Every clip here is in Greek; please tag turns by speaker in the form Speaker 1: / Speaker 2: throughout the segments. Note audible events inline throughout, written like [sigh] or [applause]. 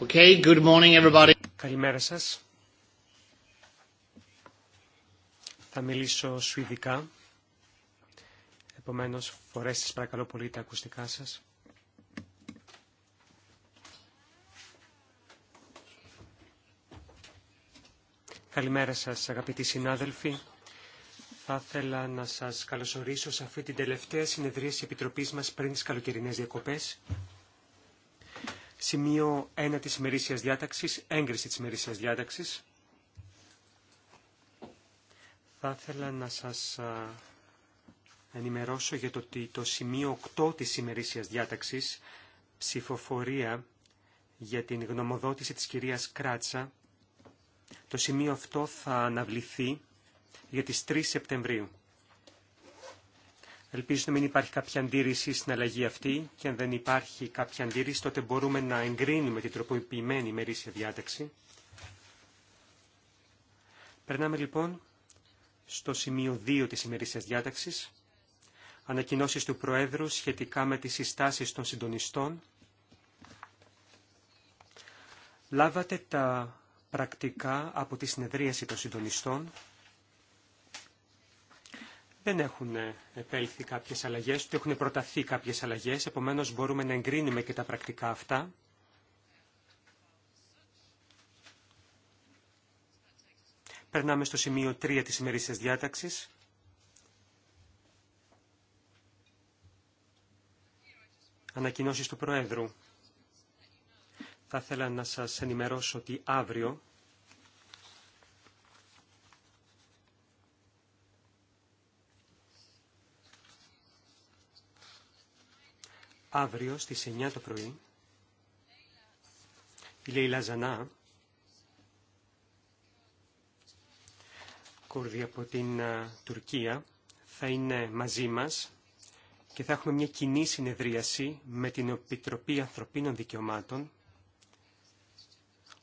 Speaker 1: Okay, good morning everybody. Καλημέρα σας. Θα μιλήσω σουηδικά. Επομένως, φορέστε σας παρακαλώ πολύ τα ακουστικά σας. Καλημέρα σας αγαπητοί συνάδελφοι. Θα ήθελα να σας καλωσορίσω σε αυτή την τελευταία συνεδρία της Επιτροπής μας πριν τις καλοκαιρινές διακοπές. Σημείο 1 της ημερήσιας διάταξης, έγκριση της ημερήσιας διάταξης. Θα ήθελα να σας ενημερώσω για το ότι το σημείο 8 της ημερήσιας διάταξης, ψηφοφορία για την γνωμοδότηση της κυρίας Κράτσα, το σημείο αυτό θα αναβληθεί για τις 3 Σεπτεμβρίου. Ελπίζω να μην υπάρχει κάποια αντίρρηση στην αλλαγή αυτή και αν δεν υπάρχει κάποια αντίρρηση τότε μπορούμε να εγκρίνουμε την τροποποιημένη ημερήσια διάταξη. Περνάμε λοιπόν στο σημείο 2 της ημερήσιας διάταξης. Ανακοινώσεις του Προέδρου σχετικά με τις συστάσεις των συντονιστών. Λάβατε τα πρακτικά από τη συνεδρίαση των συντονιστών. Δεν έχουν επέλθει κάποιες αλλαγές, ούτε έχουν προταθεί κάποιες αλλαγές, επομένως μπορούμε να εγκρίνουμε και τα πρακτικά αυτά. Περνάμε στο σημείο 3 της ημερήσιας διάταξης. Ανακοινώσεις του Προέδρου. Θα ήθελα να σας ενημερώσω ότι αύριο αύριο στις 9 το πρωί η Λέιλα Ζανά Κούρδη από την Τουρκία θα είναι μαζί μας και θα έχουμε μια κοινή συνεδρίαση με την Επιτροπή Ανθρωπίνων Δικαιωμάτων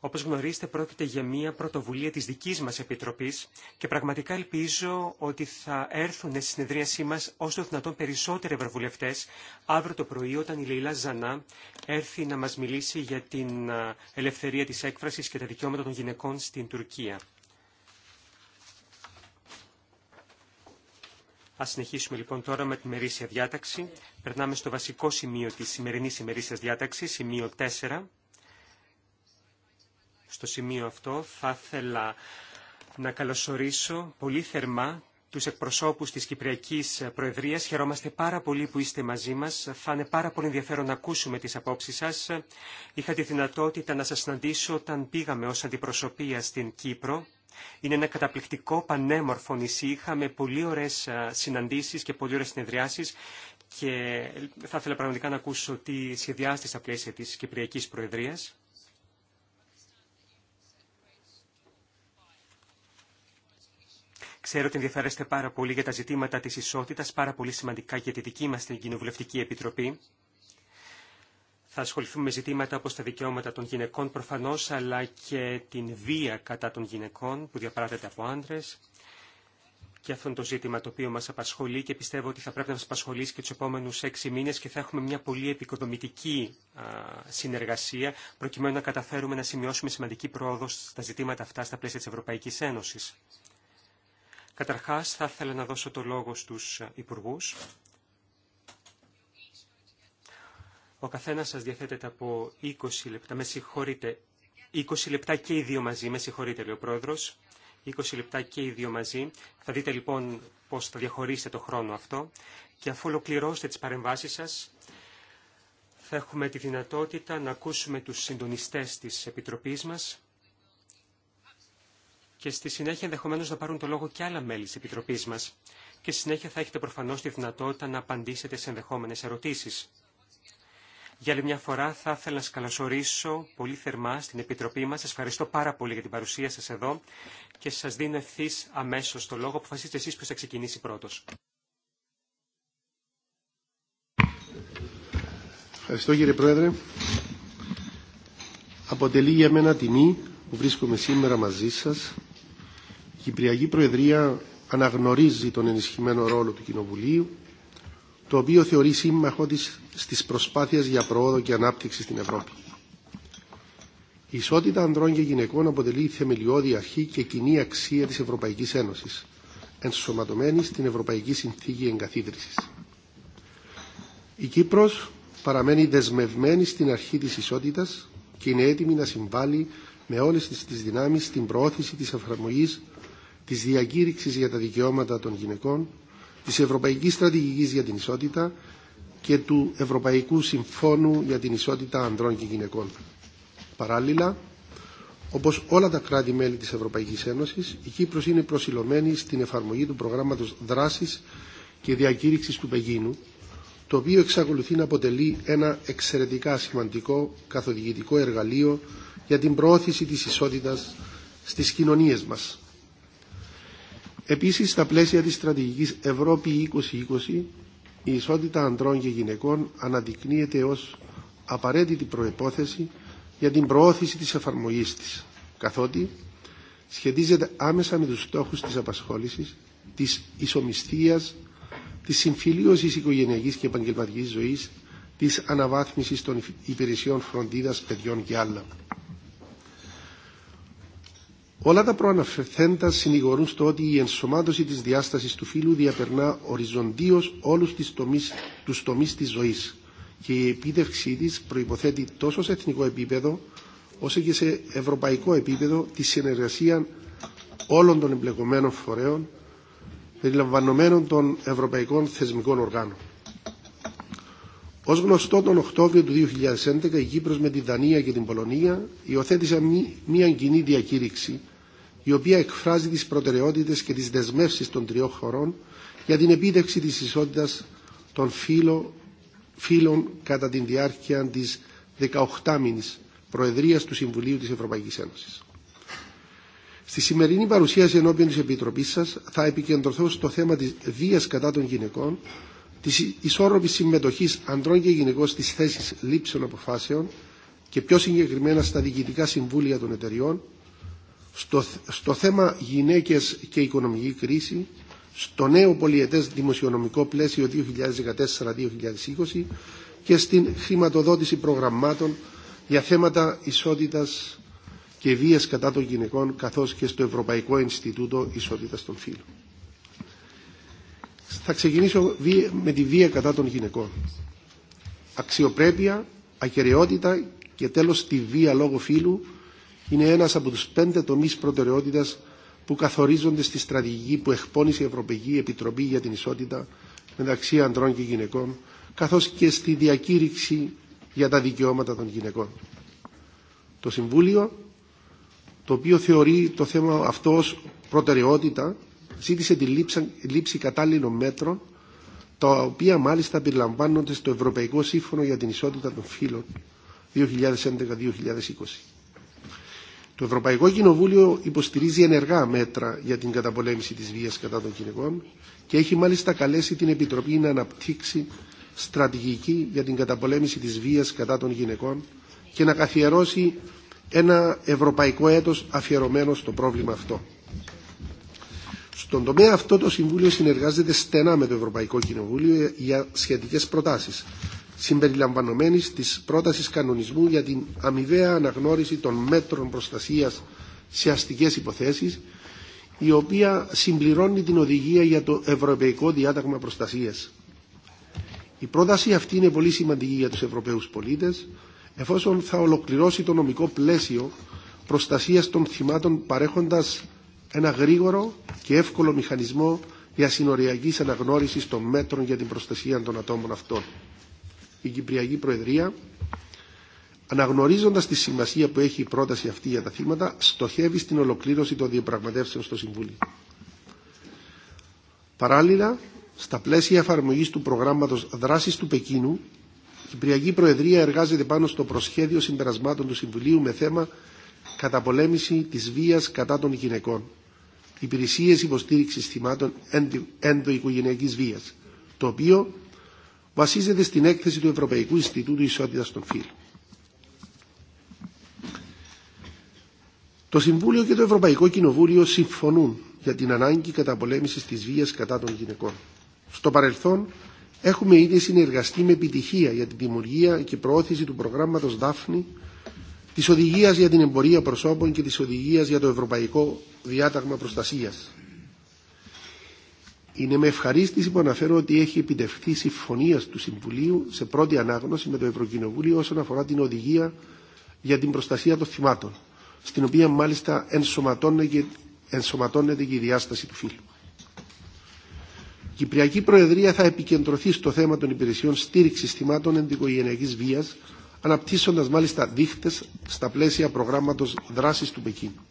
Speaker 1: όπως γνωρίζετε πρόκειται για μια πρωτοβουλία της δικής μας Επιτροπής και πραγματικά ελπίζω ότι θα έρθουν στη συνεδρίασή μας όσο δυνατόν περισσότεροι ευρωβουλευτές αύριο το πρωί όταν η Λίλα Ζανά έρθει να μας μιλήσει για την ελευθερία της έκφρασης και τα δικαιώματα των γυναικών στην Τουρκία. Ας συνεχίσουμε λοιπόν τώρα με τη μερίσια διάταξη. Περνάμε στο βασικό σημείο της σημερινής ημερήσιας διάταξης, σημείο 4 στο σημείο αυτό. Θα ήθελα να καλωσορίσω πολύ θερμά τους εκπροσώπους της Κυπριακής Προεδρίας. Χαιρόμαστε πάρα πολύ που είστε μαζί μας. Θα είναι πάρα πολύ ενδιαφέρον να ακούσουμε τις απόψεις σας. Είχα τη δυνατότητα να σας συναντήσω όταν πήγαμε ως αντιπροσωπεία στην Κύπρο. Είναι ένα καταπληκτικό πανέμορφο νησί. Είχαμε πολύ ωραίες συναντήσεις και πολύ ωραίες συνεδριάσεις και θα ήθελα πραγματικά να ακούσω τι σχεδιάστε στα πλαίσια της Κυπριακής Προεδρίας. Ξέρω ότι ενδιαφέρεστε πάρα πολύ για τα ζητήματα της ισότητας, πάρα πολύ σημαντικά για τη δική μας την Κοινοβουλευτική Επιτροπή. Θα ασχοληθούμε με ζητήματα όπως τα δικαιώματα των γυναικών προφανώς, αλλά και την βία κατά των γυναικών που διαπράτεται από άντρε. Και αυτό είναι το ζήτημα το οποίο μας απασχολεί και πιστεύω ότι θα πρέπει να μας απασχολήσει και τους επόμενους έξι μήνες και θα έχουμε μια πολύ επικοδομητική συνεργασία προκειμένου να καταφέρουμε να σημειώσουμε σημαντική πρόοδο στα ζητήματα αυτά στα πλαίσια της Ευρωπαϊκής Ένωσης. Καταρχάς θα ήθελα να δώσω το λόγο στους υπουργούς. Ο καθένας σας διαθέτεται από 20 λεπτά, με 20 λεπτά και οι δύο μαζί, με συγχωρείτε λέει ο πρόεδρος, 20 λεπτά και οι δύο μαζί. Θα δείτε λοιπόν πώς θα διαχωρίσετε το χρόνο αυτό και αφού ολοκληρώσετε τις παρεμβάσεις σας, θα έχουμε τη δυνατότητα να ακούσουμε τους συντονιστές της Επιτροπής μας και στη συνέχεια ενδεχομένω να πάρουν το λόγο και άλλα μέλη τη Επιτροπή μα. Και στη συνέχεια θα έχετε προφανώ τη δυνατότητα να απαντήσετε σε ενδεχόμενε ερωτήσει. Για άλλη μια φορά θα ήθελα να σας καλωσορίσω πολύ θερμά στην Επιτροπή μας. Σας ευχαριστώ πάρα πολύ για την παρουσία σας εδώ και σας δίνω ευθύ αμέσως το λόγο. Αποφασίστε εσείς που θα ξεκινήσει πρώτος.
Speaker 2: Ευχαριστώ κύριε Πρόεδρε. Αποτελεί για μένα τιμή που βρίσκομαι σήμερα μαζί σας η Κυπριακή Προεδρία αναγνωρίζει τον ενισχυμένο ρόλο του Κοινοβουλίου, το οποίο θεωρεί σύμμαχό της στις προσπάθειες για πρόοδο και ανάπτυξη στην Ευρώπη. Η ισότητα ανδρών και γυναικών αποτελεί θεμελιώδη αρχή και κοινή αξία της Ευρωπαϊκής Ένωσης, ενσωματωμένη στην Ευρωπαϊκή Συνθήκη Εγκαθίδρυσης. Η Κύπρος παραμένει δεσμευμένη στην αρχή της ισότητας και είναι έτοιμη να συμβάλλει με όλες τις δυνάμεις στην προώθηση της εφαρμογής της διακήρυξης για τα δικαιώματα των γυναικών, της Ευρωπαϊκής Στρατηγικής για την Ισότητα και του Ευρωπαϊκού Συμφώνου για την Ισότητα Ανδρών και Γυναικών. Παράλληλα, όπως όλα τα κράτη-μέλη της Ευρωπαϊκής Ένωσης, η Κύπρος είναι προσιλωμένη στην εφαρμογή του προγράμματος δράσης και διακήρυξης του Πεγίνου, το οποίο εξακολουθεί να αποτελεί ένα εξαιρετικά σημαντικό καθοδηγητικό εργαλείο για την προώθηση της ισότητας στις κοινωνίες μας. Επίσης, στα πλαίσια της στρατηγικής Ευρώπη 2020, η ισότητα ανδρών και γυναικών αναδεικνύεται ως απαραίτητη προϋπόθεση για την προώθηση της εφαρμογής της, καθότι σχετίζεται άμεσα με τους στόχους της απασχόλησης, της ισομισθίας, της συμφιλίωσης οικογενειακής και επαγγελματικής ζωής, της αναβάθμισης των υπηρεσιών φροντίδας παιδιών και άλλα. Όλα τα προαναφερθέντα συνηγορούν στο ότι η ενσωμάτωση της διάστασης του φύλου διαπερνά οριζοντίως όλους τις τομείς, τους τομείς της ζωής και η επίτευξή της προϋποθέτει τόσο σε εθνικό επίπεδο όσο και σε ευρωπαϊκό επίπεδο τη συνεργασία όλων των εμπλεκομένων φορέων περιλαμβανομένων των ευρωπαϊκών θεσμικών οργάνων. Ω γνωστό, τον Οκτώβριο του 2011 η Κύπρος με τη Δανία και την Πολωνία υιοθέτησαν μία κοινή διακήρυξη η οποία εκφράζει τις προτεραιότητες και τις δεσμεύσεις των τριών χωρών για την επίδευξη της ισότητας των φύλων κατά τη διάρκεια της 18μηνης Προεδρίας του Συμβουλίου της Ευρωπαϊκής Ένωσης. Στη σημερινή παρουσίαση ενώπιον της Επιτροπής σας θα επικεντρωθώ στο θέμα της βίας κατά των γυναικών, της ισόρροπης συμμετοχής ανδρών και γυναικών στις θέσεις λήψεων αποφάσεων και πιο συγκεκριμένα στα διοικητικά συμβούλια των εταιριών, στο, θέμα γυναίκες και οικονομική κρίση, στο νέο πολιετές δημοσιονομικό πλαίσιο 2014-2020 και στην χρηματοδότηση προγραμμάτων για θέματα ισότητας και βίας κατά των γυναικών καθώς και στο Ευρωπαϊκό Ινστιτούτο Ισότητας των Φύλων. Θα ξεκινήσω με τη βία κατά των γυναικών. Αξιοπρέπεια, ακαιρεότητα και τέλος τη βία λόγω φύλου είναι ένας από τους πέντε τομείς προτεραιότητας που καθορίζονται στη στρατηγική που εκπώνησε η Ευρωπαϊκή Επιτροπή για την Ισότητα μεταξύ ανδρών και γυναικών, καθώς και στη διακήρυξη για τα δικαιώματα των γυναικών. Το Συμβούλιο, το οποίο θεωρεί το θέμα αυτό ως προτεραιότητα, ζήτησε τη λήψη κατάλληλων μέτρων, τα οποία μάλιστα περιλαμβάνονται στο Ευρωπαϊκό Σύμφωνο για την Ισότητα των Φύλων 2011-2020. Το Ευρωπαϊκό Κοινοβούλιο υποστηρίζει ενεργά μέτρα για την καταπολέμηση της βίας κατά των γυναικών και έχει μάλιστα καλέσει την Επιτροπή να αναπτύξει στρατηγική για την καταπολέμηση της βίας κατά των γυναικών και να καθιερώσει ένα ευρωπαϊκό έτος αφιερωμένο στο πρόβλημα αυτό. Στον τομέα αυτό το Συμβούλιο συνεργάζεται στενά με το Ευρωπαϊκό Κοινοβούλιο για σχετικές προτάσεις συμπεριλαμβανομένης της πρότασης κανονισμού για την αμοιβαία αναγνώριση των μέτρων προστασίας σε αστικές υποθέσεις, η οποία συμπληρώνει την οδηγία για το Ευρωπαϊκό Διάταγμα Προστασίας. Η πρόταση αυτή είναι πολύ σημαντική για τους Ευρωπαίους πολίτες, εφόσον θα ολοκληρώσει το νομικό πλαίσιο προστασίας των θυμάτων παρέχοντας ένα γρήγορο και εύκολο μηχανισμό διασυνοριακής αναγνώρισης των μέτρων για την προστασία των ατόμων αυτών η Κυπριακή Προεδρία, αναγνωρίζοντα τη σημασία που έχει η πρόταση αυτή για τα θύματα, στοχεύει στην ολοκλήρωση των διαπραγματεύσεων στο Συμβούλιο. Παράλληλα, στα πλαίσια εφαρμογή του προγράμματο δράση του Πεκίνου, η Κυπριακή Προεδρία εργάζεται πάνω στο προσχέδιο συμπερασμάτων του Συμβουλίου με θέμα καταπολέμηση τη βία κατά των γυναικών, υπηρεσίε υποστήριξη θυμάτων ενδοοικογενειακή βία, το οποίο βασίζεται στην έκθεση του Ευρωπαϊκού Ινστιτούτου Ισότητας των Φύλων. Το Συμβούλιο και το Ευρωπαϊκό Κοινοβούλιο συμφωνούν για την ανάγκη καταπολέμησης της βίας κατά των γυναικών. Στο παρελθόν έχουμε ήδη συνεργαστεί με επιτυχία για την δημιουργία και προώθηση του προγράμματος Δάφνη, της Οδηγίας για την Εμπορία Προσώπων και της Οδηγίας για το Ευρωπαϊκό Διάταγμα Προστασίας. Είναι με ευχαρίστηση που αναφέρω ότι έχει επιτευχθεί συμφωνία του Συμβουλίου σε πρώτη ανάγνωση με το Ευρωκοινοβούλιο όσον αφορά την οδηγία για την προστασία των θυμάτων, στην οποία μάλιστα ενσωματώνεται και η διάσταση του φύλου. Η Κυπριακή Προεδρία θα επικεντρωθεί στο θέμα των υπηρεσιών στήριξη θυμάτων ενδοικογενειακή βία, αναπτύσσοντα μάλιστα δείχτε στα πλαίσια προγράμματο δράση του Πεκίνου.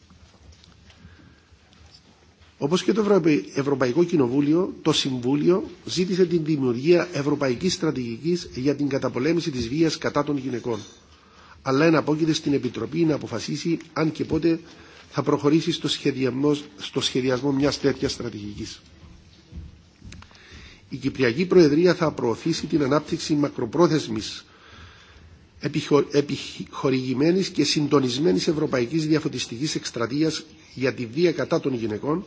Speaker 2: Όπως και το Ευρωπαϊκό Κοινοβούλιο, το Συμβούλιο ζήτησε την δημιουργία ευρωπαϊκής στρατηγικής για την καταπολέμηση της βίας κατά των γυναικών. Αλλά εναπόκειται στην Επιτροπή να αποφασίσει αν και πότε θα προχωρήσει στο σχεδιασμό, στο σχεδιασμό μιας τέτοιας στρατηγικής. Η Κυπριακή Προεδρία θα προωθήσει την ανάπτυξη μακροπρόθεσμης επιχορηγημένης και συντονισμένης ευρωπαϊκής διαφωτιστικής εκστρατείας για τη βία κατά των γυναικών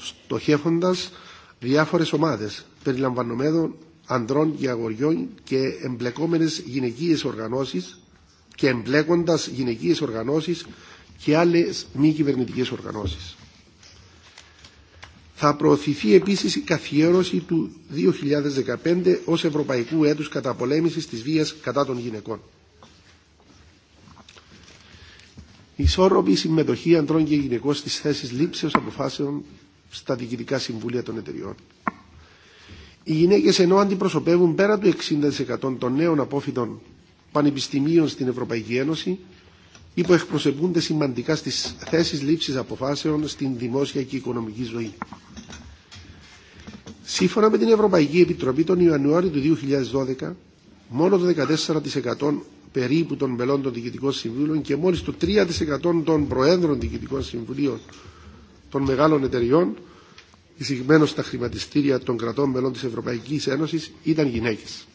Speaker 2: στοχεύοντας διάφορες ομάδες περιλαμβανομένων ανδρών και αγοριών και εμπλεκόμενες γυναικείες οργανώσεις και εμπλέκοντας γυναικείες οργανώσεις και άλλες μη κυβερνητικές οργανώσεις. Θα προωθηθεί επίσης η καθιέρωση του 2015 ως Ευρωπαϊκού Έτους Καταπολέμησης της Βίας κατά των Γυναικών. Ισόρροπη συμμετοχή ανδρών και γυναικών στις θέσεις λήψεως αποφάσεων στα διοικητικά συμβούλια των εταιριών. Οι γυναίκε ενώ αντιπροσωπεύουν πέρα του 60% των νέων απόφοιτων πανεπιστημίων στην Ευρωπαϊκή Ένωση, υποεκπροσωπούνται σημαντικά στις θέσεις λήψης αποφάσεων στην δημόσια και οικονομική ζωή. Σύμφωνα με την Ευρωπαϊκή Επιτροπή, τον Ιανουάριο του 2012, μόνο το 14% περίπου των μελών των διοικητικών συμβούλων και μόλις το 3% των προέδρων διοικητικών συμβουλίων των μεγάλων εταιριών, εισηγμένο στα χρηματιστήρια των κρατών μελών της Ευρωπαϊκής Ένωσης, ήταν γυναίκες.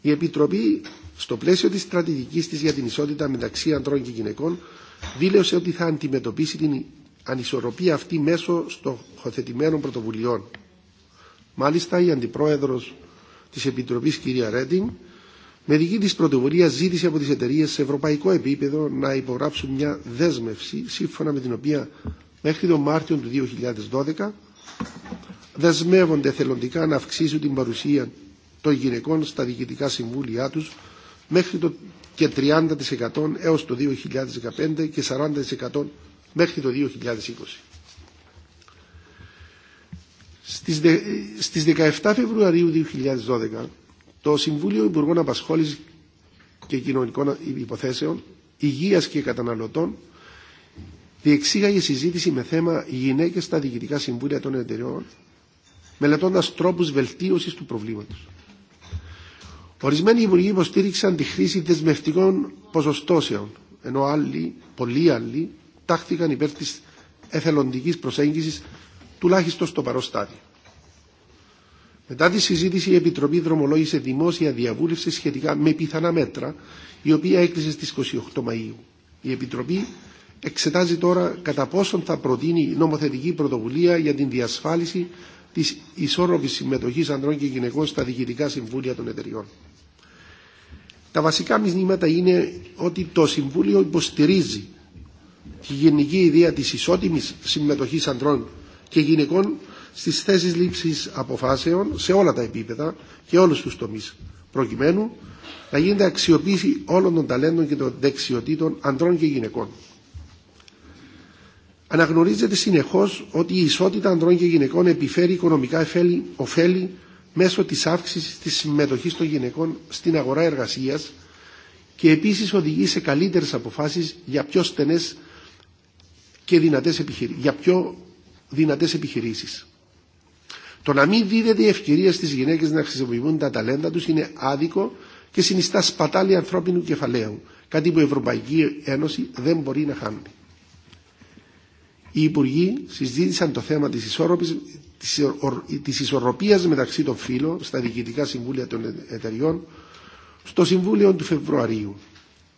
Speaker 2: Η Επιτροπή, στο πλαίσιο της στρατηγικής της για την ισότητα μεταξύ ανδρών και γυναικών, δήλωσε ότι θα αντιμετωπίσει την ανισορροπία αυτή μέσω στοχοθετημένων πρωτοβουλειών. Μάλιστα, η Αντιπρόεδρος της Επιτροπής, κυρία Ρέντινγκ, με δική της πρωτοβουλία ζήτησε από τις εταιρείε σε ευρωπαϊκό επίπεδο να υπογράψουν μια δέσμευση σύμφωνα με την οποία μέχρι τον Μάρτιο του 2012 δεσμεύονται θελοντικά να αυξήσουν την παρουσία των γυναικών στα διοικητικά συμβούλια τους μέχρι το και 30% έως το 2015 και 40% μέχρι το 2020. Στις 17 Φεβρουαρίου 2012 το Συμβούλιο Υπουργών Απασχόλησης και Κοινωνικών Υποθέσεων, υγεία και Καταναλωτών διεξήγαγε συζήτηση με θέμα γυναίκε στα διοικητικά συμβούλια των εταιρεών μελετώντα τρόπου βελτίωση του προβλήματο. Ορισμένοι υπουργοί υποστήριξαν τη χρήση δεσμευτικών ποσοστώσεων, ενώ άλλοι, πολλοί άλλοι, τάχθηκαν υπέρ τη εθελοντική προσέγγιση, τουλάχιστον στο παρό στάδιο. Μετά τη συζήτηση, η Επιτροπή δρομολόγησε δημόσια διαβούλευση σχετικά με πιθανά μέτρα, η οποία έκλεισε στις 28 Μαΐου. Η Επιτροπή εξετάζει τώρα κατά πόσον θα προτείνει νομοθετική πρωτοβουλία για την διασφάλιση της ισόρροπης συμμετοχής ανδρών και γυναικών στα διοικητικά συμβούλια των εταιριών. Τα βασικά μηνύματα είναι ότι το Συμβούλιο υποστηρίζει τη γενική ιδέα της ισότιμης συμμετοχής ανδρών και γυναικών στις θέσεις λήψης αποφάσεων σε όλα τα επίπεδα και όλους τους τομείς, προκειμένου να γίνεται αξιοποίηση όλων των ταλέντων και των δεξιοτήτων ανδρών και γυναικών. Αναγνωρίζεται συνεχώς ότι η ισότητα ανδρών και γυναικών επιφέρει οικονομικά ωφέλη μέσω της αύξησης της συμμετοχής των γυναικών στην αγορά εργασίας και επίσης οδηγεί σε καλύτερες αποφάσεις για πιο στενές και δυνατές, πιο δυνατές επιχειρήσεις. Το να μην δίδεται η ευκαιρία στι γυναίκε να χρησιμοποιούν τα ταλέντα του είναι άδικο και συνιστά σπατάλη ανθρώπινου κεφαλαίου, κάτι που η Ευρωπαϊκή Ένωση δεν μπορεί να χάνει. Οι Υπουργοί συζήτησαν το θέμα της, ισορροπία της ισορροπίας μεταξύ των φύλων στα διοικητικά συμβούλια των εταιριών στο Συμβούλιο του Φεβρουαρίου.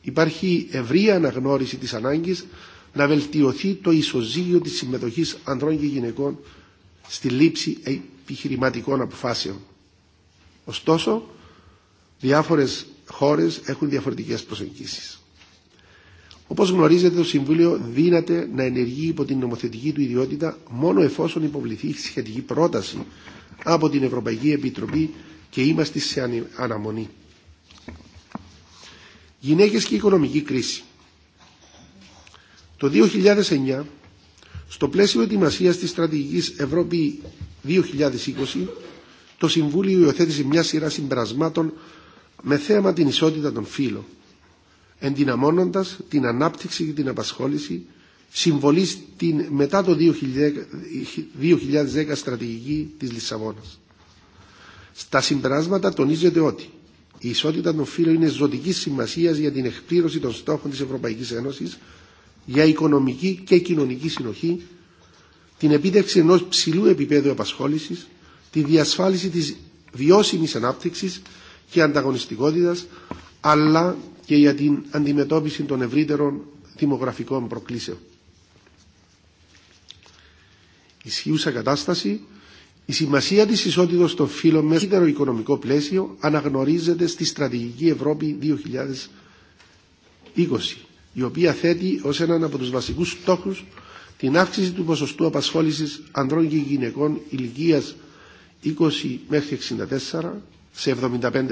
Speaker 2: Υπάρχει ευρία αναγνώριση της ανάγκης να βελτιωθεί το ισοζύγιο της συμμετοχής ανδρών και γυναικών στη λήψη ε, επιχειρηματικών αποφάσεων. Ωστόσο, διάφορες χώρες έχουν διαφορετικές προσεγγίσεις. Όπως γνωρίζετε, το Συμβούλιο δύναται να ενεργεί υπό την νομοθετική του ιδιότητα μόνο εφόσον υποβληθεί σχετική πρόταση από την Ευρωπαϊκή Επιτροπή και είμαστε σε αναμονή. Γυναίκες και οικονομική κρίση. Το 2009 στο πλαίσιο ετοιμασία τη στρατηγική Ευρώπη 2020, το Συμβούλιο υιοθέτησε μια σειρά συμπερασμάτων με θέμα την ισότητα των φύλων, ενδυναμώνοντα την ανάπτυξη και την απασχόληση, συμβολή στην μετά το 2010 στρατηγική της Λισαβόνας. Στα συμπεράσματα τονίζεται ότι η ισότητα των φύλων είναι ζωτική σημασία για την εκπλήρωση των στόχων τη Ευρωπαϊκή Ένωση για οικονομική και κοινωνική συνοχή, την επίτευξη ενός ψηλού επίπεδου απασχόλησης, τη διασφάλιση της βιώσιμης ανάπτυξης και ανταγωνιστικότητας, αλλά και για την αντιμετώπιση των ευρύτερων δημογραφικών προκλήσεων. Ισχύουσα κατάσταση, η σημασία της ισότητας των φύλων με ευρύτερο οικονομικό πλαίσιο αναγνωρίζεται στη Στρατηγική Ευρώπη 2020 η οποία θέτει ως έναν από τους βασικούς στόχους την αύξηση του ποσοστού απασχόλησης ανδρών και γυναικών ηλικίας 20 μέχρι 64 σε 75%.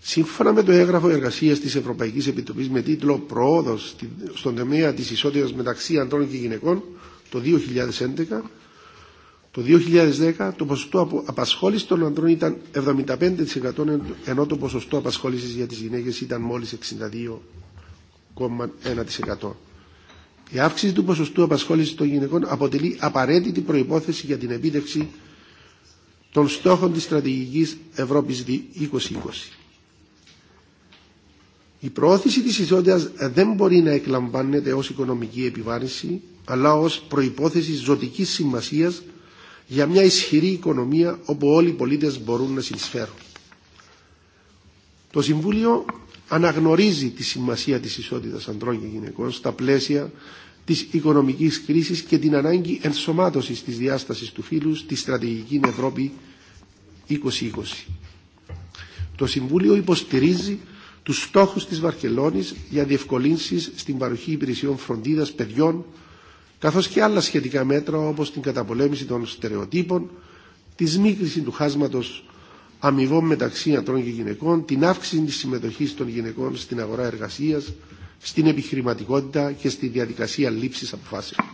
Speaker 2: Σύμφωνα με το έγγραφο εργασία τη Ευρωπαϊκή Επιτροπή με τίτλο «Προόδος στον τομέα τη ισότητα μεταξύ ανδρών και γυναικών το 2011, το 2010 το ποσοστό απασχόληση των ανδρών ήταν 75% ενώ το ποσοστό απασχόλησης για τις γυναίκες ήταν μόλις 62,1%. Η αύξηση του ποσοστού απασχόλησης των γυναικών αποτελεί απαραίτητη προϋπόθεση για την επίτευξη των στόχων της στρατηγικής Ευρώπης 2020. Η προώθηση της ισότητας δεν μπορεί να εκλαμβάνεται ως οικονομική επιβάρηση αλλά ως προϋπόθεση ζωτικής σημασίας για μια ισχυρή οικονομία όπου όλοι οι πολίτες μπορούν να συνεισφέρουν. Το Συμβούλιο αναγνωρίζει τη σημασία της ισότητας ανδρών και γυναικών στα πλαίσια της οικονομικής κρίσης και την ανάγκη ενσωμάτωσης της διάστασης του φύλου στη στρατηγική Ευρώπη 2020. Το Συμβούλιο υποστηρίζει τους στόχους της Βαρκελόνης για διευκολύνσεις στην παροχή υπηρεσιών φροντίδας παιδιών καθώς και άλλα σχετικά μέτρα όπως την καταπολέμηση των στερεοτύπων, τη σμίκριση του χάσματος αμοιβών μεταξύ αντρών και γυναικών, την αύξηση της συμμετοχής των γυναικών στην αγορά εργασίας, στην επιχειρηματικότητα και στη διαδικασία λήψης αποφάσεων.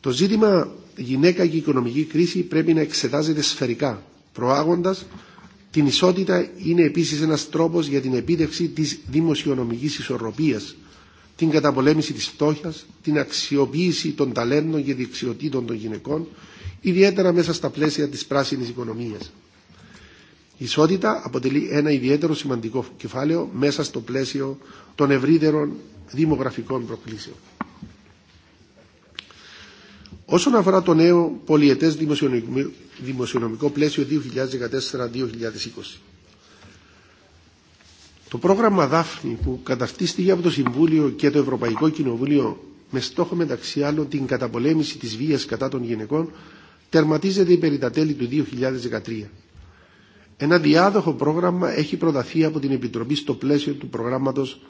Speaker 2: Το ζήτημα γυναίκα και οικονομική κρίση πρέπει να εξετάζεται σφαιρικά, προάγοντας την ισότητα είναι επίσης ένας τρόπος για την επίτευξη της δημοσιονομικής ισορροπίας την καταπολέμηση της φτώχειας, την αξιοποίηση των ταλέντων και δεξιοτήτων των γυναικών, ιδιαίτερα μέσα στα πλαίσια της πράσινης οικονομίας. Η ισότητα αποτελεί ένα ιδιαίτερο σημαντικό κεφάλαιο μέσα στο πλαίσιο των ευρύτερων δημογραφικών προκλήσεων. Όσον αφορά το νέο πολιετές δημοσιονομικό πλαίσιο 2014-2020, το πρόγραμμα Δάφνη που καταρτίστηκε από το Συμβούλιο και το Ευρωπαϊκό Κοινοβούλιο με στόχο μεταξύ άλλων την καταπολέμηση της βίας κατά των γυναικών τερματίζεται περί τα τέλη του 2013. Ένα διάδοχο πρόγραμμα έχει προταθεί από την Επιτροπή στο πλαίσιο του προγράμματος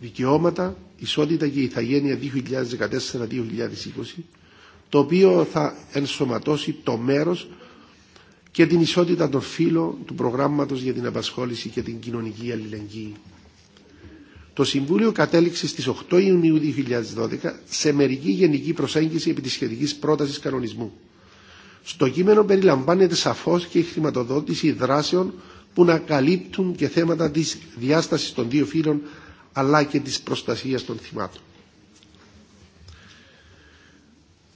Speaker 2: Δικαιώματα, Ισότητα και Ιθαγένεια 2014-2020 το οποίο θα ενσωματώσει το μέρος και την ισότητα των φύλων του προγράμματος για την απασχόληση και την κοινωνική αλληλεγγύη. Το Συμβούλιο κατέληξε στις 8 Ιουνίου 2012 σε μερική γενική προσέγγιση επί της σχετικής πρότασης κανονισμού. Στο κείμενο περιλαμβάνεται σαφώς και η χρηματοδότηση δράσεων που να καλύπτουν και θέματα της διάστασης των δύο φύλων αλλά και της προστασίας των θυμάτων.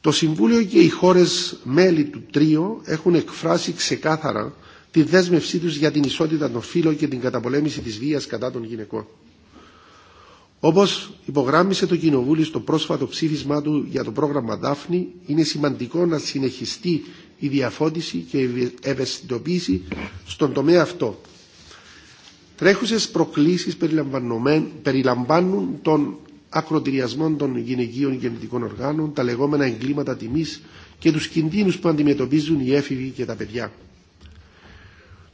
Speaker 2: Το Συμβούλιο και οι χώρες μέλη του Τρίου έχουν εκφράσει ξεκάθαρα τη δέσμευσή τους για την ισότητα των φύλων και την καταπολέμηση της βίας κατά των γυναικών. Όπως υπογράμμισε το Κοινοβούλιο στο πρόσφατο ψήφισμά του για το πρόγραμμα Δάφνη, είναι σημαντικό να συνεχιστεί η διαφώτιση και η ευαισθητοποίηση στον τομέα αυτό. Τρέχουσες προκλήσεις περιλαμβάνουν τον ακροτηριασμών των γυναικείων γεννητικών οργάνων, τα λεγόμενα εγκλήματα τιμή και του κινδύνου που αντιμετωπίζουν οι έφηβοι και τα παιδιά.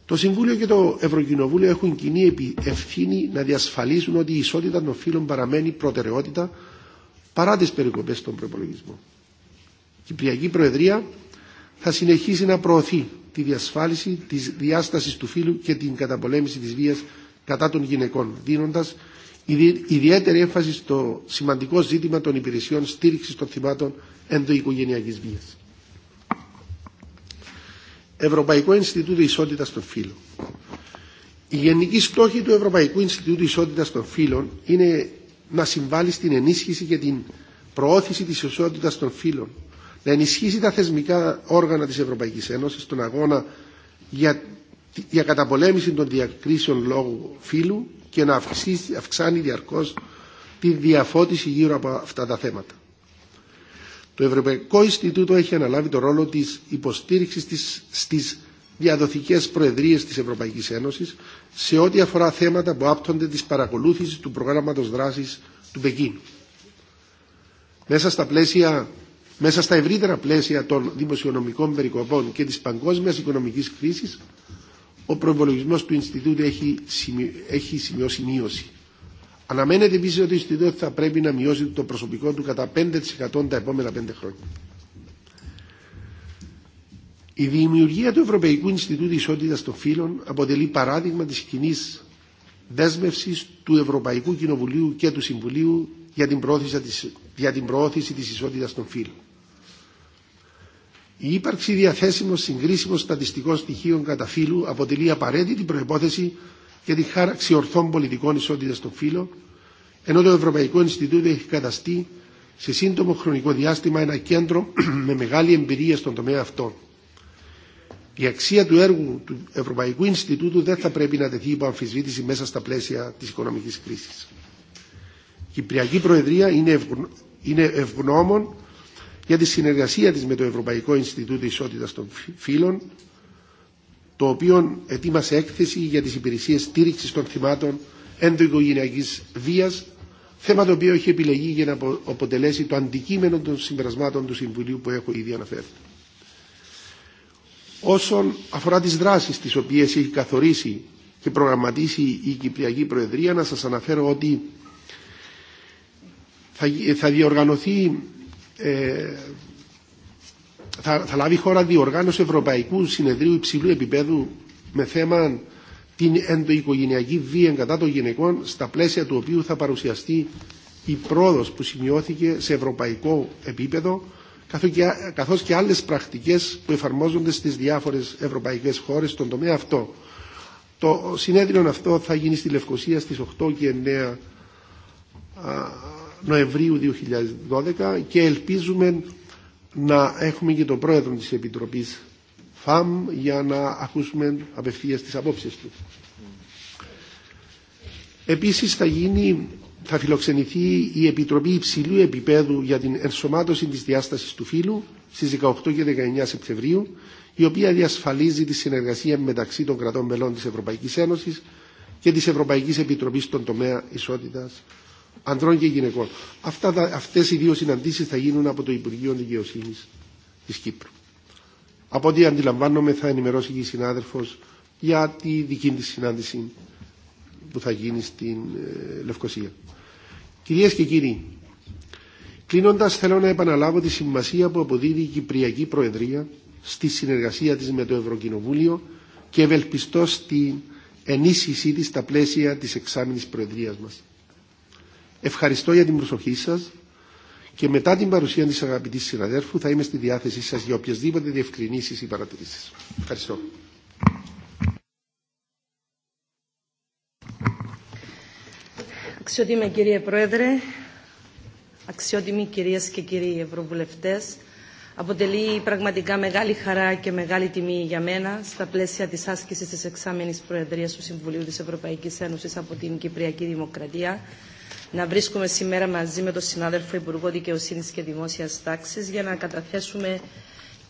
Speaker 2: Το Συμβούλιο και το Ευρωκοινοβούλιο έχουν κοινή ευθύνη να διασφαλίσουν ότι η ισότητα των φύλων παραμένει προτεραιότητα παρά τι περικοπέ των προπολογισμών. Η Κυπριακή Προεδρία θα συνεχίσει να προωθεί τη διασφάλιση τη διάσταση του φύλου και την καταπολέμηση τη βία κατά των γυναικών, δίνοντα ιδιαίτερη έμφαση στο σημαντικό ζήτημα των υπηρεσιών στήριξης των θυμάτων ενδοοικογενειακή βίας. Ευρωπαϊκό Ινστιτούτο Ισότητας των Φύλων. Η γενική στόχη του Ευρωπαϊκού Ινστιτούτου Ισότητας των Φύλων είναι να συμβάλλει στην ενίσχυση και την προώθηση της ισότητας των φύλων, να ενισχύσει τα θεσμικά όργανα τη Ευρωπαϊκή Ένωση, στον αγώνα για για καταπολέμηση των διακρίσεων λόγου φύλου και να αυξάνει διαρκώς τη διαφώτιση γύρω από αυτά τα θέματα. Το Ευρωπαϊκό Ινστιτούτο έχει αναλάβει το ρόλο της υποστήριξης της, στις διαδοθικές προεδρίες της Ευρωπαϊκής Ένωσης σε ό,τι αφορά θέματα που άπτονται της παρακολούθησης του προγράμματος δράσης του Πεκίνου. Μέσα στα, πλαίσια, μέσα στα ευρύτερα πλαίσια των δημοσιονομικών περικοπών και της παγκόσμιας οικονομικής κρίσης ο προπολογισμό του Ινστιτούτου έχει, έχει σημειώσει μείωση. Αναμένεται επίση ότι το Ινστιτούτο θα πρέπει να μειώσει το προσωπικό του κατά 5% τα επόμενα 5 χρόνια. Η δημιουργία του Ευρωπαϊκού Ινστιτούτου Ισότητα των Φύλων αποτελεί παράδειγμα τη κοινή δέσμευση του Ευρωπαϊκού Κοινοβουλίου και του Συμβουλίου για την προώθηση, για την προώθηση της των φύλων. Η ύπαρξη διαθέσιμων συγκρίσιμων στατιστικών στοιχείων κατά φύλου αποτελεί απαραίτητη προπόθεση για τη χάραξη ορθών πολιτικών ισότητα των φύλων, ενώ το Ευρωπαϊκό Ινστιτούτο έχει καταστεί σε σύντομο χρονικό διάστημα ένα κέντρο [clears throat] με μεγάλη εμπειρία στον τομέα αυτό. Η αξία του έργου του Ευρωπαϊκού Ινστιτούτου δεν θα πρέπει να τεθεί υπό αμφισβήτηση μέσα στα πλαίσια της οικονομικής κρίσης. Η Κυπριακή Προεδρία είναι ευγνώμων για τη συνεργασία της με το Ευρωπαϊκό Ινστιτούτο Ισότητας των Φύλων, το οποίο ετοίμασε έκθεση για τις υπηρεσίες στήριξης των θυμάτων ενδοοικογενειακής βίας, θέμα το οποίο έχει επιλεγεί για να αποτελέσει το αντικείμενο των συμπερασμάτων του Συμβουλίου που έχω ήδη αναφέρει. Όσον αφορά τις δράσεις τις οποίες έχει καθορίσει και προγραμματίσει η Κυπριακή Προεδρία, να σας αναφέρω ότι θα διοργανωθεί ε, θα, θα λάβει η χώρα διοργάνωση Ευρωπαϊκού Συνεδρίου Υψηλού Επιπέδου με θέμα την ενδοοικογενειακή βία κατά των γυναικών στα πλαίσια του οποίου θα παρουσιαστεί η πρόοδος που σημειώθηκε σε ευρωπαϊκό επίπεδο καθώς και άλλες πρακτικές που εφαρμόζονται στις διάφορες ευρωπαϊκές χώρες στον τομέα αυτό. Το συνέδριο αυτό θα γίνει στη Λευκοσία στις 8 και 9 Νοεμβρίου 2012 και ελπίζουμε να έχουμε και τον πρόεδρο της Επιτροπής ΦΑΜ για να ακούσουμε απευθείας τις απόψεις του. Επίσης θα γίνει θα φιλοξενηθεί η Επιτροπή Υψηλού Επιπέδου για την Ενσωμάτωση της Διάστασης του Φύλου στις 18 και 19 Σεπτεμβρίου, η οποία διασφαλίζει τη συνεργασία μεταξύ των κρατών μελών της Ευρωπαϊκής Ένωσης και της Ευρωπαϊκής Επιτροπής στον τομέα ισότητας ανδρών και γυναικών. Αυτά, αυτές οι δύο συναντήσεις θα γίνουν από το Υπουργείο Δικαιοσύνη της Κύπρου. Από ό,τι αντιλαμβάνομαι θα ενημερώσει και η συνάδελφος για τη δική της συνάντηση που θα γίνει στην ε, Λευκοσία. Κυρίες και κύριοι, κλείνοντα θέλω να επαναλάβω τη σημασία που αποδίδει η Κυπριακή Προεδρία στη συνεργασία της με το Ευρωκοινοβούλιο και ευελπιστώ στην ενίσχυσή της στα πλαίσια της εξάμηνης Προεδρίας μας. Ευχαριστώ για την προσοχή σας και μετά την παρουσία της αγαπητής συναδέρφου θα είμαι στη διάθεσή σας για οποιασδήποτε διευκρινήσεις ή παρατηρήσεις. Ευχαριστώ.
Speaker 3: Αξιότιμη κύριε Πρόεδρε, αξιότιμοι κυρίες και κύριοι Ευρωβουλευτές, αποτελεί πραγματικά μεγάλη χαρά και μεγάλη τιμή για μένα στα πλαίσια της άσκησης της εξάμενης Προεδρίας του Συμβουλίου της Ευρωπαϊκής Ένωσης από την Κυπριακή Δημοκρατία να βρίσκουμε σήμερα μαζί με τον συνάδελφο Υπουργό Δικαιοσύνη και Δημόσια Τάξη για να καταθέσουμε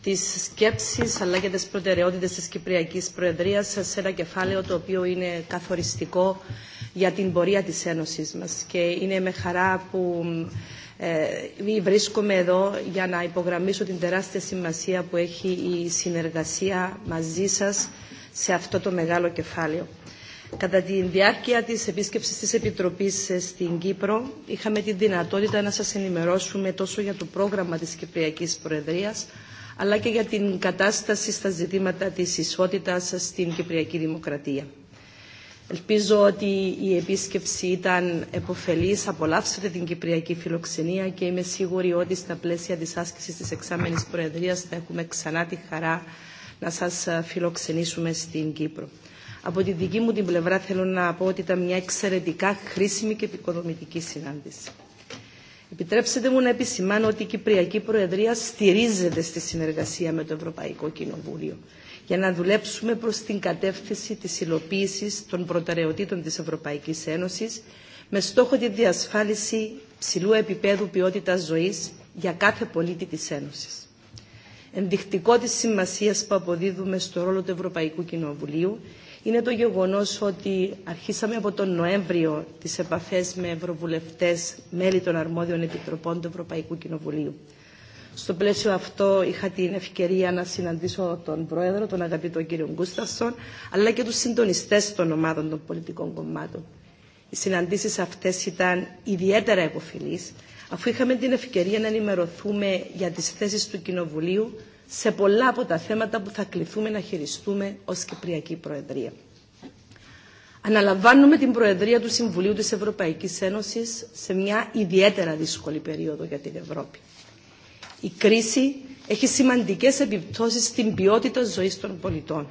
Speaker 3: τι σκέψει αλλά και τι προτεραιότητε τη Κυπριακή Προεδρία σε ένα κεφάλαιο το οποίο είναι καθοριστικό για την πορεία τη Ένωση μα. Και είναι με χαρά που ε, βρίσκομαι εδώ για να υπογραμμίσω την τεράστια σημασία που έχει η συνεργασία μαζί σας σε αυτό το μεγάλο κεφάλαιο. Κατά τη διάρκεια τη επίσκεψη τη επιτροπή ε, στην Κύπρο είχαμε τη δυνατότητα να σα ενημερώσουμε τόσο για το πρόγραμμα τη Κυπριακή Προεδρίας αλλά και για την κατάσταση στα ζητήματα της ισότητα στην Κυπριακή Δημοκρατία. Ελπίζω ότι η επίσκεψη ήταν επωφελής, απολαύσατε την Κυπριακή φιλοξενία και είμαι σίγουρη ότι στα πλαίσια της άσκησης της εξάμενης Προεδρίας θα έχουμε ξανά τη χαρά να σας φιλοξενήσουμε στην Κύπρο. Από τη δική μου την πλευρά θέλω να πω ότι ήταν μια εξαιρετικά χρήσιμη και επικοδομητική συνάντηση. Επιτρέψτε μου να επισημάνω ότι η Κυπριακή Προεδρία στηρίζεται στη συνεργασία με το Ευρωπαϊκό Κοινοβούλιο για να δουλέψουμε προς την κατεύθυνση της υλοποίησης των προτεραιοτήτων της Ευρωπαϊκής Ένωσης με στόχο τη διασφάλιση ψηλού επίπεδου ποιότητας ζωής για κάθε πολίτη της Ένωσης. Ενδεικτικό της σημασίας που αποδίδουμε στο ρόλο του Ευρωπαϊκού Κοινοβουλίου είναι το γεγονός ότι αρχίσαμε από τον Νοέμβριο τις επαφές με ευρωβουλευτές, μέλη των αρμόδιων επιτροπών του Ευρωπαϊκού Κοινοβουλίου. Στο πλαίσιο αυτό είχα την ευκαιρία να συναντήσω τον Πρόεδρο, τον αγαπητό κύριο Γκούστασον, αλλά και τους συντονιστές των ομάδων των πολιτικών κομμάτων. Οι συναντήσεις αυτές ήταν ιδιαίτερα εποφιλείς, αφού είχαμε την ευκαιρία να ενημερωθούμε για τις θέσεις του Κοινοβουλίου σε πολλά από τα θέματα που θα κληθούμε να χειριστούμε ως Κυπριακή Προεδρία. Αναλαμβάνουμε την Προεδρία του Συμβουλίου της Ευρωπαϊκής Ένωσης σε μια ιδιαίτερα δύσκολη περίοδο για την Ευρώπη. Η κρίση έχει σημαντικές επιπτώσεις στην ποιότητα ζωής των πολιτών.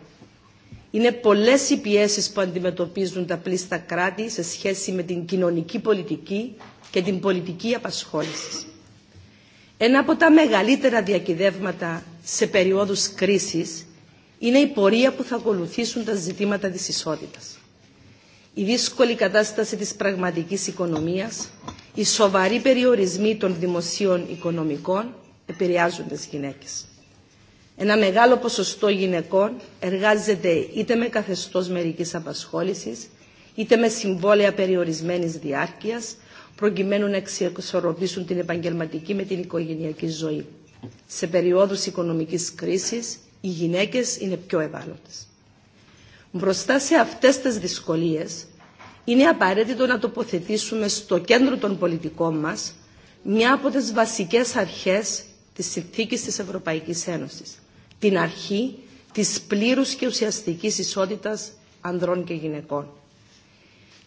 Speaker 3: Είναι πολλές οι πιέσεις που αντιμετωπίζουν τα πλήστα κράτη σε σχέση με την κοινωνική πολιτική και την πολιτική απασχόληση. Ένα από τα μεγαλύτερα διακυδεύματα σε περιόδους κρίσης είναι η πορεία που θα ακολουθήσουν τα ζητήματα της ισότητας. Η δύσκολη κατάσταση της πραγματικής οικονομίας, οι σοβαροί περιορισμοί των δημοσίων οικονομικών επηρεάζουν τις γυναίκες. Ένα μεγάλο ποσοστό γυναικών εργάζεται είτε με καθεστώς μερικής απασχόλησης, είτε με συμβόλαια περιορισμένης διάρκειας, προκειμένου να εξορροπήσουν την επαγγελματική με την οικογενειακή ζωή σε περιόδους οικονομικής κρίσης οι γυναίκες είναι πιο ευάλωτες. Μπροστά σε αυτές τις δυσκολίες είναι απαραίτητο να τοποθετήσουμε στο κέντρο των πολιτικών μας μια από τις βασικές αρχές της συνθήκης της Ευρωπαϊκής Ένωσης. Την αρχή της πλήρους και ουσιαστικής ισότητας ανδρών και γυναικών.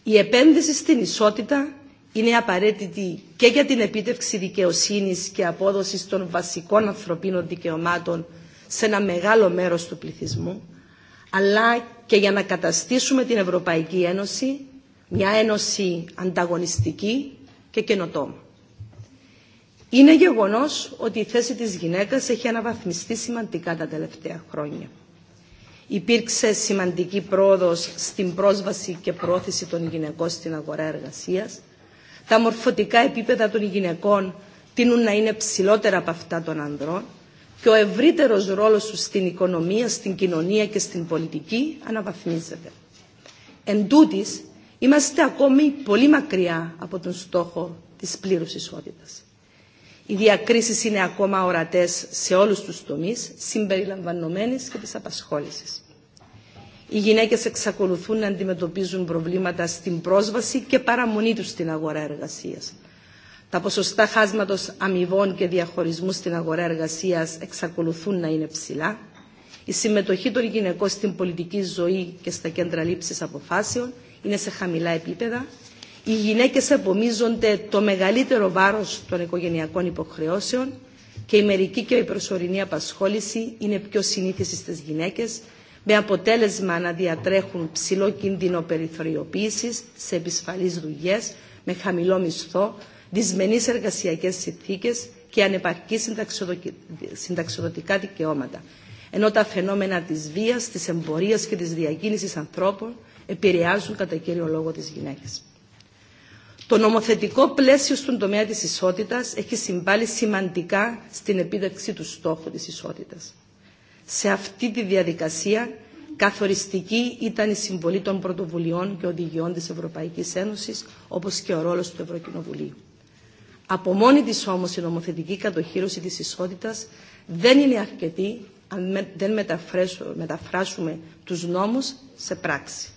Speaker 3: Η επένδυση στην ισότητα είναι απαραίτητη και για την επίτευξη δικαιοσύνης και απόδοσης των βασικών ανθρωπίνων δικαιωμάτων σε ένα μεγάλο μέρος του πληθυσμού, αλλά και για να καταστήσουμε την Ευρωπαϊκή Ένωση μια ένωση ανταγωνιστική και καινοτόμα. Είναι γεγονός ότι η θέση της γυναίκας έχει αναβαθμιστεί σημαντικά τα τελευταία χρόνια. Υπήρξε σημαντική πρόοδος στην πρόσβαση και πρόθεση των γυναικών στην αγορά εργασίας, τα μορφωτικά επίπεδα των γυναικών τείνουν να είναι ψηλότερα από αυτά των ανδρών και ο ευρύτερος ρόλος τους στην οικονομία, στην κοινωνία και στην πολιτική αναβαθμίζεται. Εν τούτης, είμαστε ακόμη πολύ μακριά από τον στόχο της πλήρους ισότητας. Οι διακρίσεις είναι ακόμα ορατές σε όλους τους τομείς, συμπεριλαμβανομένης και της απασχόλησης οι γυναίκες εξακολουθούν να αντιμετωπίζουν προβλήματα στην πρόσβαση και παραμονή τους στην αγορά εργασίας. Τα ποσοστά χάσματος αμοιβών και διαχωρισμού στην αγορά εργασίας εξακολουθούν να είναι ψηλά. Η συμμετοχή των γυναικών στην πολιτική ζωή και στα κέντρα λήψης αποφάσεων είναι σε χαμηλά επίπεδα. Οι γυναίκες απομίζονται το μεγαλύτερο βάρος των οικογενειακών υποχρεώσεων και η μερική και η προσωρινή απασχόληση είναι πιο συνήθιση στις γυναίκες με αποτέλεσμα να διατρέχουν ψηλό κίνδυνο περιθωριοποίησης σε επισφαλείς δουλειές, με χαμηλό μισθό, δυσμενείς εργασιακές συνθήκες και ανεπαρκή συνταξιδοτικά δικαιώματα, ενώ τα φαινόμενα της βίας, της εμπορίας και της διακίνησης ανθρώπων επηρεάζουν κατά κύριο λόγο τις γυναίκες. Το νομοθετικό πλαίσιο στον τομέα της ισότητας έχει συμβάλει σημαντικά στην επίτευξη του στόχου της ισότητας. Σε αυτή τη διαδικασία καθοριστική ήταν η συμβολή των πρωτοβουλειών και οδηγιών της Ευρωπαϊκής Ένωσης, όπως και ο ρόλος του Ευρωκοινοβουλίου. Από μόνη της όμως η νομοθετική κατοχήρωση της ισότητας δεν είναι αρκετή αν δεν μεταφράσουμε τους νόμους σε πράξη.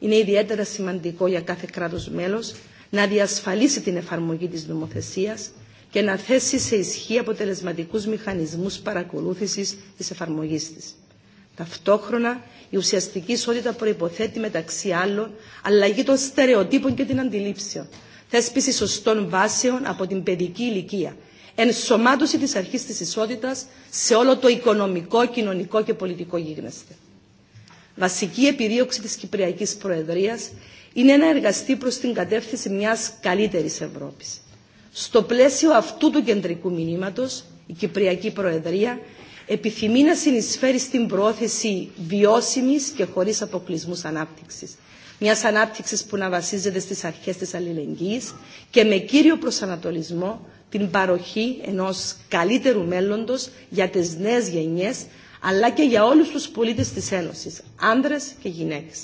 Speaker 3: Είναι ιδιαίτερα σημαντικό για κάθε κράτος μέλος να διασφαλίσει την εφαρμογή της νομοθεσίας και να θέσει σε ισχύ αποτελεσματικούς μηχανισμούς παρακολούθησης της εφαρμογής της. Ταυτόχρονα, η ουσιαστική ισότητα προϋποθέτει μεταξύ άλλων αλλαγή των στερεοτύπων και την αντιλήψεων, θέσπιση σωστών βάσεων από την παιδική ηλικία, ενσωμάτωση της αρχής της ισότητας σε όλο το οικονομικό, κοινωνικό και πολιτικό γίγνεσθε. Βασική επιδίωξη της Κυπριακής Προεδρίας είναι να εργαστεί προς την κατεύθυνση μιας καλύτερης Ευρώπης. Στο πλαίσιο αυτού του κεντρικού μηνύματος, η Κυπριακή Προεδρία επιθυμεί να συνεισφέρει στην πρόθεση βιώσιμης και χωρίς αποκλεισμούς ανάπτυξης. μια ανάπτυξης που να βασίζεται στις αρχές της αλληλεγγύης και με κύριο προσανατολισμό την παροχή ενός καλύτερου μέλλοντος για τις νέες γενιές αλλά και για όλους τους πολίτες της Ένωσης, άνδρες και γυναίκες.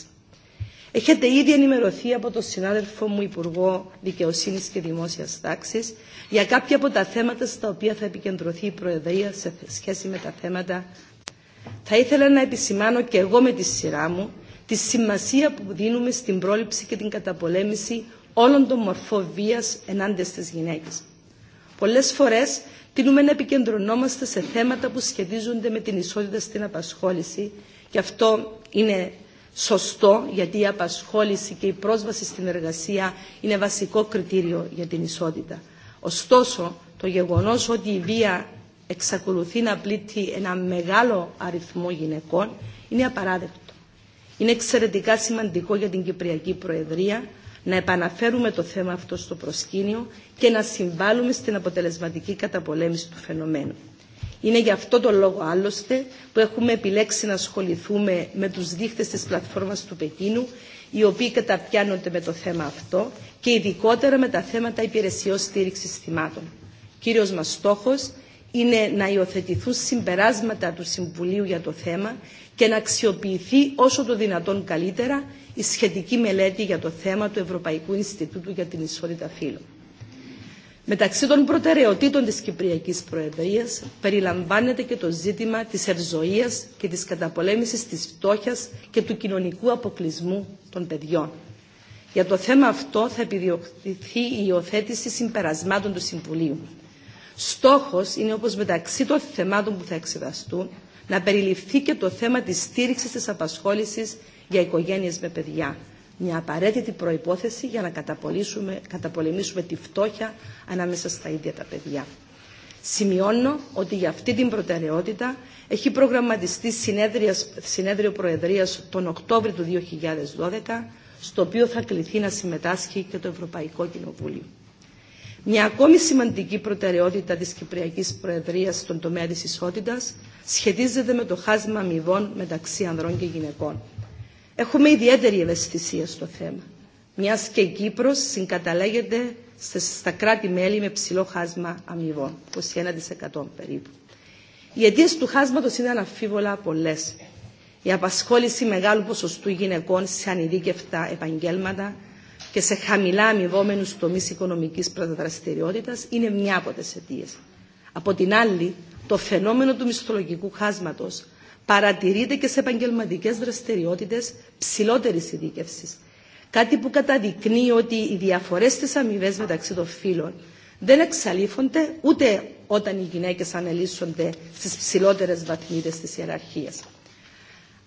Speaker 3: Έχετε ήδη ενημερωθεί από τον συνάδελφο μου Υπουργό Δικαιοσύνη και Δημόσια Τάξη για κάποια από τα θέματα στα οποία θα επικεντρωθεί η Προεδρία σε σχέση με τα θέματα. Θα ήθελα να επισημάνω και εγώ με τη σειρά μου τη σημασία που δίνουμε στην πρόληψη και την καταπολέμηση όλων των μορφών βία ενάντια στι γυναίκε. Πολλέ φορέ τείνουμε να επικεντρωνόμαστε σε θέματα που σχετίζονται με την ισότητα στην απασχόληση και αυτό είναι σωστό γιατί η απασχόληση και η πρόσβαση στην εργασία είναι βασικό κριτήριο για την ισότητα. Ωστόσο, το γεγονός ότι η βία εξακολουθεί να πλήττει ένα μεγάλο αριθμό γυναικών είναι απαράδεκτο. Είναι εξαιρετικά σημαντικό για την Κυπριακή Προεδρία να επαναφέρουμε το θέμα αυτό στο προσκήνιο και να συμβάλλουμε στην αποτελεσματική καταπολέμηση του φαινομένου. Είναι γι' αυτό το λόγο άλλωστε που έχουμε επιλέξει να ασχοληθούμε με τους δείχτες της πλατφόρμας του Πεκίνου, οι οποίοι καταπιάνονται με το θέμα αυτό και ειδικότερα με τα θέματα υπηρεσιών στήριξη θυμάτων. Κύριος μας στόχος είναι να υιοθετηθούν συμπεράσματα του Συμβουλίου για το θέμα και να αξιοποιηθεί όσο το δυνατόν καλύτερα η σχετική μελέτη για το θέμα του Ευρωπαϊκού Ινστιτούτου για την Ισότητα Φύλων. Μεταξύ των προτεραιοτήτων της Κυπριακής Προεδρίας περιλαμβάνεται και το ζήτημα της ευζοίας και της καταπολέμησης της φτώχειας και του κοινωνικού αποκλεισμού των παιδιών. Για το θέμα αυτό θα επιδιωχθεί η υιοθέτηση συμπερασμάτων του Συμβουλίου. Στόχος είναι όπως μεταξύ των θεμάτων που θα εξεταστούν να περιληφθεί και το θέμα της στήριξης της απασχόλησης για οικογένειες με παιδιά μια απαραίτητη προϋπόθεση για να καταπολεμήσουμε, τη φτώχεια ανάμεσα στα ίδια τα παιδιά. Σημειώνω ότι για αυτή την προτεραιότητα έχει προγραμματιστεί συνέδριο Προεδρίας τον Οκτώβριο του 2012, στο οποίο θα κληθεί να συμμετάσχει και το Ευρωπαϊκό Κοινοβούλιο. Μια ακόμη σημαντική προτεραιότητα της Κυπριακής Προεδρίας στον τομέα της ισότητας σχετίζεται με το χάσμα αμοιβών μεταξύ ανδρών και γυναικών. Έχουμε ιδιαίτερη ευαισθησία στο θέμα, μιας και η Κύπρος συγκαταλέγεται στα κράτη-μέλη με ψηλό χάσμα αμοιβών, 21% περίπου. Οι αιτίε του χάσματος είναι αναφίβολα πολλέ. Η απασχόληση μεγάλου ποσοστού γυναικών σε ανειδίκευτα επαγγέλματα και σε χαμηλά αμοιβόμενου τομεί οικονομική δραστηριότητα είναι μια από τι αιτίε. Από την άλλη, το φαινόμενο του μισθολογικού χάσματο παρατηρείται και σε επαγγελματικέ δραστηριότητε ψηλότερη ειδίκευση. Κάτι που καταδεικνύει ότι οι διαφορέ στι αμοιβέ μεταξύ των φύλων δεν εξαλείφονται ούτε όταν οι γυναίκε ανελίσσονται στι ψηλότερε βαθμίδε τη ιεραρχία,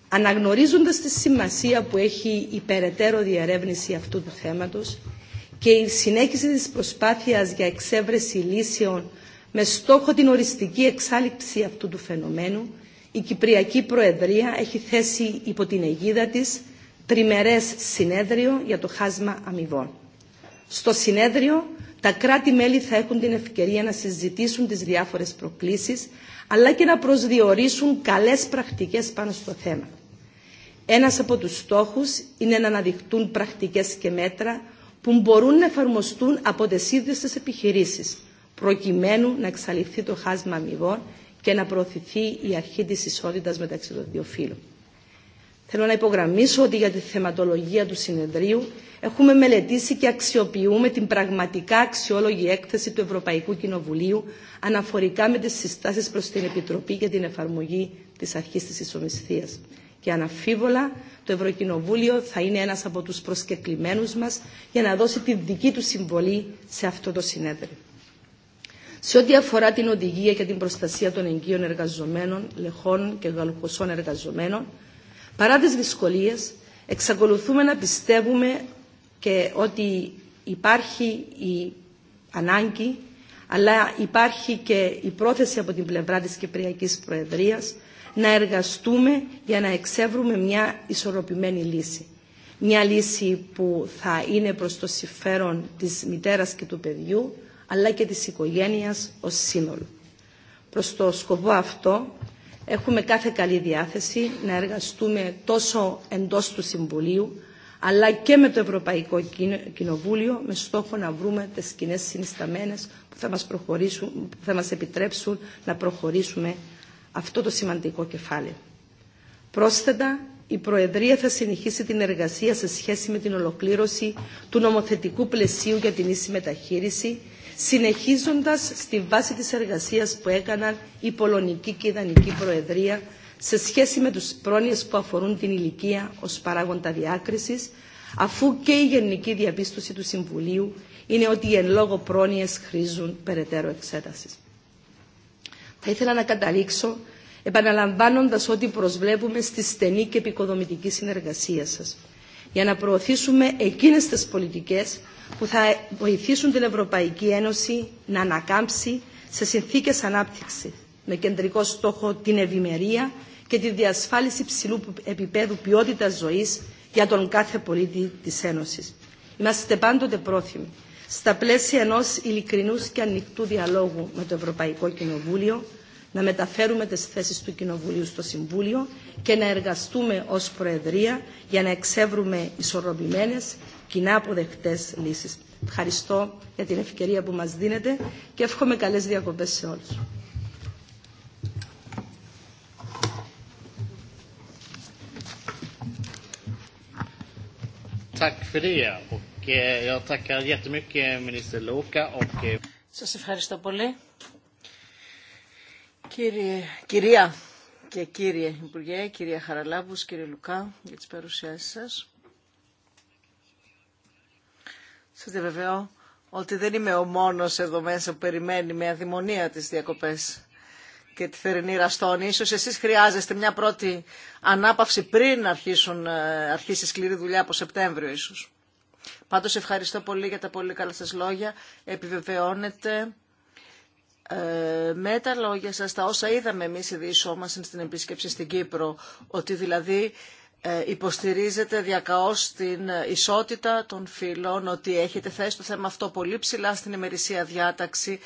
Speaker 3: αναγνωρίζοντα τη σημασία που έχει η περαιτέρω διαρεύνηση αυτού του θέματο και η συνέχιση τη προσπάθεια για εξέβρεση λύσεων με στόχο την οριστική εξάλληψη αυτού του φαινομένου, η Κυπριακή Προεδρία έχει θέσει υπό την αιγίδα της τριμερές συνέδριο για το χάσμα αμοιβών. Στο συνέδριο τα κράτη-μέλη θα έχουν την ευκαιρία να συζητήσουν τις διάφορες προκλήσεις αλλά και να προσδιορίσουν καλές πρακτικές πάνω στο θέμα. Ένας από τους στόχους είναι να αναδειχτούν πρακτικές και μέτρα που μπορούν να εφαρμοστούν από τις ίδιες τις επιχειρήσεις προκειμένου να εξαλειφθεί το χάσμα αμοιβών και να προωθηθεί η αρχή της ισότητας μεταξύ των δύο φύλων. Θέλω να υπογραμμίσω ότι για τη θεματολογία του συνεδρίου έχουμε μελετήσει και αξιοποιούμε την πραγματικά αξιόλογη έκθεση του Ευρωπαϊκού Κοινοβουλίου αναφορικά με τις συστάσεις προς την Επιτροπή για την εφαρμογή της αρχής της ισομισθίας. Και αναφίβολα το Ευρωκοινοβούλιο θα είναι ένας από τους προσκεκλημένους μας για να δώσει τη δική του συμβολή σε αυτό το συνέδριο. Σε ό,τι αφορά την οδηγία και την προστασία των εγγύων εργαζομένων, λεχών και γαλουχωσών εργαζομένων, παρά τις δυσκολίες, εξακολουθούμε να πιστεύουμε και ότι υπάρχει η ανάγκη, αλλά υπάρχει και η πρόθεση από την πλευρά της Κυπριακής Προεδρίας να εργαστούμε για να εξεύρουμε μια ισορροπημένη λύση. Μια λύση που θα είναι προς το συμφέρον της μητέρας και του παιδιού, αλλά και της οικογένειας ως σύνολο. Προς το σκοπό αυτό έχουμε κάθε καλή διάθεση να εργαστούμε τόσο εντός του Συμβουλίου αλλά και με το Ευρωπαϊκό Κοινοβούλιο με στόχο να βρούμε τις κοινέ συνισταμένες που θα, μας θα μας επιτρέψουν να προχωρήσουμε αυτό το σημαντικό κεφάλαιο. Πρόσθετα, η Προεδρία θα συνεχίσει την εργασία σε σχέση με την ολοκλήρωση του νομοθετικού πλαισίου για την ίση μεταχείριση συνεχίζοντας στη βάση της εργασίας που έκαναν η Πολωνική και η Δανική Προεδρία σε σχέση με τους πρόνοιες που αφορούν την ηλικία ως παράγοντα διάκρισης, αφού και η γενική διαπίστωση του Συμβουλίου είναι ότι οι εν λόγω πρόνοιες χρήζουν περαιτέρω εξέτασης. Θα ήθελα να καταλήξω επαναλαμβάνοντας ότι προσβλέπουμε στη στενή και επικοδομητική συνεργασία σας για να προωθήσουμε εκείνες τις πολιτικές που θα βοηθήσουν την Ευρωπαϊκή Ένωση να ανακάμψει σε συνθήκες ανάπτυξη με κεντρικό στόχο την ευημερία και τη διασφάλιση ψηλού επίπεδου ποιότητας ζωής για τον κάθε πολίτη της Ένωσης. Είμαστε πάντοτε πρόθυμοι στα πλαίσια ενός ειλικρινούς και ανοιχτού διαλόγου με το Ευρωπαϊκό Κοινοβούλιο να μεταφέρουμε τις θέσεις του Κοινοβουλίου στο Συμβούλιο και να εργαστούμε ως Προεδρία για να εξεύρουμε ισορροπημένες κοινά αποδεκτές λύσεις. Ευχαριστώ για την ευκαιρία που μας δίνετε και εύχομαι καλές διακοπές σε όλους.
Speaker 4: Σας ευχαριστώ πολύ. κυρία και κύριε Υπουργέ, κυρία Χαραλάβους, κύριε Λουκά, για τις παρουσιάσεις σας. Σας διαβεβαιώ ότι δεν είμαι ο μόνος εδώ μέσα που περιμένει με αδημονία τις διακοπές και τη θερινή ραστόνη. Ίσως εσείς χρειάζεστε μια πρώτη ανάπαυση πριν αρχίσουν, ε, αρχίσει η σκληρή δουλειά από Σεπτέμβριο ίσως. Πάντως ευχαριστώ πολύ για τα πολύ καλά σας λόγια. Επιβεβαιώνετε ε, με τα λόγια σας, τα όσα είδαμε εμείς οι στην επίσκεψη στην Κύπρο, ότι δηλαδή ε, υποστηρίζετε διακαώς την ε, ισότητα των φύλων, ότι έχετε θέσει το θέμα αυτό πολύ ψηλά στην ημερησία διάταξη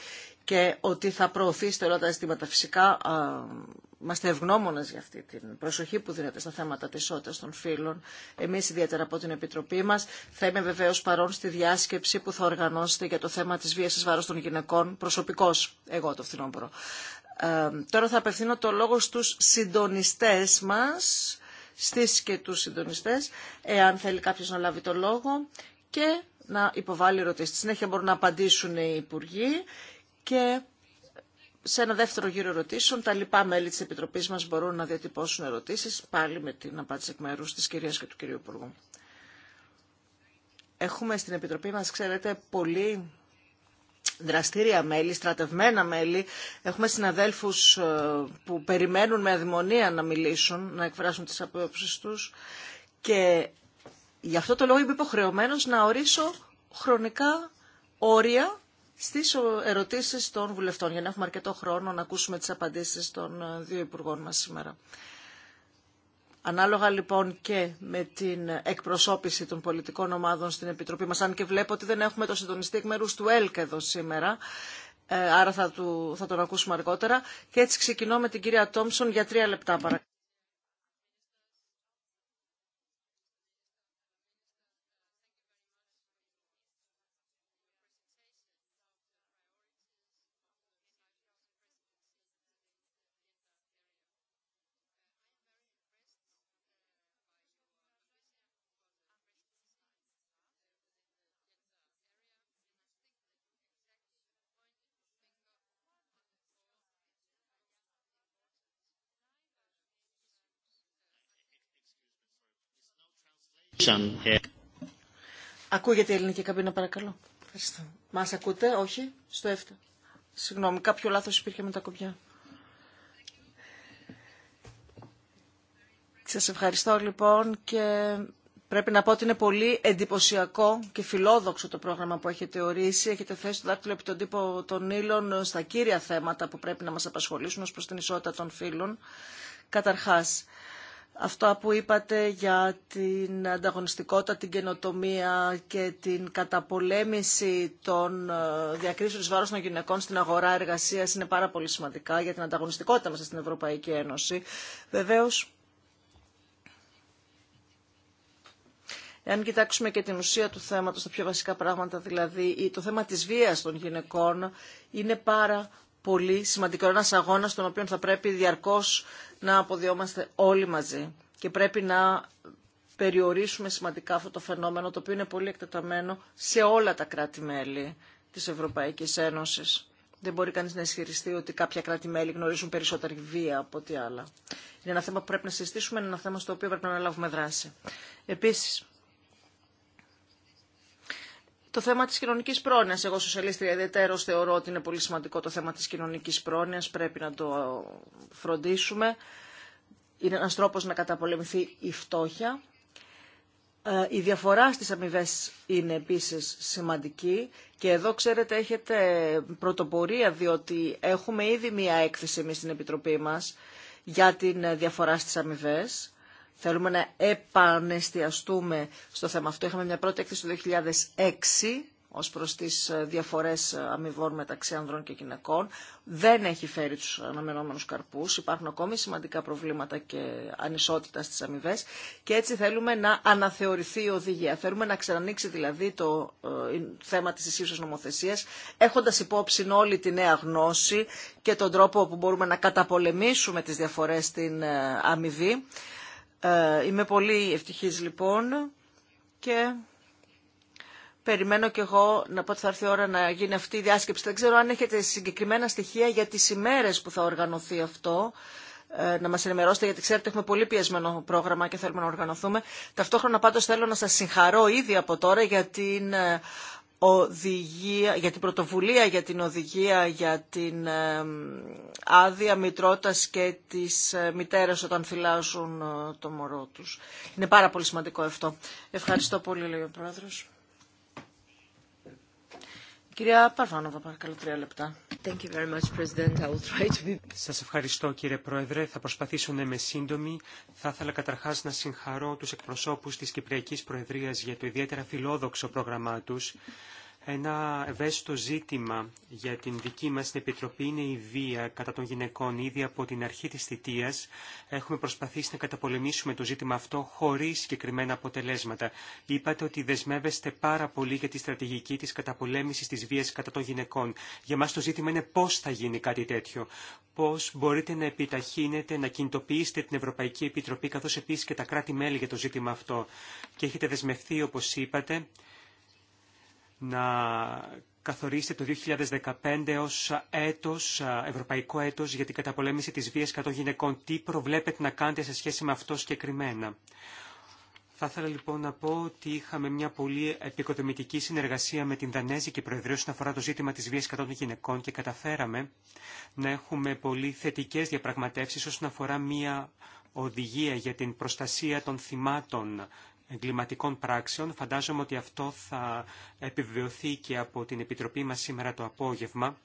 Speaker 4: και ότι θα προωθήσετε όλα τα ζητήματα. Φυσικά είμαστε ευγνώμονες για αυτή την προσοχή που δίνετε στα θέματα της ισότητας των φύλων. Εμείς ιδιαίτερα από την Επιτροπή μας θα είμαι βεβαίως παρόν στη διάσκεψη που θα οργανώσετε για το θέμα της βίας της βάρος των γυναικών προσωπικώς εγώ το φθινόπωρο. Ε, τώρα θα απευθύνω το λόγο στους συντονιστές μας στις και τους συντονιστές, εάν θέλει κάποιος να λάβει το λόγο και να υποβάλει ερωτήσεις. Στη συνέχεια μπορούν να απαντήσουν οι υπουργοί και σε ένα δεύτερο γύρο ερωτήσεων τα λοιπά μέλη της Επιτροπής μας μπορούν να διατυπώσουν ερωτήσεις πάλι με την απάντηση εκ μέρου της κυρίας και του κυρίου Υπουργού. Έχουμε στην Επιτροπή μας, ξέρετε, πολύ δραστήρια μέλη, στρατευμένα μέλη. Έχουμε συναδέλφους ε, που περιμένουν με αδημονία να μιλήσουν, να εκφράσουν τις απόψεις τους και γι' αυτό το λόγο είμαι υποχρεωμένο να ορίσω χρονικά όρια στις ερωτήσεις των βουλευτών για να έχουμε αρκετό χρόνο να ακούσουμε τις απαντήσεις των ε, δύο υπουργών μας σήμερα. Ανάλογα λοιπόν και με την εκπροσώπηση των πολιτικών ομάδων στην Επιτροπή μας, αν και βλέπω ότι δεν έχουμε το συντονιστή εκ μέρους του ΕΛΚ εδώ σήμερα, ε, άρα θα, θα τον ακούσουμε αργότερα. Και έτσι ξεκινώ με την κυρία Τόμσον για τρία λεπτά παρακαλώ. Eh. Ακούγεται η ελληνική καμπίνα, παρακαλώ. Ευχαριστώ. Μα ακούτε, όχι, στο έφτα. Συγγνώμη, κάποιο λάθο υπήρχε με τα κοπιά. Σα ευχαριστώ λοιπόν και πρέπει να πω ότι είναι πολύ εντυπωσιακό και φιλόδοξο το πρόγραμμα που έχετε ορίσει. Έχετε θέσει το δάκτυλο επί τον τύπο των ύλων στα κύρια θέματα που πρέπει να μας απασχολήσουν ως προς την ισότητα των φίλων. Καταρχάς, αυτό που είπατε για την ανταγωνιστικότητα, την καινοτομία και την καταπολέμηση των ε, διακρίσεων της βάρος των γυναικών στην αγορά εργασίας είναι πάρα πολύ σημαντικά για την ανταγωνιστικότητα μας στην Ευρωπαϊκή Ένωση. Βεβαίως, Εάν κοιτάξουμε και την ουσία του θέματος, τα πιο βασικά πράγματα δηλαδή, το θέμα της βίας των γυναικών είναι πάρα πολύ σημαντικό, ένας αγώνας τον οποίο θα πρέπει διαρκώς να αποδιόμαστε όλοι μαζί και πρέπει να περιορίσουμε σημαντικά αυτό το φαινόμενο το οποίο είναι πολύ εκτεταμένο σε όλα τα κράτη-μέλη της Ευρωπαϊκής Ένωσης. Δεν μπορεί κανείς να ισχυριστεί ότι κάποια κράτη-μέλη γνωρίζουν περισσότερη βία από ό,τι άλλα. Είναι ένα θέμα που πρέπει να συζητήσουμε, είναι ένα θέμα στο οποίο πρέπει να λάβουμε δράση. Επίσης, το θέμα της κοινωνικής πρόνοιας. Εγώ σοσιαλίστρια ιδιαίτερος θεωρώ ότι είναι πολύ σημαντικό το θέμα της κοινωνικής πρόνοιας, πρέπει να το φροντίσουμε. Είναι ένας τρόπος να καταπολεμηθεί η φτώχεια. Ε, η διαφορά στις αμοιβέ είναι επίσης σημαντική και εδώ ξέρετε έχετε πρωτοπορία διότι έχουμε ήδη μία έκθεση εμείς στην Επιτροπή μας για την διαφορά στις αμοιβέ Θέλουμε να επανεστιαστούμε στο θέμα αυτό. Είχαμε μια πρώτη έκθεση το 2006 ως προς τις ε, διαφορές ε, αμοιβών μεταξύ ανδρών και γυναικών. Δεν έχει φέρει τους αναμενόμενους καρπούς. Υπάρχουν ακόμη σημαντικά προβλήματα και ανισότητα στις αμοιβέ και έτσι θέλουμε να αναθεωρηθεί η οδηγία. Θέλουμε να ξανανοίξει δηλαδή το ε, θέμα της ισχύουσας νομοθεσίας έχοντας υπόψη όλη τη νέα γνώση και τον τρόπο που μπορούμε να καταπολεμήσουμε τις διαφορές στην αμοιβή ε, είμαι πολύ ευτυχής λοιπόν και περιμένω και εγώ να πω ότι θα έρθει η ώρα να γίνει αυτή η διάσκεψη. Δεν ξέρω αν έχετε συγκεκριμένα στοιχεία για τις ημέρες που θα οργανωθεί αυτό ε, να μας ενημερώσετε γιατί ξέρετε έχουμε πολύ πιεσμένο πρόγραμμα και θέλουμε να οργανωθούμε. Ταυτόχρονα πάντως θέλω να σας συγχαρώ ήδη από τώρα για την ε, οδηγία, για την πρωτοβουλία για την οδηγία για την άδεια μητρότητας και της ε, μητέρας όταν θυλάζουν ε, το μωρό τους. Είναι πάρα πολύ σημαντικό αυτό. Ευχαριστώ πολύ, λέει ο Πρόεδρος.
Speaker 1: Κυρία λεπτά. Σας ευχαριστώ κύριε Πρόεδρε. Θα προσπαθήσω να είμαι σύντομη. Θα ήθελα καταρχάς να συγχαρώ τους εκπροσώπους της Κυπριακής Προεδρίας για το ιδιαίτερα φιλόδοξο πρόγραμμά τους. Ένα ευαίσθητο ζήτημα για την δική μας την Επιτροπή είναι η βία κατά των γυναικών. Ήδη από την αρχή της θητείας έχουμε προσπαθήσει να καταπολεμήσουμε το ζήτημα αυτό χωρίς συγκεκριμένα αποτελέσματα. Είπατε ότι δεσμεύεστε πάρα πολύ για τη στρατηγική της καταπολέμησης της βίας κατά των γυναικών. Για μας το ζήτημα είναι πώς θα γίνει κάτι τέτοιο. Πώς μπορείτε να επιταχύνετε, να κινητοποιήσετε την Ευρωπαϊκή Επιτροπή καθώς επίσης και τα κράτη-μέλη για το ζήτημα αυτό. Και έχετε δεσμευθεί, όπως είπατε, να καθορίσετε το 2015 ως έτος, ευρωπαϊκό έτος για την καταπολέμηση της βίας κατά των γυναικών. Τι προβλέπετε να κάνετε σε σχέση με αυτό συγκεκριμένα. Θα ήθελα λοιπόν να πω ότι είχαμε μια πολύ επικοδομητική συνεργασία με την Δανέζικη Προεδρία όσον αφορά το ζήτημα της βίας κατά των γυναικών και καταφέραμε να έχουμε πολύ θετικές διαπραγματεύσεις όσον αφορά μια οδηγία για την προστασία των θυμάτων εγκληματικών πράξεων. Φαντάζομαι ότι αυτό θα επιβεβαιωθεί και από την Επιτροπή μας σήμερα το απόγευμα.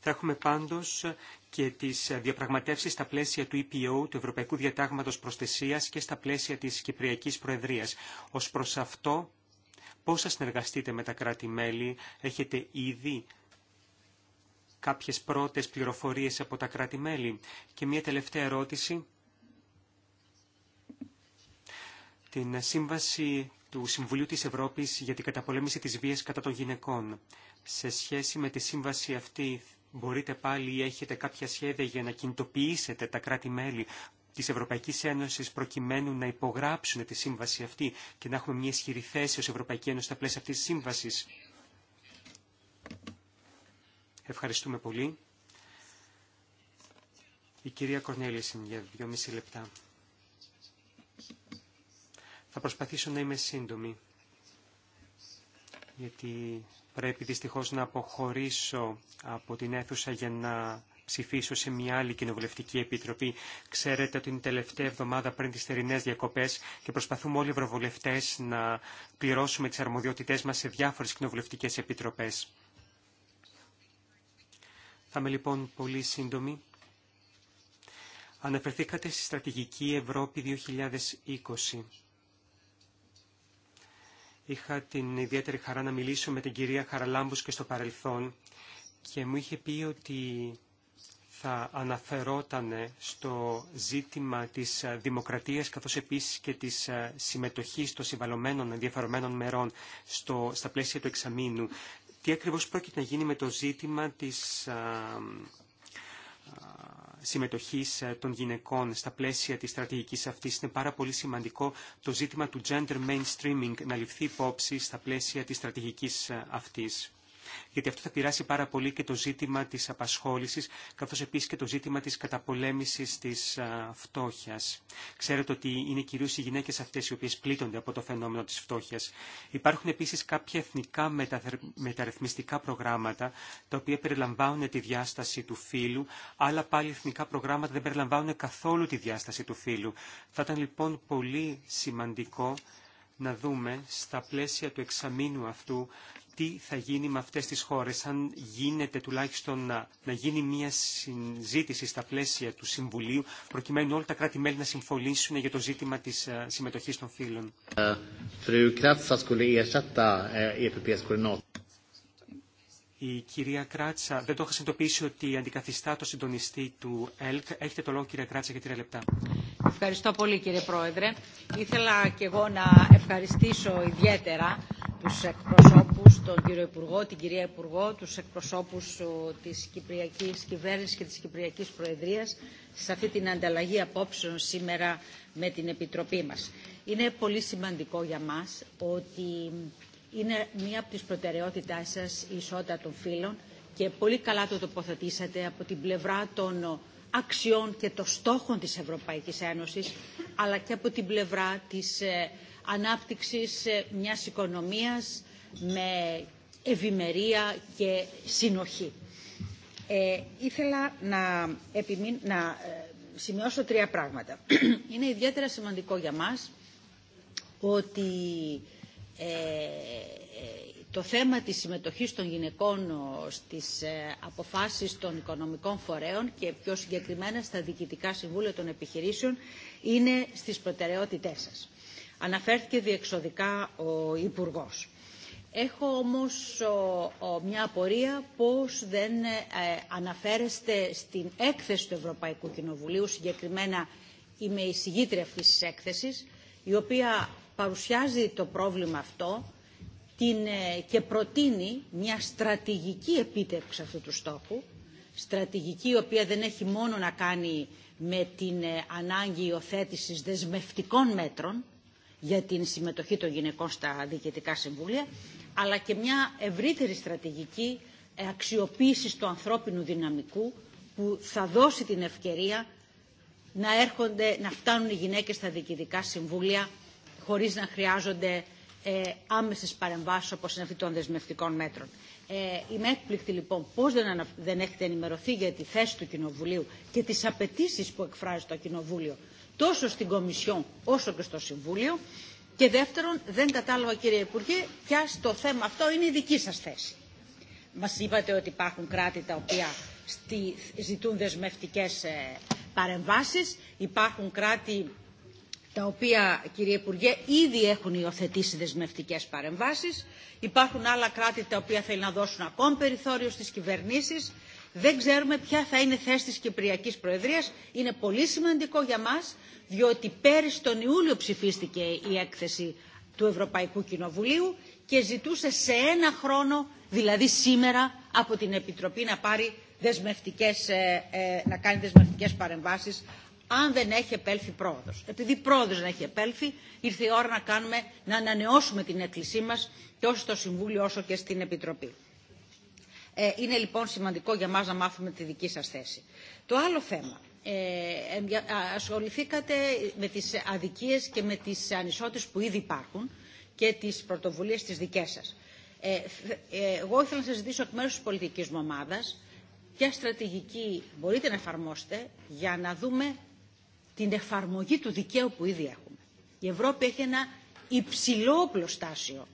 Speaker 1: Θα έχουμε πάντως και τις διαπραγματεύσεις στα πλαίσια του EPO, του Ευρωπαϊκού Διατάγματος Προστασίας και στα πλαίσια της Κυπριακής Προεδρίας. Ως προς αυτό, πώς θα συνεργαστείτε με τα κράτη-μέλη, έχετε ήδη κάποιες πρώτες πληροφορίες από τα κράτη-μέλη. Και μια τελευταία ερώτηση την Σύμβαση του Συμβουλίου της Ευρώπης για την καταπολέμηση της βίας κατά των γυναικών. Σε σχέση με τη σύμβαση αυτή μπορείτε πάλι ή έχετε κάποια σχέδια για να κινητοποιήσετε τα κράτη-μέλη της Ευρωπαϊκής Ένωσης προκειμένου να υπογράψουν τη σύμβαση αυτή και να έχουμε μια ισχυρή θέση ως Ευρωπαϊκή Ένωση στα πλαίσια αυτής της σύμβασης. Ευχαριστούμε πολύ. Η κυρία Κορνέλη, για δυόμιση λεπτά. Θα προσπαθήσω να είμαι σύντομη, γιατί πρέπει δυστυχώς να αποχωρήσω από την αίθουσα για να ψηφίσω σε μια άλλη κοινοβουλευτική επιτροπή. Ξέρετε ότι είναι η τελευταία εβδομάδα πριν τις θερινές διακοπές και προσπαθούμε όλοι οι ευρωβουλευτές να πληρώσουμε τις αρμοδιότητές μας σε διάφορες κοινοβουλευτικές επιτροπές. Θα είμαι λοιπόν πολύ σύντομη. Αναφερθήκατε στη στρατηγική Ευρώπη 2020. Είχα την ιδιαίτερη χαρά να μιλήσω με την κυρία Χαραλάμπους και στο παρελθόν και μου είχε πει ότι θα αναφερόταν στο ζήτημα της δημοκρατίας καθώς επίσης και της συμμετοχής των συμβαλωμένων ενδιαφερομένων μερών στο, στα πλαίσια του εξαμήνου. Τι ακριβώς πρόκειται να γίνει με το ζήτημα της συμμετοχής ε, των γυναικών στα πλαίσια της στρατηγικής αυτής. Είναι πάρα πολύ σημαντικό το ζήτημα του gender mainstreaming να ληφθεί υπόψη στα πλαίσια της στρατηγικής ε, αυτής γιατί αυτό θα πειράσει πάρα πολύ και το ζήτημα της απασχόλησης, καθώς επίσης και το ζήτημα της καταπολέμησης της φτώχειας. Ξέρετε ότι είναι κυρίως οι γυναίκες αυτές οι οποίες πλήττονται από το φαινόμενο της φτώχειας. Υπάρχουν επίσης κάποια εθνικά μεταρρυθμιστικά προγράμματα, τα οποία περιλαμβάνουν τη διάσταση του φύλου, αλλά πάλι εθνικά προγράμματα δεν περιλαμβάνουν καθόλου τη διάσταση του φύλου. Θα ήταν λοιπόν πολύ σημαντικό να δούμε στα πλαίσια του εξαμήνου αυτού τι θα γίνει με αυτές τις χώρες, αν γίνεται τουλάχιστον να, γίνει μια συζήτηση στα πλαίσια του Συμβουλίου, προκειμένου όλα τα κράτη-μέλη να συμφωνήσουν για το ζήτημα της ε, συμμετοχής των φύλων.
Speaker 5: Ε, ε, e
Speaker 1: Η κυρία Κράτσα, δεν το είχα συνειδητοποιήσει ότι αντικαθιστά το συντονιστή του ΕΛΚ. Έχετε το λόγο κυρία Κράτσα για τρία λεπτά.
Speaker 6: Ευχαριστώ πολύ κύριε Πρόεδρε. Ήθελα και εγώ να ευχαριστήσω ιδιαίτερα τους εκπροσώπους, τον κύριο Υπουργό, την κυρία Υπουργό, τους εκπροσώπους της Κυπριακής Κυβέρνησης και της Κυπριακής Προεδρίας σε αυτή την ανταλλαγή απόψεων σήμερα με την Επιτροπή μας. Είναι πολύ σημαντικό για μας ότι είναι μία από τις προτεραιότητάς σας η ισότητα των φύλων και πολύ καλά το τοποθετήσατε από την πλευρά των αξιών και των στόχων της Ευρωπαϊκής Ένωσης αλλά και από την πλευρά της ε, ανάπτυξης ε, μιας οικονομίας με ευημερία και συνοχή. Ε, ήθελα να, να ε, σημειώσω τρία πράγματα. [clears throat] Είναι ιδιαίτερα σημαντικό για μας ότι ε, το θέμα της συμμετοχής των γυναικών στις αποφάσεις των οικονομικών φορέων και πιο συγκεκριμένα στα διοικητικά συμβούλια των επιχειρήσεων είναι στις προτεραιότητές σας αναφέρθηκε διεξοδικά ο Υπουργός. Έχω όμως μια απορία πώς δεν ε, αναφέρεστε στην έκθεση του Ευρωπαϊκού Κοινοβουλίου, συγκεκριμένα είμαι η συγγήτρια αυτής της έκθεσης, η οποία παρουσιάζει το πρόβλημα αυτό την, ε, και προτείνει μια στρατηγική επίτευξη αυτού του στόχου, στρατηγική η οποία δεν έχει μόνο να κάνει με την ε, ανάγκη υιοθέτηση δεσμευτικών μέτρων, για την συμμετοχή των γυναικών στα διοικητικά συμβούλια, αλλά και μια ευρύτερη στρατηγική ε, αξιοποίησης του ανθρώπινου δυναμικού που θα δώσει την ευκαιρία να, έρχονται, να φτάνουν οι γυναίκες στα διοικητικά συμβούλια χωρίς να χρειάζονται ε, άμεσες παρεμβάσεις όπως είναι αυτή των δεσμευτικών μέτρων. Ε, είμαι έκπληκτη λοιπόν πώς δεν, δεν έχετε ενημερωθεί για τη θέση του Κοινοβουλίου και τις απαιτήσει που εκφράζει το Κοινοβούλιο τόσο στην Κομισιόν όσο και στο Συμβούλιο. Και δεύτερον, δεν κατάλαβα κύριε Υπουργέ, ποια στο θέμα αυτό είναι η δική σας θέση. Μας είπατε ότι υπάρχουν κράτη τα οποία στη, ζητούν δεσμευτικές ε, παρεμβάσεις, υπάρχουν κράτη τα οποία, κύριε Υπουργέ, ήδη έχουν υιοθετήσει δεσμευτικές παρεμβάσεις, υπάρχουν άλλα κράτη τα οποία θέλουν να δώσουν ακόμη περιθώριο στις κυβερνήσεις δεν ξέρουμε ποια θα είναι θέση της Κυπριακής Προεδρίας. Είναι πολύ σημαντικό για μας, διότι πέρυσι τον Ιούλιο ψηφίστηκε η έκθεση του Ευρωπαϊκού Κοινοβουλίου και ζητούσε σε ένα χρόνο, δηλαδή σήμερα, από την Επιτροπή να, πάρει δεσμευτικές, ε, ε, να κάνει δεσμευτικές παρεμβάσεις αν δεν έχει επέλθει πρόοδο. Ναι. Επειδή πρόοδο δεν έχει επέλθει, ήρθε η ώρα να, κάνουμε, να ανανεώσουμε την έκκλησή μα τόσο στο Συμβούλιο όσο και στην Επιτροπή. Ε, είναι λοιπόν σημαντικό για μας να μάθουμε τη δική σας θέση. Το άλλο θέμα. Ε, ασχοληθήκατε με τις αδικίες και με τις ανισότητες που ήδη υπάρχουν και τις πρωτοβουλίες της δικές σας. Ε, εγώ ήθελα να σας ζητήσω εκ μέρους της πολιτικής μου ομάδας ποια στρατηγική μπορείτε να εφαρμόσετε για να δούμε την εφαρμογή του δικαίου που ήδη έχουμε. Η Ευρώπη έχει ένα υψηλό πλωστάσιο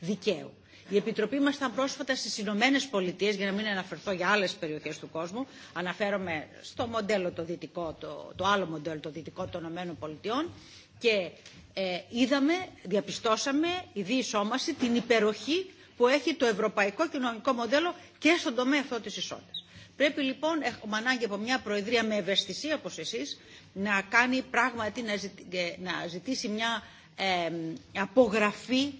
Speaker 6: δικαίου. Η Επιτροπή μας ήταν πρόσφατα στις Ηνωμένε Πολιτείε, για να μην αναφερθώ για άλλες περιοχές του κόσμου. Αναφέρομαι στο μοντέλο το δυτικό, το, άλλο μοντέλο το δυτικό των Ηνωμένων Πολιτειών και ε, είδαμε, διαπιστώσαμε η διεισόμαση την υπεροχή που έχει το ευρωπαϊκό κοινωνικό μοντέλο και στον τομέα αυτό της ισότητας. Πρέπει λοιπόν, έχουμε ανάγκη από μια Προεδρία με ευαισθησία όπως εσείς, να κάνει πράγματι να ε, ζητήσει μια ε, απογραφή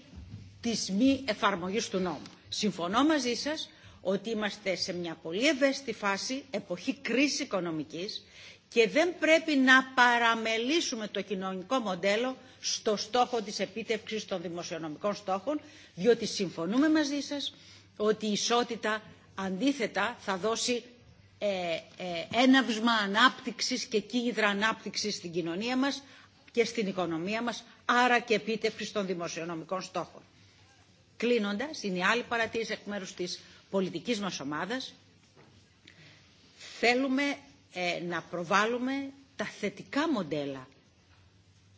Speaker 6: της μη εφαρμογής του νόμου. Συμφωνώ μαζί σας ότι είμαστε σε μια πολύ ευαίσθητη φάση, εποχή κρίση οικονομικής και δεν πρέπει να παραμελήσουμε το κοινωνικό μοντέλο στο στόχο της επίτευξης των δημοσιονομικών στόχων, διότι συμφωνούμε μαζί σας ότι η ισότητα αντίθετα θα δώσει ε, ε, έναυσμα ανάπτυξης και κίνητρα ανάπτυξης στην κοινωνία μας και στην οικονομία μας, άρα και επίτευξη των δημοσιονομικών στόχων. Κλείνοντας, είναι η άλλη παρατήρηση εκ μέρους της πολιτικής μας ομάδας. Θέλουμε ε, να προβάλλουμε τα θετικά μοντέλα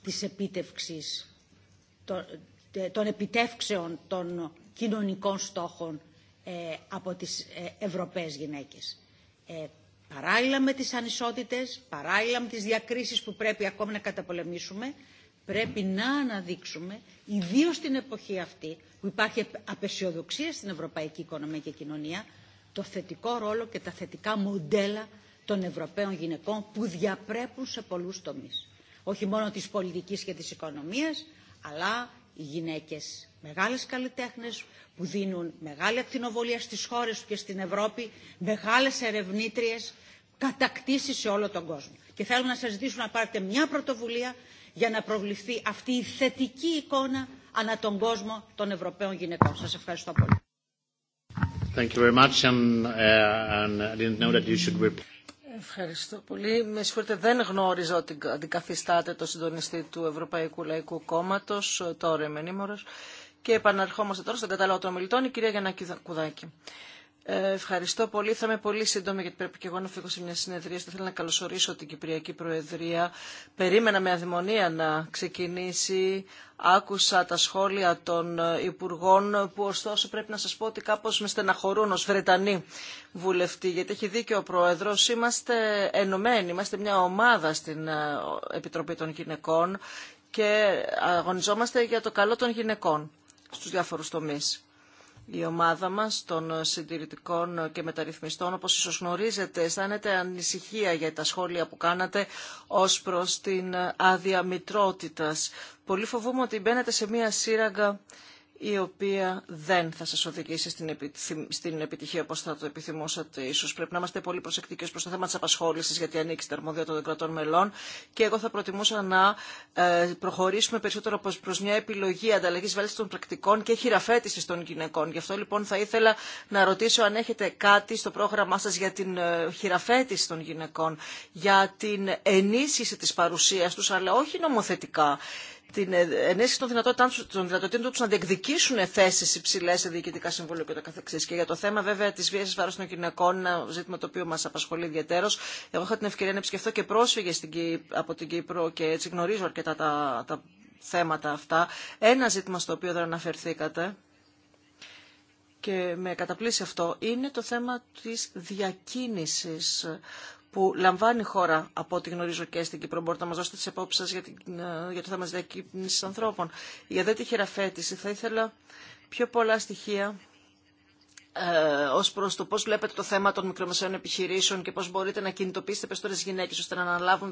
Speaker 6: της επίτευξης ε, των, επιτεύξεων των κοινωνικών στόχων ε, από τις ε, Ευρωπαίες γυναίκες. παράλληλα με τις ανισότητες, παράλληλα με τις διακρίσεις που πρέπει ακόμη να καταπολεμήσουμε, πρέπει να αναδείξουμε, ιδίως στην εποχή αυτή που υπάρχει απεσιοδοξία στην ευρωπαϊκή οικονομία και κοινωνία, το θετικό ρόλο και τα θετικά μοντέλα των Ευρωπαίων γυναικών που διαπρέπουν σε πολλούς τομείς. Όχι μόνο της πολιτικής και της οικονομίας, αλλά οι γυναίκες μεγάλες καλλιτέχνες που δίνουν μεγάλη ακτινοβολία στις χώρες του και στην Ευρώπη, μεγάλες ερευνήτριες, κατακτήσει σε όλο τον κόσμο. Και θέλω να σας ζητήσουμε να πάρετε μια πρωτοβουλία για να προβληθεί αυτή η θετική εικόνα ανά τον κόσμο των Ευρωπαίων γυναικών. Σας ευχαριστώ πολύ.
Speaker 4: Ευχαριστώ πολύ. Με συγχωρείτε, δεν γνώριζα ότι αντικαθιστάτε το συντονιστή του Ευρωπαϊκού Λαϊκού Κόμματο. Τώρα είμαι ενήμορο. Και επαναρχόμαστε τώρα στον κατάλογο των ομιλητών, η κυρία Γιάννα Κουδάκη. Ε, ευχαριστώ πολύ. Θα είμαι πολύ σύντομη γιατί πρέπει και εγώ να φύγω σε μια συνεδρία. Θα θέλω να καλωσορίσω την Κυπριακή Προεδρία. Περίμενα με αδημονία να ξεκινήσει. Άκουσα τα σχόλια των Υπουργών που ωστόσο πρέπει να σας πω ότι κάπως με στεναχωρούν ως Βρετανή βουλευτή γιατί έχει δίκιο ο Πρόεδρος. Είμαστε ενωμένοι, είμαστε μια ομάδα στην ε, Επιτροπή των Γυναικών και αγωνιζόμαστε για το καλό των γυναικών στους διάφορους τομείς η ομάδα μας των συντηρητικών και μεταρρυθμιστών, όπως ίσως γνωρίζετε, αισθάνεται ανησυχία για τα σχόλια που κάνατε ως προς την άδεια μητρότητας. Πολύ φοβούμαι ότι μπαίνετε σε μία σύραγγα η οποία δεν θα σας οδηγήσει στην επιτυχία όπως θα το επιθυμούσατε ίσως. Πρέπει να είμαστε πολύ προσεκτικοί ως προς το θέμα της απασχόλησης γιατί ανήκει τα αρμόδια των κρατών μελών και εγώ θα προτιμούσα να ε, προχωρήσουμε περισσότερο προς μια επιλογή ανταλλαγής βέλτιστων των πρακτικών και χειραφέτησης των γυναικών. Γι' αυτό λοιπόν θα ήθελα να ρωτήσω αν έχετε κάτι στο πρόγραμμά σας για την ε, χειραφέτηση των γυναικών, για την ενίσχυση της παρουσίας τους, αλλά όχι νομοθετικά την ε, ενίσχυση των δυνατοτήτων του να διεκδικήσουν θέσει υψηλέ σε διοικητικά συμβούλια και το Και για το θέμα βέβαια τη βία βάρο των γυναικών, ένα ζήτημα το οποίο μα απασχολεί ιδιαίτερω. Εγώ είχα την ευκαιρία να επισκεφθώ και πρόσφυγε από την Κύπρο και έτσι γνωρίζω αρκετά τα, τα θέματα αυτά. Ένα ζήτημα στο οποίο δεν αναφερθήκατε και με καταπλήσει αυτό είναι το θέμα της διακίνησης που λαμβάνει χώρα από ό,τι γνωρίζω και στην Κύπρο. Μπορείτε να μα δώσετε τις απόψεις για, ε, για το θέμα τη διακύπνηση ανθρώπων. Για δε τη χειραφέτηση θα ήθελα πιο πολλά στοιχεία ε, ως προς το πώς βλέπετε το θέμα των μικρομεσαίων επιχειρήσεων και πώς μπορείτε να κινητοποιήσετε περισσότερε γυναίκες ώστε να αναλάβουν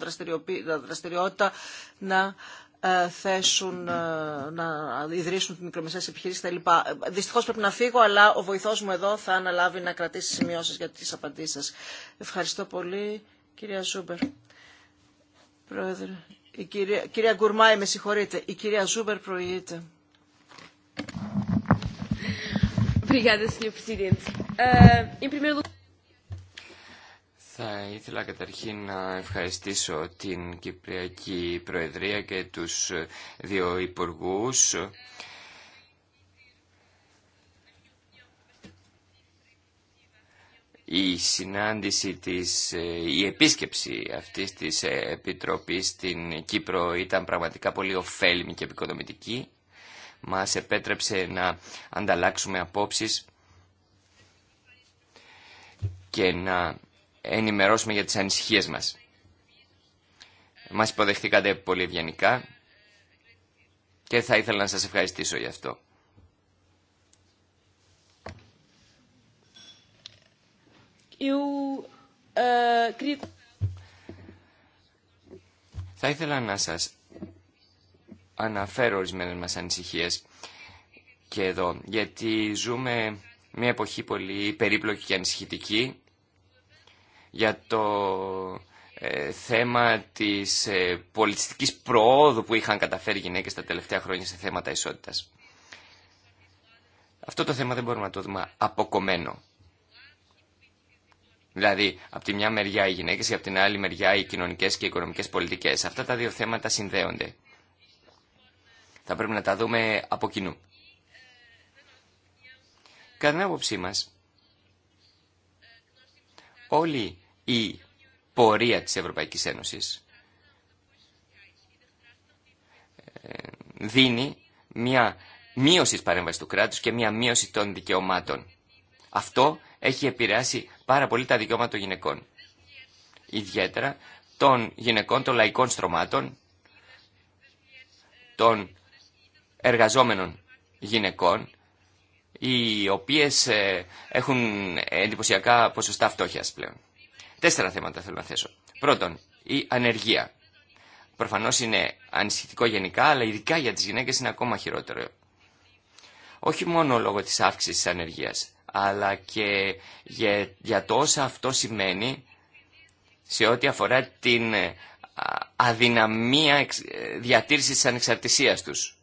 Speaker 4: δραστηριότητα, να ε, θέσουν ε, να ιδρύσουν μικρομεσαίες επιχειρήσεις τα λοιπά. Ε, δυστυχώς πρέπει να φύγω, αλλά ο βοηθός μου εδώ θα αναλάβει να κρατήσει σημειώσεις για τις απαντήσεις σας. Ευχαριστώ πολύ, κυρία Ζούμπερ. Πρόεδρε, η κυρία, κυρία Γκουρμάη, με συγχωρείτε. Η κυρία Ζούμπερ προηγείται.
Speaker 7: Obrigada, Sr. Presidente.
Speaker 8: Θα ήθελα καταρχήν να ευχαριστήσω την Κυπριακή Προεδρία και τους δύο υπουργούς. η συνάντηση της, η επίσκεψη αυτής της Επιτροπής στην Κύπρο ήταν πραγματικά πολύ ωφέλιμη και επικοδομητική. Μας επέτρεψε να ανταλλάξουμε απόψεις και να ενημερώσουμε για τις ανησυχίες μας. Μας υποδεχτήκατε πολύ ευγενικά και θα ήθελα να σας ευχαριστήσω γι' αυτό.
Speaker 4: Ε,
Speaker 8: θα ήθελα να σας αναφέρω ορισμένε μας ανησυχίες και εδώ, γιατί ζούμε μια εποχή πολύ περίπλοκη και ανησυχητική για το ε, θέμα της ε, πολιτιστικής προόδου που είχαν καταφέρει οι γυναίκες τα τελευταία χρόνια σε θέματα ισότητας. Αυτό το θέμα δεν μπορούμε να το δούμε αποκομμένο. Δηλαδή, από τη μια μεριά οι γυναίκες και από την άλλη μεριά οι κοινωνικές και οι οικονομικές πολιτικές. Αυτά τα δύο θέματα συνδέονται. Θα πρέπει να τα δούμε από κοινού. Κατά την άποψή μας, όλη η πορεία της Ευρωπαϊκής Ένωσης ε, δίνει μια μείωση της παρέμβασης του κράτους και μια μείωση των δικαιωμάτων. Αυτό έχει επηρεάσει πάρα πολύ τα δικαιώματα των γυναικών. Ιδιαίτερα των γυναικών των λαϊκών στρωμάτων, των εργαζόμενων γυναικών οι οποίες ε, έχουν εντυπωσιακά ποσοστά φτώχειας πλέον. Τέσσερα θέματα θέλω να θέσω. Πρώτον, η ανεργία. Προφανώς είναι ανησυχητικό γενικά, αλλά ειδικά για τις γυναίκες είναι ακόμα χειρότερο. Όχι μόνο λόγω της αύξησης της ανεργίας, αλλά και για το όσα αυτό σημαίνει σε ό,τι αφορά την ε, αδυναμία ε, διατήρησης της ανεξαρτησίας τους.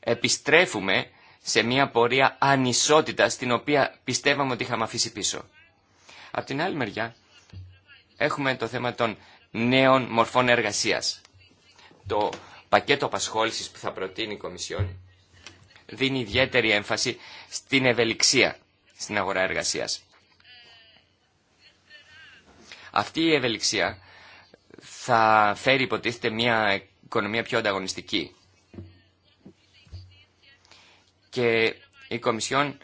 Speaker 8: επιστρέφουμε σε μια πορεία ανισότητα στην οποία πιστεύαμε ότι είχαμε αφήσει πίσω. Απ' την άλλη μεριά έχουμε το θέμα των νέων μορφών εργασίας. Το πακέτο απασχόλησης που θα προτείνει η Κομισιόν δίνει ιδιαίτερη έμφαση στην ευελιξία στην αγορά εργασίας. Αυτή η ευελιξία θα φέρει υποτίθεται μια οικονομία πιο ανταγωνιστική και η Κομισιόν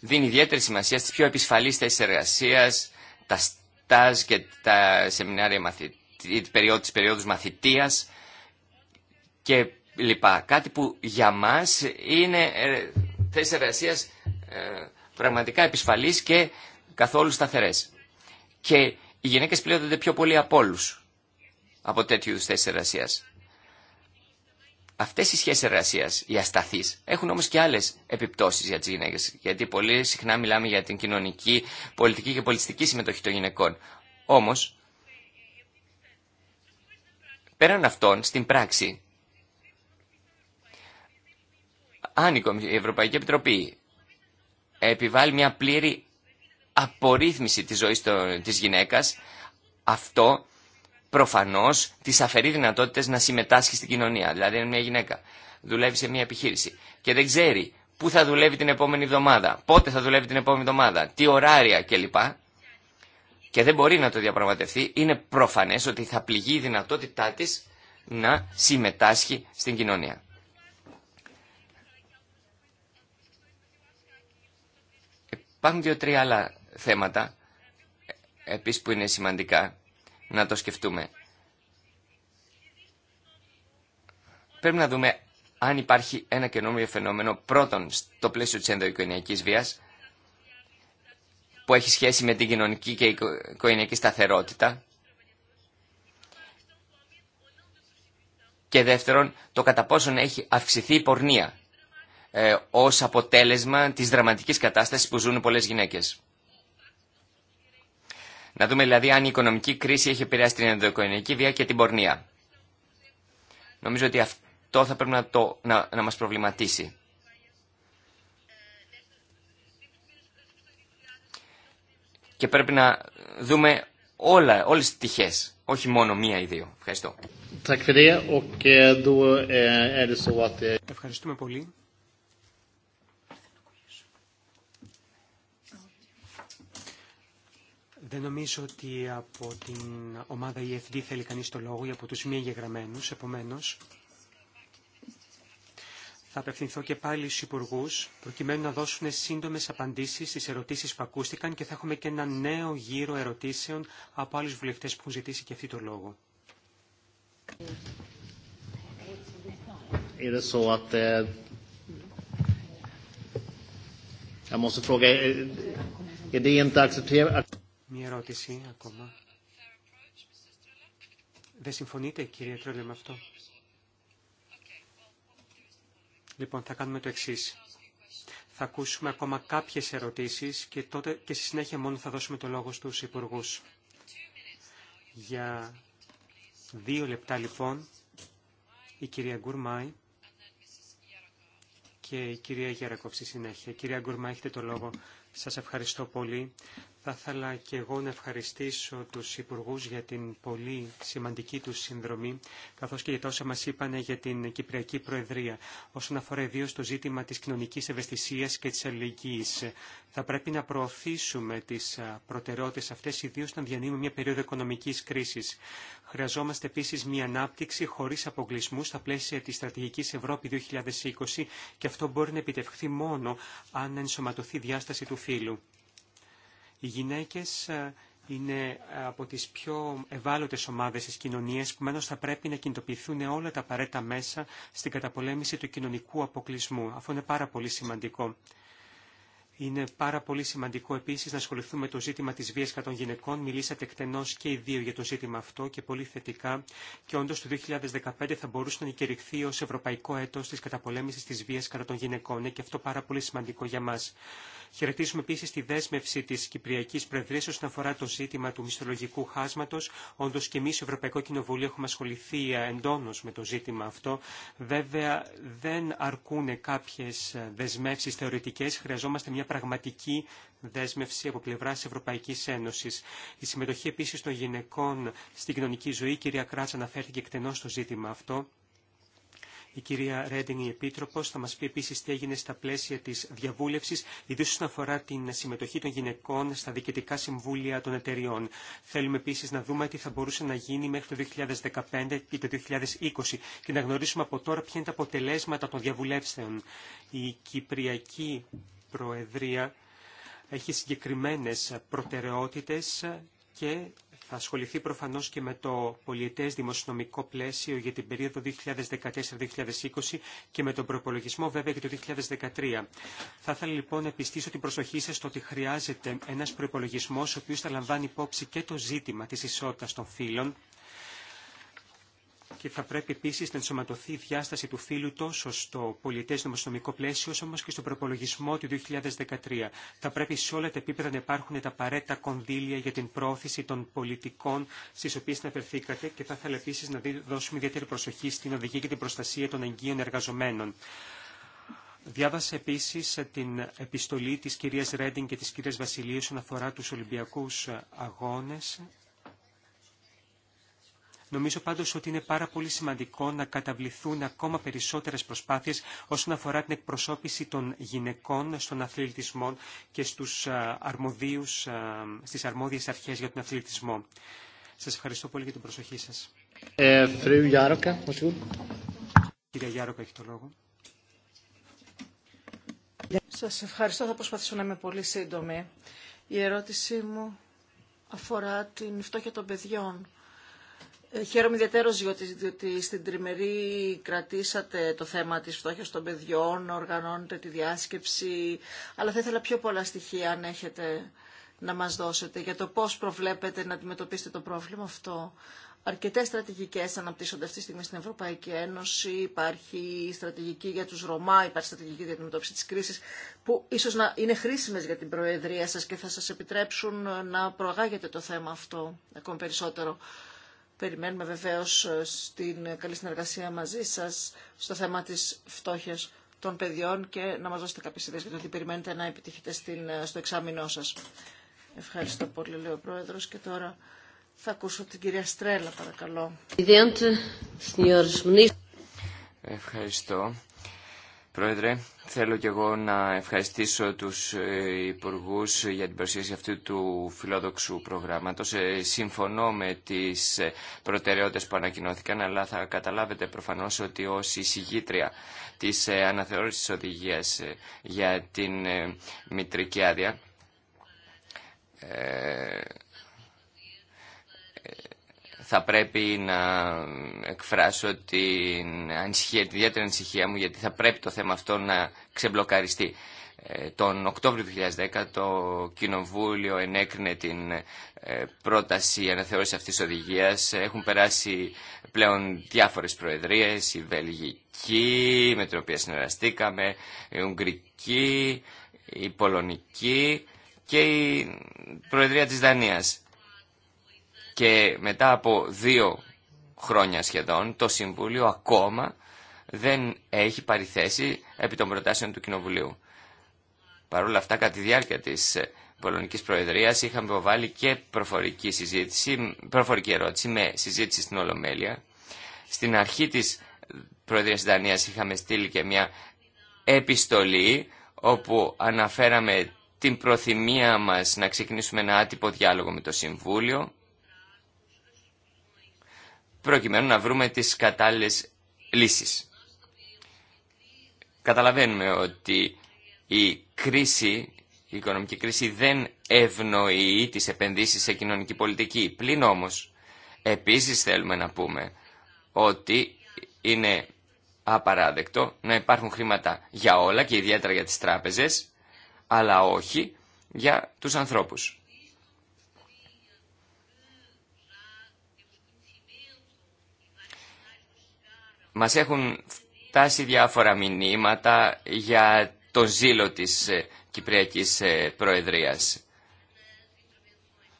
Speaker 8: δίνει ιδιαίτερη σημασία στις πιο επισφαλείς θέσεις εργασίας, τα στάζ και τα σεμινάρια μαθη... της περίοδου μαθητείας και λοιπά. Κάτι που για μας είναι ε, θέσεις εργασίας ε, πραγματικά επισφαλείς και καθόλου σταθερές. Και οι γυναίκες πλέονται πιο πολύ από όλους από τέτοιου είδους θέσεις Αυτέ οι σχέσεις εργασία οι ασταθείς, έχουν όμως και άλλες επιπτώσεις για τις γυναίκες. Γιατί πολύ συχνά μιλάμε για την κοινωνική, πολιτική και πολιτιστική συμμετοχή των γυναικών. Όμω, πέραν αυτών, στην πράξη, αν η Ευρωπαϊκή Επιτροπή επιβάλλει μια πλήρη απορρίθμιση της ζωής της γυναίκας, αυτό Προφανώ της αφαιρεί δυνατότητε να συμμετάσχει στην κοινωνία. Δηλαδή είναι μια γυναίκα, δουλεύει σε μια επιχείρηση και δεν ξέρει πού θα δουλεύει την επόμενη εβδομάδα, πότε θα δουλεύει την επόμενη εβδομάδα, τι ωράρια κλπ. Και δεν μπορεί να το διαπραγματευτεί, είναι προφανέ ότι θα πληγεί η δυνατότητά τη να συμμετάσχει στην κοινωνία. Υπάρχουν δύο-τρία άλλα θέματα, ε, επίσης που είναι σημαντικά να το σκεφτούμε. Πρέπει να δούμε αν υπάρχει ένα καινούριο φαινόμενο πρώτον στο πλαίσιο της ενδοοικογενειακής βίας που έχει σχέση με την κοινωνική και οικογενειακή σταθερότητα και δεύτερον το κατά πόσον έχει αυξηθεί η πορνεία ε, ως αποτέλεσμα της δραματικής κατάστασης που ζουν πολλές γυναίκες. Να δούμε δηλαδή αν η οικονομική κρίση έχει επηρεάσει την ενδοοικογενειακή βία και την πορνεία. Νομίζω ότι αυτό θα πρέπει να, το, να, να μας προβληματίσει. Και πρέπει να δούμε όλα, όλες τις τυχές, όχι μόνο μία ή δύο. Ευχαριστώ.
Speaker 5: Ευχαριστούμε πολύ.
Speaker 1: Δεν νομίζω ότι από την ομάδα EFD θέλει κανείς το λόγο ή από τους μη εγγεγραμμένους. Επομένως, θα απευθυνθώ και πάλι στους υπουργού προκειμένου να δώσουν σύντομες απαντήσεις στις ερωτήσεις που ακούστηκαν και θα έχουμε και ένα νέο γύρο ερωτήσεων από άλλους βουλευτές που έχουν ζητήσει και αυτή το λόγο. Μία ερώτηση ακόμα. Δεν συμφωνείτε, κύριε Τρόλε, με αυτό. Λοιπόν, θα κάνουμε το εξή. Θα ακούσουμε ακόμα κάποιες ερωτήσεις και, τότε, και στη συνέχεια μόνο θα δώσουμε το λόγο στους υπουργού. Για δύο λεπτά λοιπόν, η κυρία Γκουρμάη και η κυρία Γερακόφ στη συνέχεια. Κυρία Γκουρμάη, έχετε το λόγο. Σας ευχαριστώ πολύ. Θα ήθελα και εγώ να ευχαριστήσω τους Υπουργούς για την πολύ σημαντική τους συνδρομή, καθώς και για τόσα μας είπαν για την Κυπριακή Προεδρία, όσον αφορά ιδίω το ζήτημα της κοινωνικής ευαισθησίας και της αλληλεγγύης. Θα πρέπει να προωθήσουμε τις προτεραιότητες αυτές, ιδίω όταν διανύουμε μια περίοδο οικονομικής κρίσης. Χρειαζόμαστε επίσης μια ανάπτυξη χωρίς αποκλεισμού στα πλαίσια της στρατηγικής Ευρώπη 2020 και αυτό μπορεί να επιτευχθεί μόνο αν ενσωματωθεί διάσταση του φύλου. Οι γυναίκες ε, είναι από τις πιο ευάλωτες ομάδες της κοινωνίας, που μένως θα πρέπει να κινητοποιηθούν όλα τα απαραίτητα μέσα στην καταπολέμηση του κοινωνικού αποκλεισμού. Αυτό είναι πάρα πολύ σημαντικό. Είναι πάρα πολύ σημαντικό επίση να ασχοληθούμε με το ζήτημα τη βία κατά των γυναικών. Μιλήσατε εκτενώ και οι δύο για το ζήτημα αυτό και πολύ θετικά. Και όντω το 2015 θα μπορούσε να κηρυχθεί ω Ευρωπαϊκό Έτο τη καταπολέμηση τη βία κατά των γυναικών. Είναι και αυτό πάρα πολύ σημαντικό για μα. Χαιρετίζουμε επίση τη δέσμευση τη Κυπριακή Προεδρία όσον αφορά το ζήτημα του μισθολογικού χάσματο. Όντω και εμεί, Ευρωπαϊκό Κοινοβούλιο, έχουμε ασχοληθεί εντόνω με το ζήτημα αυτό. Βέβαια, δεν αρκούν κάποιε δεσμεύσει θεωρητικέ. Χρειαζόμαστε μια πραγματική δέσμευση από πλευρά τη Ευρωπαϊκή Ένωση. Η συμμετοχή επίση των γυναικών στην κοινωνική ζωή, η κυρία Κράτσα αναφέρθηκε εκτενώ στο ζήτημα αυτό. Η κυρία Ρέντινγκ, η Επίτροπος, θα μας πει επίσης τι έγινε στα πλαίσια της διαβούλευσης, ιδίως όσον αφορά την συμμετοχή των γυναικών στα διοικητικά συμβούλια των εταιριών. Θέλουμε επίσης να δούμε τι θα μπορούσε να γίνει μέχρι το 2015 ή το 2020 και να γνωρίσουμε από τώρα ποια είναι τα αποτελέσματα των διαβουλεύσεων. Η Κυπριακή Προεδρία έχει συγκεκριμένες προτεραιότητες και θα ασχοληθεί προφανώς και με το πολιετές δημοσιονομικό πλαίσιο για την περίοδο 2014-2020 και με τον προπολογισμό βέβαια για το 2013. Θα ήθελα λοιπόν να επιστήσω την προσοχή σας στο ότι χρειάζεται ένας προπολογισμό ο οποίος θα λαμβάνει υπόψη και το ζήτημα της ισότητας των φύλων και θα πρέπει επίση να ενσωματωθεί η διάσταση του φύλου τόσο στο πολιτέ νομοσυνομικό πλαίσιο, όσο όμω και στον προπολογισμό του 2013. Θα πρέπει σε όλα τα επίπεδα να υπάρχουν τα απαραίτητα κονδύλια για την πρόθεση των πολιτικών στι οποίε αναφερθήκατε και θα ήθελα επίση να δώσουμε ιδιαίτερη προσοχή στην οδηγία και την προστασία των εγγύων εργαζομένων. Διάβασα επίση την επιστολή τη κυρία Ρέντινγκ και τη κυρία Βασιλείου αφορά του Ολυμπιακού Αγώνε Νομίζω πάντως ότι είναι πάρα πολύ σημαντικό να καταβληθούν ακόμα περισσότερες προσπάθειες όσον αφορά την εκπροσώπηση των γυναικών στον αθλητισμό και στους αρμοδίους, στις αρμόδιες αρχές για τον αθλητισμό. Σας ευχαριστώ πολύ για την προσοχή σας.
Speaker 5: Ε, Γιάροκα,
Speaker 1: Κυρία Γιάροκα, έχει το λόγο.
Speaker 4: Σας ευχαριστώ. Θα προσπαθήσω να είμαι πολύ σύντομη. Η ερώτησή μου αφορά την φτώχεια των παιδιών ε, χαίρομαι ιδιαίτερως διότι, στην τριμερή κρατήσατε το θέμα της φτώχειας των παιδιών, οργανώνετε τη διάσκεψη, αλλά θα ήθελα πιο πολλά στοιχεία αν έχετε να μας δώσετε για το πώς προβλέπετε να αντιμετωπίσετε το πρόβλημα αυτό. Αρκετές στρατηγικές αναπτύσσονται αυτή τη στιγμή στην Ευρωπαϊκή Ένωση, υπάρχει στρατηγική για τους Ρωμά, υπάρχει στρατηγική για την αντιμετώπιση της κρίσης, που ίσως να είναι χρήσιμες για την Προεδρία σας και θα σας επιτρέψουν να προαγάγετε το θέμα αυτό ακόμη περισσότερο. Περιμένουμε βεβαίως ε, στην καλή συνεργασία μαζί σας στο θέμα της φτώχειας των παιδιών και να μας δώσετε κάποιες ιδέες για το τι περιμένετε να επιτύχετε στην, ε, στο εξάμεινό σας. Ευχαριστώ πολύ, λέει ο Πρόεδρος. Και τώρα θα ακούσω την κυρία Στρέλα, παρακαλώ.
Speaker 8: Ευχαριστώ. Πρόεδρε, θέλω και εγώ να ευχαριστήσω τους ε, υπουργού για την παρουσίαση αυτού του φιλόδοξου προγράμματος. Ε, συμφωνώ με τις ε, προτεραιότητες που ανακοινώθηκαν, αλλά θα καταλάβετε προφανώς ότι ως εισηγήτρια της αναθεώρησης οδηγίας για την μητρική άδεια, θα πρέπει να εκφράσω την, ανησυχία, την ιδιαίτερη ανησυχία μου γιατί θα πρέπει το θέμα αυτό να ξεμπλοκαριστεί. Ε, τον Οκτώβριο του 2010 το Κοινοβούλιο ενέκρινε την ε, πρόταση αναθεώρησης αυτής της οδηγίας. Έχουν περάσει πλέον διάφορες προεδρίες, η Βελγική με την οποία συνεργαστήκαμε, η Ουγγρική, η Πολωνική και η Προεδρία της Δανίας και μετά από δύο χρόνια σχεδόν το Συμβούλιο ακόμα δεν έχει θέση επί των προτάσεων του Κοινοβουλίου. Παρ' όλα αυτά, κατά τη διάρκεια της Πολωνικής Προεδρίας είχαμε βάλει και προφορική, συζήτηση, προφορική ερώτηση με συζήτηση στην Ολομέλεια. Στην αρχή της Προεδρίας είχαμε στείλει και μια επιστολή όπου αναφέραμε την προθυμία μας να ξεκινήσουμε ένα άτυπο διάλογο με το Συμβούλιο προκειμένου να βρούμε τις κατάλληλες λύσεις. Καταλαβαίνουμε ότι η κρίση, η οικονομική κρίση δεν ευνοεί τις επενδύσεις σε κοινωνική πολιτική. Πλην όμως, επίσης θέλουμε να πούμε ότι είναι απαράδεκτο να υπάρχουν χρήματα για όλα και ιδιαίτερα για τις τράπεζες, αλλά όχι για τους ανθρώπους. Μας έχουν φτάσει διάφορα μηνύματα για το ζήλο της ε, Κυπριακής ε, Προεδρίας.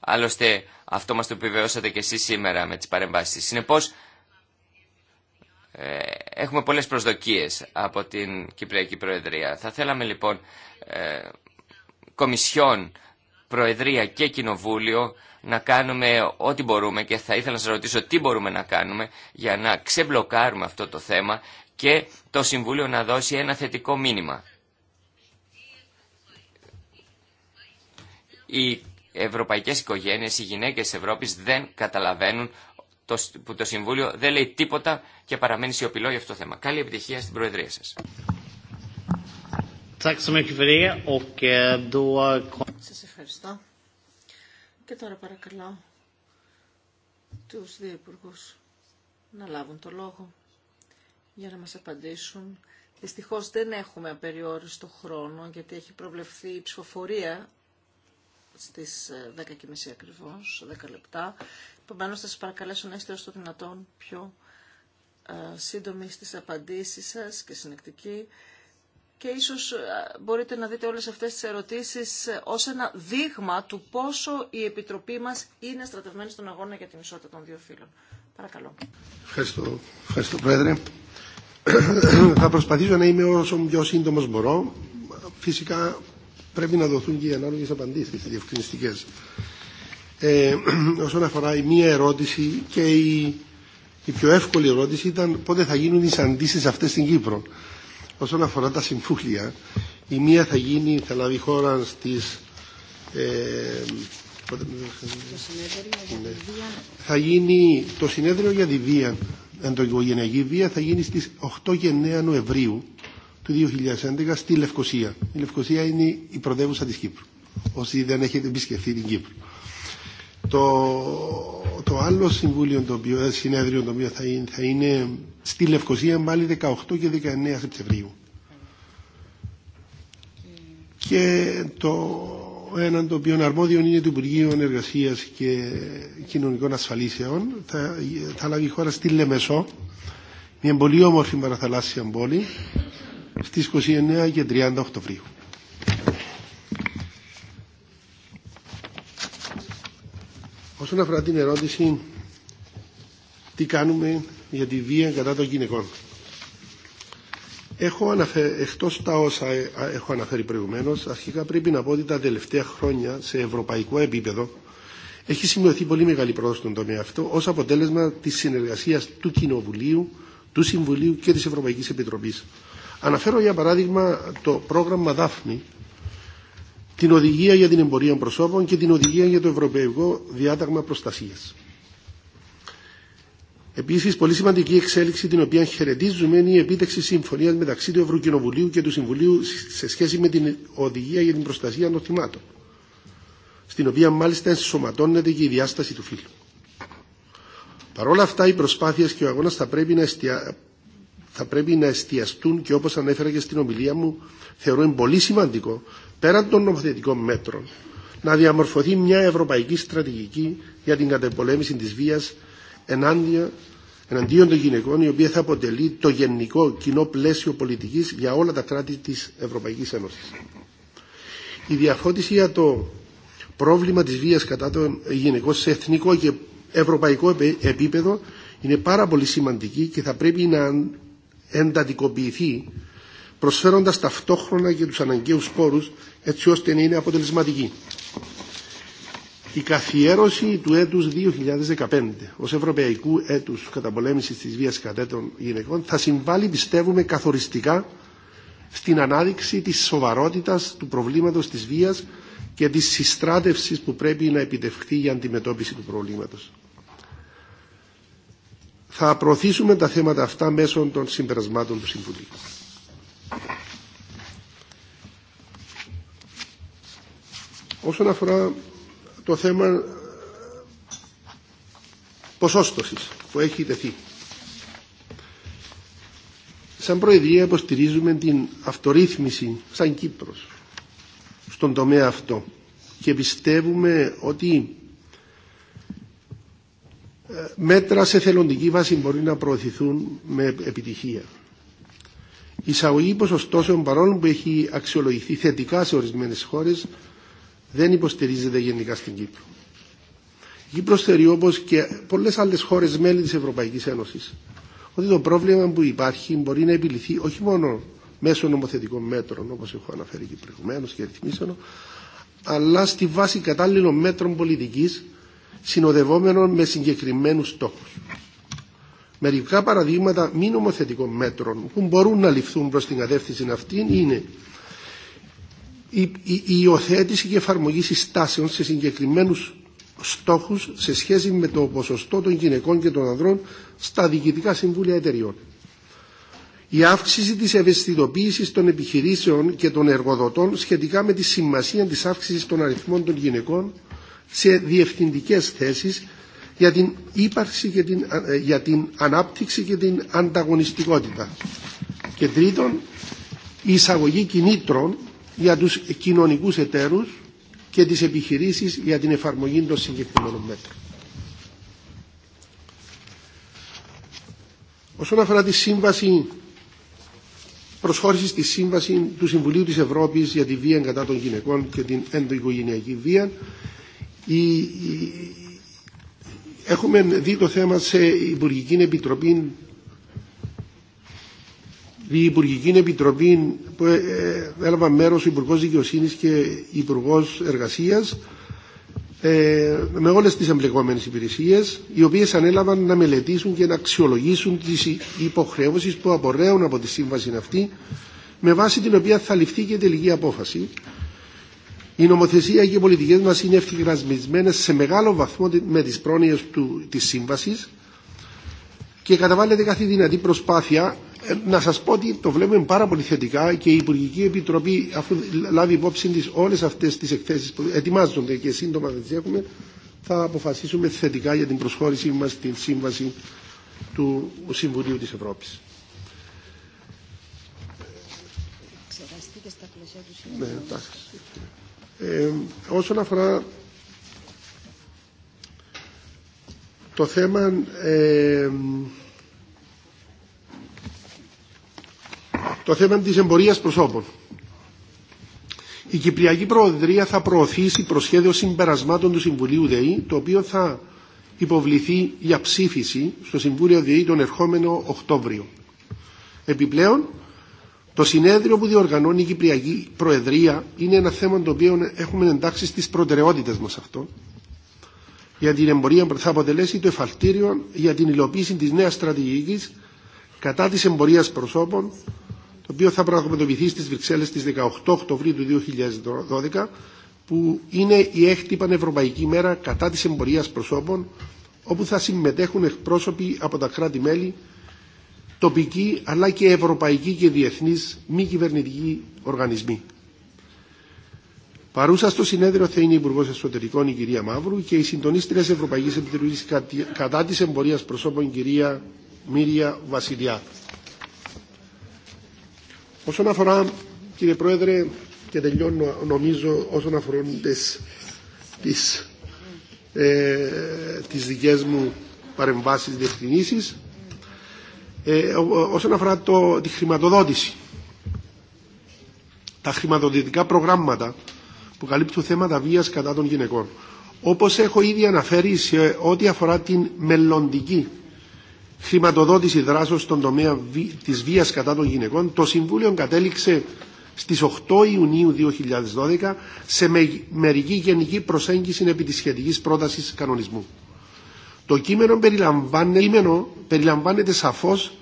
Speaker 8: Άλλωστε, αυτό μας το επιβεβαιώσατε και εσείς σήμερα με τις παρεμβάσεις. Συνεπώς, ε, έχουμε πολλές προσδοκίες από την Κυπριακή Προεδρία. Θα θέλαμε λοιπόν Κομισιόν, Προεδρία και Κοινοβούλιο να κάνουμε ό,τι μπορούμε και θα ήθελα να σα ρωτήσω τι μπορούμε να κάνουμε για να ξεμπλοκάρουμε αυτό το θέμα και το Συμβούλιο να δώσει ένα θετικό μήνυμα. Οι ευρωπαϊκές οικογένειες, οι γυναίκες της Ευρώπης δεν καταλαβαίνουν που το Συμβούλιο δεν λέει τίποτα και παραμένει σιωπηλό για αυτό το θέμα. Καλή επιτυχία στην Προεδρία σας.
Speaker 5: Eh,
Speaker 4: σας ευχαριστώ. Και τώρα παρακαλώ τους δύο υπουργούς να λάβουν το λόγο για να μας απαντήσουν. Δυστυχώς δεν έχουμε απεριόριστο χρόνο γιατί έχει προβλεφθεί η ψηφοφορία στις 10.30 ε, ακριβώς, 10 λεπτά. Επομένω θα σας παρακαλέσω να είστε όσο το δυνατόν πιο ε, σύντομοι στις απαντήσεις σας και συνεκτικοί και ίσως ε, μπορείτε να δείτε όλες αυτές τις ερωτήσεις ε, ως ένα δείγμα του πόσο η Επιτροπή μας είναι στρατευμένη στον αγώνα για την ισότητα των δύο φύλων. Παρακαλώ.
Speaker 2: Ευχαριστώ, ευχαριστώ Πρόεδρε. Θα προσπαθήσω να είμαι όσο πιο σύντομος μπορώ. Φυσικά πρέπει να δοθούν και οι ανάλογες απαντήσεις, οι διευκρινιστικές. Ε, όσον αφορά η μία ερώτηση και η, πιο εύκολη ερώτηση ήταν πότε θα γίνουν οι σαντήσεις αυτές στην Κύπρο όσον αφορά τα συμφούλια. Η μία θα γίνει, θα λάβει χώρα στις... Ε, ναι. θα γίνει το συνέδριο για τη βία, οικογενειακή βία, θα γίνει στις 8 και 9 Νοεμβρίου του 2011 στη Λευκοσία. Η Λευκοσία είναι η πρωτεύουσα της Κύπρου, όσοι δεν έχετε επισκεφθεί την Κύπρου. Το άλλο συμβούλιο το οποίο, ε, συνέδριο το οποίο θα είναι, θα είναι στη Λευκοσία πάλι 18 και 19 Σεπτεμβρίου. Και το έναν το οποίο αρμόδιο είναι του Υπουργείου Εργασία και Κοινωνικών Ασφαλίσεων. Θα, θα λάβει η χώρα στη Λεμεσό, μια πολύ όμορφη παραθαλάσσια πόλη, στις 29 και 30 Οκτωβρίου. Όσον αφορά την ερώτηση τι κάνουμε για τη βία κατά των γυναικών. Έχω αναφε... Εκτός τα όσα ε, έχω αναφέρει προηγουμένως, αρχικά πρέπει να πω ότι τα τελευταία χρόνια σε ευρωπαϊκό επίπεδο έχει σημειωθεί πολύ μεγάλη πρόοδο στον τομέα αυτό ως αποτέλεσμα της συνεργασίας του Κοινοβουλίου, του Συμβουλίου και της Ευρωπαϊκής Επιτροπής. Αναφέρω για παράδειγμα το πρόγραμμα Δάφνη την οδηγία για την εμπορία προσώπων και την οδηγία για το Ευρωπαϊκό Διάταγμα Προστασίας. Επίση, πολύ σημαντική εξέλιξη την οποία χαιρετίζουμε είναι η επίτευξη συμφωνία μεταξύ του Ευρωκοινοβουλίου και του Συμβουλίου σε σχέση με την οδηγία για την προστασία των στην οποία μάλιστα ενσωματώνεται και η διάσταση του φύλου. Παρ' όλα αυτά, οι προσπάθειε και ο αγώνα θα πρέπει να εστιάσουν θα πρέπει να εστιαστούν και όπως ανέφερα και στην ομιλία μου θεωρώ είναι πολύ σημαντικό πέραν των νομοθετικών μέτρων να διαμορφωθεί μια ευρωπαϊκή στρατηγική για την κατεπολέμηση της βίας ενάντια, εναντίον των γυναικών η οποία θα αποτελεί το γενικό κοινό πλαίσιο πολιτικής για όλα τα κράτη της Ευρωπαϊκής Ένωσης. Η διαφώτιση για το πρόβλημα της βίας κατά των γυναικών σε εθνικό και ευρωπαϊκό επίπεδο είναι πάρα πολύ σημαντική και θα πρέπει να εντατικοποιηθεί, προσφέροντας ταυτόχρονα και τους αναγκαίους πόρους έτσι ώστε να είναι αποτελεσματική. Η καθιέρωση του έτους 2015 ως Ευρωπαϊκού έτους καταπολέμησης της βίας κατά των γυναικών θα συμβάλλει πιστεύουμε καθοριστικά στην ανάδειξη της σοβαρότητας του προβλήματος της βίας και της συστράτευσης που πρέπει να επιτευχθεί για αντιμετώπιση του προβλήματος θα προωθήσουμε τα θέματα αυτά μέσω των συμπερασμάτων του Συμβουλίου. Όσον αφορά το θέμα ε, ποσόστοσης που έχει τεθεί. Σαν Προεδρία υποστηρίζουμε την αυτορύθμιση σαν Κύπρος στον τομέα αυτό και πιστεύουμε ότι μέτρα σε θελοντική βάση μπορεί να προωθηθούν με επιτυχία. Η εισαγωγή ποσοστώσεων παρόλο που έχει αξιολογηθεί θετικά σε ορισμένε χώρε δεν υποστηρίζεται γενικά στην Κύπρο. Η Κύπρο θεωρεί όπω και πολλέ άλλε χώρε μέλη τη Ευρωπαϊκή Ένωση ότι το πρόβλημα που υπάρχει μπορεί να επιληθεί όχι μόνο μέσω νομοθετικών μέτρων όπω έχω αναφέρει και προηγουμένω και ρυθμίσεων αλλά στη βάση κατάλληλων μέτρων πολιτική συνοδευόμενων με συγκεκριμένου στόχου. Μερικά παραδείγματα μη νομοθετικών μέτρων που μπορούν να ληφθούν προ την κατεύθυνση αυτή είναι η υιοθέτηση και εφαρμογή συστάσεων σε συγκεκριμένου στόχου σε σχέση με το ποσοστό των γυναικών και των ανδρών στα διοικητικά συμβούλια εταιριών. Η αύξηση της ευαισθητοποίησης των επιχειρήσεων και των εργοδοτών σχετικά με τη σημασία της αύξησης των αριθμών των γυναικών σε διευθυντικές θέσεις για την ύπαρξη και την, ε, για την ανάπτυξη και την ανταγωνιστικότητα. Και τρίτον, η εισαγωγή κινήτρων για τους κοινωνικούς εταίρους και τις επιχειρήσεις για την εφαρμογή των συγκεκριμένων μέτρων. Όσον αφορά τη σύμβαση προσχώρηση στη σύμβαση του Συμβουλίου της Ευρώπης για τη βία κατά των γυναικών και την ενδοοικογενειακή βία, Έχουμε δει το θέμα σε Υπουργική Επιτροπή η Υπουργική που ε, ε, έλαβα μέρος ο Υπουργός Δικαιοσύνης και Υπουργός Εργασίας ε, με όλες τις εμπλεκόμενες υπηρεσίες οι οποίες ανέλαβαν να μελετήσουν και να αξιολογήσουν τις υποχρεώσεις που απορρέουν από τη σύμβαση αυτή με βάση την οποία θα ληφθεί και τελική απόφαση η νομοθεσία και οι πολιτικέ μα είναι ευθυγρασμισμένε σε μεγάλο βαθμό με τι πρόνοιε τη Σύμβαση και καταβάλλεται κάθε δυνατή προσπάθεια. Ε, να σα πω ότι το βλέπουμε πάρα πολύ θετικά και η Υπουργική Επιτροπή, αφού λάβει υπόψη τη όλε αυτέ τι εκθέσει που ετοιμάζονται και σύντομα θα τι έχουμε, θα αποφασίσουμε θετικά για την προσχώρησή μα στην Σύμβαση του Συμβουλίου τη Ευρώπη. Ε, όσον αφορά το θέμα ε, το θέμα της εμπορίας προσώπων. Η Κυπριακή Προεδρία θα προωθήσει προσχέδιο συμπερασμάτων του Συμβουλίου ΔΕΗ, το οποίο θα υποβληθεί για ψήφιση στο Συμβούλιο ΔΕΗ τον ερχόμενο Οκτώβριο. Επιπλέον, το συνέδριο που διοργανώνει η Κυπριακή Προεδρία είναι ένα θέμα το οποίο έχουμε εντάξει στι προτεραιότητε μα αυτό. Για την εμπορία θα αποτελέσει το εφαλτήριο για την υλοποίηση τη νέα στρατηγική κατά τη εμπορία προσώπων, το οποίο θα πραγματοποιηθεί στι Βρυξέλλε στις 18 Οκτωβρίου του 2012, που είναι η έκτη πανευρωπαϊκή μέρα κατά τη εμπορία προσώπων, όπου θα συμμετέχουν εκπρόσωποι από τα κράτη-μέλη τοπική αλλά και ευρωπαϊκή και διεθνής μη κυβερνητικοί οργανισμοί. Παρούσα στο συνέδριο θα είναι η Υπουργό Εσωτερικών η κυρία Μαύρου και η συντονίστρια τη Ευρωπαϊκή Επιτροπή κατά τη εμπορία προσώπων η κυρία Μύρια Βασιλιά. Όσον αφορά, κύριε Πρόεδρε, και τελειώνω νομίζω όσον αφορούν τις, τις, ε, τις μου παρεμβάσεις διευθυνήσεις, ε, όσον αφορά το, τη χρηματοδότηση. Τα χρηματοδοτικά προγράμματα που καλύπτουν θέματα βίας κατά των γυναικών. Όπως έχω ήδη αναφέρει σε ό,τι αφορά την μελλοντική χρηματοδότηση δράσεως στον τομέα της βίας κατά των γυναικών, το Συμβούλιο κατέληξε στις 8 Ιουνίου 2012 σε μερική γενική προσέγγιση επί της σχετικής πρότασης κανονισμού. Το κείμενο περιλαμβάνεται, κείμενο περιλαμβάνεται σαφώς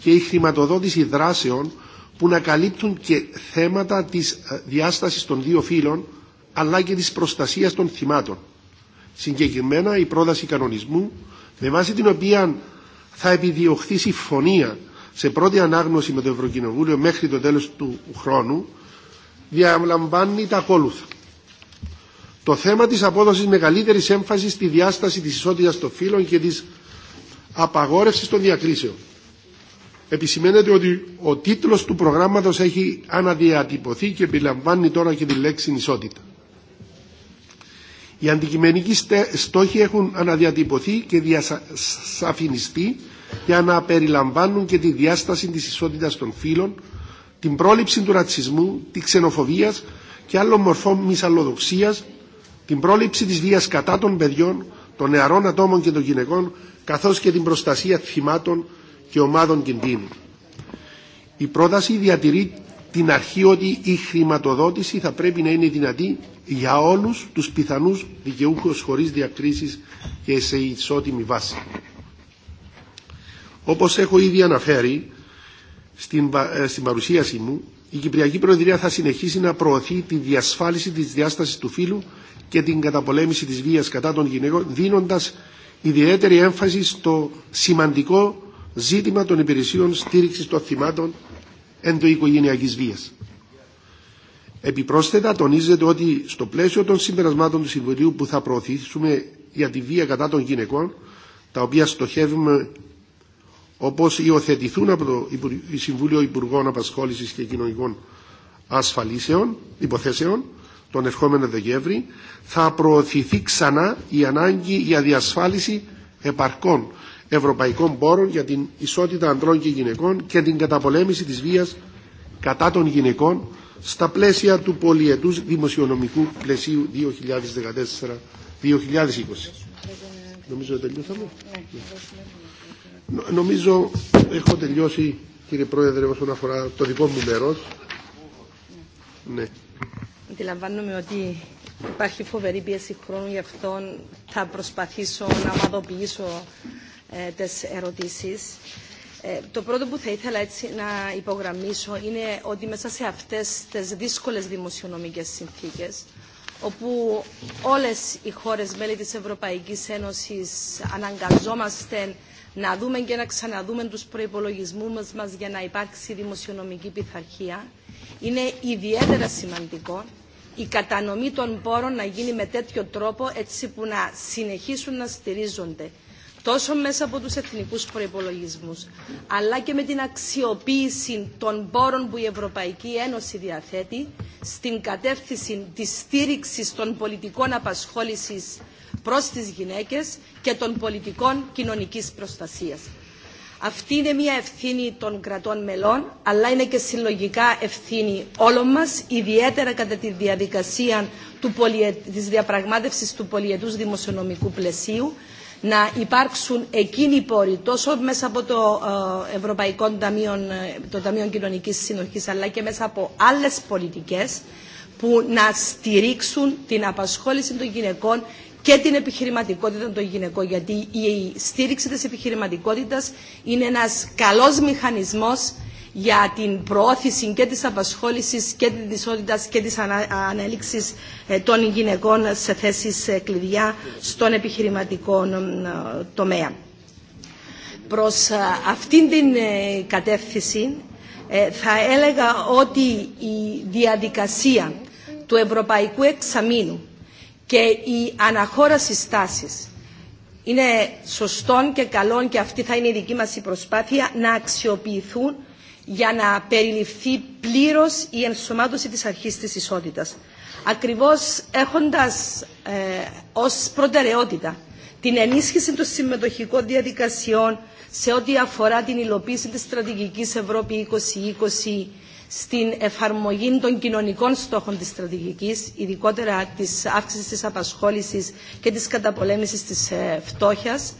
Speaker 2: και η χρηματοδότηση δράσεων που να καλύπτουν και θέματα της ε, διάστασης των δύο φύλων αλλά και της προστασίας των θυμάτων. Συγκεκριμένα η πρόταση κανονισμού με βάση την οποία θα επιδιωχθεί συμφωνία σε πρώτη ανάγνωση με το Ευρωκοινοβούλιο μέχρι το τέλος του χρόνου διαλαμβάνει τα ακόλουθα. Το θέμα της απόδοσης μεγαλύτερης έμφασης στη διάσταση της ισότητας των φύλων και της απαγόρευσης των διακρίσεων. Επισημαίνεται ότι ο τίτλος του προγράμματος έχει αναδιατυπωθεί και περιλαμβάνει τώρα και τη λέξη ισότητα. Οι αντικειμενικοί στόχοι έχουν αναδιατυπωθεί και διασαφινιστεί για να περιλαμβάνουν και τη διάσταση της ισότητας των φύλων, την πρόληψη του ρατσισμού, τη ξενοφοβίας και άλλων μορφών μυσαλλοδοξίας την πρόληψη της βίας κατά των παιδιών, των νεαρών ατόμων και των γυναικών, καθώς και την προστασία θυμάτων και ομάδων κινδύνου. Η πρόταση διατηρεί την αρχή ότι η χρηματοδότηση θα πρέπει να είναι δυνατή για όλους τους πιθανούς δικαιούχους χωρίς διακρίσεις και σε ισότιμη βάση. Όπως έχω ήδη αναφέρει στην, ε, παρουσίαση μου, η Κυπριακή Προεδρία θα συνεχίσει να προωθεί τη διασφάλιση της διάστασης του φύλου και την καταπολέμηση της βίας κατά των γυναικών, δίνοντας ιδιαίτερη έμφαση στο σημαντικό ζήτημα των υπηρεσιών στήριξης των θυμάτων ενδοοικογενειακής βίας. Επιπρόσθετα τονίζεται ότι στο πλαίσιο των συμπερασμάτων του Συμβουλίου που θα προωθήσουμε για τη βία κατά των γυναικών, τα οποία στοχεύουμε όπως υιοθετηθούν από το Συμβούλιο Υπουργών Απασχόλησης και Κοινωνικών Ασφαλίσεων, Υποθέσεων, τον ευχόμενο Δεκέμβρη, θα προωθηθεί ξανά η ανάγκη για διασφάλιση επαρκών ευρωπαϊκών πόρων για την ισότητα ανδρών και γυναικών και την καταπολέμηση της βίας κατά των γυναικών στα πλαίσια του πολιετούς δημοσιονομικού πλαισίου 2014-2020. Νομίζω τελειώσαμε. Νομίζω έχω τελειώσει κύριε Πρόεδρε όσον αφορά το δικό μου μέρος. Ναι.
Speaker 3: Αντιλαμβάνομαι ότι υπάρχει φοβερή πίεση χρόνου, γι' αυτό θα προσπαθήσω να ομαδοποιήσω ε, τις ερωτήσεις. Ε, το πρώτο που θα ήθελα έτσι να υπογραμμίσω είναι ότι μέσα σε αυτές τις δύσκολες δημοσιονομικές συνθήκες, όπου όλες οι χώρες μέλη της Ευρωπαϊκής Ένωσης αναγκαζόμαστε να δούμε και να ξαναδούμε τους προϋπολογισμούς μας για να υπάρξει δημοσιονομική πειθαρχία, είναι ιδιαίτερα σημαντικό η κατανομή των πόρων να γίνει με τέτοιο τρόπο έτσι που να συνεχίσουν να στηρίζονται τόσο μέσα από τους εθνικούς προϋπολογισμούς, αλλά και με την αξιοποίηση των πόρων που η Ευρωπαϊκή Ένωση διαθέτει στην κατεύθυνση της στήριξης των πολιτικών απασχόλησης προς τις γυναίκες και των πολιτικών κοινωνικής προστασίας. Αυτή είναι μια ευθύνη των κρατών μελών, αλλά είναι και συλλογικά ευθύνη όλων μας, ιδιαίτερα κατά τη διαδικασία του πολιε... της διαπραγμάτευσης του πολιετούς δημοσιονομικού πλαισίου, να υπάρξουν εκείνοι οι πόροι, τόσο μέσα από το ε, Ευρωπαϊκό Ταμείο, ε, το Ταμείο Κοινωνικής Συνοχής, αλλά και μέσα από άλλες πολιτικές, που να στηρίξουν την απασχόληση των γυναικών και την επιχειρηματικότητα των γυναικών, γιατί η στήριξη της επιχειρηματικότητας είναι ένας καλός μηχανισμός για την προώθηση και της απασχόλησης και της ισότητας και της ανέλυξης ε, των γυναικών σε θέσεις ε, κλειδιά στον επιχειρηματικό ε, τομέα. Προς αυτήν την κατεύθυνση θα έλεγα ότι η διαδικασία του Ευρωπαϊκού Εξαμήνου και η αναχώραση στάσης. Είναι σωστόν και καλόν και αυτή θα είναι η δική μας η προσπάθεια να αξιοποιηθούν για να περιληφθεί πλήρως η ενσωμάτωση της αρχής της ισότητας. Ακριβώς έχοντας ε, ως προτεραιότητα την ενίσχυση των συμμετοχικών διαδικασιών σε ό,τι αφορά την υλοποίηση της στρατηγικής Ευρώπη 2020 στην εφαρμογή των κοινωνικών στόχων της στρατηγικής, ειδικότερα της αύξησης της απασχόλησης και της καταπολέμησης της ε, φτώχειας.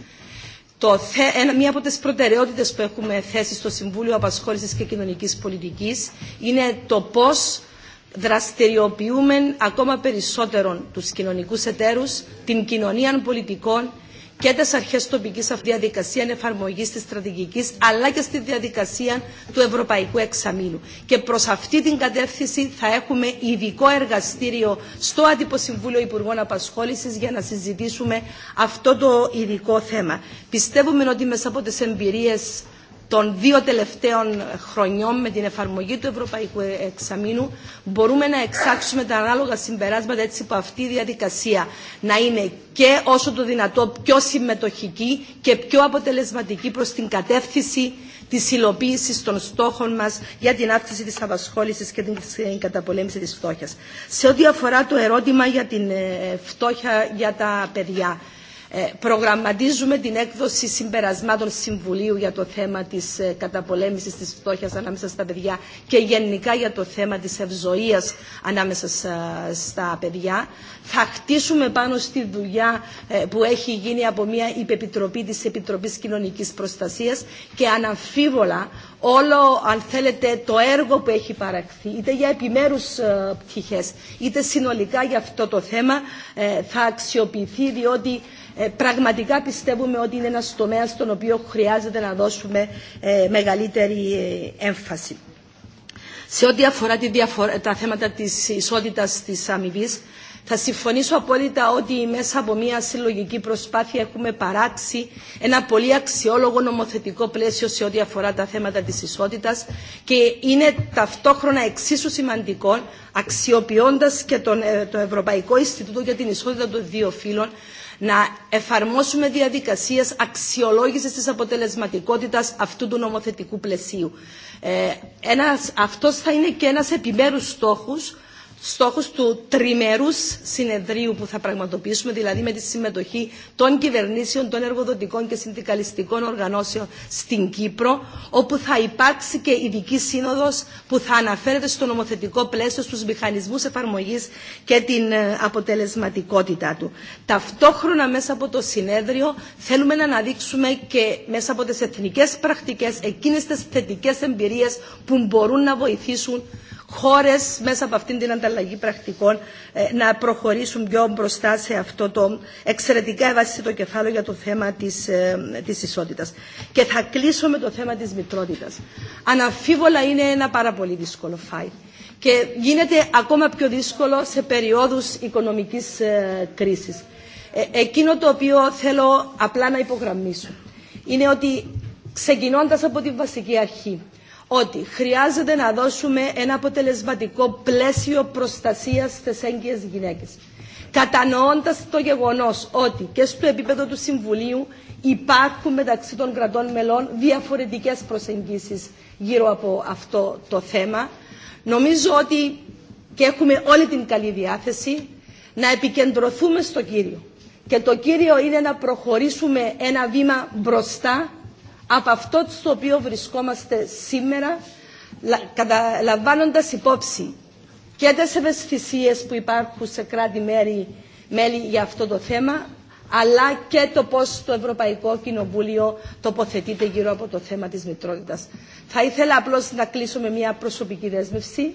Speaker 3: μία από τις προτεραιότητες που έχουμε θέσει στο Συμβούλιο Απασχόλησης και Κοινωνικής Πολιτικής είναι το πώς δραστηριοποιούμε ακόμα περισσότερο τους κοινωνικούς εταίρους, την κοινωνία πολιτικών και τι αρχέ τοπική διαδικασία εφαρμογή τη στρατηγική, αλλά και στη διαδικασία του Ευρωπαϊκού Εξαμήνου. Και προ αυτή την κατεύθυνση θα έχουμε ειδικό εργαστήριο στο Αντιποσυμβούλιο Συμβούλιο Υπουργών Απασχόληση για να συζητήσουμε αυτό το ειδικό θέμα. Πιστεύουμε ότι μέσα από τι εμπειρίε των δύο τελευταίων χρονιών με την εφαρμογή του Ευρωπαϊκού Εξαμήνου μπορούμε να εξάξουμε τα ανάλογα συμπεράσματα έτσι που αυτή η διαδικασία να είναι και όσο το δυνατό πιο συμμετοχική και πιο αποτελεσματική προς την κατεύθυνση της υλοποίηση των στόχων μας για την αύξηση της απασχόλησης και την καταπολέμηση της φτώχειας. Σε ό,τι αφορά το ερώτημα για την ε, φτώχεια για τα παιδιά, ε, προγραμματίζουμε την έκδοση συμπερασμάτων Συμβουλίου για το θέμα της ε, καταπολέμησης της φτώχειας ανάμεσα στα παιδιά και γενικά για το θέμα της ευζοίας ανάμεσα στα παιδιά. Θα χτίσουμε πάνω στη δουλειά ε, που έχει γίνει από μια υπεπιτροπή της Επιτροπής Κοινωνικής Προστασίας και αναμφίβολα όλο, αν θέλετε, το έργο που έχει παραχθεί, είτε για επιμέρους πτυχές, είτε συνολικά για αυτό το θέμα, θα αξιοποιηθεί διότι ε, πραγματικά πιστεύουμε ότι είναι ένας τομέας στον οποίο χρειάζεται να δώσουμε ε, μεγαλύτερη ε, έμφαση. Σε ό,τι αφορά διαφορά, τα θέματα της ισότητας της αμοιβή, θα συμφωνήσω απόλυτα ότι μέσα από μια συλλογική προσπάθεια έχουμε παράξει ένα πολύ αξιόλογο νομοθετικό πλαίσιο σε ό,τι αφορά τα θέματα της ισότητας και είναι ταυτόχρονα εξίσου σημαντικό, αξιοποιώντας και τον, το Ευρωπαϊκό Ινστιτούτο για την Ισότητα των Δύο Φύλων, να εφαρμόσουμε διαδικασίες αξιολόγησης της αποτελεσματικότητας αυτού του νομοθετικού πλαισίου. Ε, ένας, αυτός θα είναι και ένας επιμέρους στόχος στόχους του τριμερούς συνεδρίου που θα πραγματοποιήσουμε, δηλαδή με τη συμμετοχή των κυβερνήσεων, των εργοδοτικών και συνδικαλιστικών οργανώσεων στην Κύπρο, όπου θα υπάρξει και ειδική σύνοδος που θα αναφέρεται στο νομοθετικό πλαίσιο, στους μηχανισμούς εφαρμογής και την ε, αποτελεσματικότητά του. Ταυτόχρονα μέσα από το συνέδριο θέλουμε να αναδείξουμε και μέσα από τις εθνικές πρακτικές εκείνες τις θετικές εμπειρίες που μπορούν να βοηθήσουν χώρες μέσα από αυτήν την ανταλλαγή πρακτικών ε, να προχωρήσουν πιο μπροστά σε αυτό το εξαιρετικά ευαίσθητο κεφάλαιο για το θέμα της, ε, της ισότητας. Και θα κλείσω με το θέμα της μητρότητας. Αναφίβολα είναι ένα πάρα πολύ δύσκολο φάι και γίνεται ακόμα πιο δύσκολο σε περιόδους οικονομικής ε, κρίσης. Ε, εκείνο το οποίο θέλω απλά να υπογραμμίσω είναι ότι ξεκινώντας από τη βασική αρχή ότι χρειάζεται να δώσουμε ένα αποτελεσματικό πλαίσιο προστασίας στις έγκυες γυναίκες. Κατανοώντας το γεγονός ότι και στο επίπεδο του Συμβουλίου υπάρχουν μεταξύ των κρατών μελών διαφορετικές προσεγγίσεις γύρω από αυτό το θέμα, νομίζω ότι και έχουμε όλη την καλή διάθεση να επικεντρωθούμε στο κύριο. Και το κύριο είναι να προχωρήσουμε ένα βήμα μπροστά από αυτό στο οποίο βρισκόμαστε σήμερα, καταλαμβάνοντας υπόψη και τις ευαισθησίες που υπάρχουν σε κράτη-μέλη για αυτό το θέμα, αλλά και το πώς το Ευρωπαϊκό Κοινοβούλιο τοποθετείται γύρω από το θέμα της μητρότητας. Θα ήθελα απλώς να κλείσω με μια προσωπική δέσμευση.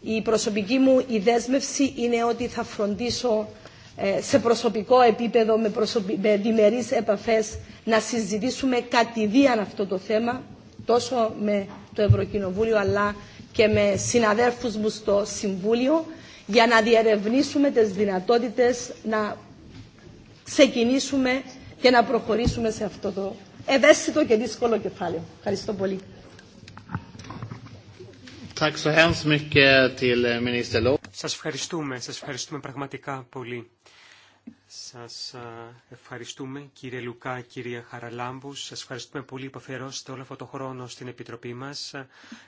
Speaker 3: Η προσωπική μου η δέσμευση είναι ότι θα φροντίσω ε, σε προσωπικό επίπεδο, με, προσωπι... με διμερείς επαφές, να συζητήσουμε κατηδίαν αυτό το θέμα, τόσο με το Ευρωκοινοβούλιο αλλά και με συναδέρφους μου στο Συμβούλιο, για να διερευνήσουμε τις δυνατότητες να ξεκινήσουμε και να προχωρήσουμε σε αυτό το ευαίσθητο και δύσκολο κεφάλαιο. Ευχαριστώ
Speaker 1: πολύ. Eh, σας ευχαριστούμε, σας ευχαριστούμε πραγματικά πολύ. Σας ευχαριστούμε κύριε Λουκά, κύριε Χαραλάμπου. Σας ευχαριστούμε πολύ που αφιερώσετε όλο αυτό το χρόνο στην Επιτροπή μας.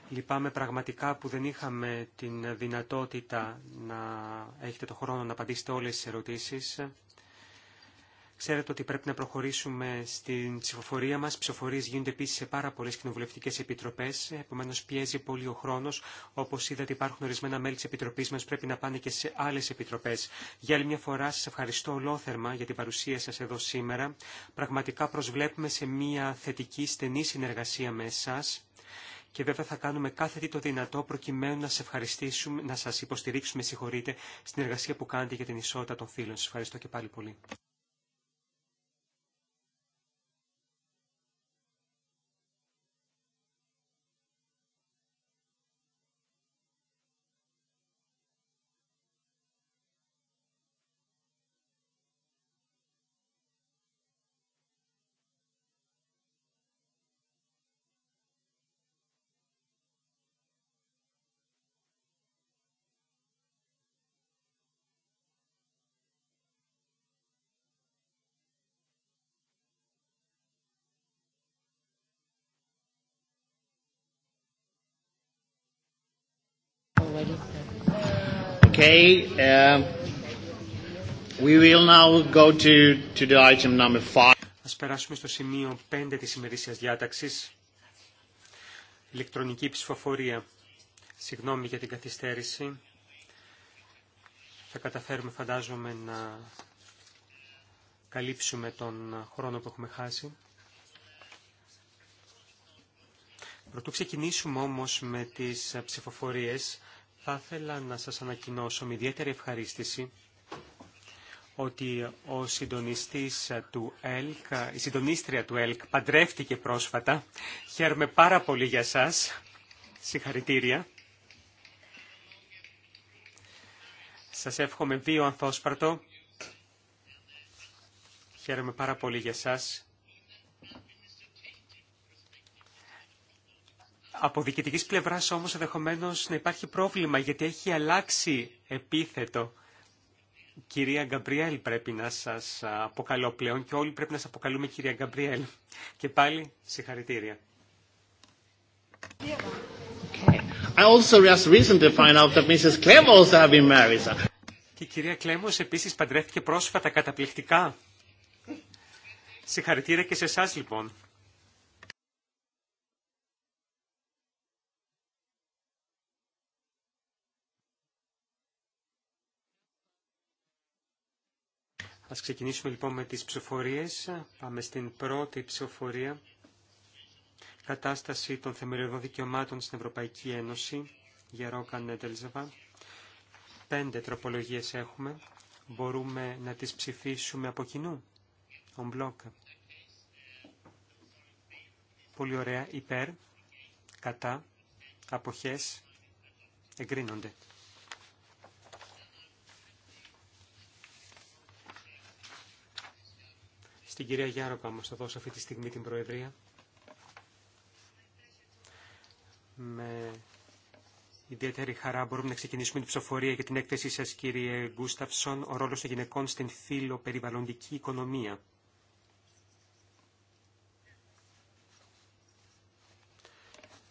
Speaker 1: Λυπάμαι πραγματικά που δεν είχαμε την δυνατότητα να έχετε το χρόνο να απαντήσετε όλες τις ερωτήσεις. Ξέρετε ότι πρέπει να προχωρήσουμε στην ψηφοφορία μα. Ψηφοφορίες γίνονται επίση σε πάρα πολλέ κοινοβουλευτικέ επιτροπέ, επομένω πιέζει πολύ ο χρόνο. Όπως είδατε υπάρχουν ορισμένα μέλη της Επιτροπής μας, πρέπει να πάνε και σε άλλε επιτροπέ. Για άλλη μια φορά σα ευχαριστώ ολόθερμα για την παρουσία σα εδώ σήμερα. Πραγματικά προσβλέπουμε σε μια θετική στενή συνεργασία με εσά και βέβαια θα κάνουμε κάθε τι το δυνατό προκειμένου να σα ευχαριστήσουμε, να σα υποστηρίξουμε, συγχωρείτε, στην εργασία που κάνετε για την ισότητα των φίλων. Σας ευχαριστώ και πάλι πολύ. Ας περάσουμε στο σημείο 5 της ημερήσιας διάταξης. Ηλεκτρονική ψηφοφορία. Συγγνώμη για την καθυστέρηση. Θα καταφέρουμε φαντάζομαι να καλύψουμε τον χρόνο που έχουμε χάσει. Πρωτού ξεκινήσουμε όμως με τις ψηφοφορίες, θα ήθελα να σας ανακοινώσω με ιδιαίτερη ευχαρίστηση ότι ο συντονιστής του ΕΛΚ, η συντονίστρια του ΕΛΚ παντρεύτηκε πρόσφατα. Χαίρομαι πάρα πολύ για σας. Συγχαρητήρια. Σας εύχομαι δύο ανθόσπαρτο. Χαίρομαι πάρα πολύ για σας Από διοικητικής πλευράς όμως ενδεχομένω να υπάρχει πρόβλημα γιατί έχει αλλάξει επίθετο. Κυρία Γκαμπριέλ πρέπει να σας αποκαλώ πλέον και όλοι πρέπει να σας αποκαλούμε κυρία Γκαμπριέλ. Και πάλι συγχαρητήρια.
Speaker 5: I also just out that Mrs. been married.
Speaker 1: Και η κυρία Κλέμος επίσης παντρεύτηκε πρόσφατα καταπληκτικά. Συγχαρητήρια και σε εσά λοιπόν. Ας ξεκινήσουμε λοιπόν με τις ψηφοφορίες. Πάμε στην πρώτη ψηφοφορία. Κατάσταση των θεμελιωδών δικαιωμάτων στην Ευρωπαϊκή Ένωση. Γερόκα Νέντελζεβα. Πέντε τροπολογίες έχουμε. Μπορούμε να τις ψηφίσουμε από κοινού. Ομπλόκ. Πολύ ωραία. Υπέρ. Κατά. Αποχές. Εγκρίνονται. Στην κυρία Γιάροκα μας θα δώσω αυτή τη στιγμή την Προεδρία. Με ιδιαίτερη χαρά μπορούμε να ξεκινήσουμε την ψηφοφορία για την έκθεσή σας κύριε Γκούσταυσον, ο ρόλος των γυναικών στην φιλοπεριβαλλοντική οικονομία.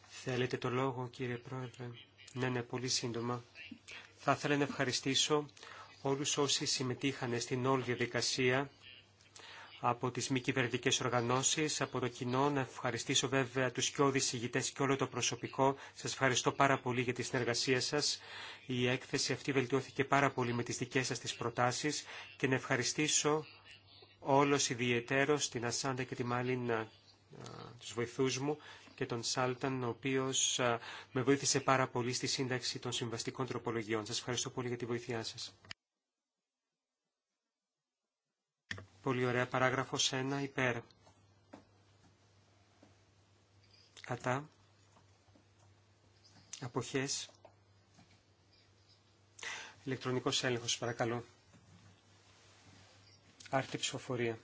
Speaker 1: Θέλετε το λόγο κύριε Πρόεδρε. Ναι, ναι, πολύ σύντομα. Θα ήθελα να ευχαριστήσω όλους όσοι συμμετείχαν στην όλη διαδικασία από τις μη κυβερνητικέ οργανώσεις, από το κοινό. Να ευχαριστήσω βέβαια τους κοιόδης ηγητές και όλο το προσωπικό. Σας ευχαριστώ πάρα πολύ για τη συνεργασία σας. Η έκθεση αυτή βελτιώθηκε πάρα πολύ με τις δικές σας τις προτάσεις και να ευχαριστήσω όλος ιδιαιτέρως την Ασάντα και τη Μάλινα, τους βοηθούς μου και τον Σάλταν, ο οποίος με βοήθησε πάρα πολύ στη σύνταξη των συμβαστικών τροπολογιών. Σας ευχαριστώ πολύ για τη βοήθειά σας. Πολύ ωραία. Παράγραφος 1. Υπέρ. Κατά. Αποχές. Ηλεκτρονικός έλεγχος, παρακαλώ. Άρτη ψηφοφορία.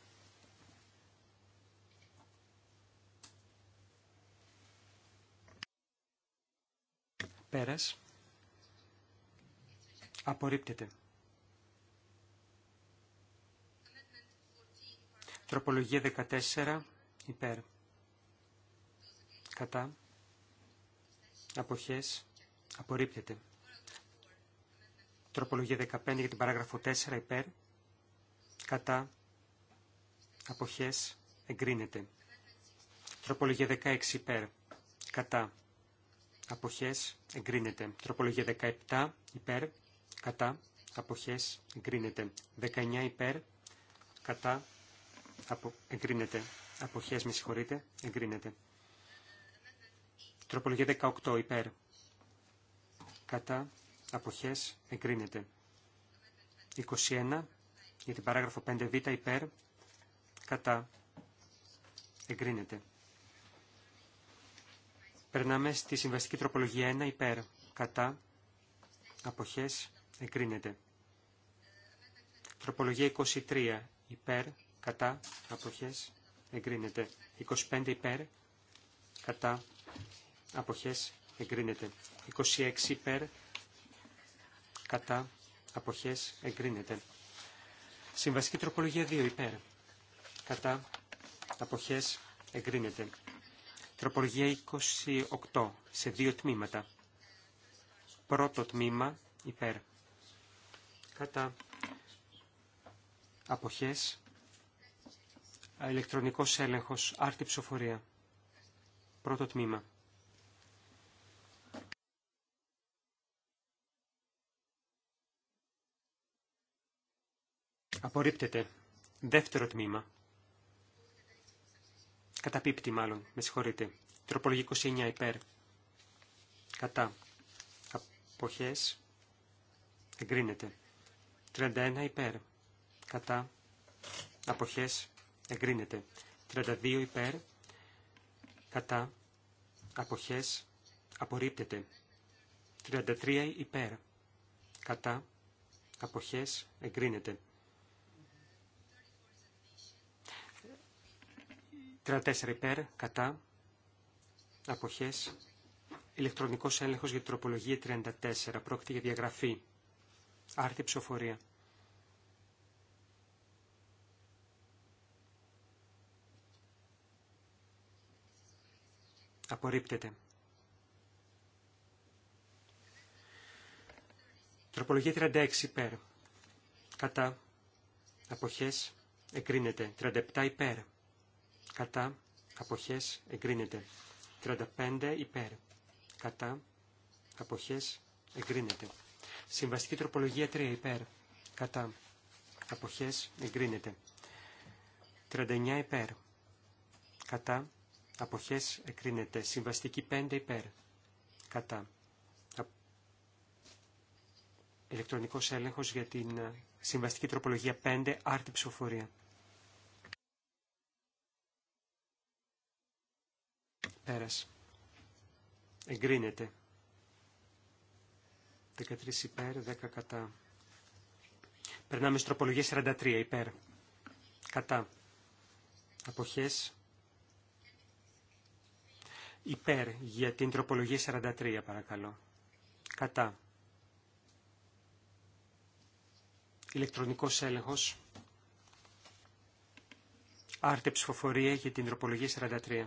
Speaker 1: Πέρας. Απορρίπτεται. Τροπολογία 14 υπέρ. Κατά. Αποχές. Απορρίπτεται. Τροπολογία 15 για την παράγραφο 4 υπέρ. Κατά. Αποχές. Εγκρίνεται. Τροπολογία 16 υπέρ. Κατά. Αποχές. Εγκρίνεται. Τροπολογία 17 υπέρ. Κατά. Αποχές. Εγκρίνεται. 19 υπέρ. Κατά. Απο... Εγκρίνεται. Αποχές, με συγχωρείτε. Εγκρίνεται. Τροπολογία 18. Υπέρ. Κατά. Αποχές. Εγκρίνεται. 21. Για την παράγραφο 5β. Υπέρ. Κατά. Εγκρίνεται. Περνάμε στη συμβαστική τροπολογία 1. Υπέρ. Κατά. Αποχές. Εγκρίνεται. Τροπολογία 23. Υπέρ κατά αποχές εγκρίνεται. 25 υπέρ κατά αποχές εγκρίνεται. 26 υπέρ κατά αποχές εγκρίνεται. Συμβασική τροπολογία 2 υπέρ κατά αποχές εγκρίνεται. Τροπολογία 28 σε δύο τμήματα. Πρώτο τμήμα υπέρ κατά αποχές ηλεκτρονικός έλεγχος, άρτη ψηφοφορία. Πρώτο τμήμα. Απορρίπτεται. Δεύτερο τμήμα. Καταπίπτει μάλλον, με συγχωρείτε. Τροπολογή 29 υπέρ. Κατά. Αποχές. Εγκρίνεται. 31 υπέρ. Κατά. Αποχές εγκρίνεται. 32 υπέρ, κατά, αποχές, απορρίπτεται. 33 υπέρ, κατά, αποχές, εγκρίνεται. 34 υπέρ, κατά, αποχές, ηλεκτρονικός έλεγχος για τροπολογία 34, πρόκειται για διαγραφή, άρτη ψηφοφορία. Απορρίπτεται. Τροπολογία 36 υπέρ. Κατά. Αποχές. Εγκρίνεται. 37 υπέρ. Κατά. Αποχές. Εγκρίνεται. 35 υπέρ. Κατά. Αποχές. Εγκρίνεται. Συμβαστική τροπολογία 3 υπέρ. Κατά. Αποχές. Εγκρίνεται. 39 υπέρ. Κατά αποχές εκρίνεται. Συμβαστική 5 υπέρ, κατά. Ηλεκτρονικός έλεγχος για την ε, συμβαστική τροπολογία 5, άρτη ψηφοφορία. Πέρας. Εγκρίνεται. 13 υπέρ, 10 κατά. Περνάμε στην τροπολογία 43 υπέρ. Κατά. Αποχές Υπέρ για την τροπολογία 43 παρακαλώ. Κατά. Ηλεκτρονικός έλεγχος. Άρτε ψηφοφορία για την τροπολογία 43.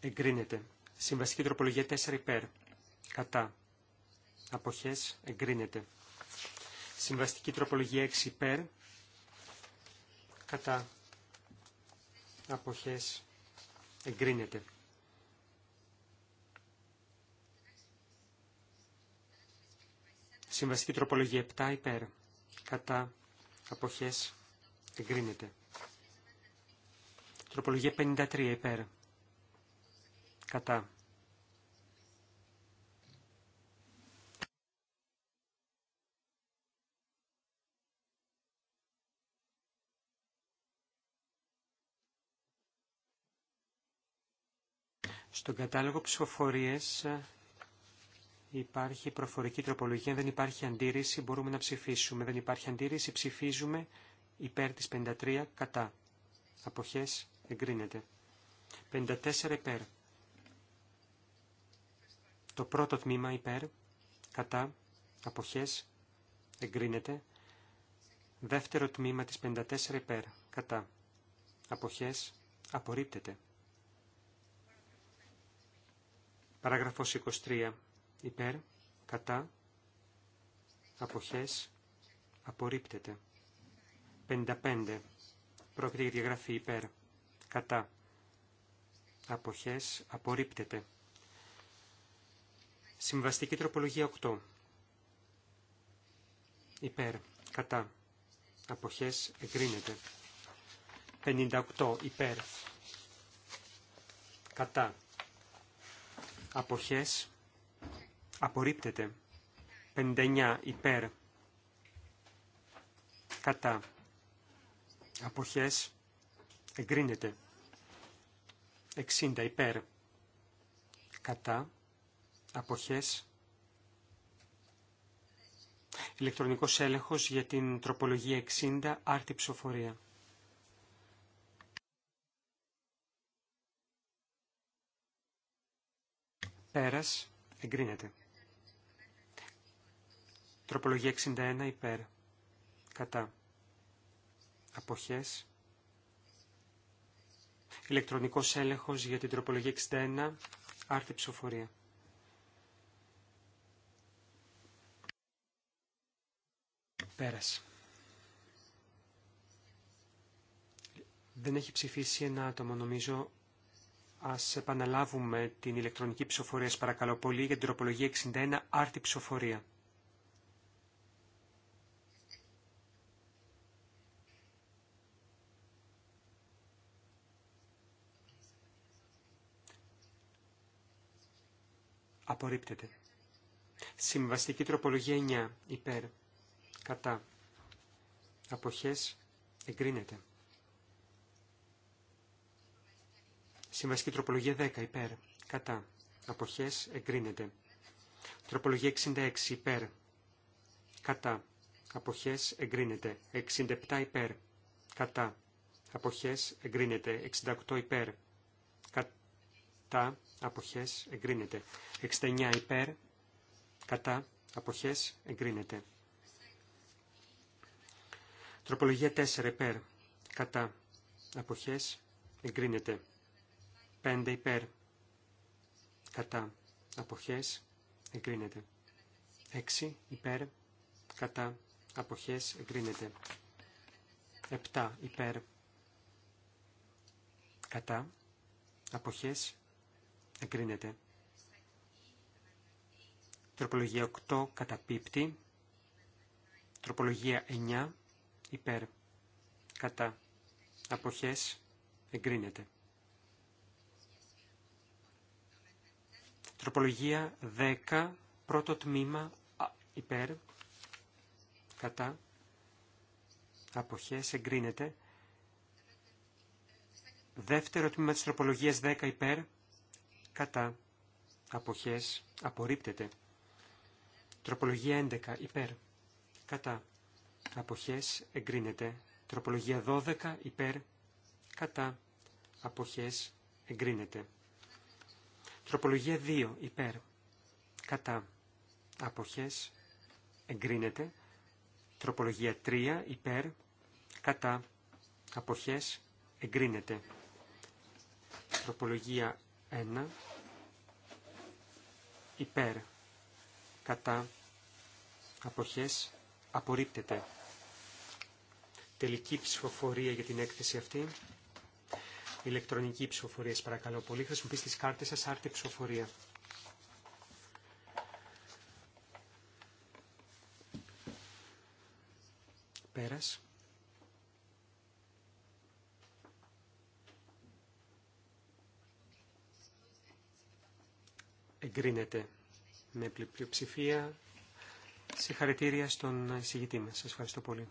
Speaker 1: Εγκρίνεται. Συμβαστική τροπολογία 4 υπέρ. Κατά. Αποχές εγκρίνεται. Συμβαστική τροπολογία 6 υπέρ. Κατά. Αποχές. Εγκρίνεται. Συμβαστική τροπολογία 7 υπέρ. Κατά. Αποχές. Εγκρίνεται. Τροπολογία 53 υπέρ. Κατά. Στον κατάλογο ψηφοφορίες ε, υπάρχει προφορική τροπολογία. Δεν υπάρχει αντίρρηση. Μπορούμε να ψηφίσουμε. Δεν υπάρχει αντίρρηση. Ψηφίζουμε υπέρ της 53 κατά. Αποχές εγκρίνεται. 54 υπέρ. Το πρώτο τμήμα υπέρ, κατά, αποχές, εγκρίνεται. Δεύτερο τμήμα της 54 υπέρ, κατά, αποχές, απορρίπτεται. Παράγραφος 23. Υπέρ, κατά, αποχές, απορρίπτεται. 55. Πρόκειται για διαγραφή υπέρ, κατά, αποχές, απορρίπτεται. Συμβαστική τροπολογία 8. Υπέρ, κατά, αποχές, εγκρίνεται. 58. Υπέρ, κατά, αποχές απορρίπτεται. 59 υπέρ κατά αποχές εγκρίνεται. 60 υπέρ κατά αποχές ηλεκτρονικός έλεγχος για την τροπολογία 60 άρτη ψηφοφορία. Πέρας. Εγκρίνεται. Τροπολογία 61 υπέρ. Κατά. Αποχές. Ηλεκτρονικός έλεγχος για την τροπολογία 61. Άρτη ψηφοφορία. Πέρας. Δεν έχει ψηφίσει ένα άτομο, νομίζω Ας επαναλάβουμε την ηλεκτρονική ψηφοφορία, παρακαλώ πολύ, για την τροπολογία 61, άρτη ψηφοφορία. Απορρίπτεται. Συμβαστική τροπολογία 9, υπέρ, κατά, αποχές, εγκρίνεται. Συμβασική τροπολογία 10 υπέρ. Κατά. απόχέ, εγκρίνεται. Τροπολογία 66 υπέρ. Κατά. αποχέ, εγκρίνεται. 67 υπέρ. Κατά. Αποχέ, εγκρίνεται. 68 υπέρ. Κατά. Αποχέ, εγκρίνεται. 69 υπέρ. Κατά. αποχέ, εγκρίνεται. Τροπολογία 4 υπέρ. Κατά. αποχέ, εγκρίνεται. 5 υπέρ. Κατά. Αποχές. Εγκρίνεται. 6 υπέρ. Κατά. Αποχές. Εγκρίνεται. 7 υπέρ. Κατά. Αποχές. Εγκρίνεται. Τροπολογία 8 κατά καταπίπτει. Τροπολογία 9 υπέρ. Κατά. Αποχές εγκρίνεται. Τροπολογία 10, πρώτο τμήμα υπέρ, κατά, αποχές, εγκρίνεται. Δεύτερο τμήμα της τροπολογίας 10 υπέρ, κατά, αποχές, απορρίπτεται. Τροπολογία 11 υπέρ, κατά, αποχές, εγκρίνεται. Τροπολογία 12 υπέρ, κατά, αποχές, εγκρίνεται. Τροπολογία 2 υπέρ κατά αποχές εγκρίνεται. Τροπολογία 3 υπέρ κατά αποχές εγκρίνεται. Τροπολογία 1 υπέρ κατά αποχές απορρίπτεται. Τελική ψηφοφορία για την έκθεση αυτή ηλεκτρονική ψηφοφορία. παρακαλώ πολύ, χρησιμοποιήστε τις κάρτες σας, άρτη ψηφοφορία. Πέρας. Εγκρίνεται με πλειοψηφία. Συγχαρητήρια στον εισηγητή μας. Σας ευχαριστώ πολύ.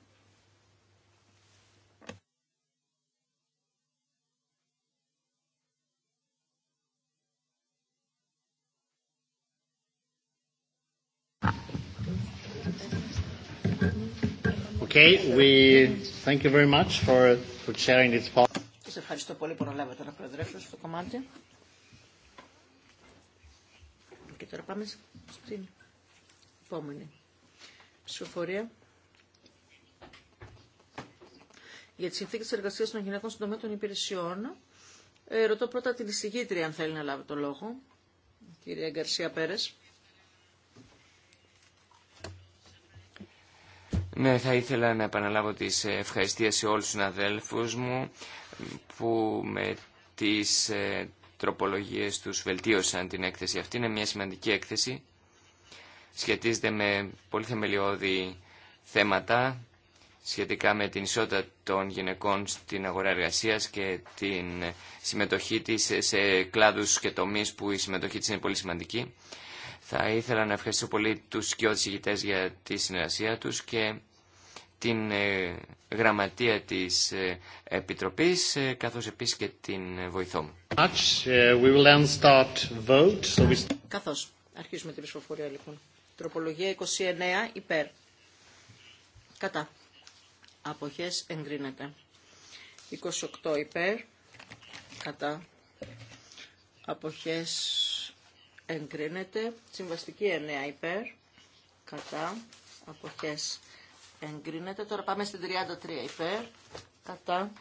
Speaker 4: ευχαριστώ πολύ που αναλάβατε να προεδρεύσω στο κομμάτι. Και τώρα πάμε στην επόμενη ψηφοφορία για τις συνθήκες εργασίας των γυναικών στον τομέα των υπηρεσιών. Ε, ρωτώ πρώτα την εισηγήτρια αν θέλει να λάβει το λόγο, κυρία Γκαρσία Πέρες.
Speaker 8: Ναι, θα ήθελα να επαναλάβω τις ευχαριστίες σε όλους τους αδέλφους μου που με τις ε, τροπολογίες τους βελτίωσαν την έκθεση αυτή. Είναι μια σημαντική έκθεση. Σχετίζεται με πολύ θεμελιώδη θέματα σχετικά με την ισότητα των γυναικών στην αγορά εργασίας και την συμμετοχή της σε κλάδους και τομείς που η συμμετοχή της είναι πολύ σημαντική. Θα ήθελα να ευχαριστήσω πολύ τους κοιότητες για τη συνεργασία τους και την ε, γραμματεία της ε, Επιτροπής, ε, καθώς επίσης και την βοηθό μου.
Speaker 4: Καθώς. Αρχίζουμε την ψηφοφορία λοιπόν. Τροπολογία 29 υπέρ. Κατά. Αποχές εγκρίνεται. 28 υπέρ. Κατά. Αποχές εγκρίνεται. Συμβαστική 9 υπέρ. Κατά. Αποχές εγκρίνεται. Τώρα πάμε στην 33 υπέρ, κατά,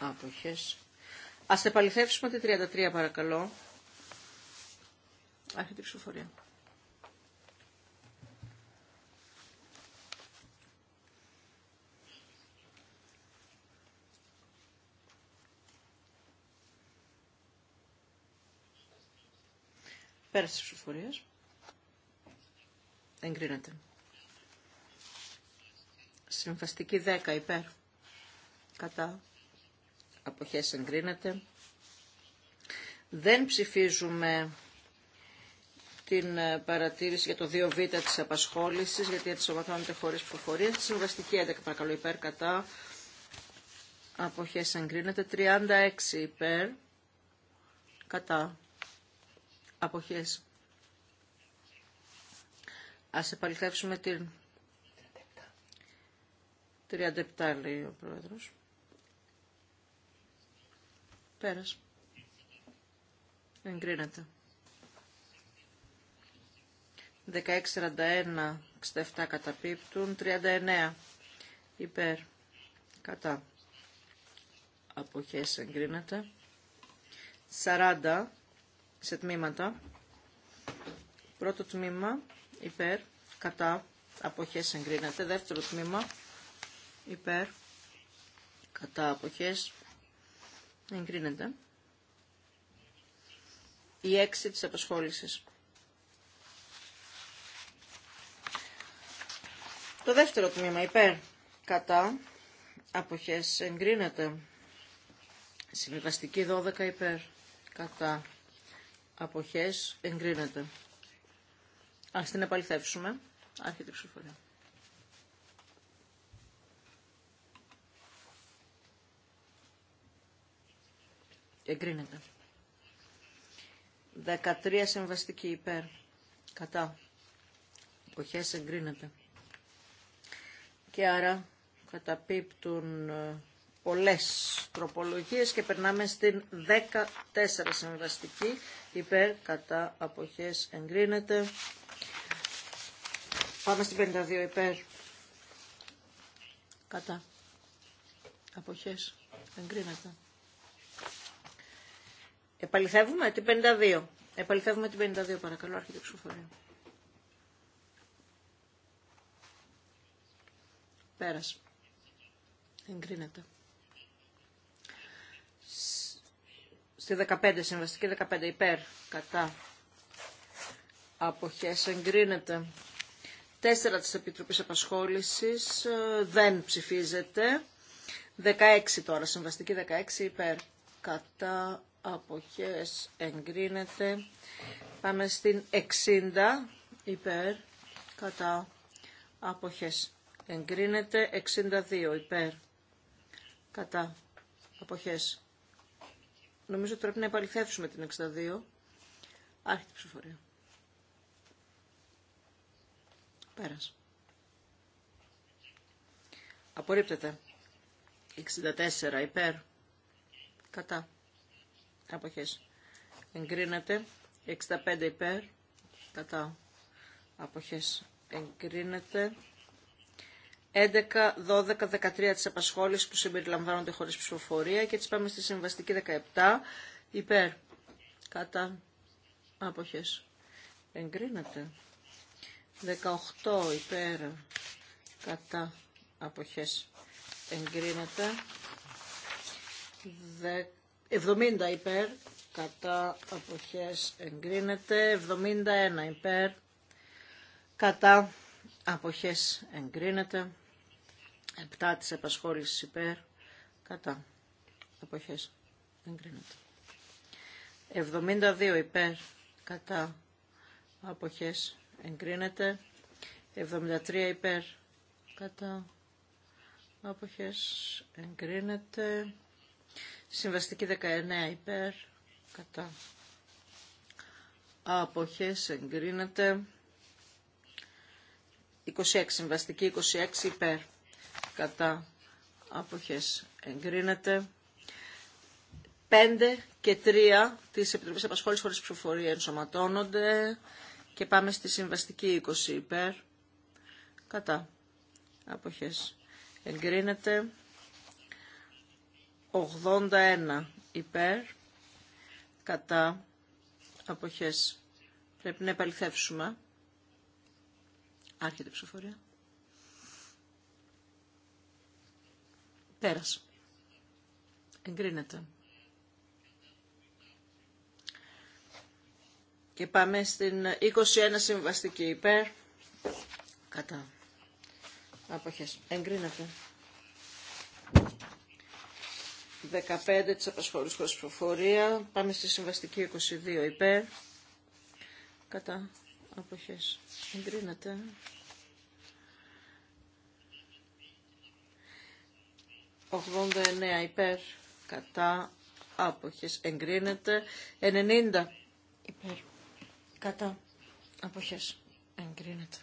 Speaker 4: άποχες. Ας επαληθεύσουμε τη 33 παρακαλώ. Άρχεται η ψηφοφορία. Πέρασε τη ψηφοφορία. Εγκρίνεται. Συμβαστική 10 υπέρ. Κατά. Αποχές εγκρίνεται. Δεν ψηφίζουμε την ε, παρατήρηση για το 2β της απασχόλησης, γιατί αντισωματώνεται χωρίς προφορία. Στη συμβαστική 11 παρακαλώ υπέρ κατά. Αποχές εγκρίνεται. 36 υπέρ κατά. Αποχές. Ας επαληθεύσουμε την 37 λέει ο πρόεδρος. Πέρας. Εγκρίνεται. Εγκρίνεται. 67 καταπίπτουν, 39 υπέρ, κατά, αποχές εγκρίνεται, 40 σε τμήματα, πρώτο τμήμα υπέρ, κατά, αποχές εγκρίνεται, δεύτερο τμήμα υπέρ κατά αποχές εγκρίνεται η έξι της απασχόλησης. Το δεύτερο τμήμα υπέρ κατά αποχές εγκρίνεται συμβιβαστική 12 υπέρ κατά αποχές εγκρίνεται. Ας την επαληθεύσουμε. Άρχεται η Εγκρίνεται. 13 συμβαστική υπέρ. Κατά. αποχές εγκρίνεται. Και άρα καταπίπτουν ε, πολλές τροπολογίες και περνάμε στην 14 συμβαστική υπέρ κατά αποχές εγκρίνεται. Πάμε στην 52 υπέρ κατά αποχές εγκρίνεται. Επαληθεύουμε την 52. Επαληθεύουμε την 52 παρακαλώ, άρχεται ψηφοφορία. Πέρασε. Εγκρίνεται. Στη 15, συμβαστική 15 υπέρ, κατά. Αποχές εγκρίνεται. 4 της Επιτροπής Απασχόλησης ε, δεν ψηφίζεται. 16 τώρα, συμβαστική 16 υπέρ, κατά αποχές εγκρίνεται. Πάμε στην 60 υπέρ κατά αποχές εγκρίνεται. 62 υπέρ κατά αποχές. Νομίζω ότι πρέπει να επαληθεύσουμε την 62. Άρχεται η ψηφορία. Πέρασε. Απορρίπτεται. 64 υπέρ. Κατά αποχές εγκρίνεται 65 υπέρ κατά αποχές εγκρίνεται 11, 12, 13 τις απασχόλησης που συμπεριλαμβάνονται χωρίς ψηφοφορία και έτσι πάμε στη συμβαστική 17 υπέρ κατά αποχές εγκρίνεται 18 υπέρ κατά αποχές εγκρίνεται 70 υπέρ, κατά αποχές εγκρίνεται, 71 υπέρ, κατά αποχές εγκρίνεται, 7 της επασχόλησης υπέρ, κατά αποχές εγκρίνεται. 72 υπέρ, κατά αποχές εγκρίνεται, 73 υπέρ, κατά αποχές εγκρίνεται, Συμβαστική 19 υπέρ κατά αποχές εγκρίνεται 26 συμβαστική 26 υπέρ κατά αποχές εγκρίνεται 5 και 3 της Επιτροπής Απασχόλης χωρίς ψηφοφορία ενσωματώνονται και πάμε στη συμβαστική 20 υπέρ κατά αποχές εγκρίνεται 81 υπέρ κατά αποχές. Πρέπει να επαληθεύσουμε. Άρχεται η ψηφοφορία. Πέρασε. Εγκρίνεται. Και πάμε στην 21 συμβαστική υπέρ. Κατά. Αποχές. Εγκρίνεται. 15 της απασχόλησης προφορία. Πάμε στη συμβαστική 22 υπέρ. Κατά αποχές. Εγκρίνεται. ...89 υπέρ, κατά, άποχες, εγκρίνεται, 90 υπέρ, κατά, άποχες, εγκρίνεται,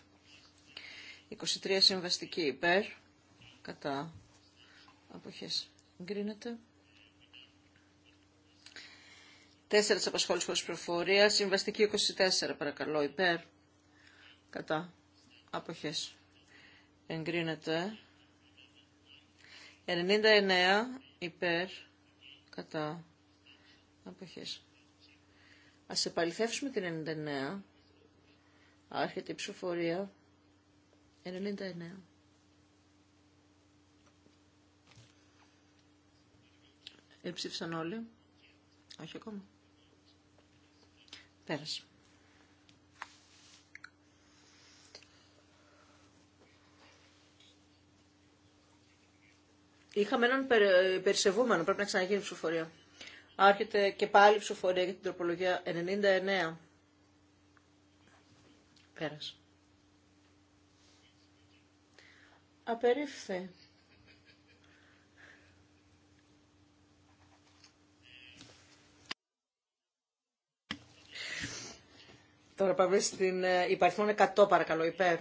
Speaker 4: 23 συμβαστική υπέρ, κατά, άποχες, εγκρίνεται. Τέσσερα απασχόλησης χωρί προφορία. Συμβαστική 24 παρακαλώ. Υπέρ. Κατά. Αποχές. Εγκρίνεται. 99 υπέρ. Κατά. Αποχέ. Α επαληθεύσουμε την 99. Άρχεται η ψηφοφορία. 99. Εψήφισαν όλοι. Όχι ακόμα σας. Είχαμε έναν περισσευούμενο, πρέπει να ξαναγίνει η ψηφοφορία. Άρχεται και πάλι η ψηφοφορία για την τροπολογία 99. Πέρασε. Απερίφθη. Τώρα πάμε στην ε, υπαριθμόν 100 παρακαλώ υπέρ.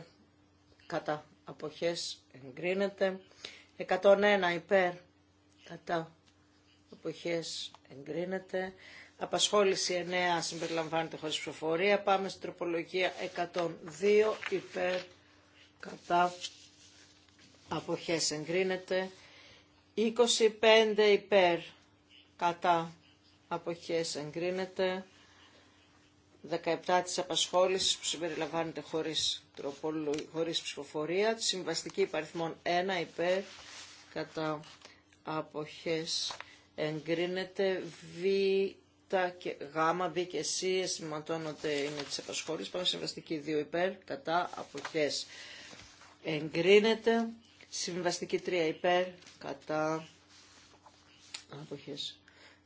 Speaker 4: Κατά αποχές εγκρίνεται. 101 υπέρ. Κατά αποχές εγκρίνεται. Απασχόληση 9 συμπεριλαμβάνεται χωρίς ψηφοφορία. Πάμε στην τροπολογία 102 υπέρ. Κατά αποχές εγκρίνεται. 25 υπέρ. Κατά αποχές εγκρίνεται. 17 της απασχόλησης που συμπεριλαμβάνεται χωρίς, τροπολο... χωρίς ψηφοφορία. Συμβαστική υπαριθμών 1 υπέρ κατά αποχές εγκρίνεται β και γ, β και σ εσυμματώνονται είναι της απασχόλησης. Πάμε συμβαστική 2 υπέρ κατά αποχές εγκρίνεται. Συμβαστική 3 υπέρ κατά αποχές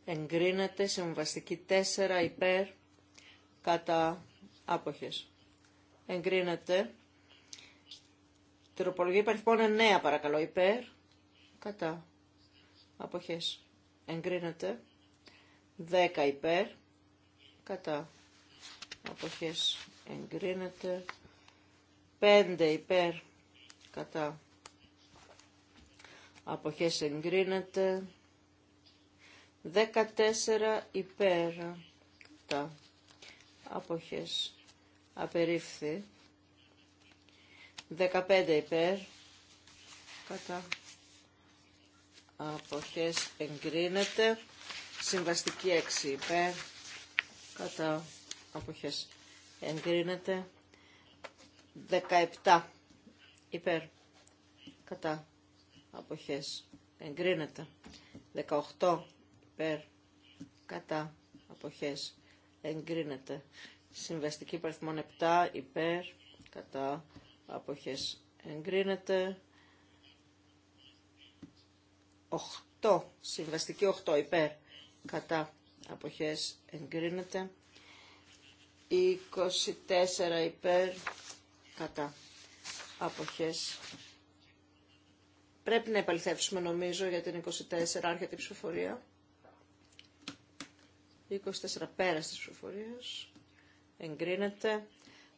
Speaker 4: εγκρίνεται. Συμβαστική 4 υπέρ κατά άποχες. Εγκρίνεται. Τροπολογία υπαριθμών 9 παρακαλώ. Υπέρ. Κατά. Αποχές. Εγκρίνεται. 10 υπέρ. Κατά. Αποχές. Εγκρίνεται. 5 υπέρ. Κατά. Αποχές εγκρίνεται. 14 υπέρ. Κατά αποχές απερίφθη 15 υπέρ κατά αποχές εγκρίνεται συμβαστική 6 υπέρ κατά αποχές εγκρίνεται 17 υπέρ κατά αποχές εγκρίνεται 18 υπέρ κατά αποχές εγκρίνεται. Συμβαστική παριθμών 7 υπέρ κατά αποχές εγκρίνεται. 8, συμβαστική 8 υπέρ κατά αποχές εγκρίνεται. 24 υπέρ κατά αποχές Πρέπει να επαληθεύσουμε νομίζω για την 24 άρχεται η ψηφοφορία. 24 πέρα της ψηφοφορίας. Εγκρίνεται.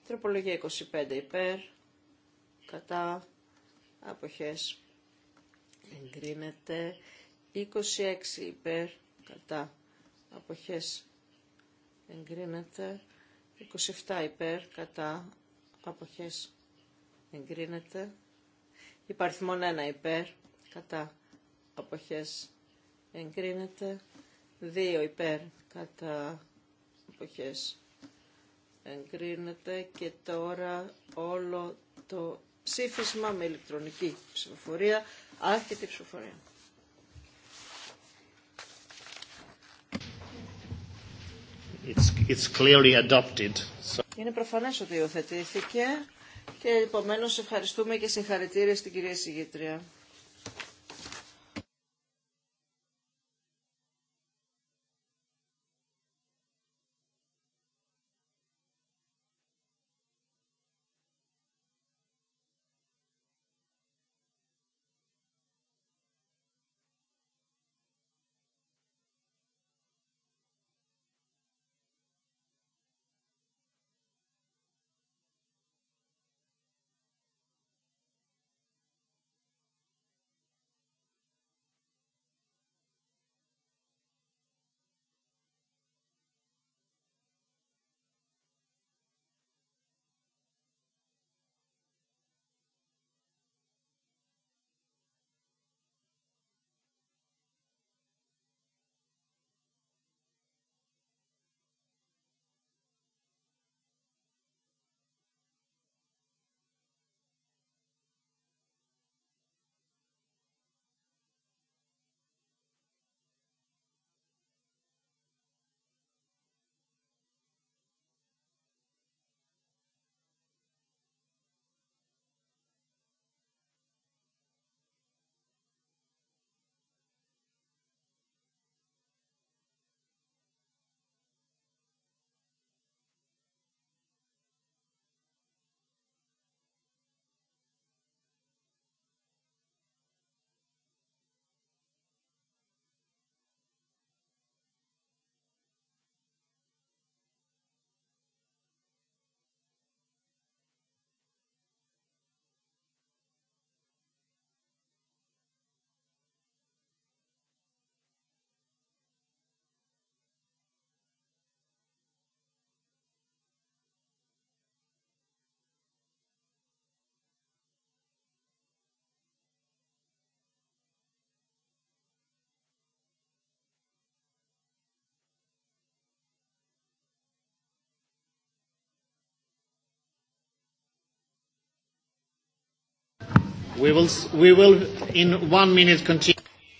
Speaker 4: Τροπολογία 25 υπέρ. Κατά. Αποχές. Εγκρίνεται. 26 υπέρ. Κατά. Αποχές. Εγκρίνεται. 27 υπέρ. Κατά. Αποχές. Εγκρίνεται. Υπάρχει μόνο ένα υπέρ. Κατά. Αποχές. Εγκρίνεται. Δύο υπέρ κατά εποχές εγκρίνεται και τώρα όλο το ψήφισμα με ηλεκτρονική ψηφοφορία, άρχιτη ψηφοφορία. Είναι προφανές ότι υιοθετήθηκε και επομένως ευχαριστούμε και συγχαρητήρια στην κυρία Συγήτρια.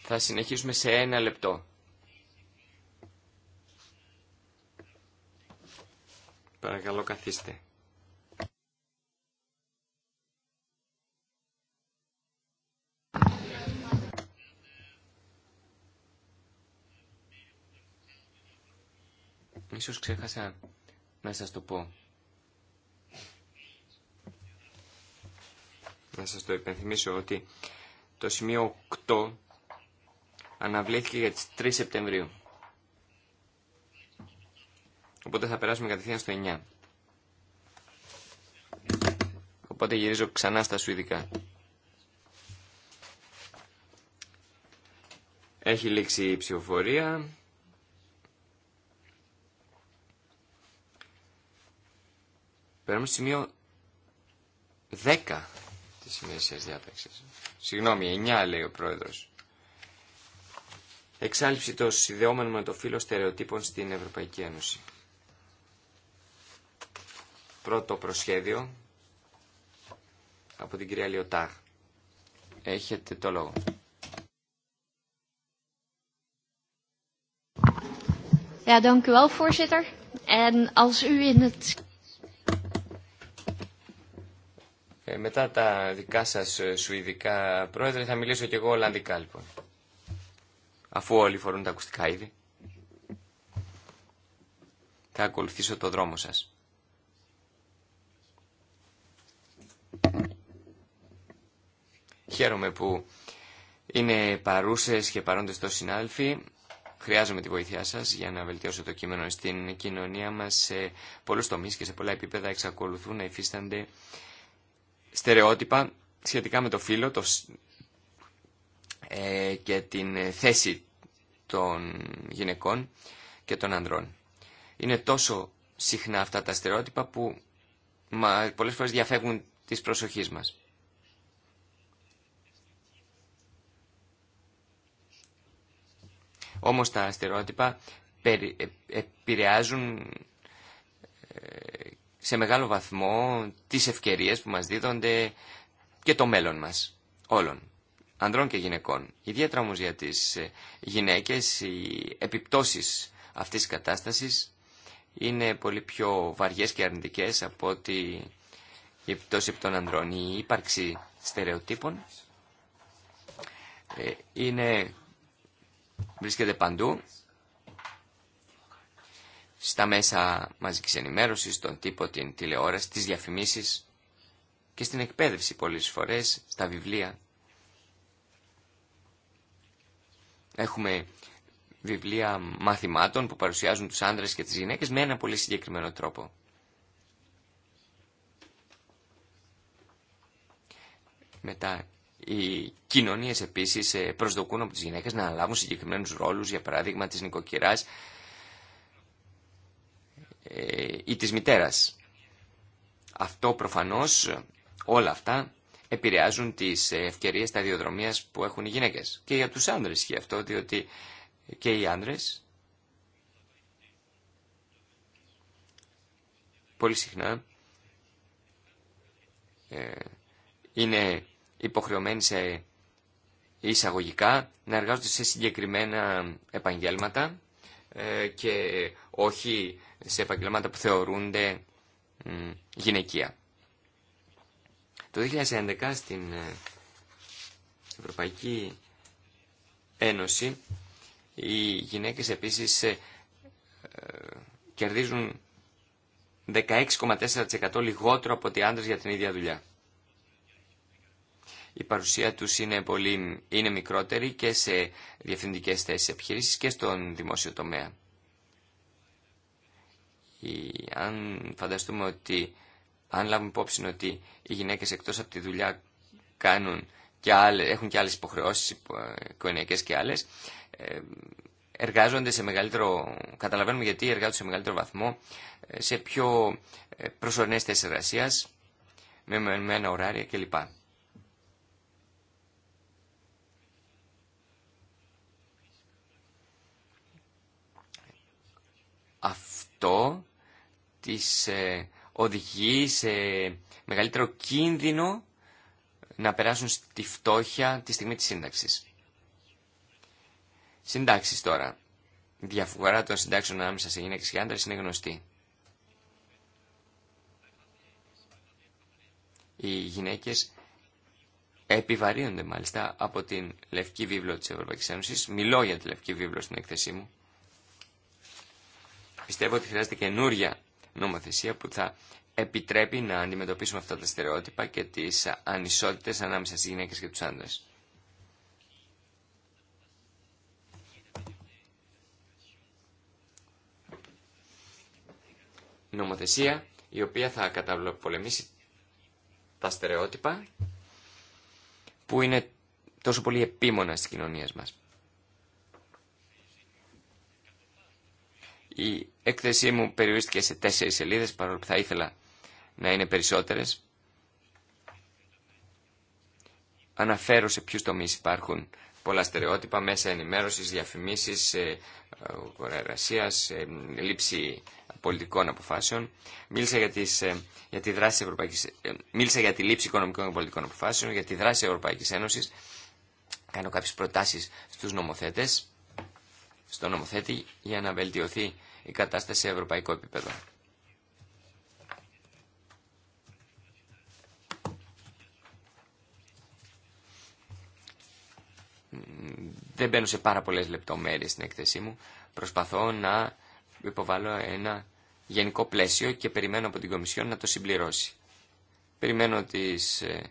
Speaker 8: Θα συνεχίσουμε σε ένα λεπτό. Παρακαλώ καθίστε. Ίσως ξέχασα να σας το πω. θα σας το υπενθυμίσω ότι το σημείο 8 αναβλήθηκε για τις 3 Σεπτεμβρίου. Οπότε θα περάσουμε κατευθείαν στο 9. Οπότε γυρίζω ξανά στα Σουηδικά. Έχει λήξει η ψηφοφορία. Περνάμε στο σημείο 10 της διάταξης. Συγγνώμη, 9 λέει ο πρόεδρος. Εξάλληψη των συνδεόμενων με το φύλλο στερεοτύπων στην Ευρωπαϊκή Ένωση. Πρώτο προσχέδιο από την κυρία Λιωτάρ. Έχετε το λόγο.
Speaker 5: Ja, dank u wel, voorzitter. En als u in het
Speaker 8: Ε, μετά τα δικά σας ε, σουηδικά πρόεδρε θα μιλήσω και εγώ ολλανδικά λοιπόν. Αφού όλοι φορούν τα ακουστικά ήδη. Θα ακολουθήσω το δρόμο σας. Χαίρομαι που είναι παρούσες και παρόντες το συνάλφοι. Χρειάζομαι τη βοήθειά σας για να βελτιώσω το κείμενο στην κοινωνία μας. Σε πολλούς τομείς και σε πολλά επίπεδα εξακολουθούν να υφίστανται στερεότυπα σχετικά με το φύλλο το, ε, και την θέση των γυναικών και των ανδρών. Είναι τόσο συχνά αυτά τα στερεότυπα που μα, πολλές φορές διαφεύγουν της προσοχής μας. Όμως τα στερεότυπα ε, επηρεάζουν ε, σε μεγάλο βαθμό τις ευκαιρίες που μας δίδονται και το μέλλον μας, όλων, ανδρών και γυναικών. Ιδιαίτερα όμως για τις ε, γυναίκες οι επιπτώσεις αυτής της κατάστασης είναι πολύ πιο βαριές και αρνητικές από ότι η επιπτώση των ανδρών. Η ύπαρξη στερεοτύπων ε, είναι, βρίσκεται παντού στα μέσα μαζικής ενημέρωσης, στον τύπο, την τηλεόραση, τις διαφημίσεις και στην εκπαίδευση πολλές φορές, στα βιβλία. Έχουμε βιβλία μαθημάτων που παρουσιάζουν τους άντρες και τις γυναίκες με ένα πολύ συγκεκριμένο τρόπο. Μετά, οι κοινωνίες επίσης ε, προσδοκούν από τις γυναίκες να αναλάβουν συγκεκριμένους ρόλους, για παράδειγμα της νοικοκυράς, ε, ή της μητέρας. Αυτό προφανώς όλα αυτά επηρεάζουν τις ευκαιρίες σταδιοδρομίας που έχουν οι γυναίκες. Και για τους άνδρες και αυτό, διότι και οι άνδρες πολύ συχνά ε, είναι υποχρεωμένοι σε εισαγωγικά να εργάζονται σε συγκεκριμένα επαγγέλματα ε, και όχι σε επαγγελμάτα που θεωρούνται γυναικεία. Το 2011 στην ε, Ευρωπαϊκή Ένωση οι γυναίκες επίσης ε, ε, κερδίζουν 16,4% λιγότερο από ότι άντρες για την ίδια δουλειά. Η παρουσία τους είναι, πολύ, είναι μικρότερη και σε διευθυντικές θέσεις επιχειρήσεις και στον δημόσιο τομέα αν φανταστούμε ότι, αν λάβουμε υπόψη ότι οι γυναίκες εκτός από τη δουλειά κάνουν και έχουν και άλλες υποχρεώσεις, οικογενειακές και άλλες, ε, εργάζονται σε μεγαλύτερο, καταλαβαίνουμε γιατί εργάζονται σε μεγαλύτερο βαθμό, ε, σε πιο ε, προσωρινές θέσεις εργασίας, με ένα ωράρια κλπ. Αυτό της ε, οδηγεί σε μεγαλύτερο κίνδυνο να περάσουν στη φτώχεια τη στιγμή της σύνταξης. Συντάξεις τώρα. Η διαφορά των συντάξεων ανάμεσα σε γυναίκες και άντρες είναι γνωστή. Οι γυναίκες επιβαρύνονται μάλιστα από την Λευκή Βίβλο της Ευρωπαϊκής Ένωσης. Μιλώ για τη Λευκή Βίβλο στην έκθεσή μου. Πιστεύω ότι χρειάζεται καινούρια νομοθεσία που θα επιτρέπει να αντιμετωπίσουμε αυτά τα στερεότυπα και τις ανισότητες ανάμεσα στις γυναίκες και τους άντρες. Νομοθεσία η οποία θα καταπολεμήσει τα στερεότυπα που είναι τόσο πολύ επίμονα στις κοινωνίες μας. Η έκθεσή μου περιορίστηκε σε τέσσερις σελίδες, παρόλο που θα ήθελα να είναι περισσότερες. Αναφέρω σε ποιους τομείς υπάρχουν πολλά στερεότυπα, μέσα ενημέρωσης, διαφημίσεις, ε, εργασίας, λήψη πολιτικών αποφάσεων. Μίλησα για, τις, ε, για τη δράση Ευρωπαϊκής, ε, μίλησα για τη λήψη οικονομικών και πολιτικών αποφάσεων, για τη δράση Ευρωπαϊκής Ένωσης. Κάνω κάποιες προτάσεις στους νομοθέτες στον νομοθέτη για να βελτιωθεί η κατάσταση σε ευρωπαϊκό επίπεδο. Δεν μπαίνω σε πάρα πολλές λεπτομέρειες στην έκθεσή μου. Προσπαθώ να υποβάλω ένα γενικό πλαίσιο και περιμένω από την Κομισιόν να το συμπληρώσει. Περιμένω τις ε,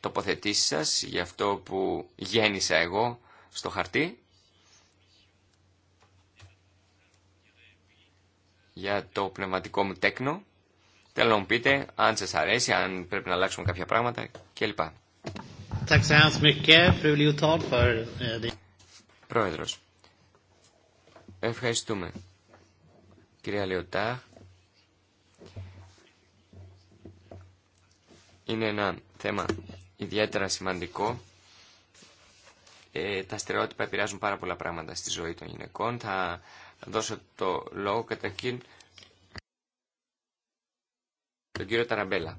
Speaker 8: τοποθετήσεις σας για αυτό που γέννησα εγώ στο χαρτί για το πνευματικό μου τέκνο. Θέλω να μου πείτε αν σας αρέσει, αν πρέπει να αλλάξουμε κάποια πράγματα κλπ. Eh, Πρόεδρος, ευχαριστούμε. Κυρία Λεωτά, είναι ένα θέμα ιδιαίτερα σημαντικό. Ε, τα στερεότυπα επηρεάζουν πάρα πολλά πράγματα στη ζωή των γυναικών. Θα δώσω το λόγο καταρχήν τον κύριο Ταραμπέλα.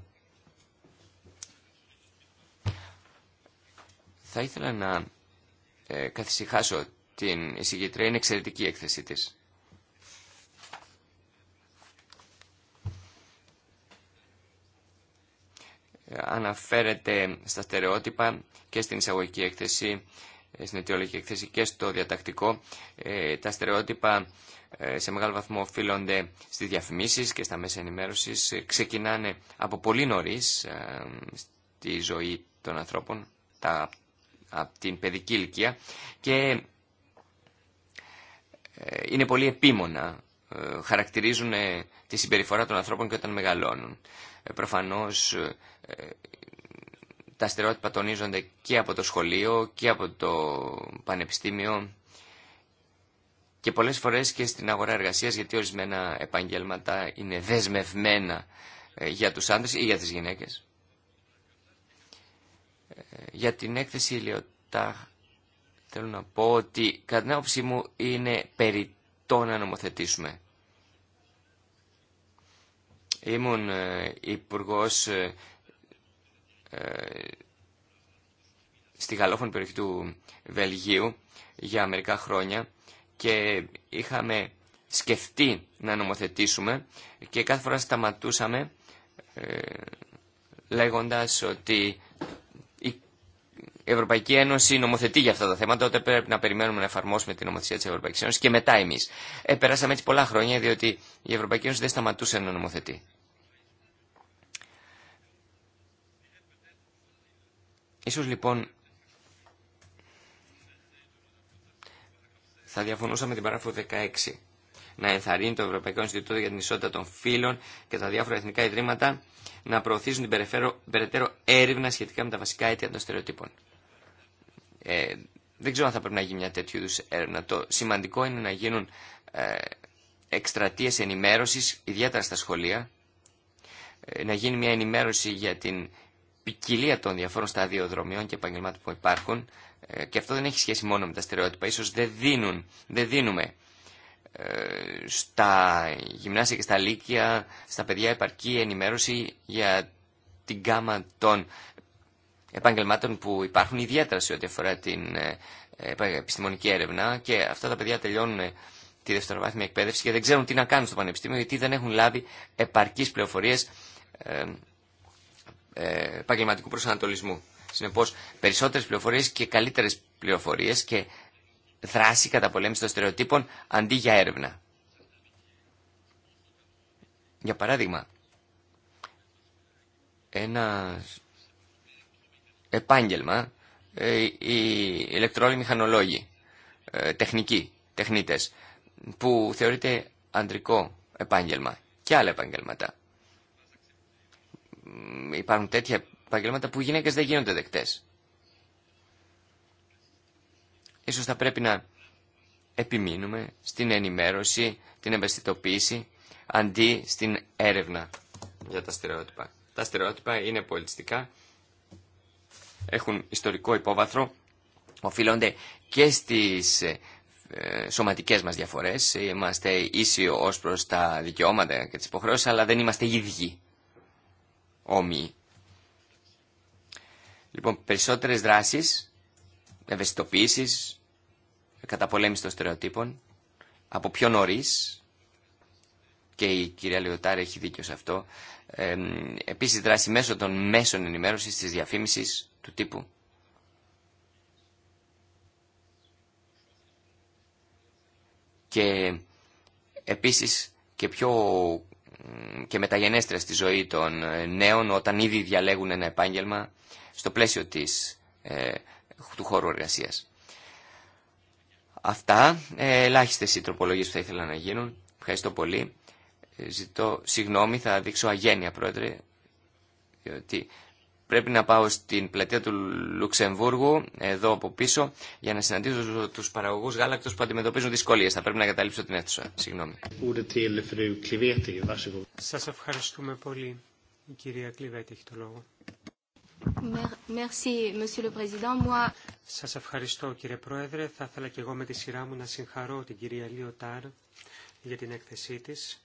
Speaker 8: Θα ήθελα να ε, καθησυχάσω την εισηγητρία, είναι εξαιρετική η έκθεσή της. Ε, αναφέρεται στα στερεότυπα και στην εισαγωγική έκθεση ε, στην αιτιολογική εκθέση και στο διατακτικό. Ε, τα στερεότυπα ε, σε μεγάλο βαθμό οφείλονται στι διαφημίσει και στα μέσα ενημέρωση. Ξεκινάνε από πολύ νωρί στη ζωή των ανθρώπων, τα, από την παιδική ηλικία και είναι πολύ επίμονα. Χαρακτηρίζουν τη συμπεριφορά των ανθρώπων και όταν μεγαλώνουν. Προφανώς τα στερεότυπα τονίζονται και από το σχολείο και από το πανεπιστήμιο και πολλές φορές και στην αγορά εργασίας γιατί ορισμένα επαγγέλματα είναι δεσμευμένα ε, για τους άντρες ή για τις γυναίκες. Ε, για την έκθεση Λιωτά θέλω να πω ότι κατά την άποψή μου είναι περιττό να νομοθετήσουμε. Ήμουν ε, υπουργό ε, στη γαλλόφωνη περιοχή του Βελγίου για μερικά χρόνια και είχαμε σκεφτεί να νομοθετήσουμε και κάθε φορά σταματούσαμε ε, λέγοντας ότι η Ευρωπαϊκή Ένωση νομοθετεί για αυτά τα θέματα, τότε πρέπει να περιμένουμε να εφαρμόσουμε την νομοθεσία της Ευρωπαϊκής Ένωσης και μετά εμείς. Ε, περάσαμε έτσι πολλά χρόνια διότι η Ευρωπαϊκή Ένωση δεν σταματούσε να νομοθετεί. Ίσως λοιπόν θα διαφωνούσα με την παράγραφο 16 να ενθαρρύνει το Ευρωπαϊκό Ινστιτούτο για την Ισότητα των Φύλων και τα διάφορα εθνικά ιδρύματα να προωθήσουν την περαιτέρω έρευνα σχετικά με τα βασικά αίτια των στερεοτύπων. Ε, δεν ξέρω αν θα πρέπει να γίνει μια τέτοιου είδου έρευνα. Το σημαντικό είναι να γίνουν ε, εκστρατείε ενημέρωση, ιδιαίτερα στα σχολεία, ε, να γίνει μια ενημέρωση για την ποικιλία των διαφόρων σταδιοδρομιών και επαγγελμάτων που υπάρχουν ε, και αυτό δεν έχει σχέση μόνο με τα στερεότυπα. Ίσως δεν, δίνουν, δεν δίνουμε ε, στα γυμνάσια και στα λύκεια, στα παιδιά επαρκή ενημέρωση για την γάμα των επαγγελμάτων που υπάρχουν ιδιαίτερα σε ό,τι αφορά την ε, επιστημονική έρευνα και αυτά τα παιδιά τελειώνουν τη δευτεροβάθμια εκπαίδευση και δεν ξέρουν τι να κάνουν στο πανεπιστήμιο γιατί δεν έχουν λάβει επαρκείς πληροφορίες επαγγελματικού προσανατολισμού. Συνεπώ περισσότερες πληροφορίε και καλύτερες πληροφορίε και δράση κατά πολέμηση των στερεοτύπων αντί για έρευνα. Για παράδειγμα, ένα επάγγελμα, ε, οι ηλεκτρόλοι μηχανολόγοι, ε, τεχνικοί, τεχνίτες, που θεωρείται ανδρικό επάγγελμα και άλλα επαγγελματά υπάρχουν τέτοια επαγγελμάτα που οι γυναίκες δεν γίνονται δεκτές. Ίσως θα πρέπει να επιμείνουμε στην ενημέρωση, την ευαισθητοποίηση, αντί στην έρευνα για τα στερεότυπα. Τα στερεότυπα είναι πολιτιστικά, έχουν ιστορικό υπόβαθρο, οφείλονται και στις ε, σωματικές μας διαφορές. Είμαστε ίσοι ως προς τα δικαιώματα και τις υποχρεώσεις, αλλά δεν είμαστε ίδιοι όμοιοι. Λοιπόν, περισσότερες δράσεις, ευαισθητοποίησεις, καταπολέμηση των στερεοτύπων, από πιο νωρί. και η κυρία Λεωτάρη έχει δίκιο σε αυτό, ε, επίσης δράση μέσω των μέσων ενημέρωσης, της διαφήμισης του τύπου. Και επίσης και πιο και μεταγενέστερα στη ζωή των ε, νέων όταν ήδη διαλέγουν ένα επάγγελμα στο πλαίσιο της, ε, του χώρου εργασίας. Αυτά, ε, ελάχιστες οι τροπολογίες που θα ήθελα να γίνουν. Ευχαριστώ πολύ. Ε, ζητώ συγγνώμη, θα δείξω αγένεια πρόεδρε, διότι πρέπει να πάω στην πλατεία του Λουξεμβούργου, εδώ από πίσω, για να συναντήσω του παραγωγού γάλακτο που αντιμετωπίζουν δυσκολίε. Θα πρέπει να καταλήψω την αίθουσα. Συγγνώμη.
Speaker 1: Σα ευχαριστούμε πολύ. Η κυρία Κλειβέτη έχει το λόγο. Σας ευχαριστώ κύριε Πρόεδρε. Θα ήθελα και εγώ με τη σειρά μου να συγχαρώ την κυρία Λιωτάρ για την έκθεσή της,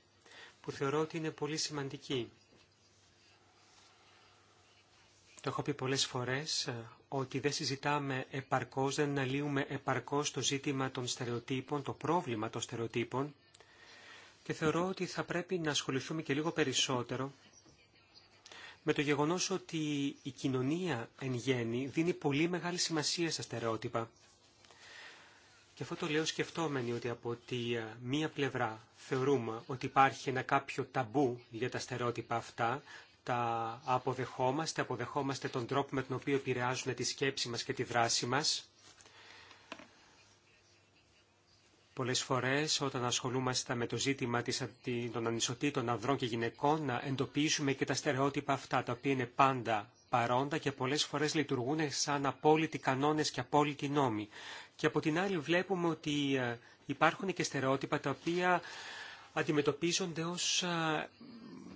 Speaker 1: που θεωρώ ότι είναι πολύ σημαντική το έχω πει πολλές φορές ε, ότι δεν συζητάμε επαρκώς, δεν αναλύουμε επαρκώς το ζήτημα των στερεοτύπων, το πρόβλημα των στερεοτύπων και θεωρώ ότι θα πρέπει να ασχοληθούμε και λίγο περισσότερο με το γεγονός ότι η κοινωνία εν γέννη δίνει πολύ μεγάλη σημασία στα στερεότυπα. Και αυτό το λέω σκεφτόμενοι ότι από τη ε, μία πλευρά θεωρούμε ότι υπάρχει ένα κάποιο ταμπού για τα στερεότυπα αυτά, τα αποδεχόμαστε, αποδεχόμαστε τον τρόπο με τον οποίο επηρεάζουν τη σκέψη μας και τη δράση μας. Πολλές φορές όταν ασχολούμαστε με το ζήτημα των ανισοτήτων ανδρών και γυναικών να εντοπίσουμε και τα στερεότυπα αυτά τα οποία είναι πάντα παρόντα και πολλές φορές λειτουργούν σαν απόλυτοι κανόνες και απόλυτοι νόμοι. Και από την άλλη βλέπουμε ότι ε, υπάρχουν και στερεότυπα τα οποία αντιμετωπίζονται ως ε,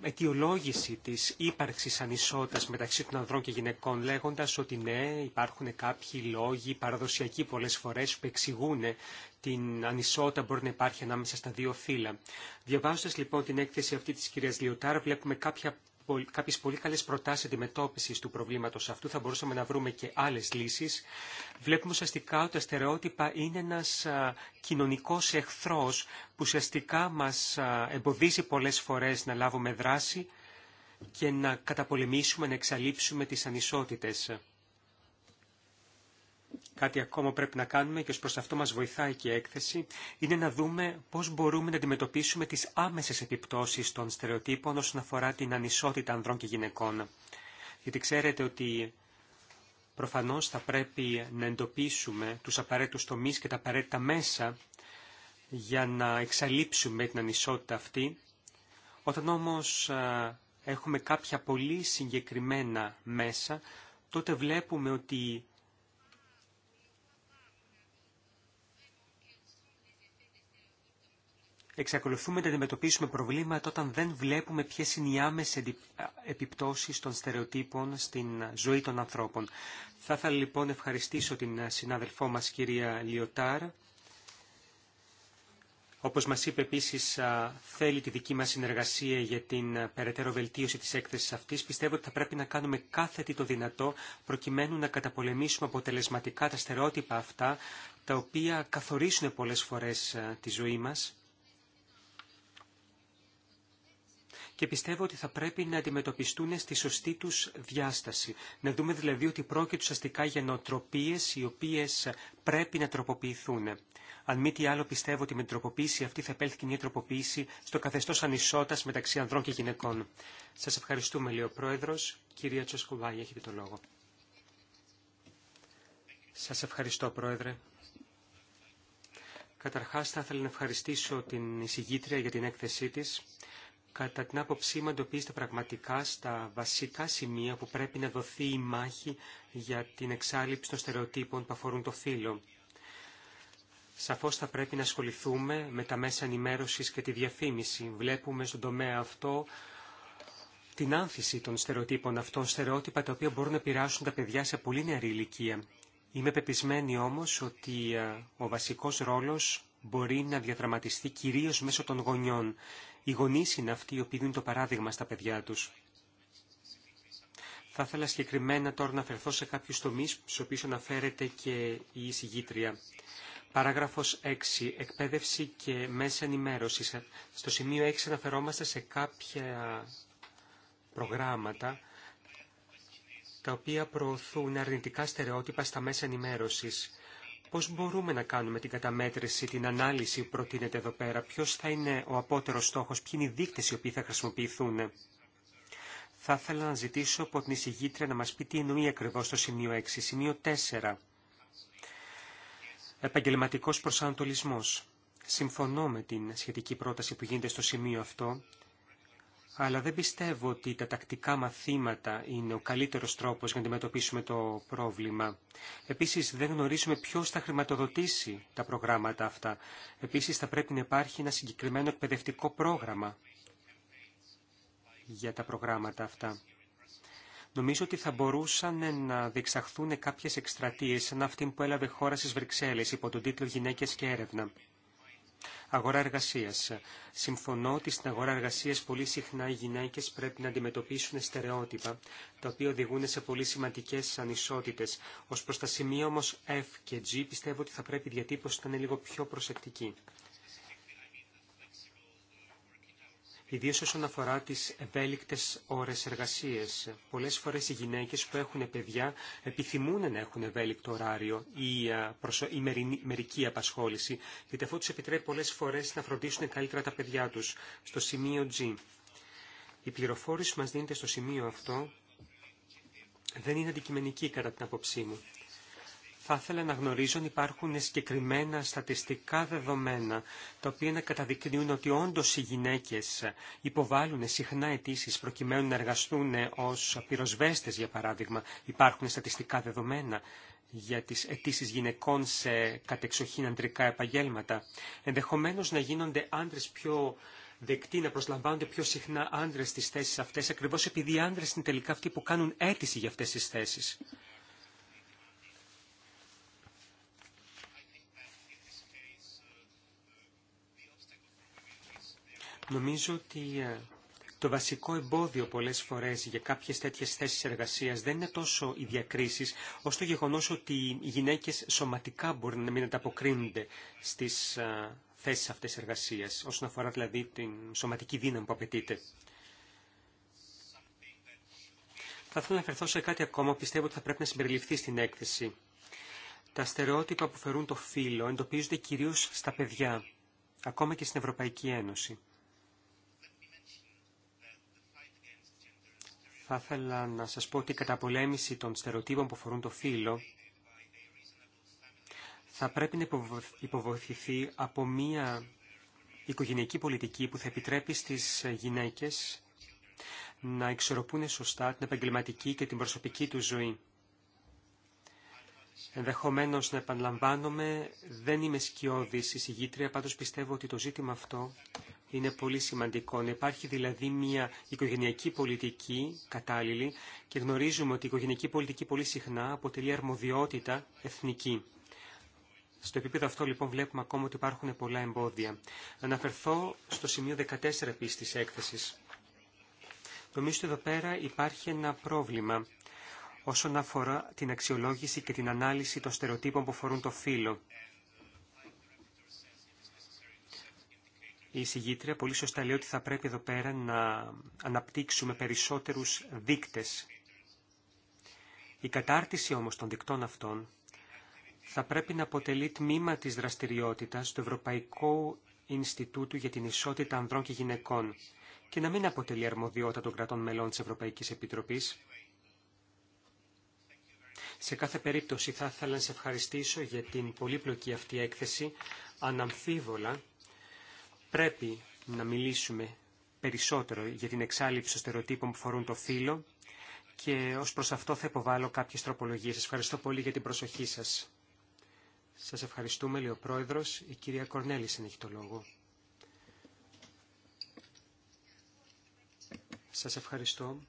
Speaker 1: αιτιολόγηση της ύπαρξης ανισότητας μεταξύ των ανδρών και γυναικών λέγοντας ότι ναι υπάρχουν κάποιοι λόγοι παραδοσιακοί πολλές φορές που εξηγούν την ανισότητα μπορεί να υπάρχει ανάμεσα στα δύο φύλλα. Διαβάζοντας λοιπόν την έκθεση αυτή της κυρίας Λιωτάρ βλέπουμε κάποια κάποιες πολύ καλές προτάσεις αντιμετώπισης του προβλήματος αυτού. Θα μπορούσαμε να βρούμε και άλλες λύσεις. Βλέπουμε ουσιαστικά ότι τα στερεότυπα είναι ένας κοινωνικό κοινωνικός εχθρός που ουσιαστικά μας εμποδίζει πολλές φορές να λάβουμε δράση και να καταπολεμήσουμε, να εξαλείψουμε τις ανισότητες κάτι ακόμα πρέπει να κάνουμε και ως προς αυτό μας βοηθάει και η έκθεση, είναι να δούμε πώς μπορούμε να αντιμετωπίσουμε τις άμεσες επιπτώσεις των στερεοτύπων όσον αφορά την ανισότητα ανδρών και γυναικών. Γιατί ξέρετε ότι προφανώς θα πρέπει να εντοπίσουμε τους απαραίτητους τομείς και τα απαραίτητα μέσα για να εξαλείψουμε την ανισότητα αυτή. Όταν όμως έχουμε κάποια πολύ συγκεκριμένα μέσα, τότε βλέπουμε ότι εξακολουθούμε να αντιμετωπίσουμε προβλήματα όταν δεν βλέπουμε ποιε είναι οι άμεσε επιπτώσει των στερεοτύπων στην ζωή των ανθρώπων. Θα ήθελα λοιπόν να ευχαριστήσω την συνάδελφό μα κυρία Λιωτάρ. Όπως μας είπε επίσης, θέλει τη δική μας συνεργασία για την περαιτέρω βελτίωση της έκθεσης αυτής. Πιστεύω ότι θα πρέπει να κάνουμε κάθε τι το δυνατό, προκειμένου να καταπολεμήσουμε αποτελεσματικά τα στερεότυπα αυτά, τα οποία καθορίσουν πολλές φορές τη ζωή μας και πιστεύω ότι θα πρέπει να αντιμετωπιστούν στη σωστή τους διάσταση. Να δούμε δηλαδή ότι πρόκειται ουσιαστικά για νοοτροπίες οι οποίες πρέπει να τροποποιηθούν. Αν μη τι άλλο πιστεύω ότι με την τροποποίηση αυτή θα επέλθει και μια τροποποίηση στο καθεστώς ανισότητα μεταξύ ανδρών και γυναικών. Σας ευχαριστούμε, λέει ο Πρόεδρος. Κυρία Τσοσκουβάη, έχετε το λόγο. Σας ευχαριστώ, Πρόεδρε. Καταρχάς θα ήθελα να ευχαριστήσω την εισηγήτρια για την έκθεσή της κατά την άποψή μου εντοπίζεται πραγματικά στα βασικά σημεία που πρέπει να δοθεί η μάχη για την εξάλληψη των στερεοτύπων που αφορούν το φύλλο. Σαφώς θα πρέπει να ασχοληθούμε με τα μέσα ενημέρωσης και τη διαφήμιση. Βλέπουμε στον τομέα αυτό την άνθηση των στερεοτύπων αυτών, στερεότυπα τα οποία μπορούν να πειράσουν τα παιδιά σε πολύ νεαρή ηλικία. Είμαι πεπισμένη όμως ότι ε, ο βασικός ρόλος μπορεί να διαδραματιστεί κυρίως μέσω των γονιών. Οι γονείς είναι αυτοί οι οποίοι δίνουν το παράδειγμα στα παιδιά τους. Θα ήθελα συγκεκριμένα τώρα να αφαιρθώ σε κάποιους τομείς, στους οποίους αναφέρεται και η εισηγήτρια. Παράγραφος 6. Εκπαίδευση και μέσα ενημέρωση. Στο σημείο 6 αναφερόμαστε σε κάποια προγράμματα τα οποία προωθούν αρνητικά στερεότυπα στα μέσα ενημέρωσης. Πώς μπορούμε να κάνουμε την καταμέτρηση, την ανάλυση που προτείνεται εδώ πέρα, ποιος θα είναι ο απότερος στόχος, ποιοι είναι οι δείκτες οι οποίοι θα χρησιμοποιηθούν. Θα ήθελα να ζητήσω από την εισηγήτρια να μας πει τι εννοεί ακριβώς το σημείο 6, σημείο 4. Επαγγελματικός προσανατολισμός. Συμφωνώ με την σχετική πρόταση που γίνεται στο σημείο αυτό αλλά δεν πιστεύω ότι τα τακτικά μαθήματα είναι ο καλύτερος τρόπος για να αντιμετωπίσουμε το πρόβλημα. Επίσης, δεν γνωρίζουμε ποιος θα χρηματοδοτήσει τα προγράμματα αυτά. Επίσης, θα πρέπει να υπάρχει ένα συγκεκριμένο εκπαιδευτικό πρόγραμμα για τα προγράμματα αυτά. Νομίζω ότι θα μπορούσαν να διεξαχθούν κάποιες εκστρατείες σαν αυτή που έλαβε χώρα στις Βρυξέλλες υπό τον τίτλο «Γυναίκες και έρευνα». Αγορά εργασία. Συμφωνώ ότι στην αγορά εργασία πολύ συχνά οι γυναίκε πρέπει να αντιμετωπίσουν στερεότυπα, τα οποία οδηγούν σε πολύ σημαντικέ ανισότητε. Ω προ τα σημεία όμω F και G πιστεύω ότι θα πρέπει η διατύπωση να είναι λίγο πιο προσεκτική. ιδίω όσον αφορά τι ευέλικτε ώρε εργασίε. Πολλέ φορέ οι γυναίκε που έχουν παιδιά επιθυμούν να έχουν ευέλικτο ωράριο ή, ε, ή μερική απασχόληση, γιατί αυτό του επιτρέπει πολλέ φορέ να φροντίσουν καλύτερα τα παιδιά του. Στο σημείο G. Η πληροφόρηση που μα δίνεται στο σημείο αυτό δεν είναι αντικειμενική κατά την άποψή μου θα ήθελα να γνωρίζω αν υπάρχουν συγκεκριμένα στατιστικά δεδομένα, τα οποία να καταδεικνύουν ότι όντως οι γυναίκες υποβάλλουν συχνά αιτήσει προκειμένου να εργαστούν ως πυροσβέστες, για παράδειγμα. Υπάρχουν στατιστικά δεδομένα για τις αιτήσει γυναικών σε κατεξοχήν αντρικά επαγγέλματα. Ενδεχομένως να γίνονται άντρες πιο δεκτοί να προσλαμβάνονται πιο συχνά άντρε στι θέσει αυτέ, ακριβώ επειδή οι άντρε είναι τελικά αυτοί που κάνουν αίτηση για αυτέ τι θέσει. Νομίζω ότι ε, το βασικό εμπόδιο πολλές φορές για κάποιες τέτοιες θέσεις εργασίας δεν είναι τόσο οι διακρίσεις, ως το γεγονός ότι οι γυναίκες σωματικά μπορεί να μην ανταποκρίνονται στις ε, θέσεις αυτές εργασίας, όσον αφορά δηλαδή την σωματική δύναμη που απαιτείται. Θα ήθελα να αφαιρθώ σε κάτι ακόμα που πιστεύω ότι θα πρέπει να συμπεριληφθεί στην έκθεση. Τα στερεότυπα που φερούν το φύλλο εντοπίζονται κυρίως στα παιδιά, ακόμα και στην Ευρωπαϊκή Ένωση. Θα ήθελα να σας πω ότι η καταπολέμηση των στερεοτύπων που αφορούν το φύλλο θα πρέπει να υποβοηθηθεί από μία οικογενειακή πολιτική που θα επιτρέπει στις γυναίκες να εξορροπούν σωστά την επαγγελματική και την προσωπική του ζωή. Ενδεχομένως να επαναλαμβάνομαι, δεν είμαι σκιώδης εισηγήτρια, πάντως πιστεύω ότι το ζήτημα αυτό είναι πολύ σημαντικό. Να υπάρχει δηλαδή μια οικογενειακή πολιτική κατάλληλη και γνωρίζουμε ότι η οικογενειακή πολιτική πολύ συχνά αποτελεί αρμοδιότητα εθνική. Στο επίπεδο αυτό λοιπόν βλέπουμε ακόμα ότι υπάρχουν πολλά εμπόδια. Αναφερθώ στο σημείο 14 επίση τη έκθεση. Νομίζω ότι εδώ πέρα υπάρχει ένα πρόβλημα όσον αφορά την αξιολόγηση και την ανάλυση των στερεοτύπων που αφορούν το φύλλο. Η συγγήτρια πολύ σωστά λέει ότι θα πρέπει εδώ πέρα να αναπτύξουμε περισσότερους δείκτες. Η κατάρτιση όμως των δικτών αυτών θα πρέπει να αποτελεί τμήμα της δραστηριότητας του Ευρωπαϊκού Ινστιτούτου για την Ισότητα Ανδρών και Γυναικών και να μην αποτελεί αρμοδιότητα των κρατών μελών της Ευρωπαϊκής Επιτροπής. Σε κάθε περίπτωση θα ήθελα να σε ευχαριστήσω για την πολύπλοκη αυτή έκθεση. Αναμφίβολα πρέπει να μιλήσουμε περισσότερο για την εξάλληψη των στερεοτύπων που φορούν το φύλλο και ως προς αυτό θα υποβάλω κάποιες τροπολογίες. Σας ευχαριστώ πολύ για την προσοχή σας. Σας ευχαριστούμε, λέει ο Πρόεδρος. Η κυρία Κορνέλης έχει το λόγο. Σας ευχαριστώ.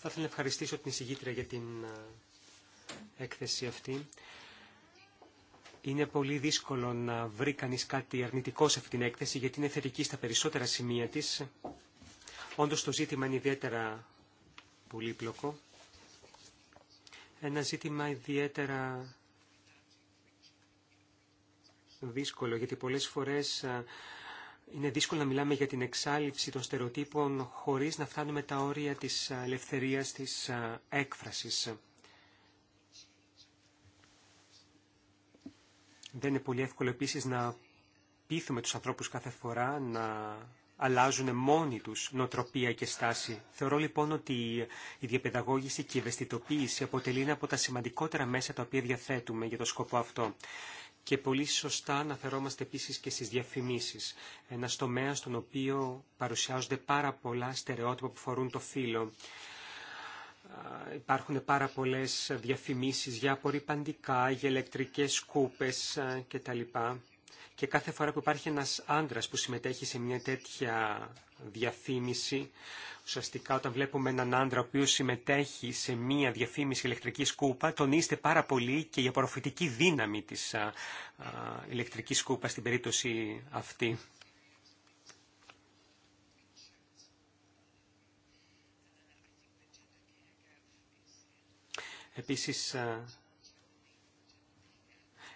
Speaker 1: Θα ήθελα να ευχαριστήσω την εισηγήτρια για την ε, έκθεση αυτή. Είναι πολύ δύσκολο να βρει κανείς κάτι αρνητικό σε αυτή την έκθεση, γιατί είναι θετική στα περισσότερα σημεία της. Όντως το ζήτημα είναι ιδιαίτερα πολύπλοκο. Ένα ζήτημα ιδιαίτερα δύσκολο, γιατί πολλές φορές ε, είναι δύσκολο να μιλάμε για την εξάλληψη των στερεοτύπων χωρίς να φτάνουμε τα όρια της ελευθερίας της ε, έκφρασης. Δεν είναι πολύ εύκολο επίσης να πείθουμε τους ανθρώπους κάθε φορά να αλλάζουν μόνοι τους νοτροπία ή κειστάσι. Θεωρώ λοιπόν ότι και στάση. Θεωρώ λοιπόν ότι η διαπαιδαγώγηση και η ευαισθητοποίηση αποτελεί ένα από τα σημαντικότερα μέσα τα οποία διαθέτουμε για το σκοπό αυτό. Και πολύ σωστά αναφερόμαστε επίσης και στις διαφημίσεις. Ένα τομέα στον οποίο παρουσιάζονται πάρα πολλά στερεότυπα που φορούν το φύλλο. Υπάρχουν πάρα πολλές διαφημίσεις για απορριπαντικά, για ηλεκτρικές σκούπες κτλ. Και κάθε φορά που υπάρχει ένας άντρας που συμμετέχει σε μια τέτοια διαφήμιση, ουσιαστικά όταν βλέπουμε έναν άντρα ο οποίος συμμετέχει σε μια διαφήμιση ηλεκτρικής σκούπα, τονίστε πάρα πολύ και η απορροφητική δύναμη της α, α, ηλεκτρικής στην περίπτωση αυτή. Επίσης,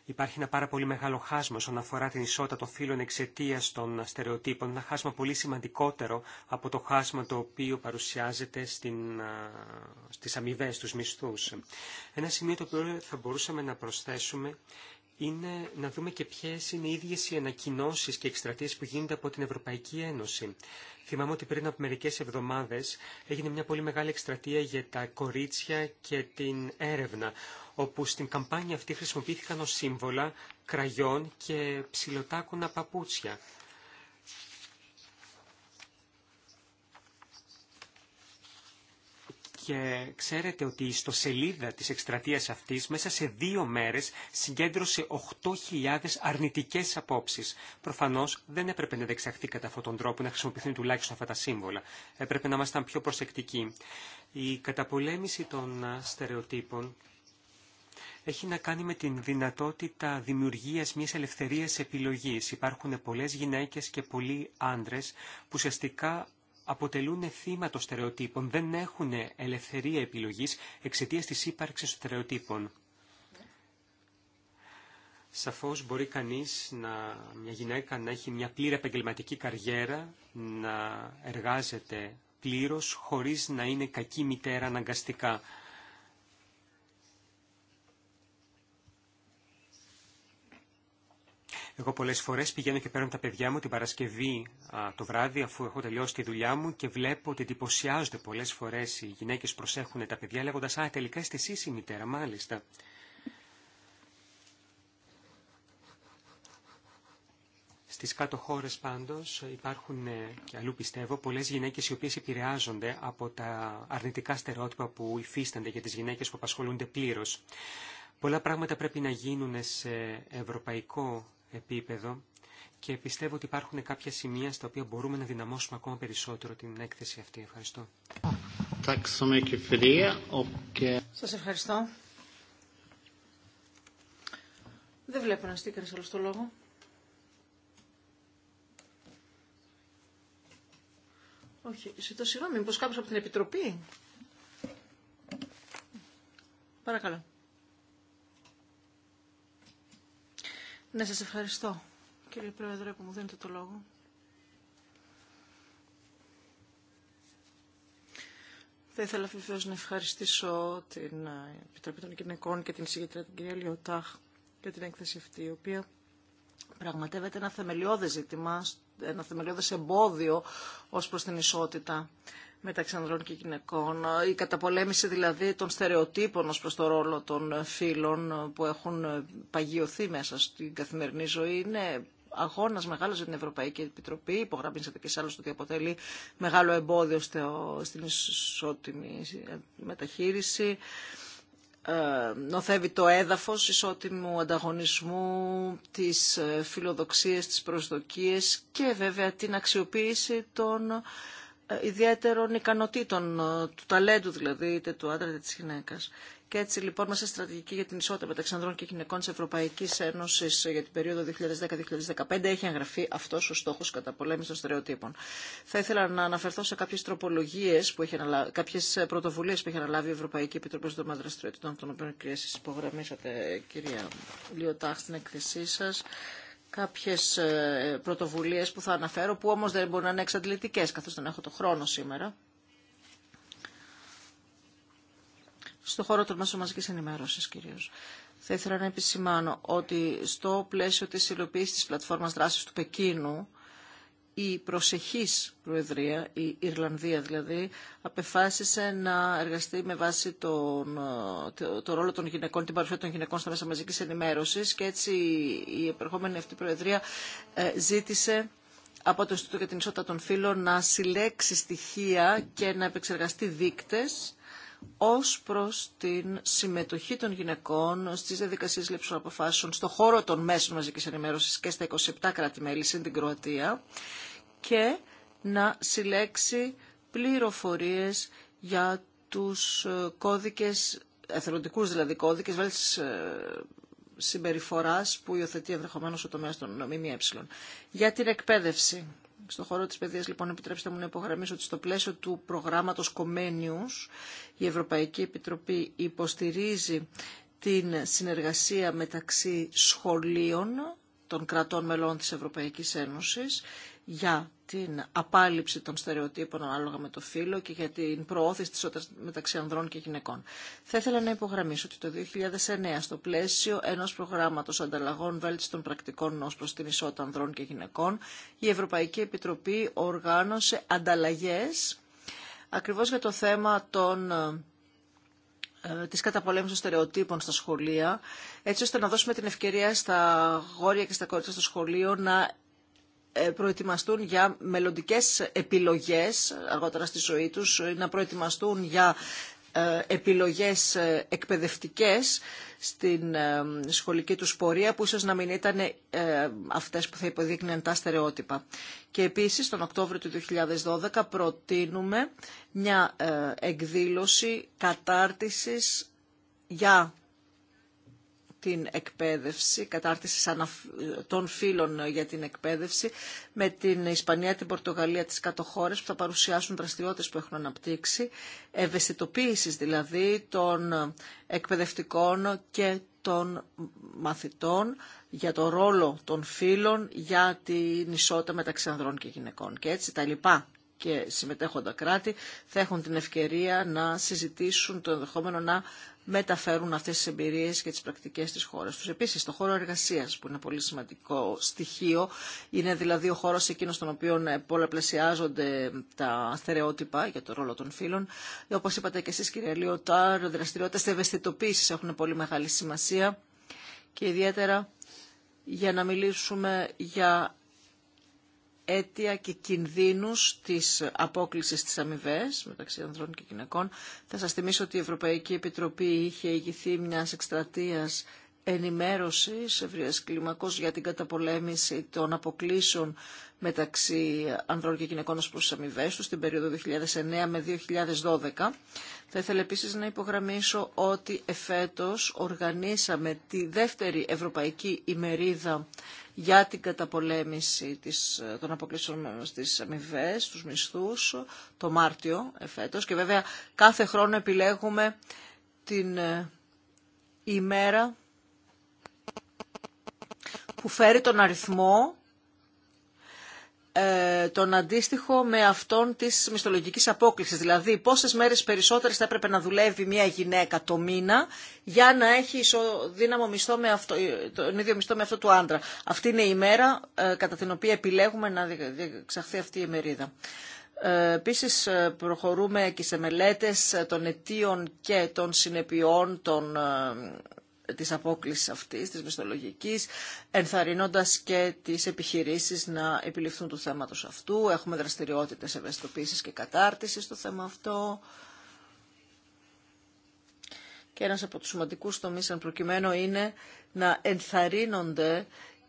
Speaker 1: Υπάρχει ένα πάρα πολύ μεγάλο χάσμα όσον αφορά την ισότητα των φύλων εξαιτία των στερεοτύπων. Ένα χάσμα πολύ σημαντικότερο από το χάσμα το οποίο παρουσιάζεται στι αμοιβέ, στου μισθού. Ένα σημείο το οποίο θα μπορούσαμε να προσθέσουμε είναι να δούμε και ποιε είναι οι ίδιε οι ανακοινώσει και εκστρατείε που γίνονται από την Ευρωπαϊκή Ένωση. Θυμάμαι ότι πριν από μερικέ εβδομάδε έγινε μια πολύ μεγάλη εκστρατεία για τα κορίτσια και την έρευνα, όπου στην καμπάνια αυτή χρησιμοποιήθηκαν ω σύμβολα κραγιόν και ψηλοτάκουνα παπούτσια. Και ξέρετε ότι η σελίδα της εκστρατείας αυτής μέσα σε δύο μέρες συγκέντρωσε 8.000 αρνητικές απόψεις. Προφανώς δεν έπρεπε να δεξαχθεί κατά αυτόν τον τρόπο να χρησιμοποιηθούν τουλάχιστον αυτά τα σύμβολα. Έπρεπε να ήμασταν πιο προσεκτικοί. Η καταπολέμηση των στερεοτύπων έχει να κάνει με την δυνατότητα δημιουργίας μιας ελευθερίας επιλογής. Υπάρχουν πολλές γυναίκες και πολλοί άντρες που ουσιαστικά αποτελούν θύμα των στερεοτύπων, δεν έχουν ελευθερία επιλογής εξαιτίας της ύπαρξης στερεοτύπων. Σαφώς μπορεί κανείς, να, μια γυναίκα, να έχει μια πλήρη επαγγελματική καριέρα, να εργάζεται πλήρως, χωρίς να είναι κακή μητέρα αναγκαστικά. Εγώ πολλές φορές πηγαίνω και παίρνω τα παιδιά μου την Παρασκευή α, το βράδυ αφού έχω τελειώσει τη δουλειά μου και βλέπω ότι εντυπωσιάζονται πολλές φορές οι γυναίκες προσέχουν τα παιδιά λέγοντας «Α, τελικά είστε εσείς η μητέρα, μάλιστα». Στις κάτω χώρες πάντως υπάρχουν ε, και αλλού πιστεύω πολλές γυναίκες οι οποίες επηρεάζονται από τα αρνητικά στερεότυπα που υφίστανται για τις γυναίκες που απασχολούνται πλήρω. Πολλά πράγματα πρέπει να γίνουν σε ευρωπαϊκό επίπεδο και πιστεύω ότι υπάρχουν κάποια σημεία στα οποία μπορούμε να δυναμώσουμε ακόμα περισσότερο την έκθεση αυτή. Ευχαριστώ.
Speaker 5: Eh,
Speaker 4: Σας ευχαριστώ. Δεν βλέπω να στείλει σε το λόγο. Όχι, ζητώ συγγνώμη, μήπως κάποιος από την Επιτροπή. Παρακαλώ. να σας ευχαριστώ, κύριε Πρόεδρε, που μου δίνετε το λόγο. Θα ήθελα βεβαίω να ευχαριστήσω την ε, Επιτροπή των Γυναικών και την συγκεκριμένη την κυρία Λιωτάχ για την έκθεση αυτή, η οποία πραγματεύεται ένα θεμελιώδες ζήτημα, ένα θεμελιώδες εμπόδιο ως προς την ισότητα μεταξύ ανδρών και γυναικών, η καταπολέμηση δηλαδή των στερεοτύπων ως προς το ρόλο των φίλων που έχουν παγιωθεί μέσα στην καθημερινή ζωή είναι αγώνα μεγάλο για την Ευρωπαϊκή Επιτροπή. Υπογραμμίσατε και σε άλλου ότι αποτελεί μεγάλο εμπόδιο στην ισότιμη μεταχείριση. Ε, νοθεύει το έδαφος ισότιμου ανταγωνισμού, τις ε, φιλοδοξίες, τις προσδοκίες και βέβαια την αξιοποίηση των ε, ιδιαίτερων ικανοτήτων, ε, του ταλέντου δηλαδή, είτε του άντρα είτε της γυναίκας. Και έτσι λοιπόν μέσα στρατηγική για την ισότητα μεταξύ ανδρών και γυναικών της Ευρωπαϊκής Ένωσης ε, για την περίοδο 2010-2015 έχει εγγραφεί αυτός ο στόχος κατά πολέμηση των στερεοτύπων. Θα ήθελα να αναφερθώ σε κάποιες τροπολογίες, που έχει αναλάβει, πρωτοβουλίες που έχει αναλάβει η Ευρωπαϊκή Επιτροπή των Μάντρων Στερεοτήτων, των οποίων και εσείς υπογραμμίσατε κυρία Λιωτάχ στην εκθεσή σα κάποιες ε, πρωτοβουλίες που θα αναφέρω, που όμως δεν μπορούν να είναι εξαντλητικές, καθώς δεν έχω το χρόνο σήμερα. Στο χώρο των μέσων μαζικής ενημέρωσης κυρίως. Θα ήθελα να επισημάνω ότι στο πλαίσιο της υλοποίησης της πλατφόρμας δράσης του Πεκίνου, η προσεχής Προεδρία, η Ιρλανδία δηλαδή, απεφάσισε να εργαστεί με βάση τον, το, το ρόλο των γυναικών, την παρουσία των γυναικών στα μέσα μαζικής ενημέρωσης και έτσι η επερχόμενη αυτή Προεδρία ε, ζήτησε από το Ινστιτούτο για την Ισότητα των Φύλων να συλλέξει στοιχεία και να επεξεργαστεί δείκτες ως προς την συμμετοχή των γυναικών στις διαδικασίες λήψης αποφάσεων στον χώρο των μέσων μαζικής ενημέρωσης και στα 27 κράτη-μέλη, στην την Κροατία, και να συλλέξει πληροφορίες για τους ε, κώδικες, εθελοντικούς δηλαδή κώδικες, δηλαδή ε, συμπεριφοράς που υιοθετεί ενδεχομένω ο τομέας των ΜΜΕ. Για την εκπαίδευση. Στον χώρο της παιδείας λοιπόν επιτρέψτε μου να υπογραμμίσω ότι στο πλαίσιο του προγράμματος Κομένιους η Ευρωπαϊκή Επιτροπή υποστηρίζει την συνεργασία μεταξύ σχολείων των κρατών μελών της Ευρωπαϊκής Ένωσης για την απάλληψη των στερεοτύπων ανάλογα με το φύλλο και για την προώθηση της ισότητας μεταξύ ανδρών και γυναικών. Θα ήθελα να υπογραμμίσω ότι το 2009 στο πλαίσιο ενός προγράμματος ανταλλαγών βέλτιστων πρακτικών ως προς την ισότητα ανδρών και γυναικών η Ευρωπαϊκή Επιτροπή οργάνωσε ανταλλαγές ακριβώς για το θέμα των ε, της καταπολέμησης των στερεοτύπων στα σχολεία έτσι ώστε να δώσουμε την ευκαιρία στα γόρια και στα κορίτσια στο σχολείο να ε, προετοιμαστούν για μελλοντικές επιλογές αργότερα στη ζωή τους, ε, να προετοιμαστούν για ε, επιλογές εκπαιδευτικές στην σχολική τους πορεία που ίσως να μην ήταν αυτές που θα υποδείκνυαν τα στερεότυπα. Και επίσης τον Οκτώβριο του 2012 προτείνουμε μια εκδήλωση κατάρτισης για την εκπαίδευση, κατάρτιση των φύλων για την εκπαίδευση, με την Ισπανία, την Πορτογαλία, τις κάτω χώρες που θα παρουσιάσουν δραστηριότητες που έχουν αναπτύξει, ευαισθητοποίησης δηλαδή των εκπαιδευτικών και των μαθητών για το ρόλο των φύλων για την ισότητα μεταξύ ανδρών και γυναικών. Και έτσι τα λοιπά και συμμετέχοντα κράτη θα έχουν την ευκαιρία να συζητήσουν το ενδεχόμενο να μεταφέρουν αυτές τις εμπειρίες και τις πρακτικές της χώρας τους. Επίσης, το χώρο εργασίας που είναι πολύ σημαντικό στοιχείο, είναι δηλαδή ο χώρος εκείνος στον οποίο ε, πολλαπλασιάζονται τα στερεότυπα για το ρόλο των φύλων. Ε, όπως είπατε και εσείς κύριε Λιωτάρ, δραστηριότητες ευαισθητοποίησης έχουν πολύ μεγάλη σημασία και ιδιαίτερα για να μιλήσουμε για αίτια και κινδύνους της απόκλησης της αμοιβέ μεταξύ ανδρών και γυναικών. Θα σας θυμίσω ότι η Ευρωπαϊκή Επιτροπή είχε ηγηθεί μιας εκστρατείας ενημέρωσης ευρείας κλίμακος για την καταπολέμηση των αποκλήσεων μεταξύ ανδρών και γυναικών ως προς αμοιβές του στην περίοδο 2009 με 2012. Θα ήθελα επίσης να υπογραμμίσω ότι εφέτος οργανίσαμε τη δεύτερη Ευρωπαϊκή ημερίδα για την καταπολέμηση της, των αποκλήσεων στις αμοιβέ, στους μισθούς, το Μάρτιο εφέτος και βέβαια κάθε χρόνο επιλέγουμε την ε, ημέρα που φέρει τον αριθμό ε, τον αντίστοιχο με αυτόν της μισθολογικής απόκλησης. Δηλαδή πόσες μέρες περισσότερες θα έπρεπε να δουλεύει μια γυναίκα το μήνα για να έχει ισοδύναμο μισθό με αυτό, ε, τον ίδιο μισθό με αυτό του άντρα. Αυτή είναι η μέρα ε, κατά την οποία επιλέγουμε να διεξαχθεί αυτή η μερίδα. Επίσης προχωρούμε και σε μελέτες των αιτίων και των συνεπειών των της απόκλησης αυτής, της μισθολογικής, ενθαρρύνοντας και τις επιχειρήσεις να επιληφθούν του θέματος αυτού. Έχουμε δραστηριότητες ευαισθητοποίησης και κατάρτισης στο θέμα αυτό. Και ένας από τους σημαντικούς τομείς αν προκειμένου είναι να ενθαρρύνονται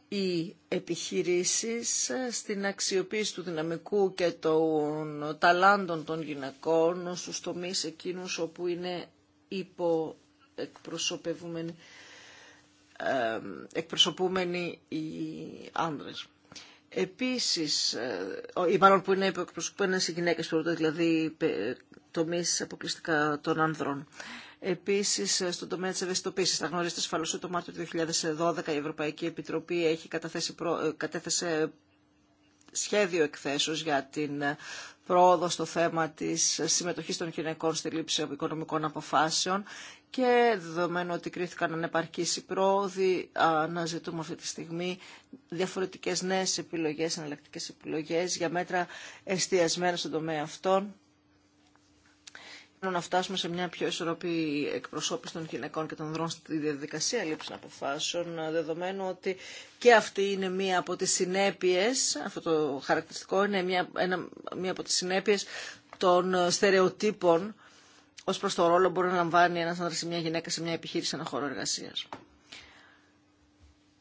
Speaker 4: οι επιχειρήσεις στην αξιοποίηση του δυναμικού και των ταλάντων των γυναικών στους τομείς εκείνους όπου είναι υπό εκπροσωπούμενοι οι άνδρες. Επίσης, ε, ή μάλλον που είναι εκπροσωπούμενες οι γυναίκες, δηλαδή τομείς αποκλειστικά των ανδρών. Επίση, ε, στον τομέα τη ευαισθητοποίηση, θα γνωρίζετε ασφαλώ ότι το Μάρτιο του 2012 η Ευρωπαϊκή Επιτροπή έχει προ... Ε, κατέθεσε σχέδιο εκθέσεως για την πρόοδο στο θέμα της συμμετοχής των γυναικών στη λήψη οικονομικών αποφάσεων και δεδομένου ότι κρίθηκαν ανεπαρκείς οι πρόοδοι, αναζητούμε αυτή τη στιγμή διαφορετικές νέες επιλογές, εναλλακτικές επιλογές για μέτρα εστιασμένα στον τομέα αυτών να φτάσουμε σε μια πιο ισορροπή εκπροσώπηση των γυναικών και των δρόμων στη διαδικασία λήψη αποφάσεων, δεδομένου ότι και αυτή είναι μία από τις συνέπειες, αυτό το χαρακτηριστικό είναι μία, μία από τις συνέπειες των στερεοτύπων Ω προ το ρόλο μπορεί να λαμβάνει ένας άντρα ή μια γυναίκα σε μια επιχείρηση σε ένα χώρο εργασία.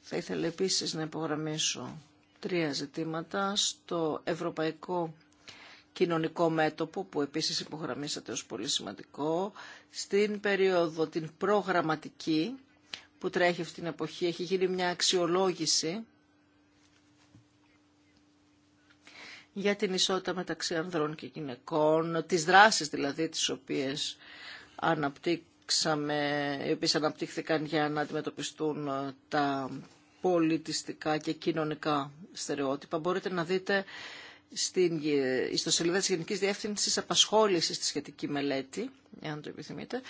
Speaker 4: Θα ήθελα επίση να υπογραμμίσω τρία ζητήματα στο ευρωπαϊκό κοινωνικό μέτωπο που επίσης υπογραμμίσατε ως πολύ σημαντικό στην περίοδο την προγραμματική που τρέχει αυτή την εποχή έχει γίνει μια αξιολόγηση για την ισότητα μεταξύ ανδρών και γυναικών, τις δράσεις δηλαδή τις οποίες αναπτύξαμε, οι οποίες αναπτύχθηκαν για να αντιμετωπιστούν ε, τα πολιτιστικά και κοινωνικά στερεότυπα. Μπορείτε να δείτε στην ιστοσελίδα της Γενικής Διεύθυνσης Απασχόλησης στη σχετική μελέτη, αν το επιθυμείτε.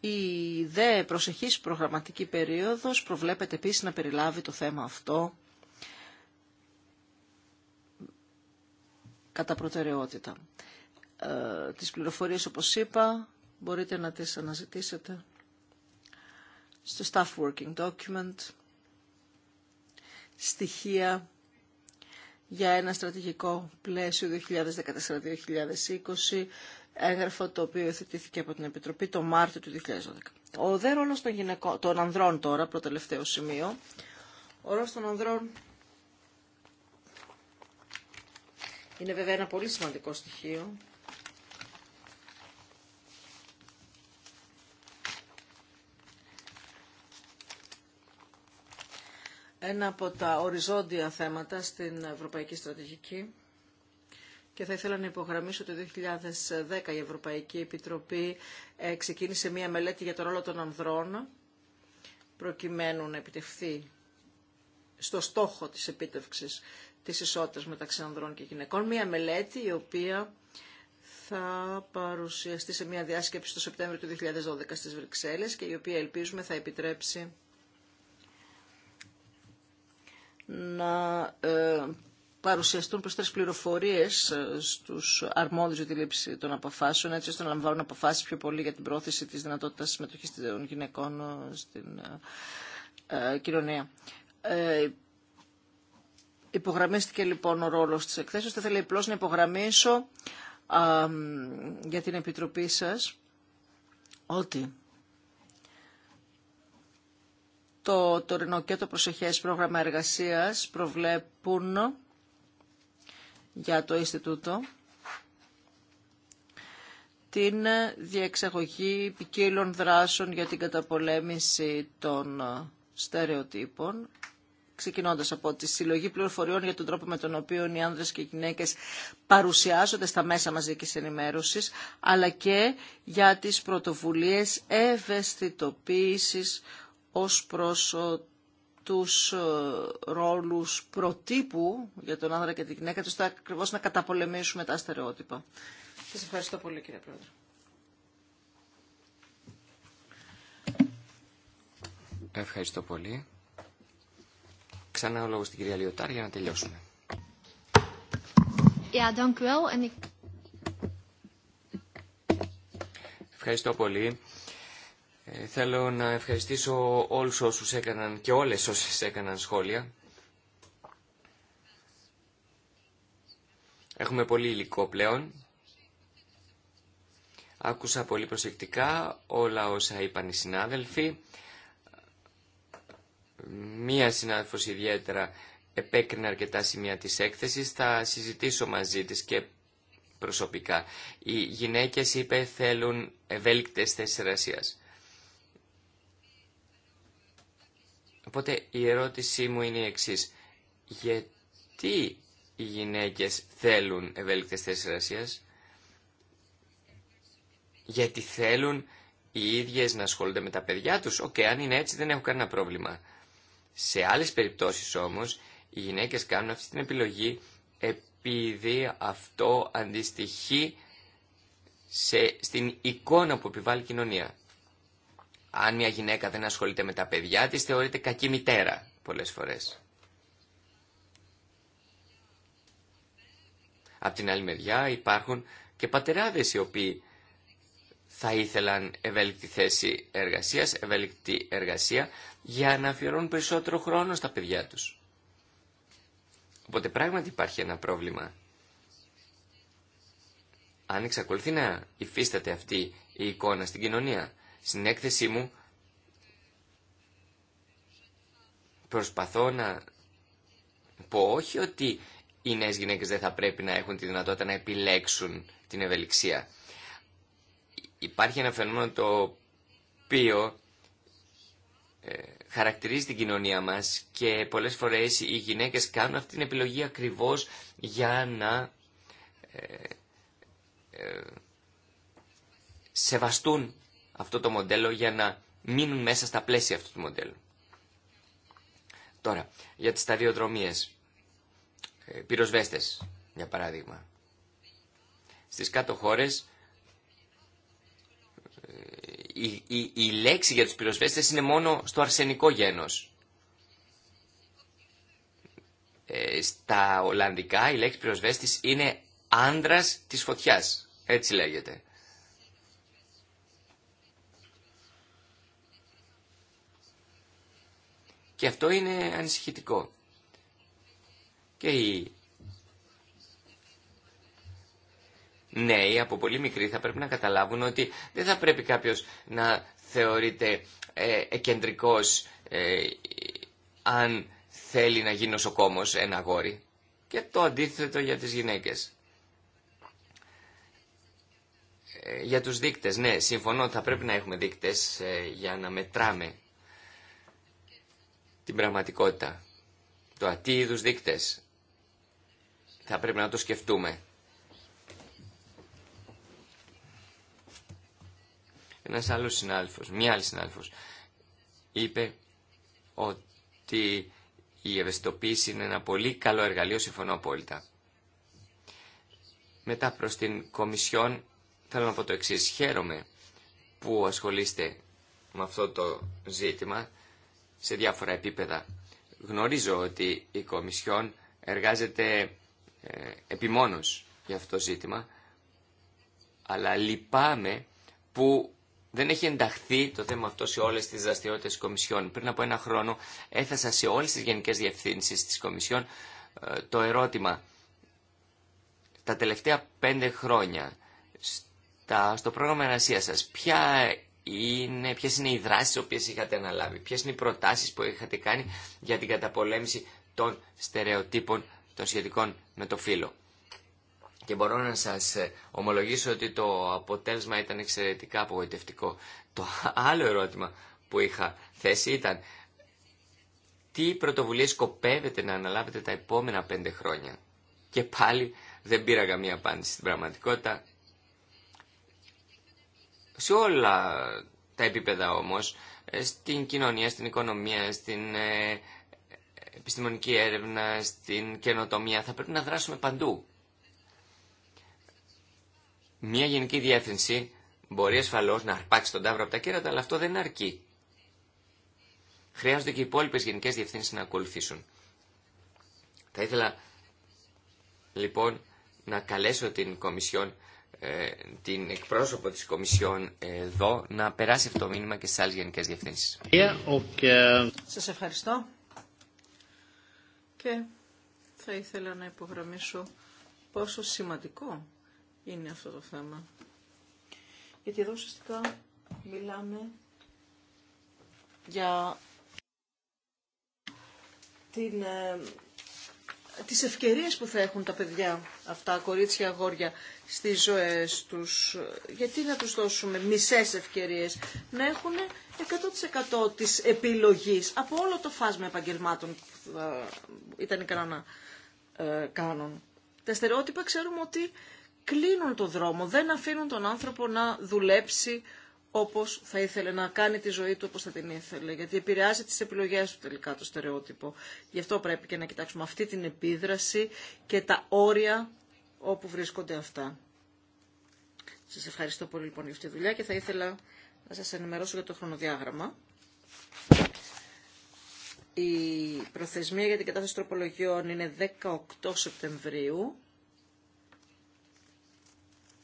Speaker 4: Η δε προσεχής προγραμματική περίοδος προβλέπεται επίσης να περιλάβει το θέμα αυτό κατά προτεραιότητα. Ε, τις πληροφορίες, όπως είπα, μπορείτε να τις αναζητήσετε στο Staff Working Document, στοιχεία για ένα στρατηγικό πλαίσιο 2014-2020, έγγραφο το οποίο θετήθηκε από την Επιτροπή το Μάρτιο του 2012. Ο δε ρόλος των, γυναικών, ανδρών τώρα, προτελευταίο σημείο, ο ρόλος των ανδρών Είναι βέβαια ένα πολύ σημαντικό στοιχείο. Ένα από τα οριζόντια θέματα στην Ευρωπαϊκή Στρατηγική και θα ήθελα να υπογραμμίσω ότι το 2010 η Ευρωπαϊκή Επιτροπή ε, ξεκίνησε μία μελέτη για το ρόλο των ανδρών προκειμένου να επιτευχθεί στο στόχο της επίτευξης της ισότητας μεταξύ ανδρών και γυναικών. Μία μελέτη η οποία θα παρουσιαστεί σε μία διάσκεψη το Σεπτέμβριο του 2012 στις Βρυξέλλες και η οποία ελπίζουμε θα επιτρέψει να ε, παρουσιαστούν προς τρεις πληροφορίες ε, στους αρμόδιους για τη λήψη των αποφάσεων, έτσι ώστε να λαμβάνουν αποφάσεις πιο πολύ για την πρόθεση της δυνατότητας συμμετοχής των γυναικών ε, στην κοινωνία. Υπογραμμίστηκε λοιπόν ο ρόλος της εκθέσεως. Θα ήθελα απλώ να υπογραμμίσω για την Επιτροπή σας ότι το τωρινό και το προσεχές πρόγραμμα εργασίας προβλέπουν για το Ινστιτούτο την διεξαγωγή ποικίλων δράσεων για την καταπολέμηση των στερεοτύπων ξεκινώντας από τη συλλογή πληροφοριών για τον τρόπο με τον οποίο οι άνδρες και οι γυναίκε παρουσιάζονται στα μέσα μαζικής ενημέρωση, αλλά και για τις πρωτοβουλίε ευαισθητοποίηση ως προς ε, τους ε, ρόλους προτύπου για τον άνδρα και τη γυναίκα, τους ακριβώ να καταπολεμήσουμε τα στερεότυπα. Σα ευχαριστώ πολύ κύριε Πρόεδρε.
Speaker 8: Ευχαριστώ πολύ. Ξανά ο λόγο στην κυρία Λιωτάρ για να τελειώσουμε. Ευχαριστώ πολύ. Ε, θέλω να ευχαριστήσω όλους όσους έκαναν και όλες όσες έκαναν σχόλια. Έχουμε πολύ υλικό πλέον. Άκουσα πολύ προσεκτικά όλα όσα είπαν οι συνάδελφοι μία συνάδελφος ιδιαίτερα επέκρινε αρκετά σημεία της έκθεσης, θα συζητήσω μαζί της και προσωπικά. Οι γυναίκες, είπε, θέλουν ευέλικτες θέσεις εργασίας. Οπότε η ερώτησή μου είναι η εξής. Γιατί οι γυναίκες θέλουν ευέλικτες θέσεις εργασίας? Γιατί θέλουν οι ίδιες να ασχολούνται με τα παιδιά τους. Οκ, αν είναι έτσι δεν έχω κανένα πρόβλημα. Σε άλλες περιπτώσεις όμως οι γυναίκες κάνουν αυτή την επιλογή επειδή αυτό αντιστοιχεί σε, στην εικόνα που επιβάλλει η κοινωνία. Αν μια γυναίκα δεν ασχολείται με τα παιδιά της θεωρείται κακή μητέρα πολλές φορές. Απ' την άλλη μεριά υπάρχουν και πατεράδες οι οποίοι θα ήθελαν ευέλικτη θέση εργασίας, ευέλικτη εργασία για να αφιερώνουν περισσότερο χρόνο στα παιδιά τους. Οπότε πράγματι υπάρχει ένα πρόβλημα. Αν εξακολουθεί να υφίσταται αυτή η εικόνα στην κοινωνία, στην έκθεσή μου προσπαθώ να πω όχι ότι οι νέες γυναίκες δεν θα πρέπει να έχουν τη δυνατότητα να επιλέξουν την ευελιξία υπάρχει ένα φαινόμενο το οποίο ε, χαρακτηρίζει την κοινωνία μας και πολλές φορές οι γυναίκες κάνουν αυτή την επιλογή ακριβώς για να ε, ε, σεβαστούν αυτό το μοντέλο για να μείνουν μέσα στα πλαίσια αυτού του μοντέλου. Τώρα, για τις σταδιοδρομίες, πυροσβέστες, για παράδειγμα. Στις κάτω χώρες η, λέξη για τους πυροσβέστες είναι μόνο στο αρσενικό γένος. Ε, στα Ολλανδικά η λέξη πυροσβέστης είναι άντρας της φωτιάς. Έτσι λέγεται. Και αυτό είναι ανησυχητικό. Και η νέοι από πολύ μικροί θα πρέπει να καταλάβουν ότι δεν θα πρέπει κάποιος να θεωρείται ε, εκεντρικός ε, αν θέλει να γίνει νοσοκόμος ένα αγόρι και το αντίθετο για τις γυναίκες. Ε, για τους δείκτες, ναι, συμφωνώ θα πρέπει να έχουμε δείκτες ε, για να μετράμε την πραγματικότητα. Το τι είδους δείκτες θα πρέπει να το σκεφτούμε Ένα άλλο συνάδελφο, μία άλλη συνάδελφο, είπε ότι η ευαισθητοποίηση είναι ένα πολύ καλό εργαλείο, συμφωνώ απόλυτα. Μετά προς την Κομισιόν θέλω να πω το εξής. Χαίρομαι που ασχολείστε με αυτό το ζήτημα σε διάφορα επίπεδα. Γνωρίζω ότι η Κομισιόν εργάζεται ε, επιμόνως για αυτό το ζήτημα, αλλά λυπάμαι που δεν έχει ενταχθεί το θέμα αυτό σε όλες τις δραστηριότητε της Κομισιόν. Πριν από ένα χρόνο έθεσα σε όλες τις γενικές διευθύνσει της Κομισιόν ε, το ερώτημα τα τελευταία πέντε χρόνια στο πρόγραμμα εργασία σα, ποια είναι, ποιες είναι οι δράσεις που οποίες είχατε αναλάβει, ποιες είναι οι προτάσεις που είχατε κάνει για την καταπολέμηση των στερεοτύπων των σχετικών με το φύλλο. Και μπορώ να σας ε, ομολογήσω ότι το αποτέλεσμα ήταν εξαιρετικά απογοητευτικό. Το άλλο ερώτημα που είχα θέσει ήταν τι πρωτοβουλίες σκοπεύετε να αναλάβετε τα επόμενα πέντε χρόνια. Και πάλι δεν πήρα καμία απάντηση στην πραγματικότητα. Σε όλα τα επίπεδα όμως, ε, στην κοινωνία, στην οικονομία, στην ε, επιστημονική έρευνα, στην καινοτομία, θα πρέπει να δράσουμε παντού. Μια γενική διεύθυνση μπορεί ασφαλώ να αρπάξει τον τάβρο από τα κέρατα, αλλά αυτό δεν αρκεί. Χρειάζονται και οι υπόλοιπε γενικέ διευθύνσει να ακολουθήσουν. Θα ήθελα λοιπόν να καλέσω την Κομισιόν, ε, την εκπρόσωπο της Κομισιόν εδώ, να περάσει αυτό το μήνυμα και στις άλλες γενικές διευθύνσεις.
Speaker 4: Σας ευχαριστώ. Και θα ήθελα να υπογραμμίσω πόσο σημαντικό είναι αυτό το θέμα. Γιατί εδώ ουσιαστικά μιλάμε για την, ε, τις ευκαιρίες που θα έχουν τα παιδιά αυτά, κορίτσια, αγόρια, στις ζωές τους. Γιατί να τους δώσουμε μισές ευκαιρίες, να έχουν 100% της επιλογής από όλο το φάσμα επαγγελμάτων που ε, ήταν ικανά να ε, κάνουν. Τα στερεότυπα ξέρουμε ότι κλείνουν το δρόμο, δεν αφήνουν τον άνθρωπο να δουλέψει όπως θα ήθελε, να κάνει τη ζωή του όπως θα την ήθελε, γιατί επηρεάζει τις επιλογές του τελικά το στερεότυπο. Γι' αυτό πρέπει και να κοιτάξουμε αυτή την επίδραση και τα όρια όπου βρίσκονται αυτά. Σας ευχαριστώ πολύ λοιπόν για αυτή τη δουλειά και θα ήθελα να σας ενημερώσω για το χρονοδιάγραμμα. Η προθεσμία για την κατάθεση τροπολογιών είναι 18 Σεπτεμβρίου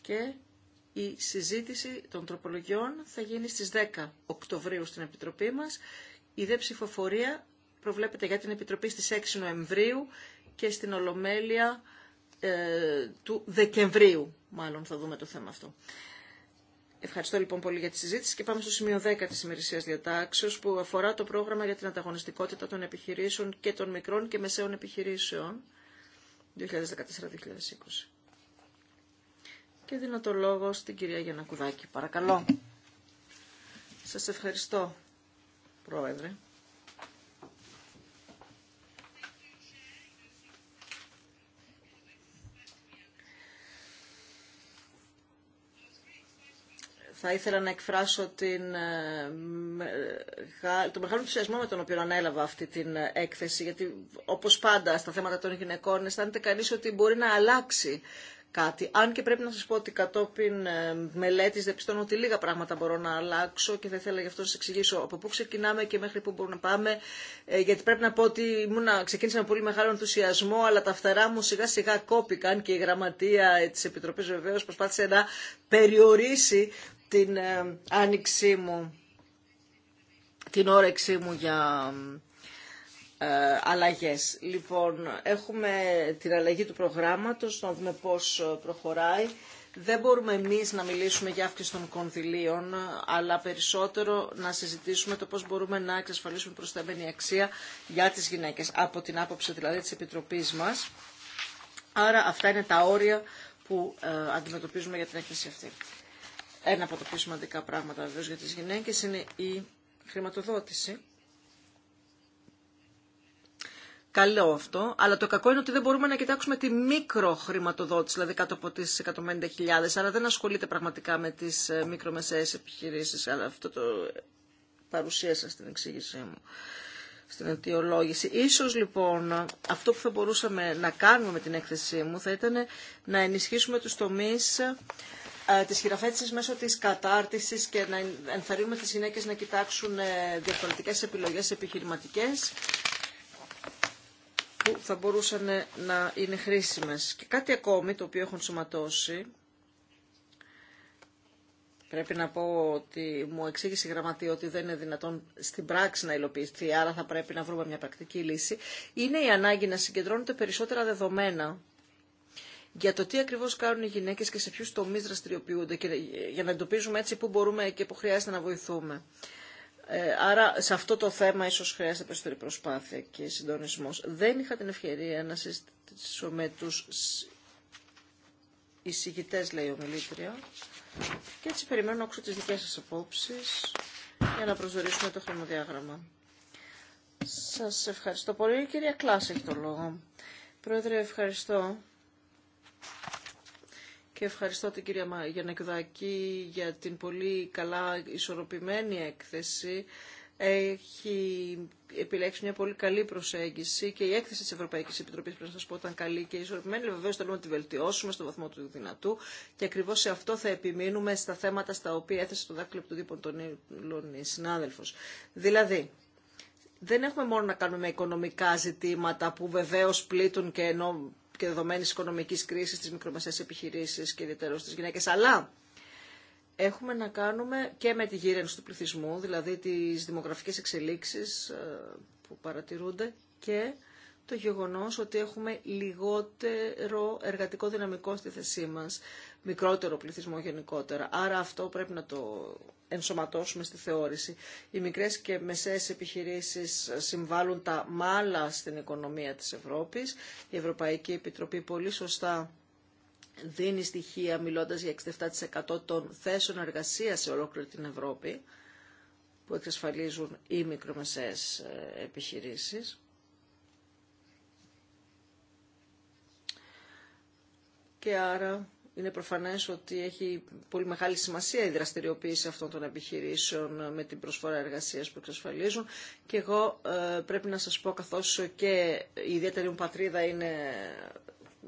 Speaker 4: και η συζήτηση των τροπολογιών θα γίνει στις 10 Οκτωβρίου στην Επιτροπή μας. Η δε ψηφοφορία προβλέπεται για την Επιτροπή στις 6 Νοεμβρίου και στην Ολομέλεια ε, του Δεκεμβρίου, μάλλον θα δούμε το θέμα αυτό. Ευχαριστώ λοιπόν πολύ για τη συζήτηση και πάμε στο σημείο 10 της ημερησίας διατάξεως που αφορά το πρόγραμμα για την ανταγωνιστικότητα των επιχειρήσεων και των μικρών και μεσαίων επιχειρήσεων 2014-2020 και δίνω το λόγο στην κυρία Γιανακουδάκη. Παρακαλώ. Σας ευχαριστώ, Πρόεδρε. θα ήθελα να εκφράσω την, ε, τον μεγάλο ενθουσιασμό με τον οποίο ανέλαβα αυτή την ε, έκθεση, γιατί όπως πάντα στα θέματα των γυναικών αισθάνεται κανείς ότι μπορεί να αλλάξει κάτι. Αν και πρέπει να σας πω ότι κατόπιν ε, μελέτης πιστώνω ότι λίγα πράγματα μπορώ να αλλάξω και θα ήθελα γι' αυτό να σας εξηγήσω από πού ξεκινάμε και μέχρι πού μπορούμε να πάμε. Ε, γιατί πρέπει να πω ότι ήμουν, ξεκίνησα με πολύ μεγάλο ενθουσιασμό, αλλά τα φτερά μου σιγά σιγά κόπηκαν και η γραμματεία της Επιτροπής Βεβαίω προσπάθησε να περιορίσει την ε, άνοιξή μου, την όρεξή μου για ε, αλλαγές. Λοιπόν, έχουμε την αλλαγή του προγράμματος, να δούμε πώς ε, προχωράει. Δεν μπορούμε εμείς να μιλήσουμε για αύξηση των κονδυλίων, αλλά περισσότερο να συζητήσουμε το πώς μπορούμε να εξασφαλίσουμε προσθέμενη αξία για τις γυναίκες, από την άποψη δηλαδή της Επιτροπής μας. Άρα αυτά είναι τα όρια που ε, αντιμετωπίζουμε για την έκθεση αυτή. Ένα από τα πιο σημαντικά πράγματα βεβαίως για τις γυναίκες είναι η χρηματοδότηση Καλό αυτό, αλλά το κακό είναι ότι δεν μπορούμε να κοιτάξουμε τη μικροχρηματοδότηση, δηλαδή κάτω από τι 150.000, άρα δεν ασχολείται πραγματικά με τι ε, μικρομεσαίες επιχειρήσει, αλλά αυτό το παρουσίασα στην εξήγησή μου, στην αιτιολόγηση. Ίσως λοιπόν αυτό που θα μπορούσαμε να κάνουμε με την έκθεσή μου θα ήταν να ενισχύσουμε τους τομείς ε, της χειραφέτησης μέσω της κατάρτισης και να ενθαρρύνουμε τις γυναίκες να κοιτάξουν ε, διαφορετικές επιλογές επιχειρηματικές που θα μπορούσαν να είναι χρήσιμες. Και κάτι ακόμη το οποίο έχουν σωματώσει, πρέπει να πω ότι μου εξήγησε η γραμματεία ότι δεν είναι δυνατόν στην πράξη να υλοποιηθεί, άρα θα πρέπει να βρούμε μια πρακτική λύση, είναι η ανάγκη να συγκεντρώνονται περισσότερα δεδομένα για το τι ακριβώς κάνουν οι γυναίκε και σε ποιου τομεί δραστηριοποιούνται και για να εντοπίζουμε έτσι πού μπορούμε και πού χρειάζεται να βοηθούμε. Ε, άρα σε αυτό το θέμα ίσως χρειάζεται περισσότερη προσπάθεια και συντονισμός. Δεν είχα την ευκαιρία να συζητήσω με τους εισηγητές, λέει ο Μιλήτρια, και έτσι περιμένω να ακούσω τις δικές σας απόψεις για να προσδορίσουμε το χρονοδιάγραμμα. Σας ευχαριστώ πολύ. Η κυρία Κλάς έχει το λόγο. Πρόεδρε, ευχαριστώ και ευχαριστώ την κυρία Γιαννεκδάκη για την πολύ καλά ισορροπημένη έκθεση. Έχει επιλέξει μια πολύ καλή προσέγγιση και η έκθεση τη Ευρωπαϊκή Επιτροπή πρέπει να σα πω ήταν καλή και ισορροπημένη. βεβαίω θέλουμε να τη βελτιώσουμε στο βαθμό του δυνατού και ακριβώ σε αυτό θα επιμείνουμε στα θέματα στα οποία έθεσε το δάκτυλο του Δίπον των συνάδελφος. Δηλαδή, δεν έχουμε μόνο να κάνουμε οικονομικά ζητήματα που βεβαίω πλήττουν και ενώ και δεδομένης οικονομικής κρίσης στις μικρομεσαίες επιχειρήσεις και ιδιαίτερα στις γυναίκες. Αλλά έχουμε να κάνουμε και με τη γύρενση του πληθυσμού, δηλαδή τις δημογραφικές εξελίξεις ε, που παρατηρούνται και το γεγονός ότι έχουμε λιγότερο εργατικό δυναμικό στη θέσή μας μικρότερο πληθυσμό γενικότερα. Άρα αυτό πρέπει να το ενσωματώσουμε στη θεώρηση. Οι μικρές και μεσαίες επιχειρήσεις συμβάλλουν τα μάλα στην οικονομία της Ευρώπης. Η Ευρωπαϊκή Επιτροπή πολύ σωστά δίνει στοιχεία μιλώντας για 67% των θέσεων εργασίας σε ολόκληρη την Ευρώπη που εξασφαλίζουν οι μικρομεσαίες ε, επιχειρήσεις. Και άρα είναι προφανές ότι έχει πολύ μεγάλη σημασία η δραστηριοποίηση αυτών των επιχειρήσεων με την προσφορά εργασίας που εξασφαλίζουν και εγώ ε, πρέπει να σας πω καθώς και η ιδιαίτερη μου πατρίδα είναι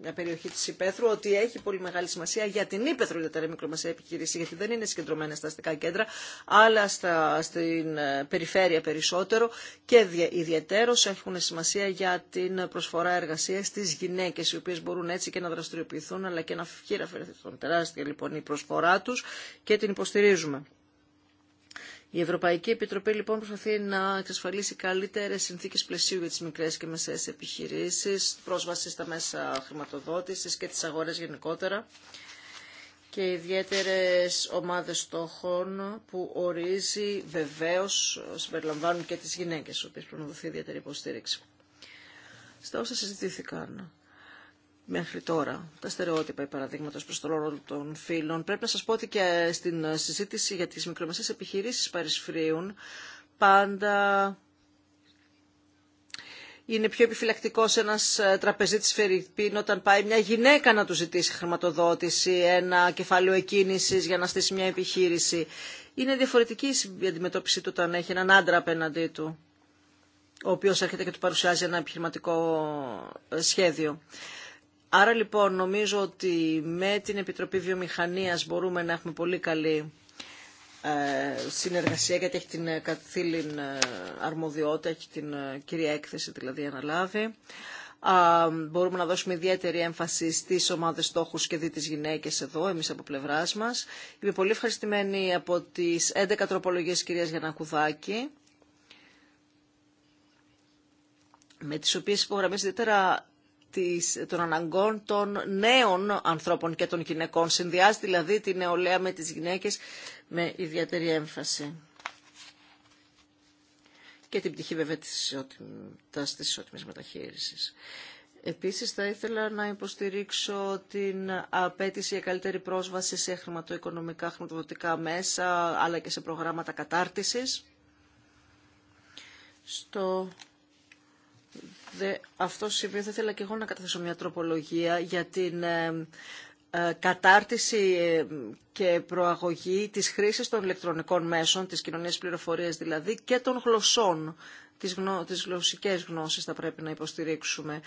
Speaker 4: μια περιοχή της Υπέθρου ότι έχει πολύ μεγάλη σημασία για την Υπέθρου για τα μικρομεσαία επιχειρήση γιατί δεν είναι συγκεντρωμένα στα αστικά κέντρα αλλά στα, στην ε, περιφέρεια περισσότερο και ιδιαίτερω έχουν σημασία για την προσφορά εργασία στις γυναίκες οι οποίες μπορούν έτσι και να δραστηριοποιηθούν αλλά και να χειραφερθούν τεράστια λοιπόν η προσφορά τους και την υποστηρίζουμε. Η Ευρωπαϊκή Επιτροπή λοιπόν προσπαθεί να εξασφαλίσει καλύτερες συνθήκες πλαισίου για τις μικρές και μεσαίες επιχειρήσεις, πρόσβαση στα μέσα χρηματοδότησης και τις αγορές γενικότερα και ιδιαίτερες ομάδες στόχων που ορίζει βεβαίως, συμπεριλαμβάνουν και τις γυναίκες, οποίες πρέπει να δοθεί ιδιαίτερη υποστήριξη. Στα όσα συζητήθηκαν μέχρι τώρα. Τα στερεότυπα, παραδείγματο προ το ρόλο των φίλων. Πρέπει να σα πω ότι και στην συζήτηση για τι μικρομεσαίε επιχειρήσει παρισφρίουν πάντα είναι πιο επιφυλακτικό ένα ε, τραπεζίτη Φερρυπίν όταν πάει μια γυναίκα να του ζητήσει χρηματοδότηση, ένα κεφάλαιο εκκίνηση για να στήσει μια επιχείρηση. Είναι διαφορετική η αντιμετώπιση του όταν έχει έναν άντρα απέναντί του, ο οποίο έρχεται και του παρουσιάζει ένα επιχειρηματικό ε, σχέδιο. Άρα λοιπόν νομίζω ότι με την Επιτροπή Βιομηχανίας μπορούμε να έχουμε πολύ καλή ε, συνεργασία γιατί έχει την ε, καθήλυν ε, αρμοδιότητα, έχει την κυρία έκθεση δηλαδή αναλάβει. μπορούμε να δώσουμε ιδιαίτερη έμφαση στις ομάδες στόχους και δι' τις γυναίκες εδώ, εμείς από πλευράς μας. Είμαι πολύ ευχαριστημένη από τις 11 τροπολογίες κυρίας Γιανακουδάκη με τις οποίες υπογραμμίζεται ιδιαίτερα των αναγκών των νέων ανθρώπων και των γυναικών. Συνδυάζει δηλαδή τη νεολαία με τις γυναίκες με ιδιαίτερη έμφαση. Και την πτυχή βέβαια της ισότιμης, της ισότιμης μεταχείρισης. Επίσης θα ήθελα να υποστηρίξω την απέτηση για καλύτερη πρόσβαση σε χρηματοοικονομικά, χρηματοδοτικά μέσα, αλλά και σε προγράμματα κατάρτισης. Στο αυτό σημείο θα ήθελα και εγώ να καταθέσω μια τροπολογία για την ε, ε, κατάρτιση ε, και προαγωγή της χρήσης των ηλεκτρονικών μέσων, της κοινωνίας πληροφορίας δηλαδή και των γλωσσών τις, γνω... τις γλωσσικές γνώσεις θα πρέπει να υποστηρίξουμε.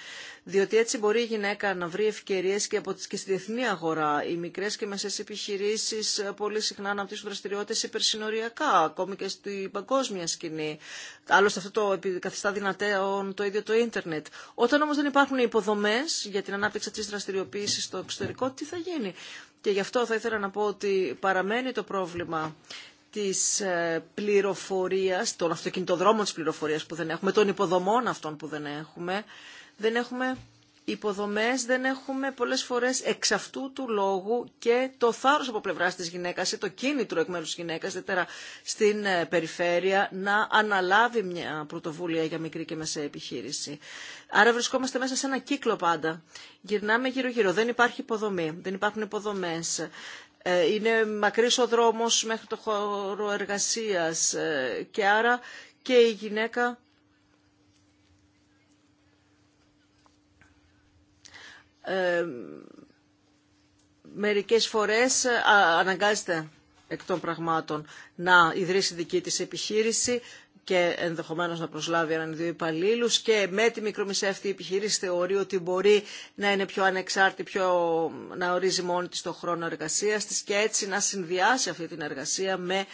Speaker 4: Διότι έτσι μπορεί η γυναίκα να βρει ευκαιρίες και, από... και στη διεθνή αγορά. Οι μικρές και μεσές επιχειρήσεις ε, πολύ συχνά αναπτύσσουν δραστηριότητες υπερσυνοριακά, ακόμη και στην παγκόσμια σκηνή. Άλλωστε αυτό το καθιστά δυνατέων το ίδιο το ίντερνετ. Όταν όμως δεν υπάρχουν υποδομές για την ανάπτυξη της δραστηριοποίησης στο εξωτερικό, τι θα γίνει. Και γι' αυτό θα ήθελα να πω ότι παραμένει το πρόβλημα της ε, πληροφορίας, των αυτοκινητοδρόμων της πληροφορίας που δεν έχουμε, των υποδομών αυτών που δεν έχουμε. Δεν έχουμε υποδομές, δεν έχουμε πολλές φορές εξ αυτού του λόγου και το θάρρος από πλευράς της γυναίκας ή το κίνητρο εκ μέρους της γυναίκας, δεύτερα στην ε, περιφέρεια, να αναλάβει μια πρωτοβουλία για μικρή και μεσαία επιχείρηση. Άρα βρισκόμαστε μέσα σε ένα κύκλο πάντα. Γυρνάμε γύρω-γύρω. Δεν υπάρχει υποδομή, δεν υπάρχουν υποδομές. Ε, είναι μακρύς ο δρόμος μέχρι το χώρο εργασίας ε, και άρα και η γυναίκα ε, μερικές φορές αναγκάζεται εκ των πραγμάτων να ιδρύσει δική της επιχείρηση, και ενδεχομένω να προσλάβει έναν δύο υπαλλήλου και με τη μικρομεσαία επιχείρηση θεωρεί ότι μπορεί να είναι πιο ανεξάρτητη, πιο, να ορίζει μόνη τη το χρόνο εργασία τη και έτσι να συνδυάσει αυτή την εργασία με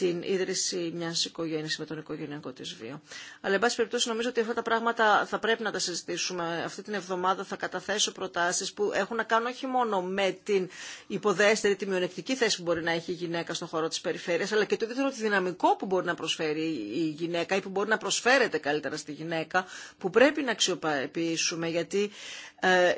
Speaker 4: την ίδρυση μια οικογένεια με τον οικογενειακό τη βίο. Αλλά, εν πάση περιπτώσει, νομίζω ότι αυτά τα πράγματα θα πρέπει να τα συζητήσουμε. Αυτή την εβδομάδα θα καταθέσω προτάσει που έχουν να κάνουν όχι μόνο με την υποδέστερη, τη μειονεκτική θέση που μπορεί να έχει η γυναίκα στον χώρο τη περιφέρεια, αλλά και το ιδιαίτερο δυναμικό που μπορεί να προσφέρει η γυναίκα ή που μπορεί να προσφέρεται καλύτερα στη γυναίκα, που πρέπει να αξιοποιήσουμε, γιατί ε,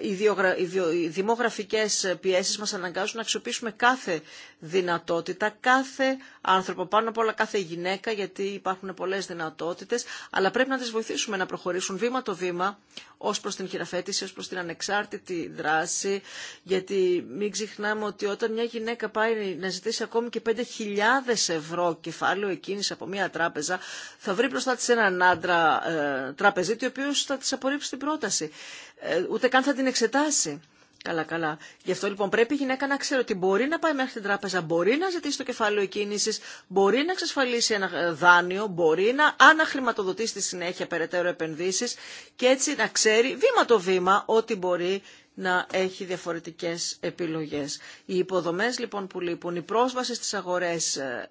Speaker 4: οι δημογραφικές πιέσεις μας αναγκάζουν να αξιοποιήσουμε κάθε δυνατότητα, κάθε άνθρωπο, πάνω απ' όλα κάθε γυναίκα, γιατί υπάρχουν πολλές δυνατότητες, αλλά πρέπει να τις βοηθήσουμε να προχωρήσουν βήμα το βήμα, ως προς την χειραφέτηση, ως προς την ανεξάρτητη δράση, γιατί μην ξεχνάμε ότι όταν μια γυναίκα πάει να ζητήσει ακόμη και 5.000 ευρώ κεφάλαιο εκείνης από μια τράπεζα, θα βρει μπροστά της έναν άντρα ε, τραπεζίτη, ο οποίος θα της απορρίψει την πρόταση. Ε, ούτε καν θα την εξετάσει. Καλά, καλά. Γι' αυτό λοιπόν πρέπει η γυναίκα να ξέρει ότι μπορεί να πάει μέχρι την τράπεζα, μπορεί να ζητήσει το κεφάλαιο κίνηση, μπορεί να εξασφαλίσει ένα ε, δάνειο, μπορεί να αναχρηματοδοτήσει στη συνέχεια περαιτέρω επενδύσει και έτσι να ξέρει βήμα το βήμα ότι μπορεί να έχει διαφορετικές επιλογές. Οι υποδομές λοιπόν που λείπουν, η πρόσβαση στις αγορές ε,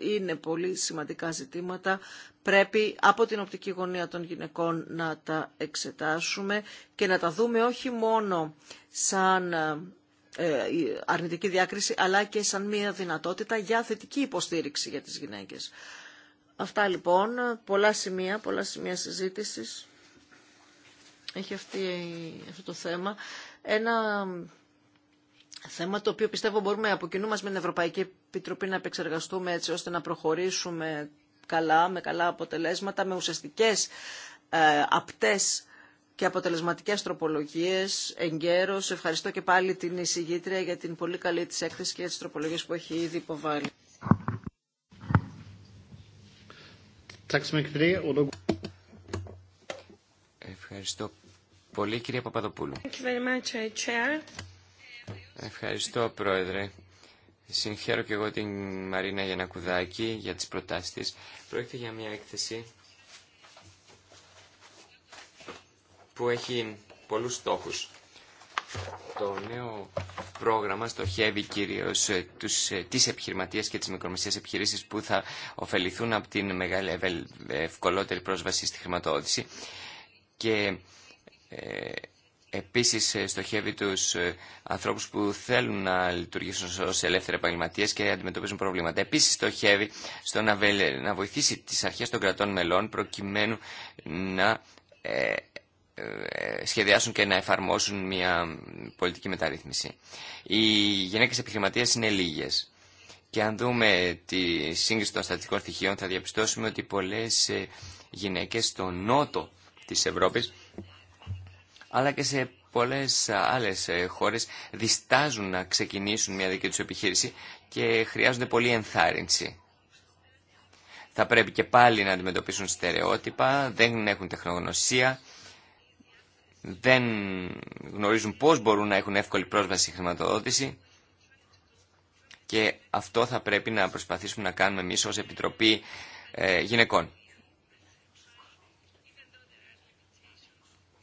Speaker 4: είναι πολύ σημαντικά ζητήματα πρέπει από την οπτική γωνία των γυναικών να τα εξετάσουμε και να τα δούμε όχι μόνο σαν ε, ε, αρνητική διάκριση, αλλά και σαν μια δυνατότητα για θετική υποστήριξη για τις γυναίκες. Αυτά λοιπόν, πολλά σημεία, πολλά σημεία συζήτησης έχει αυτή, αυτό το θέμα. Ένα θέμα το οποίο πιστεύω μπορούμε από κοινού μας με την Ευρωπαϊκή Επιτροπή να επεξεργαστούμε έτσι ώστε να προχωρήσουμε καλά, με καλά αποτελέσματα, με ουσιαστικές ε, απτές και αποτελεσματικές τροπολογίες εγκαίρως. Ευχαριστώ και πάλι την εισηγήτρια για την πολύ καλή της έκθεση και τις τροπολογίες που έχει ήδη υποβάλει.
Speaker 8: Ευχαριστώ πολύ κυρία Παπαδοπούλου. Uh, Ευχαριστώ πρόεδρε. Συγχαίρω και εγώ την Μαρίνα Γιανακουδάκη για τις προτάσεις της. Πρόκειται για μια έκθεση που έχει πολλούς στόχους. Το νέο πρόγραμμα στοχεύει κυρίως ε, τους, ε, τις επιχειρηματίες και τις μικρομεσαίες επιχειρήσεις που θα ωφεληθούν από την μεγάλη ευκολότερη πρόσβαση στη χρηματοδότηση και ε, Επίσης ε, στοχεύει τους ε, ανθρώπους που θέλουν να λειτουργήσουν ως ελεύθεροι επαγγελματίες και αντιμετωπίζουν προβλήματα. Επίσης στοχεύει στο να βοηθήσει τις αρχές των κρατών μελών προκειμένου να ε, σχεδιάσουν και να εφαρμόσουν μια πολιτική μεταρρύθμιση. Οι γυναίκες επιχειρηματίες είναι λίγες. Και αν δούμε τη σύγκριση των στατικών στοιχείων θα διαπιστώσουμε ότι πολλές γυναίκες στο νότο της Ευρώπης αλλά και σε πολλές άλλες ε, χώρες διστάζουν να ξεκινήσουν μια δική τους επιχείρηση και χρειάζονται πολύ ενθάρρυνση. Θα πρέπει και πάλι να αντιμετωπίσουν στερεότυπα, δεν έχουν τεχνογνωσία, δεν γνωρίζουν πώς μπορούν να έχουν εύκολη πρόσβαση στη χρηματοδότηση και αυτό θα πρέπει να προσπαθήσουμε να κάνουμε εμείς ως Επιτροπή ε, Γυναικών.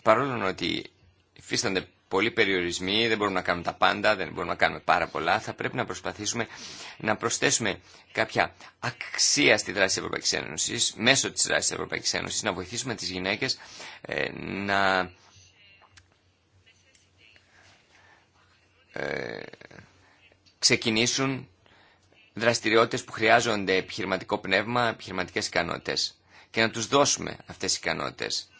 Speaker 8: παρόλο ότι υφίστανται πολλοί περιορισμοί, δεν μπορούμε να κάνουμε τα πάντα, δεν μπορούμε να κάνουμε πάρα πολλά, θα πρέπει να προσπαθήσουμε να προσθέσουμε κάποια αξία στη δράση της Ευρωπαϊκής Ένωσης, μέσω της δράσης της Ευρωπαϊκής Ένωσης, να βοηθήσουμε τις γυναίκες ε, να... Ε, ξεκινήσουν δραστηριότητες που χρειάζονται επιχειρηματικό πνεύμα, επιχειρηματικές ικανότητες και να τους δώσουμε αυτές τις ικανότητες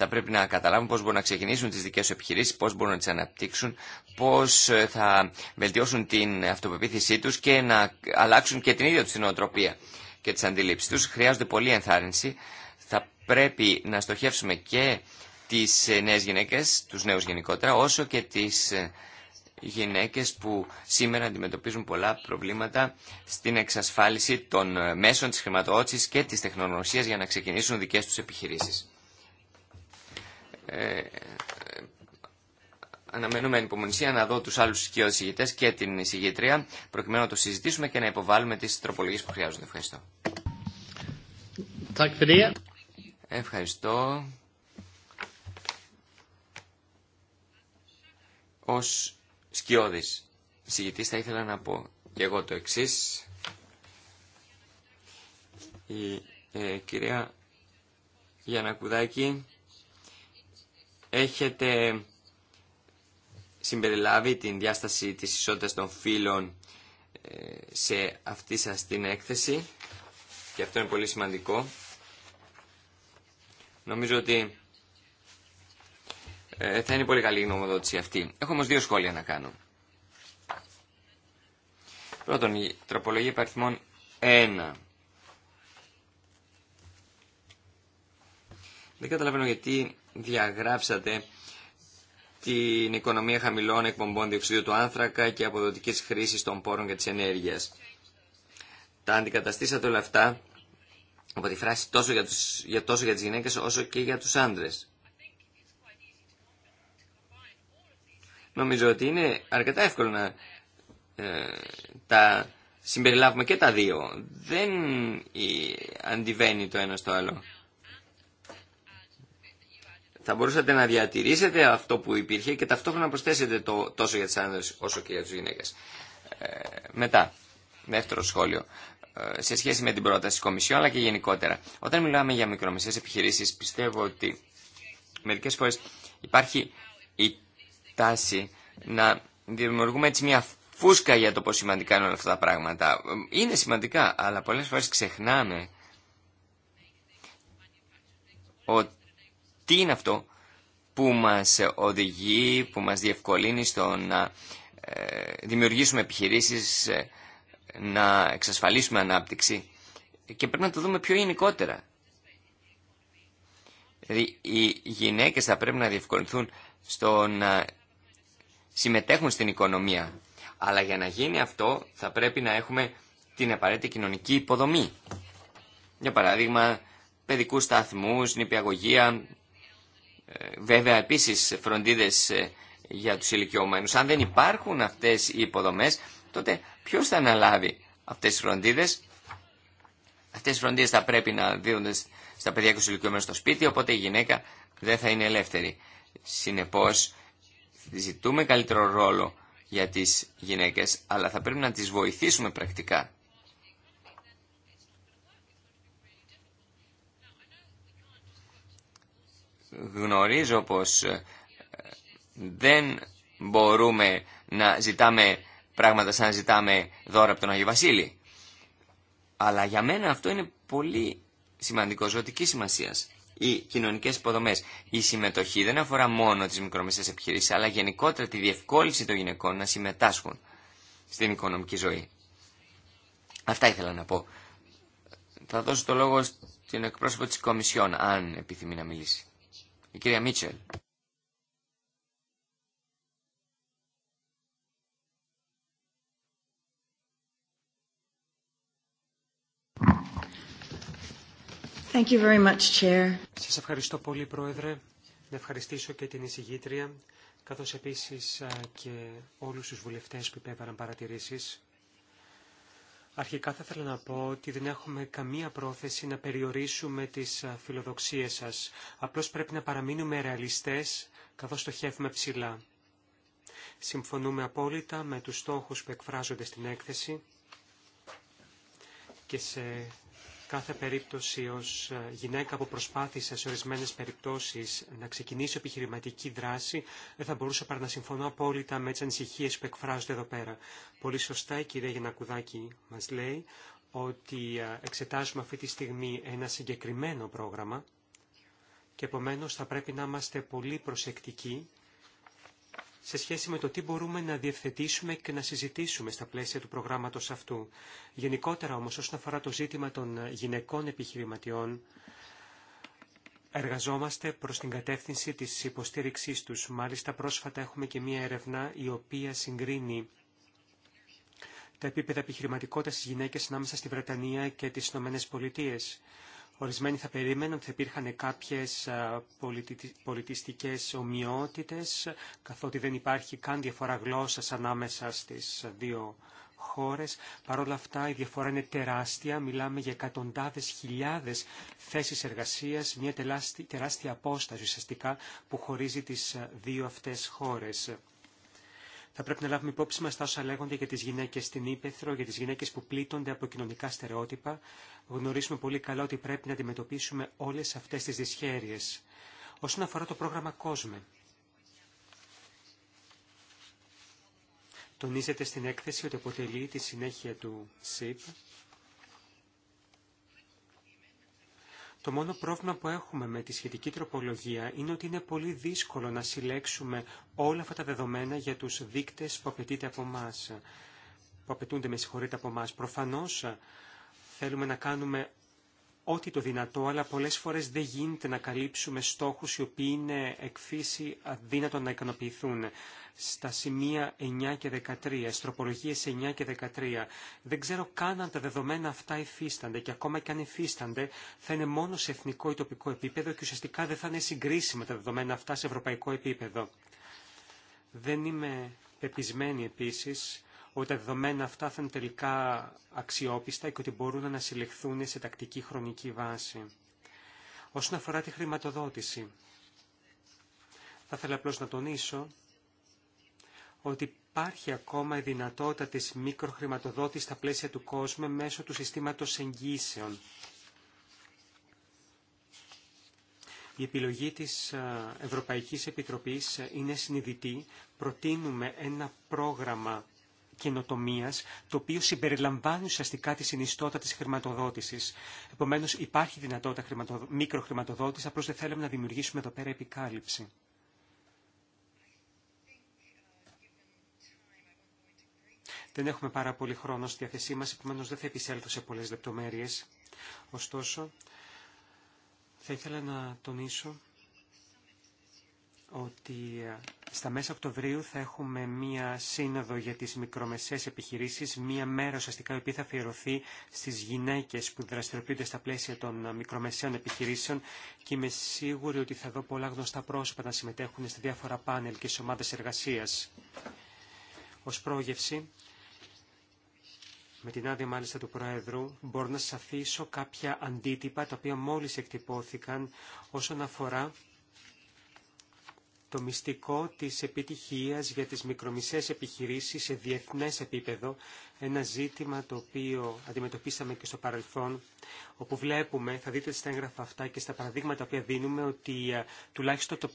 Speaker 8: θα πρέπει να καταλάβουν πώ μπορούν να ξεκινήσουν τι δικέ τους επιχειρήσεις, πώς μπορούν να τι αναπτύξουν, πώ ε, θα βελτιώσουν την αυτοπεποίθησή του και να αλλάξουν και την ίδια του την οτροπία και τι αντιλήψει του. Χρειάζονται πολλή ενθάρρυνση. Θα πρέπει να στοχεύσουμε και τι ε, νέε γυναίκε, του νέου γενικότερα, όσο και τι ε, γυναίκες που σήμερα αντιμετωπίζουν πολλά προβλήματα στην εξασφάλιση των μέσων της χρηματοδότηση και της τεχνογνωσίας για να ξεκινήσουν δικές τους επιχειρήσεις. Ε, αναμένουμε ανυπομονησία να δω τους άλλους σκιώδεις ηγητές και την εισηγήτρια προκειμένου να το συζητήσουμε και να υποβάλουμε τις τροπολογίες που χρειάζονται. Ευχαριστώ. Ευχαριστώ. Ως σκιώδης συγητής θα ήθελα να πω και εγώ το εξής. Η ε, κυρία Γιανακουδάκη έχετε συμπεριλάβει την διάσταση της ισότητας των φύλων ε, σε αυτή σας την έκθεση και αυτό είναι πολύ σημαντικό. Νομίζω ότι ε, θα είναι πολύ καλή η γνωμοδότηση αυτή. Έχω όμως δύο σχόλια να κάνω. Πρώτον, η τροπολογία υπαριθμών 1. Δεν καταλαβαίνω γιατί διαγράψατε την οικονομία χαμηλών εκπομπών διοξιδίου του άνθρακα και αποδοτικής χρήσης των πόρων και της ενέργειας. Τα αντικαταστήσατε όλα αυτά από τη φράση τόσο για, τους, για, τόσο για τις γυναίκες όσο και για τους άντρες. Νομίζω ότι είναι αρκετά εύκολο να ε, τα συμπεριλάβουμε και τα δύο. Δεν ε, αντιβαίνει το ένα στο άλλο θα μπορούσατε να διατηρήσετε αυτό που υπήρχε και ταυτόχρονα να προσθέσετε το, τόσο για τις άνδρες όσο και για τις γυναίκες. Ε, μετά, δεύτερο σχόλιο, ε, σε σχέση με την πρόταση της Κομισιόν αλλά και γενικότερα. Όταν μιλάμε για μικρομεσαίες επιχειρήσεις πιστεύω ότι μερικές φορές υπάρχει η τάση να δημιουργούμε έτσι μια φούσκα για το πόσο σημαντικά είναι όλα αυτά τα πράγματα. Είναι σημαντικά, αλλά πολλές φορές ξεχνάμε ότι τι είναι αυτό που μας οδηγεί, που μας διευκολύνει στο να ε, δημιουργήσουμε επιχειρήσεις, ε, να εξασφαλίσουμε ανάπτυξη και πρέπει να το δούμε πιο γενικότερα. Δηλαδή, οι γυναίκες θα πρέπει να διευκολυνθούν στο να συμμετέχουν στην οικονομία. Αλλά για να γίνει αυτό θα πρέπει να έχουμε την απαραίτητη κοινωνική υποδομή. Για παράδειγμα, παιδικούς σταθμούς, νηπιαγωγεία, βέβαια επίσης φροντίδες ε, για τους ηλικιωμένους. Αν δεν υπάρχουν αυτές οι υποδομές, τότε ποιος θα αναλάβει αυτές τις φροντίδες. Αυτές οι φροντίδες θα πρέπει να δίνονται στα παιδιά και στους ηλικιωμένους στο σπίτι, οπότε η γυναίκα δεν θα είναι ελεύθερη. Συνεπώς, ζητούμε καλύτερο ρόλο για τις γυναίκες, αλλά θα πρέπει να τις βοηθήσουμε πρακτικά. γνωρίζω πως ε, δεν μπορούμε να ζητάμε πράγματα σαν να ζητάμε δώρα από τον Άγιο Βασίλη. Αλλά για μένα αυτό είναι πολύ σημαντικό, ζωτική σημασία. Οι κοινωνικέ υποδομέ. Η συμμετοχή δεν αφορά μόνο τι μικρομεσαίε επιχειρήσει, αλλά γενικότερα τη διευκόλυνση των γυναικών να συμμετάσχουν στην οικονομική ζωή. Αυτά ήθελα να πω. Θα δώσω το λόγο στην εκπρόσωπο τη Κομισιόν, αν επιθυμεί να μιλήσει. Η κυρία Μίτσελ.
Speaker 1: Σας ευχαριστώ πολύ, Πρόεδρε. Να ευχαριστήσω και την εισηγήτρια, καθώς επίσης και όλους τους βουλευτές που υπέβαλαν παρατηρήσεις. Αρχικά θα ήθελα να πω ότι δεν έχουμε καμία πρόθεση να περιορίσουμε τις φιλοδοξίες σας. Απλώς πρέπει να παραμείνουμε ρεαλιστές καθώς στοχεύουμε ψηλά. Συμφωνούμε απόλυτα με τους στόχους που εκφράζονται στην έκθεση και σε κάθε περίπτωση ως ε, γυναίκα που προσπάθησε σε ορισμένες περιπτώσεις να ξεκινήσει επιχειρηματική δράση, δεν θα μπορούσα παρά να συμφωνώ απόλυτα με τις ανησυχίες που εκφράζονται εδώ πέρα. Πολύ σωστά η κυρία Γιανακουδάκη μας λέει ότι ε, εξετάζουμε αυτή τη στιγμή ένα συγκεκριμένο πρόγραμμα και επομένως θα πρέπει να είμαστε πολύ προσεκτικοί σε σχέση με το τι μπορούμε να διευθετήσουμε και να συζητήσουμε στα πλαίσια του προγράμματος αυτού. Γενικότερα όμως όσον αφορά το ζήτημα των γυναικών επιχειρηματιών, Εργαζόμαστε προς την κατεύθυνση της υποστήριξής τους. Μάλιστα πρόσφατα έχουμε και μία έρευνα η οποία συγκρίνει τα επίπεδα επιχειρηματικότητας στις γυναίκες ανάμεσα στη Βρετανία και τις Ηνωμένες Πολιτείες. Ορισμένοι θα περίμεναν ότι θα υπήρχαν κάποιες πολιτιστικές ομοιότητες, καθότι δεν υπάρχει καν διαφορά γλώσσας ανάμεσα στις δύο χώρες. Παρ' όλα αυτά η διαφορά είναι τεράστια. Μιλάμε για εκατοντάδες χιλιάδες θέσεις εργασίας, μια τεράστια απόσταση ουσιαστικά που χωρίζει τις ε, δύο αυτές χώρες θα πρέπει να λάβουμε υπόψη μα τα όσα λέγονται για τις γυναίκες στην Ήπεθρο, για τις γυναίκες που πλήττονται από κοινωνικά στερεότυπα. Γνωρίζουμε πολύ καλά ότι πρέπει να αντιμετωπίσουμε όλες αυτές τις δυσχέρειες. Όσον αφορά το πρόγραμμα COSME, τονίζεται στην έκθεση ότι αποτελεί τη συνέχεια του ΣΥΠ Το μόνο πρόβλημα που έχουμε με τη σχετική τροπολογία είναι ότι είναι πολύ δύσκολο να συλλέξουμε όλα αυτά τα δεδομένα για τους δείκτες που απαιτείται από εμά. Που απαιτούνται, με συγχωρείτε, από εμά. Προφανώς ε, θέλουμε να κάνουμε ό,τι το δυνατό, αλλά πολλές φορές δεν γίνεται να καλύψουμε στόχους οι οποίοι είναι εκφύση αδύνατον να ικανοποιηθούν. Στα σημεία 9 και 13, στροπολογίες 9 και 13, δεν ξέρω καν αν τα δεδομένα αυτά υφίστανται και ακόμα και αν υφίστανται θα είναι μόνο σε εθνικό ή τοπικό επίπεδο και ουσιαστικά δεν θα είναι συγκρίσιμα τα δεδομένα αυτά σε ευρωπαϊκό επίπεδο. Δεν είμαι πεπισμένη επίσης ότι τα δεδομένα αυτά θα είναι τελικά αξιόπιστα και ότι μπορούν να συλλεχθούν σε τακτική χρονική βάση. Όσον αφορά τη χρηματοδότηση, θα ήθελα απλώς να τονίσω ότι υπάρχει ακόμα η δυνατότητα της μικροχρηματοδότησης στα πλαίσια του κόσμου μέσω του συστήματος εγγύσεων. Η επιλογή της ε, Ευρωπαϊκής Επιτροπής ε, είναι συνειδητή. Προτείνουμε ένα πρόγραμμα καινοτομία, το οποίο συμπεριλαμβάνει ουσιαστικά τη συνιστότητα τη χρηματοδότηση. Επομένω, υπάρχει δυνατότητα μικροχρηματοδότηση, απλώ δεν θέλουμε να δημιουργήσουμε εδώ πέρα επικάλυψη. Δεν έχουμε πάρα πολύ χρόνο στη διάθεσή μα, επομένω δεν θα επισέλθω σε πολλέ λεπτομέρειε. Ωστόσο, θα ήθελα να τονίσω ότι ε, στα μέσα Οκτωβρίου θα έχουμε μία σύνοδο για τις μικρομεσαίες επιχειρήσεις, μία μέρα ουσιαστικά η οποία θα αφιερωθεί στις γυναίκες που δραστηριοποιούνται στα πλαίσια των ε, μικρομεσαίων επιχειρήσεων και είμαι σίγουρη ότι θα δω πολλά γνωστά πρόσωπα να συμμετέχουν στα διάφορα πάνελ και σε ομάδες εργασίας. Ως πρόγευση, με την άδεια μάλιστα του Προέδρου, μπορώ να σας αφήσω κάποια αντίτυπα τα οποία μόλις εκτυπώθηκαν όσον αφορά το μυστικό της επιτυχίας για τις μικρομισές επιχειρήσεις σε διεθνές επίπεδο, ένα ζήτημα το οποίο αντιμετωπίσαμε και στο παρελθόν, όπου βλέπουμε, θα δείτε στα έγγραφα αυτά και στα παραδείγματα που δίνουμε, ότι ε, τουλάχιστον το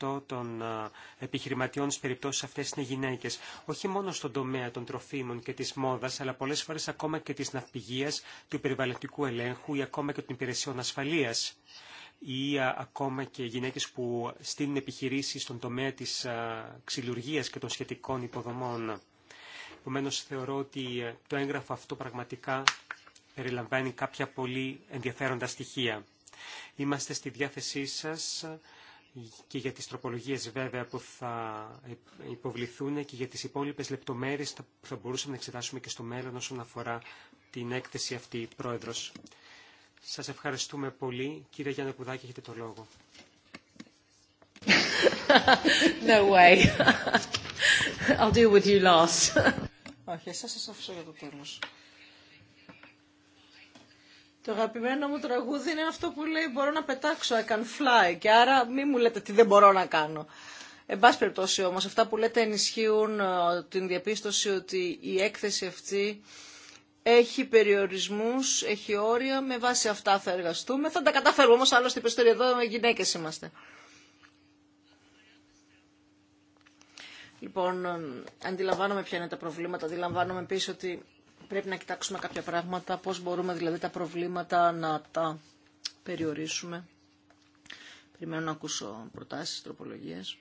Speaker 1: 50% των ε, επιχειρηματιών στις περιπτώσεις αυτές είναι γυναίκες. Όχι μόνο στον τομέα των τροφίμων και της μόδας, αλλά πολλές φορές ακόμα και της ναυπηγίας, του περιβαλλοντικού ελέγχου ή ακόμα και των υπηρεσιών ασφαλείας ή ακόμα και γυναίκες που στείλουν επιχειρήσεις στον τομέα της ξυλουργίας και των σχετικών υποδομών. Επομένως θεωρώ ότι ε, το έγγραφο αυτό πραγματικά περιλαμβάνει κάποια πολύ ενδιαφέροντα στοιχεία. Είμαστε στη διάθεσή σας και για τις τροπολογίες βέβαια που θα ε, υποβληθούν και για τις υπόλοιπες λεπτομέρειες που θα μπορούσαμε να εξετάσουμε και στο μέλλον όσον αφορά την έκθεση αυτή, Πρόεδρος. Σας ευχαριστούμε πολύ. Κύριε Γιάννη Κουδάκη, έχετε το λόγο.
Speaker 4: [laughs] no way. [laughs]
Speaker 6: I'll deal with you last.
Speaker 4: [laughs] Όχι, εσάς σας αφήσω για το τέλος. Το αγαπημένο μου τραγούδι είναι αυτό που λέει «Μπορώ να πετάξω, I can fly» και άρα μη μου λέτε τι δεν μπορώ να κάνω. Εν πάση περιπτώσει όμως, αυτά που λέτε ενισχύουν ε, την διαπίστωση ότι η έκθεση αυτή έχει περιορισμούς, έχει όρια, με βάση αυτά θα εργαστούμε. Θα τα καταφέρουμε όμως, άλλωστε ιστορία εδώ γυναίκες είμαστε. Λοιπόν, αντιλαμβάνομαι ποια είναι τα προβλήματα, αντιλαμβάνομαι επίση ότι πρέπει να κοιτάξουμε κάποια πράγματα, πώς μπορούμε δηλαδή τα προβλήματα να τα περιορίσουμε. Περιμένω να ακούσω προτάσεις, τροπολογίες.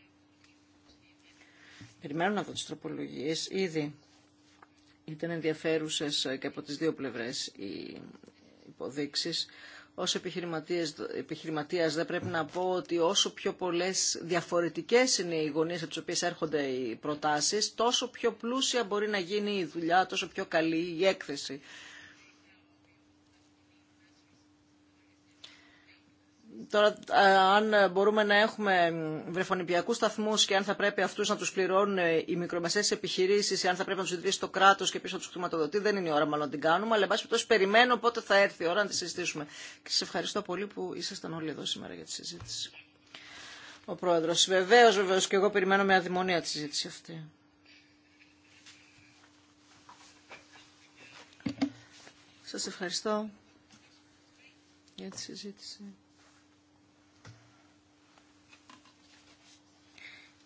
Speaker 4: Περιμένω να δω τις τροπολογίες. Ήδη ήταν ενδιαφέρουσες και από τις δύο πλευρές οι υποδείξεις. Ως επιχειρηματίας, επιχειρηματίας δεν πρέπει να πω ότι όσο πιο πολλές διαφορετικές είναι οι γωνίες από τις οποίες έρχονται οι προτάσεις, τόσο πιο πλούσια μπορεί να γίνει η δουλειά, τόσο πιο καλή η έκθεση. Τώρα, ε, αν μπορούμε να έχουμε βρεφονιπιακούς σταθμού και αν θα πρέπει αυτού να του πληρώνουν ε, οι μικρομεσαίε επιχειρήσει, ή αν θα πρέπει να του ιδρύσει το κράτο και πίσω να τους χρηματοδοτεί, δεν είναι η ώρα μάλλον να την κάνουμε, αλλά εν πάση περιπτώσει περιμένω πότε θα έρθει η ώρα να τη συζητήσουμε. Και σα ευχαριστώ πολύ που ήσασταν όλοι εδώ σήμερα για τη συζήτηση. Ο Πρόεδρος, βεβαίως, βεβαίως, και εγώ περιμένω με αδημονία τη συζήτηση αυτή. Σας ευχαριστώ για τη συζήτηση.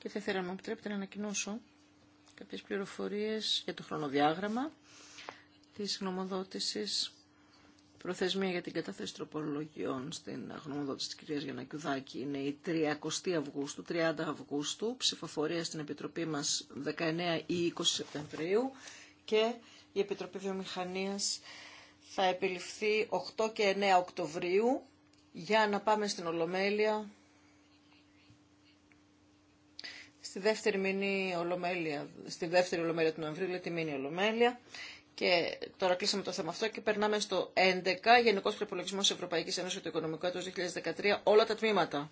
Speaker 4: και θα ήθελα να μου επιτρέπετε να ανακοινώσω κάποιες πληροφορίες για το χρονοδιάγραμμα της γνωμοδότησης προθεσμία για την κατάθεση τροπολογιών στην γνωμοδότηση της κυρίας Γιανακιουδάκη είναι η 30 Αυγούστου, 30 Αυγούστου, ψηφοφορία στην Επιτροπή μας 19 ή 20 Σεπτεμβρίου και η Επιτροπή Βιομηχανίας θα επιληφθεί 8 και 9 Οκτωβρίου για να πάμε στην Ολομέλεια στη δεύτερη μηνή ολομέλεια, στη δεύτερη ολομέλεια του Νοεμβρίου, λέει τη μήνυ ολομέλεια. Και τώρα κλείσαμε το θέμα αυτό και περνάμε στο 11, Γενικό Προπολογισμό Ευρωπαϊκή Ένωση για το Οικονομικό έτο 2013, όλα τα τμήματα.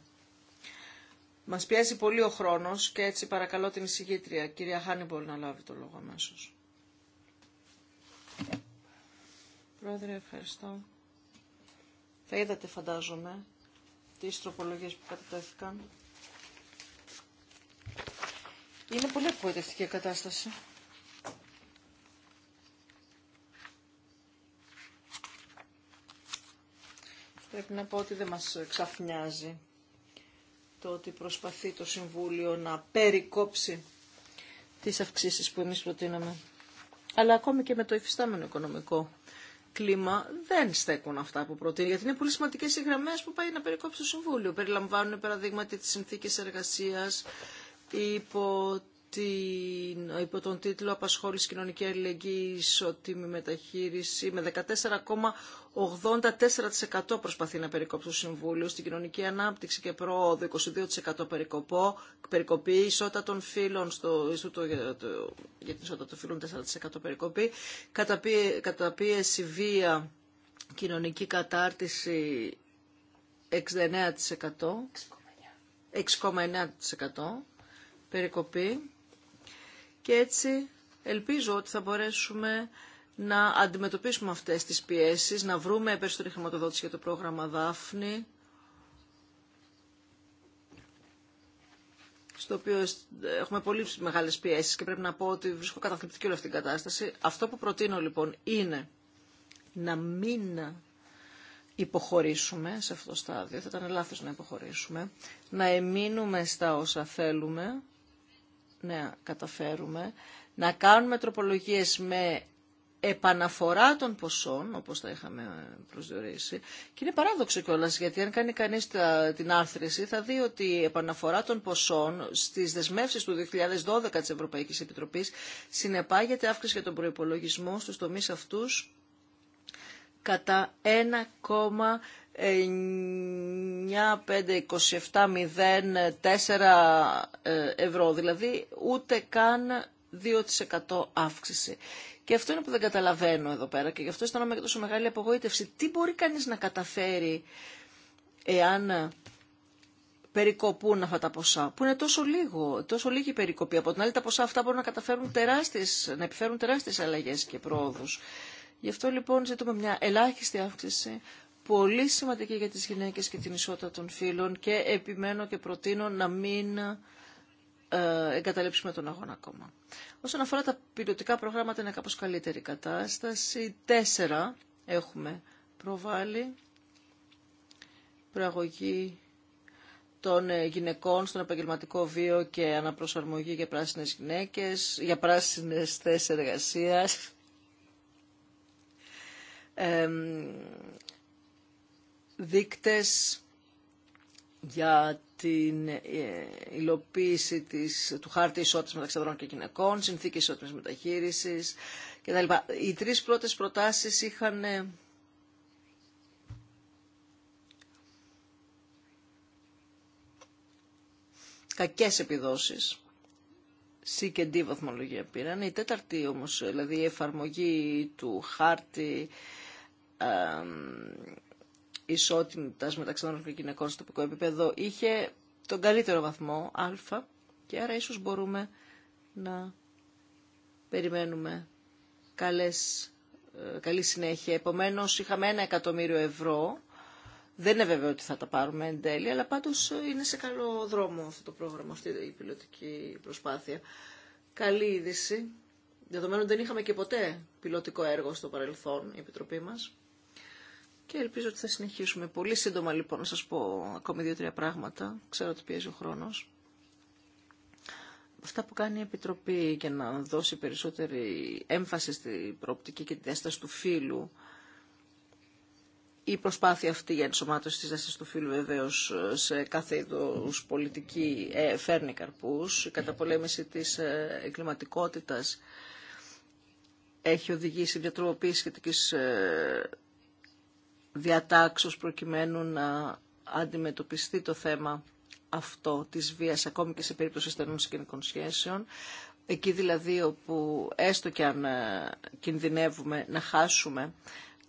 Speaker 4: Μα πιέζει πολύ ο χρόνο και έτσι παρακαλώ την εισηγήτρια, κυρία Χάνιμπολ, να λάβει το λόγο αμέσω. Πρόεδρε, ευχαριστώ. Θα είδατε, φαντάζομαι, τι τροπολογίε που κατατέθηκαν. Είναι πολύ απογοητευτική η κατάσταση. Πρέπει να πω ότι δεν μας ξαφνιάζει το ότι προσπαθεί το Συμβούλιο να περικόψει τις αυξήσεις που εμείς προτείναμε. Αλλά ακόμη και με το υφιστάμενο οικονομικό κλίμα δεν στέκουν αυτά που προτείνει, γιατί είναι πολύ σημαντικές οι γραμμές που πάει να περικόψει το Συμβούλιο. Περιλαμβάνουν παραδείγματι τις συνθήκες εργασίας υπό, υπό τον τίτλο «Απασχόληση κοινωνική αλληλεγγύη ισότιμη μεταχείριση» με 14,84% προσπαθεί να περικόψει το Συμβούλιο στην κοινωνική ανάπτυξη και πρόοδο 22% περικοπό, περικοπή, ισότητα των φύλων στο Ινστιτούτο για, την ισότητα των φύλων 4% περικοπή, καταπίεση, καταπίεση βία, κοινωνική κατάρτιση 69%. 6,9% περικοπή και έτσι ελπίζω ότι θα μπορέσουμε να αντιμετωπίσουμε αυτές τις πιέσεις, να βρούμε περισσότερη χρηματοδότηση για το πρόγραμμα Δάφνη, στο οποίο έχουμε πολύ μεγάλες πιέσεις και πρέπει να πω ότι βρίσκω καταθλιπτική όλη αυτή την κατάσταση. Αυτό που προτείνω λοιπόν είναι να μην υποχωρήσουμε σε αυτό το στάδιο, θα ήταν λάθος να υποχωρήσουμε, να εμείνουμε στα όσα θέλουμε, να καταφέρουμε να κάνουμε τροπολογίες με επαναφορά των ποσών, όπως τα είχαμε προσδιορίσει, και είναι παράδοξο κιόλα, γιατί αν κάνει κανείς τα, την άρθρηση θα δει ότι η επαναφορά των ποσών στις δεσμεύσεις του 2012 της Ευρωπαϊκής Επιτροπής συνεπάγεται αύξηση για τον προϋπολογισμό στους τομείς αυτούς κατά 9,527,04 ε, ευρώ, δηλαδή ούτε καν 2% αύξηση. Και αυτό είναι που δεν καταλαβαίνω εδώ πέρα και γι' αυτό αισθάνομαι και τόσο μεγάλη απογοήτευση. Τι μπορεί κανείς να καταφέρει εάν περικοπούν αυτά τα ποσά, που είναι τόσο λίγο, τόσο λίγη περικοπή. Από την άλλη τα ποσά αυτά μπορούν να καταφέρουν τεράστιες, να επιφέρουν τεράστιες αλλαγές και πρόοδους. Γι' αυτό λοιπόν ζητούμε μια ελάχιστη αύξηση πολύ σημαντική για τις γυναίκες και την ισότητα των φίλων και επιμένω και προτείνω να μην ε, εγκαταλείψουμε τον αγώνα ακόμα. Όσον αφορά τα πιλωτικά προγράμματα είναι κάπως καλύτερη κατάσταση. Τέσσερα έχουμε προβάλλει προαγωγή των ε, γυναικών στον επαγγελματικό βίο και αναπροσαρμογή για πράσινες γυναίκες, για πράσινες θέσεις εργασίας, δίκτες για την ε, υλοποίηση της, του χάρτη ισότητας μεταξύ ανδρών και γυναικών, συνθήκες ισότητας μεταχείρισης κλπ. Οι τρεις πρώτες προτάσεις είχαν ε, κακές επιδόσεις. C και D βαθμολογία πήραν. Η τέταρτη όμως, δηλαδή η εφαρμογή του χάρτη ε, ισότητα μεταξύ των και γυναικών στο τοπικό επίπεδο είχε τον καλύτερο βαθμό α και άρα ίσως μπορούμε να περιμένουμε καλές, ε, καλή συνέχεια. Επομένως είχαμε ένα εκατομμύριο ευρώ. Δεν είναι βέβαιο ότι θα τα πάρουμε εν τέλει, αλλά πάντως ε, είναι σε καλό δρόμο αυτό το πρόγραμμα, αυτή η πιλωτική προσπάθεια. Καλή είδηση. Δεδομένου δεν είχαμε και ποτέ πιλωτικό έργο στο παρελθόν η Επιτροπή μας και ελπίζω ότι θα συνεχίσουμε. Πολύ σύντομα λοιπόν να σας πω ακόμη δύο-τρία πράγματα. Ξέρω ότι πιέζει ο χρόνος. Αυτά που κάνει η Επιτροπή για να δώσει περισσότερη έμφαση στη προοπτική και τη διάσταση του φύλου, η προσπάθεια αυτή για ενσωμάτωση της δράσης του φύλου βεβαίω σε κάθε είδους πολιτική ε, φέρνει καρπούς. Η καταπολέμηση της ε, εγκληματικότητας έχει οδηγήσει μια τροποποίηση σχετικής ε, διατάξεως προκειμένου να αντιμετωπιστεί το θέμα αυτό της βίας ακόμη και σε περίπτωση στενών συγγενικών σχέσεων. Εκεί δηλαδή όπου έστω και αν ε, κινδυνεύουμε να χάσουμε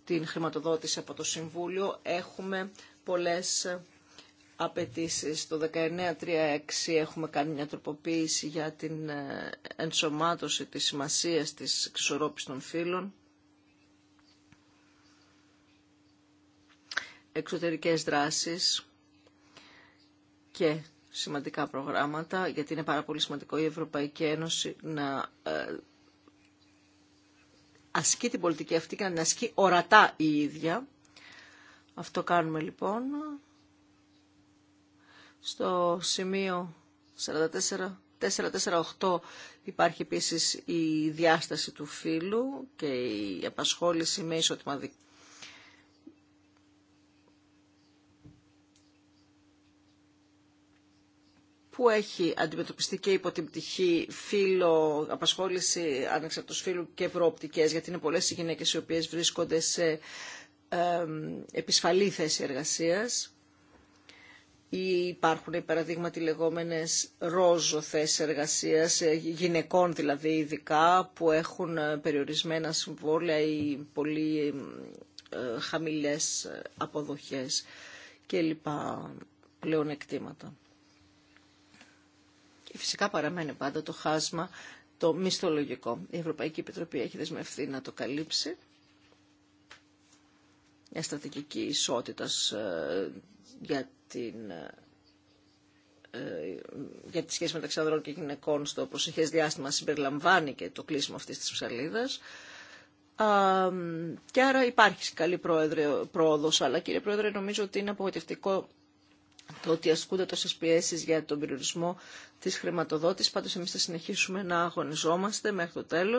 Speaker 4: την χρηματοδότηση από το Συμβούλιο έχουμε πολλές απαιτήσεις. Το 1936 έχουμε κάνει μια τροποποίηση για την ε, ενσωμάτωση της σημασίας της εξορρόπησης των φύλων εξωτερικές δράσεις και σημαντικά προγράμματα, γιατί είναι πάρα πολύ σημαντικό η Ευρωπαϊκή Ένωση να ε, ασκεί την πολιτική αυτή και να την ασκεί ορατά η ίδια. Αυτό κάνουμε λοιπόν στο σημείο 44-448 υπάρχει επίσης η διάσταση του φύλου και η απασχόληση με ισοτιματικό που έχει αντιμετωπιστεί και υπό την πτυχή φύλλο, απασχόληση ανεξαρτητός φύλλου και προοπτικές, γιατί είναι πολλές οι γυναίκες οι οποίες βρίσκονται σε επισφαλή θέση εργασίας ή υπάρχουν παραδείγματι λεγόμενες ρόζο θέσεις εργασίας, ε, γυναικών δηλαδή ειδικά, που έχουν ε, περιορισμένα συμβόλαια ή πολύ ε, χαμηλές αποδοχές και λοιπά πλέον εκτήματα. Και φυσικά παραμένει πάντα το χάσμα το μισθολογικό. Η Ευρωπαϊκή Επιτροπή έχει δεσμευθεί να το καλύψει. Μια στρατηγική ισότητα, ε, για την ε, ε, για τη σχέση μεταξύ ανδρών και γυναικών στο προσεχές διάστημα συμπεριλαμβάνει και το κλείσιμο αυτής της ψαλίδας. και άρα υπάρχει καλή πρόεδρε, πρόοδος, αλλά κύριε Πρόεδρε νομίζω ότι είναι απογοητευτικό το ότι ασκούνται τόσε πιέσει για τον περιορισμό τη χρηματοδότηση. Πάντω, εμεί θα συνεχίσουμε να αγωνιζόμαστε μέχρι το τέλο.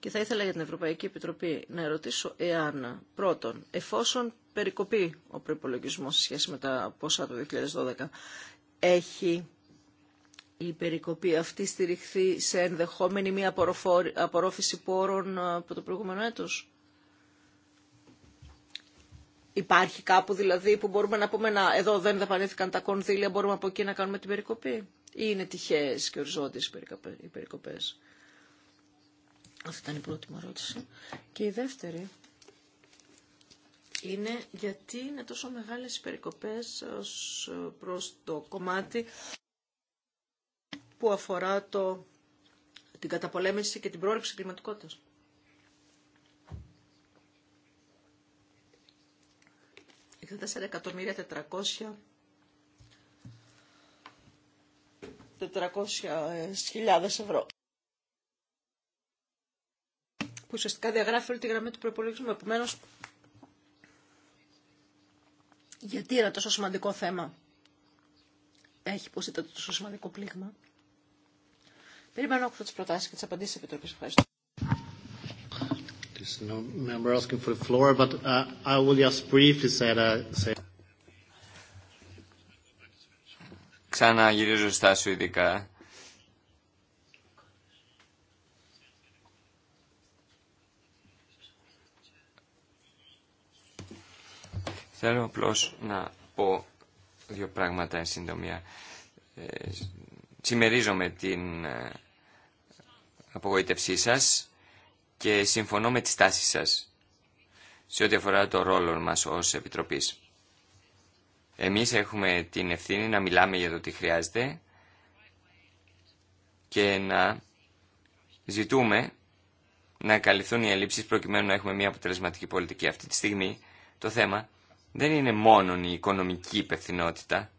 Speaker 4: Και θα ήθελα για την Ευρωπαϊκή Επιτροπή να ρωτήσω εάν, πρώτον, εφόσον περικοπεί ο προπολογισμό σε σχέση με τα ποσά του 2012, έχει η περικοπή αυτή στηριχθεί σε ενδεχόμενη μία απορρόφηση πόρων από το προηγούμενο έτος. Υπάρχει κάπου δηλαδή που μπορούμε να πούμε να, εδώ δεν δαπανήθηκαν τα κονδύλια, μπορούμε από εκεί να κάνουμε την περικοπή. Ή είναι τυχαίες και οριζόντιες οι περικοπές. Αυτή ήταν η πρώτη μου ερώτηση. Και η δεύτερη είναι γιατί είναι τόσο μεγάλες οι περικοπές ως προς το κομμάτι που αφορά το, την καταπολέμηση και την πρόληψη κλιματικότητας. 64.400.000 εκατομμύρια 400 ευρώ. Που ουσιαστικά διαγράφει όλη τη γραμμή του προπολογισμού. Επομένω, γιατί ένα τόσο σημαντικό θέμα έχει πω ήταν τόσο σημαντικό πλήγμα. Περιμένω από τι προτάσει και τι απαντήσει τη Επιτροπή. Ευχαριστώ.
Speaker 5: There's no member asking for the floor, but uh, I will just briefly say that.
Speaker 8: Ξαναγυρίζω στα σουηδικά. Θέλω απλώς να πω δύο πράγματα εν συντομία. Ε, συμμερίζομαι την ε, απογοήτευσή σας και συμφωνώ με τις τάσεις σας σε ό,τι αφορά το ρόλο μας ως Επιτροπής. Εμείς έχουμε την ευθύνη να μιλάμε για το τι χρειάζεται και να ζητούμε να καλυφθούν οι ελλείψεις προκειμένου να έχουμε μια αποτελεσματική πολιτική. Αυτή τη στιγμή το θέμα δεν είναι μόνο η οικονομική υπευθυνότητα,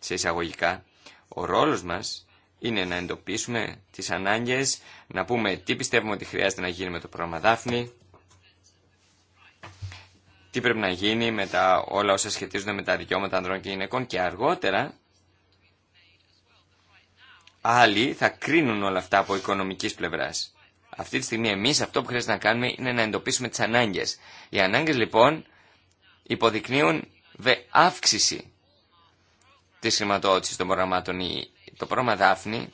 Speaker 8: σε εισαγωγικά. Ο ρόλος μας είναι να εντοπίσουμε τις ανάγκες, να πούμε τι πιστεύουμε ότι χρειάζεται να γίνει με το πρόγραμμα Δάφνη, τι πρέπει να γίνει με τα όλα όσα σχετίζονται με τα δικαιώματα ανδρών και γυναικών και αργότερα άλλοι θα κρίνουν όλα αυτά από οικονομικής πλευράς. Αυτή τη στιγμή εμείς αυτό που χρειάζεται να κάνουμε είναι να εντοπίσουμε τις ανάγκες. Οι ανάγκες λοιπόν υποδεικνύουν αύξηση της χρηματοδότησης των προγραμμάτων το πρόγραμμα Δάφνη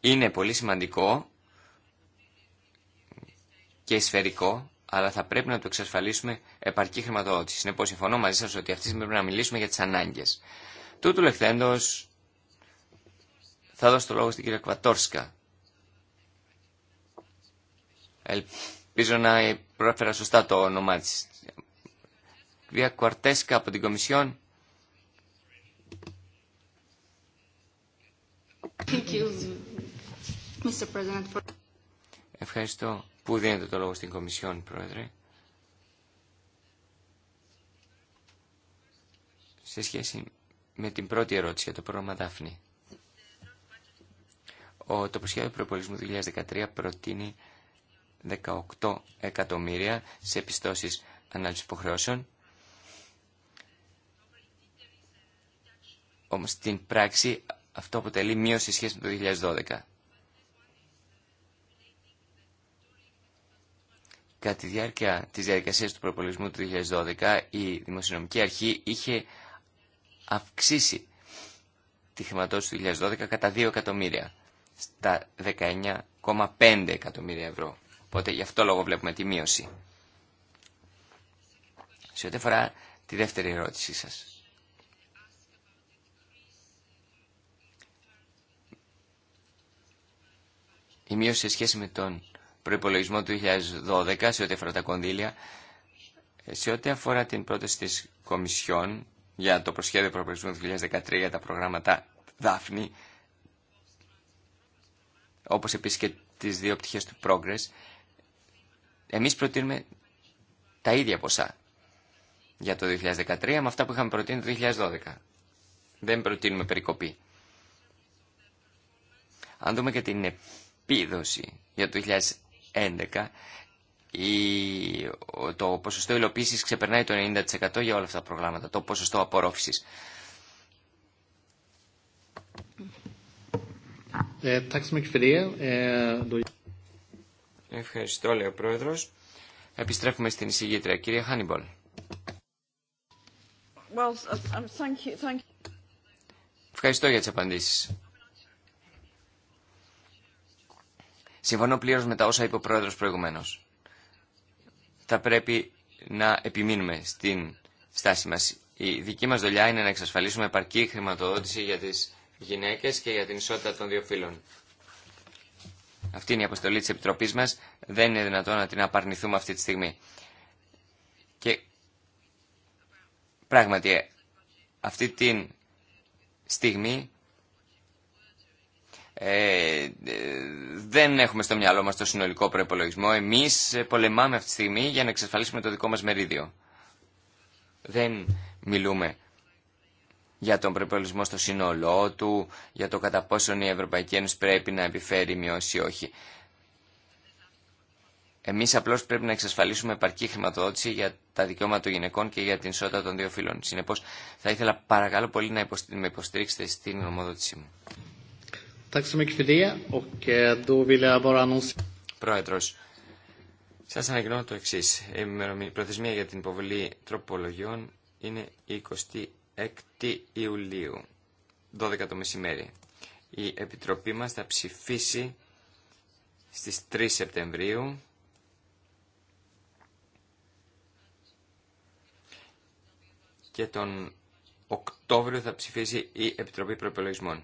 Speaker 8: είναι πολύ σημαντικό και σφαιρικό, αλλά θα πρέπει να το εξασφαλίσουμε επαρκή χρηματοδότηση. Συνεπώ, συμφωνώ μαζί σα ότι αυτή τη πρέπει να μιλήσουμε για τι ανάγκε. Τούτου λεχθέντο, θα δώσω το λόγο στην κυρία Κβατόρσκα. Ελπίζω να προέφερα σωστά το όνομά τη. Κυρία Κουαρτέσκα από την Κομισιόν, Ευχαριστώ που δίνετε το λόγο στην Κομισιόν, Πρόεδρε. Σε σχέση με την πρώτη ερώτηση για το πρόγραμμα Δάφνη. Ο, το προσχέδιο προπολισμού 2013 προτείνει 18 εκατομμύρια σε επιστώσεις ανάλυση υποχρεώσεων. Όμως στην πράξη αυτό αποτελεί μείωση σχέση με το 2012. Κατά τη διάρκεια της διαδικασίας του προπολογισμού του 2012 η Δημοσιονομική Αρχή είχε αυξήσει τη χρηματοδότηση του 2012 κατά 2 εκατομμύρια στα 19,5 εκατομμύρια ευρώ. Οπότε γι' αυτό λόγο βλέπουμε τη μείωση. Σε ό,τι αφορά τη δεύτερη ερώτησή σας. Η μείωση σε σχέση με τον προπολογισμό του 2012 σε ό,τι αφορά τα κονδύλια, σε ό,τι αφορά την πρόταση της Κομισιόν για το προσχέδιο προπολογισμού του 2013 για τα προγράμματα Δάφνη, όπως επίσης και τις δύο πτυχές του Progress, εμείς προτείνουμε τα ίδια ποσά για το 2013 με αυτά που είχαμε προτείνει το 2012. Δεν προτείνουμε περικοπή. Αν δούμε και την επίδοση για το 2011 το ποσοστό υλοποίησης ξεπερνάει το 90% για όλα αυτά τα προγράμματα, το ποσοστό απορρόφησης. Ε, ε, Ευχαριστώ, λέει ο Πρόεδρος. Επιστρέφουμε στην εισηγήτρια. Κυρία Χάνιμπολ.
Speaker 4: Um,
Speaker 8: Ευχαριστώ για τις απαντήσεις. Συμφωνώ πλήρω με τα όσα είπε ο πρόεδρο προηγουμένω. Θα πρέπει να επιμείνουμε στην στάση μα. Η δική μα δουλειά είναι να εξασφαλίσουμε επαρκή χρηματοδότηση για τι γυναίκε και για την ισότητα των δύο φύλων. Αυτή είναι η αποστολή τη Επιτροπή μα. Δεν είναι δυνατόν να την απαρνηθούμε αυτή τη στιγμή. Και πράγματι, αυτή τη στιγμή ε, δεν έχουμε στο μυαλό μας το συνολικό προπολογισμό. Εμείς πολεμάμε αυτή τη στιγμή για να εξασφαλίσουμε το δικό μας μερίδιο. Δεν μιλούμε για τον προπολογισμό στο σύνολό του, για το κατά πόσον η Ευρωπαϊκή Ένωση πρέπει να επιφέρει μειώσει ή όχι. Εμείς απλώς πρέπει να εξασφαλίσουμε επαρκή χρηματοδότηση για τα δικαιώματα των γυναικών και για την ισότητα των δύο φύλων. Συνεπώ, θα ήθελα παρακαλώ πολύ να με υποστηρίξετε στην ομοδότησή μου. Tack så mycket eh, Πρόεδρος, σας ανακοινώνω το εξής. Η προθεσμία για την υποβολή τροπολογιών είναι 26 Ιουλίου, 12 το μεσημέρι. Η Επιτροπή μας θα ψηφίσει στις 3 Σεπτεμβρίου και τον Οκτώβριο θα ψηφίσει η Επιτροπή Προπολογισμών.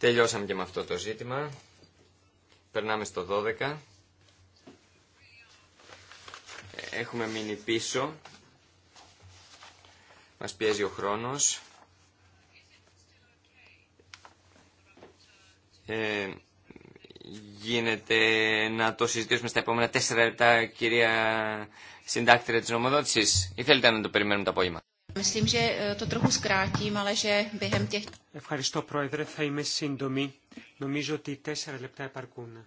Speaker 8: Τελειώσαμε και με αυτό το ζήτημα. Περνάμε στο 12. Έχουμε μείνει πίσω. Μας πιέζει ο χρόνος. Ε, γίνεται να το συζητήσουμε στα επόμενα τέσσερα λεπτά, κυρία συντάκτηρα της νομοδότησης. Ή θέλετε να το περιμένουμε το απόγευμα.
Speaker 1: Ευχαριστώ, Πρόεδρε. Θα είμαι σύντομη. Νομίζω ότι τέσσερα λεπτά επαρκούν.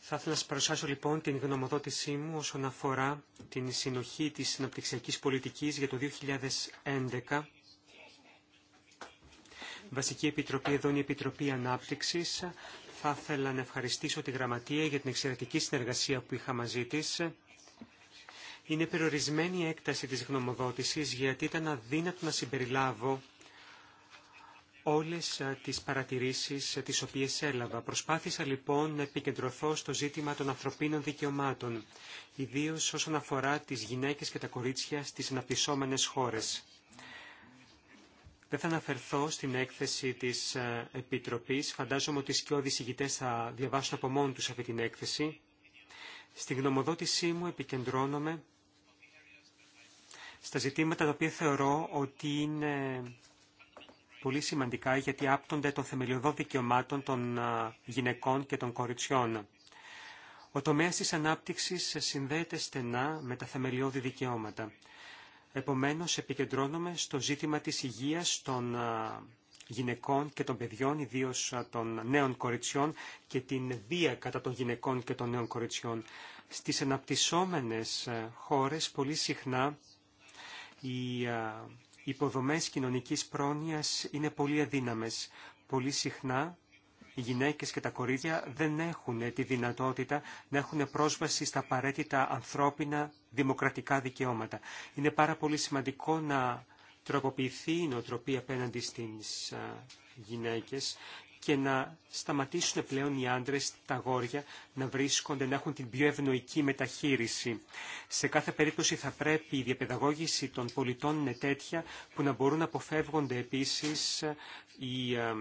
Speaker 1: Θα ήθελα να σας παρουσιάσω λοιπόν την γνωμοδότησή μου όσον αφορά την συνοχή της συναπτυξιακής πολιτικής για το 2011. Βασική Επιτροπή εδώ είναι η Επιτροπή ανάπτυξη. Θα ήθελα να ευχαριστήσω τη Γραμματεία για την εξαιρετική συνεργασία που είχα μαζί τη. Είναι περιορισμένη η έκταση της γνωμοδότησης γιατί ήταν αδύνατο να συμπεριλάβω όλες τις παρατηρήσεις τις οποίες έλαβα. Προσπάθησα λοιπόν να επικεντρωθώ στο ζήτημα των ανθρωπίνων δικαιωμάτων, ιδίως όσον αφορά τις γυναίκες και τα κορίτσια στις αναπτυσσόμενες χώρες. Δεν θα αναφερθώ στην έκθεση της Επιτροπής. Φαντάζομαι ότι οι σκιώδεις ηγητές θα διαβάσουν από μόνοι τους αυτή την έκθεση. Στη γνωμοδότησή μου επικεντρώνομαι στα ζητήματα τα οποία θεωρώ ότι είναι πολύ σημαντικά γιατί άπτονται των θεμελιωδών δικαιωμάτων των γυναικών και των κοριτσιών. Ο τομέας της ανάπτυξης συνδέεται στενά με τα θεμελιώδη δικαιώματα. Επομένως, επικεντρώνομαι στο ζήτημα της υγείας των γυναικών και των παιδιών, ιδίω των νέων κοριτσιών και την βία κατά των γυναικών και των νέων κοριτσιών. Στις αναπτυσσόμενες ε, χώρες πολύ συχνά οι υποδομές κοινωνικής πρόνοιας είναι πολύ αδύναμες. Πολύ συχνά οι γυναίκες και τα κορίτσια δεν έχουν τη δυνατότητα να έχουν πρόσβαση στα απαραίτητα ανθρώπινα δημοκρατικά δικαιώματα. Είναι πάρα πολύ σημαντικό να τροποποιηθεί η νοοτροπία απέναντι στις γυναίκες και να σταματήσουν πλέον οι άντρε, τα αγόρια, να βρίσκονται, να έχουν την πιο ευνοϊκή μεταχείριση. Σε κάθε περίπτωση θα πρέπει η διαπαιδαγώγηση των πολιτών είναι τέτοια που να μπορούν να αποφεύγονται επίσης ε, οι ε,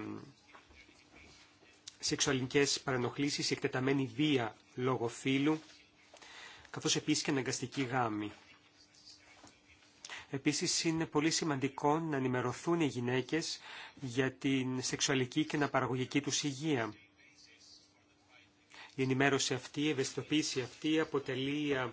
Speaker 1: σεξουαλικές παρανοχλήσεις, η εκτεταμένη βία λόγω φύλου, καθώς επίσης και αναγκαστική γάμη. Επίσης είναι πολύ σημαντικό να ενημερωθούν οι γυναίκες για την σεξουαλική και παραγωγική τους υγεία. Η ενημέρωση αυτή, η ευαισθητοποίηση αυτή αποτελεί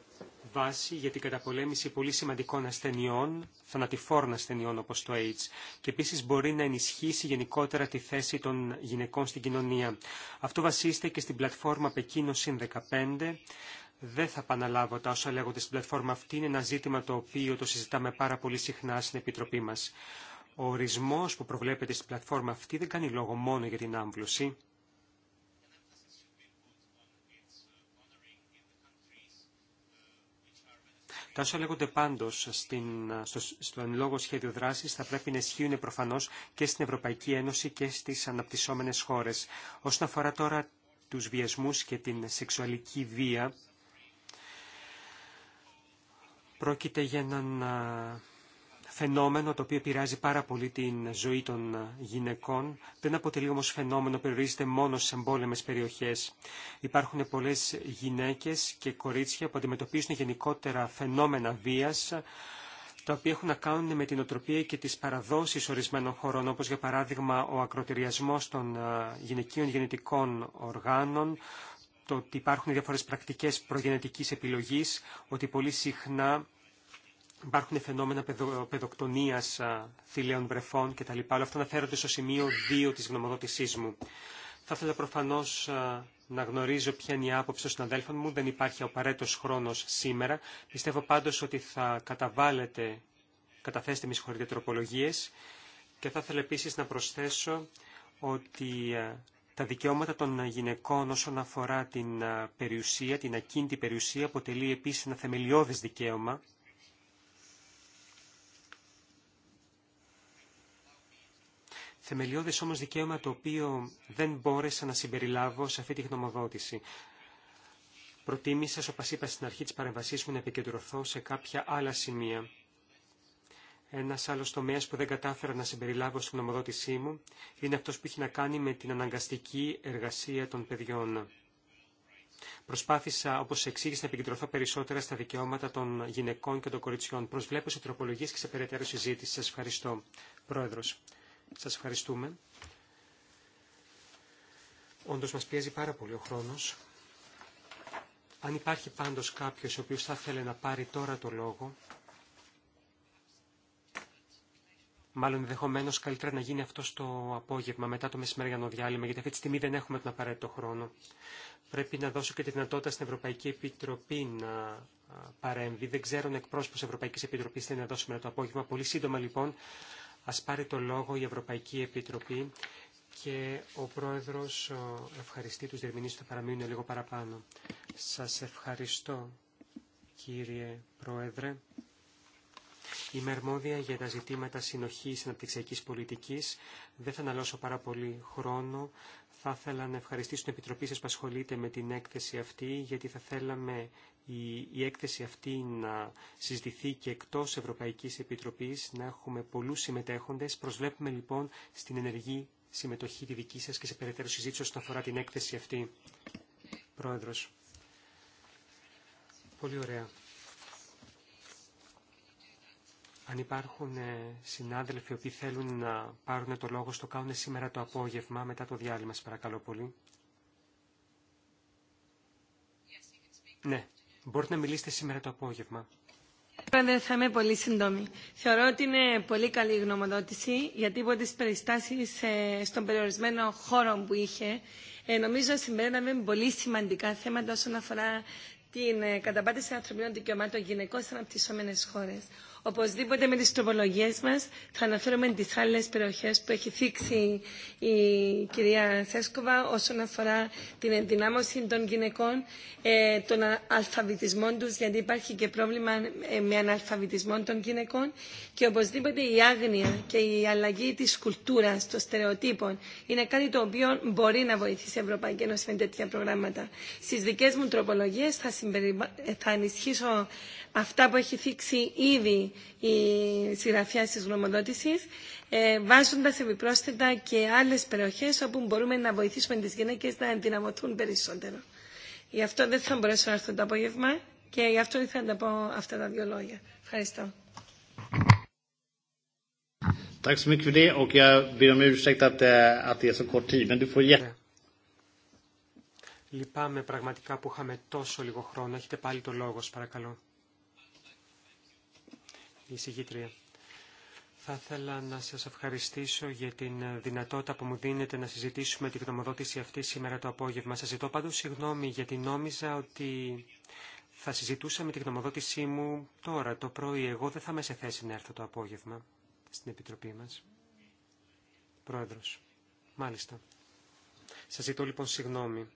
Speaker 1: βάση για την καταπολέμηση πολύ σημαντικών ασθενειών, θανατηφόρων ασθενειών όπως το AIDS και επίσης μπορεί να ενισχύσει γενικότερα τη θέση των γυναικών στην κοινωνία. Αυτό βασίζεται και στην πλατφόρμα Πεκίνο ΣΥΝ 15 δεν θα επαναλάβω τα όσα λέγονται στην πλατφόρμα αυτή. Είναι ένα ζήτημα το οποίο το συζητάμε πάρα πολύ συχνά στην Επιτροπή μας. Ο ορισμός που προβλέπεται στην πλατφόρμα αυτή δεν κάνει λόγο μόνο για την άμβλωση. Τα όσα λέγονται πάντω στο, στο εν λόγω σχέδιο δράση θα πρέπει να ισχύουν προφανώ και στην Ευρωπαϊκή Ένωση και στι αναπτυσσόμενε χώρε. Όσον αφορά τώρα του βιασμού και την σεξουαλική βία, Πρόκειται για ένα φαινόμενο το οποίο επηρεάζει πάρα πολύ την ζωή των γυναικών. Δεν αποτελεί όμως φαινόμενο που περιορίζεται μόνο σε εμπόλεμες περιοχές. Υπάρχουν πολλές γυναίκες και κορίτσια που αντιμετωπίζουν γενικότερα φαινόμενα βίας, τα οποία έχουν να κάνουν με την οτροπία και τις παραδόσεις ορισμένων χωρών, όπως για παράδειγμα ο ακροτηριασμός των γυναικείων γεννητικών οργάνων, το ότι υπάρχουν διάφορες πρακτικές προγενετικής επιλογής, ότι πολύ συχνά υπάρχουν φαινόμενα παιδοκτονίας θηλαίων βρεφών κτλ. Όλα αυτά αναφέρονται στο σημείο 2 της γνωμοδότησής μου. Θα ήθελα προφανώ να γνωρίζω ποια είναι η άποψη των αδέλφων μου. Δεν υπάρχει απαραίτητο χρόνος σήμερα. Πιστεύω πάντως ότι θα καταβάλλετε, καταθέσετε με συγχωρείτε Και θα ήθελα επίση να προσθέσω ότι τα δικαιώματα των γυναικών όσον αφορά την περιουσία, την ακίνητη περιουσία, αποτελεί επίσης ένα θεμελιώδες δικαίωμα. Θεμελιώδες όμως δικαίωμα το οποίο δεν μπόρεσα να συμπεριλάβω σε αυτή τη γνωμοδότηση. Προτίμησα, όπως είπα στην αρχή της παρεμβασής μου, να επικεντρωθώ σε κάποια άλλα σημεία. Ένα άλλο τομέα που δεν κατάφερα να συμπεριλάβω στην νομοδότησή μου είναι αυτό που έχει να κάνει με την αναγκαστική εργασία των παιδιών. Προσπάθησα, όπω εξήγησε, να επικεντρωθώ περισσότερα στα δικαιώματα των γυναικών και των κοριτσιών. Προσβλέπω σε τροπολογίε και σε περαιτέρω συζήτηση. Σα ευχαριστώ, Πρόεδρο. Σα ευχαριστούμε. Όντω μα πιέζει πάρα πολύ ο χρόνο. Αν υπάρχει πάντως κάποιο ο οποίο θα ήθελε να πάρει τώρα το λόγο, Μάλλον ενδεχομένω καλύτερα να γίνει αυτό στο απόγευμα, μετά το μεσημεριανό διάλειμμα, γιατί αυτή τη στιγμή δεν έχουμε τον απαραίτητο χρόνο. Πρέπει να δώσω και τη δυνατότητα στην Ευρωπαϊκή Επιτροπή να παρέμβει. Δεν ξέρω αν εκπρόσωπο Ευρωπαϊκή Επιτροπή θέλει να δώσουμε το απόγευμα. Πολύ σύντομα λοιπόν, α πάρει το λόγο η Ευρωπαϊκή Επιτροπή και ο πρόεδρο ευχαριστεί του διερμηνεί που θα παραμείνουν λίγο παραπάνω. Σα ευχαριστώ, κύριε Πρόεδρε. Είμαι αρμόδια για τα ζητήματα συνοχής αναπτυξιακής πολιτικής. Δεν θα αναλώσω πάρα πολύ χρόνο. Θα ήθελα να ευχαριστήσω την Επιτροπή σας που ασχολείται με την έκθεση αυτή, γιατί θα θέλαμε η, η έκθεση αυτή να συζητηθεί και εκτός Ευρωπαϊκής Επιτροπής, να έχουμε πολλούς συμμετέχοντες. Προσβλέπουμε λοιπόν στην ενεργή συμμετοχή τη δική σας και σε περαιτέρω συζήτηση όσον αφορά την έκθεση αυτή. Πρόεδρος. Πολύ ωραία. Αν υπάρχουν ε, συνάδελφοι που θέλουν να πάρουν το λόγο, στο κάνουν σήμερα το απόγευμα μετά το διάλειμμα, σας παρακαλώ πολύ. Ναι, μπορείτε να μιλήσετε σήμερα το απόγευμα.
Speaker 7: θα είμαι πολύ σύντομη. Θεωρώ ότι είναι πολύ καλή η γνωμοδότηση, γιατί από τι περιστάσει ε, στον περιορισμένο χώρο που είχε, ε, νομίζω συμπέραμε πολύ σημαντικά θέματα όσον αφορά την καταπάτηση ανθρωπίνων δικαιωμάτων γυναικών σε αναπτυσσόμενε χώρε. Οπωσδήποτε με τις τροπολογίες μας θα αναφέρουμε τις άλλες περιοχές που έχει θίξει η κυρία Σέσκοβα όσον αφορά την ενδυνάμωση των γυναικών, ε, των αλφαβητισμών τους, γιατί υπάρχει και πρόβλημα ε, με αναλφαβητισμό των γυναικών και οπωσδήποτε η άγνοια και η αλλαγή της κουλτούρας, των στερεοτύπων είναι κάτι το οποίο μπορεί να βοηθήσει η Ευρωπαϊκή Ένωση με τέτοια προγράμματα. Στις δικές μου τροπολογίες θα, συμπεριβα... Ε, θα ενισχύσω αυτά που έχει θίξει ήδη η συγγραφιά της γνωμοδότησης, ε, βάζοντας επιπρόσθετα και άλλες περιοχές όπου μπορούμε να βοηθήσουμε τις γυναίκες να ενδυναμωθούν περισσότερο. Γι' αυτό δεν θα μπορέσω να έρθω το απόγευμα και γι' αυτό ήθελα να πω αυτά τα δύο λόγια. Ευχαριστώ.
Speaker 5: Tack så mycket för det och jag ber om ursäkt att eh, är så kort tid, men du får ναι.
Speaker 1: Λυπάμαι πραγματικά που είχαμε τόσο λίγο χρόνο. Έχετε πάλι το λόγο, παρακαλώ. Εισηγήτρια, Θα ήθελα να σας ευχαριστήσω για την δυνατότητα που μου δίνετε να συζητήσουμε την γνωμοδότηση αυτή σήμερα το απόγευμα. Σας ζητώ πάντως συγγνώμη γιατί νόμιζα ότι θα συζητούσαμε την γνωμοδότησή μου τώρα το πρωί. Εγώ δεν θα είμαι σε θέση να έρθω το απόγευμα στην Επιτροπή μας. Πρόεδρος. Μάλιστα. Σας ζητώ λοιπόν συγγνώμη.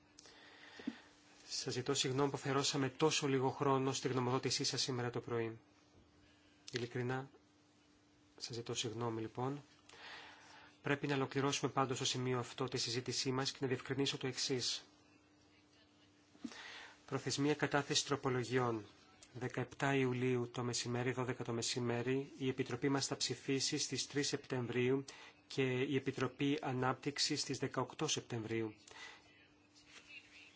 Speaker 1: Σας ζητώ συγγνώμη που αφαιρώσαμε τόσο λίγο χρόνο στη γνωμοδότησή σας σήμερα το πρωί. Ειλικρινά, σας ζητώ συγγνώμη λοιπόν. Πρέπει να ολοκληρώσουμε πάντως στο σημείο αυτό τη συζήτησή μας και να διευκρινίσω το εξή. Προθεσμία κατάθεση τροπολογιών. 17 Ιουλίου το μεσημέρι, 12 το μεσημέρι, η Επιτροπή μας θα ψηφίσει στις 3 Σεπτεμβρίου και η Επιτροπή Ανάπτυξη στις 18 Σεπτεμβρίου.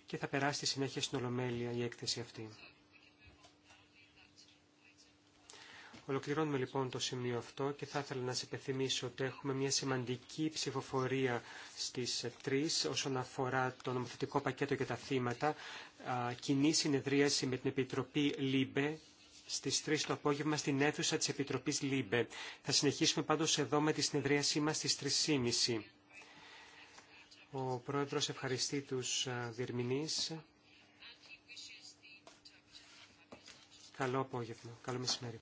Speaker 1: Και θα περάσει στη συνέχεια στην Ολομέλεια η έκθεση αυτή. Ολοκληρώνουμε λοιπόν το σημείο αυτό και θα ήθελα να σε υπενθυμίσω ότι έχουμε μια σημαντική ψηφοφορία στις 3 όσον αφορά το νομοθετικό πακέτο για τα θύματα. Κοινή συνεδρίαση με την Επιτροπή ΛΥΜΠΕ στις 3 το απόγευμα στην αίθουσα της Επιτροπής ΛΥΜΠΕ. Θα συνεχίσουμε πάντως εδώ με τη συνεδρίασή μας στις 3.30. Ο Πρόεδρος ευχαριστεί τους διερμηνείς. Καλό απόγευμα. Καλό μεσημέρι.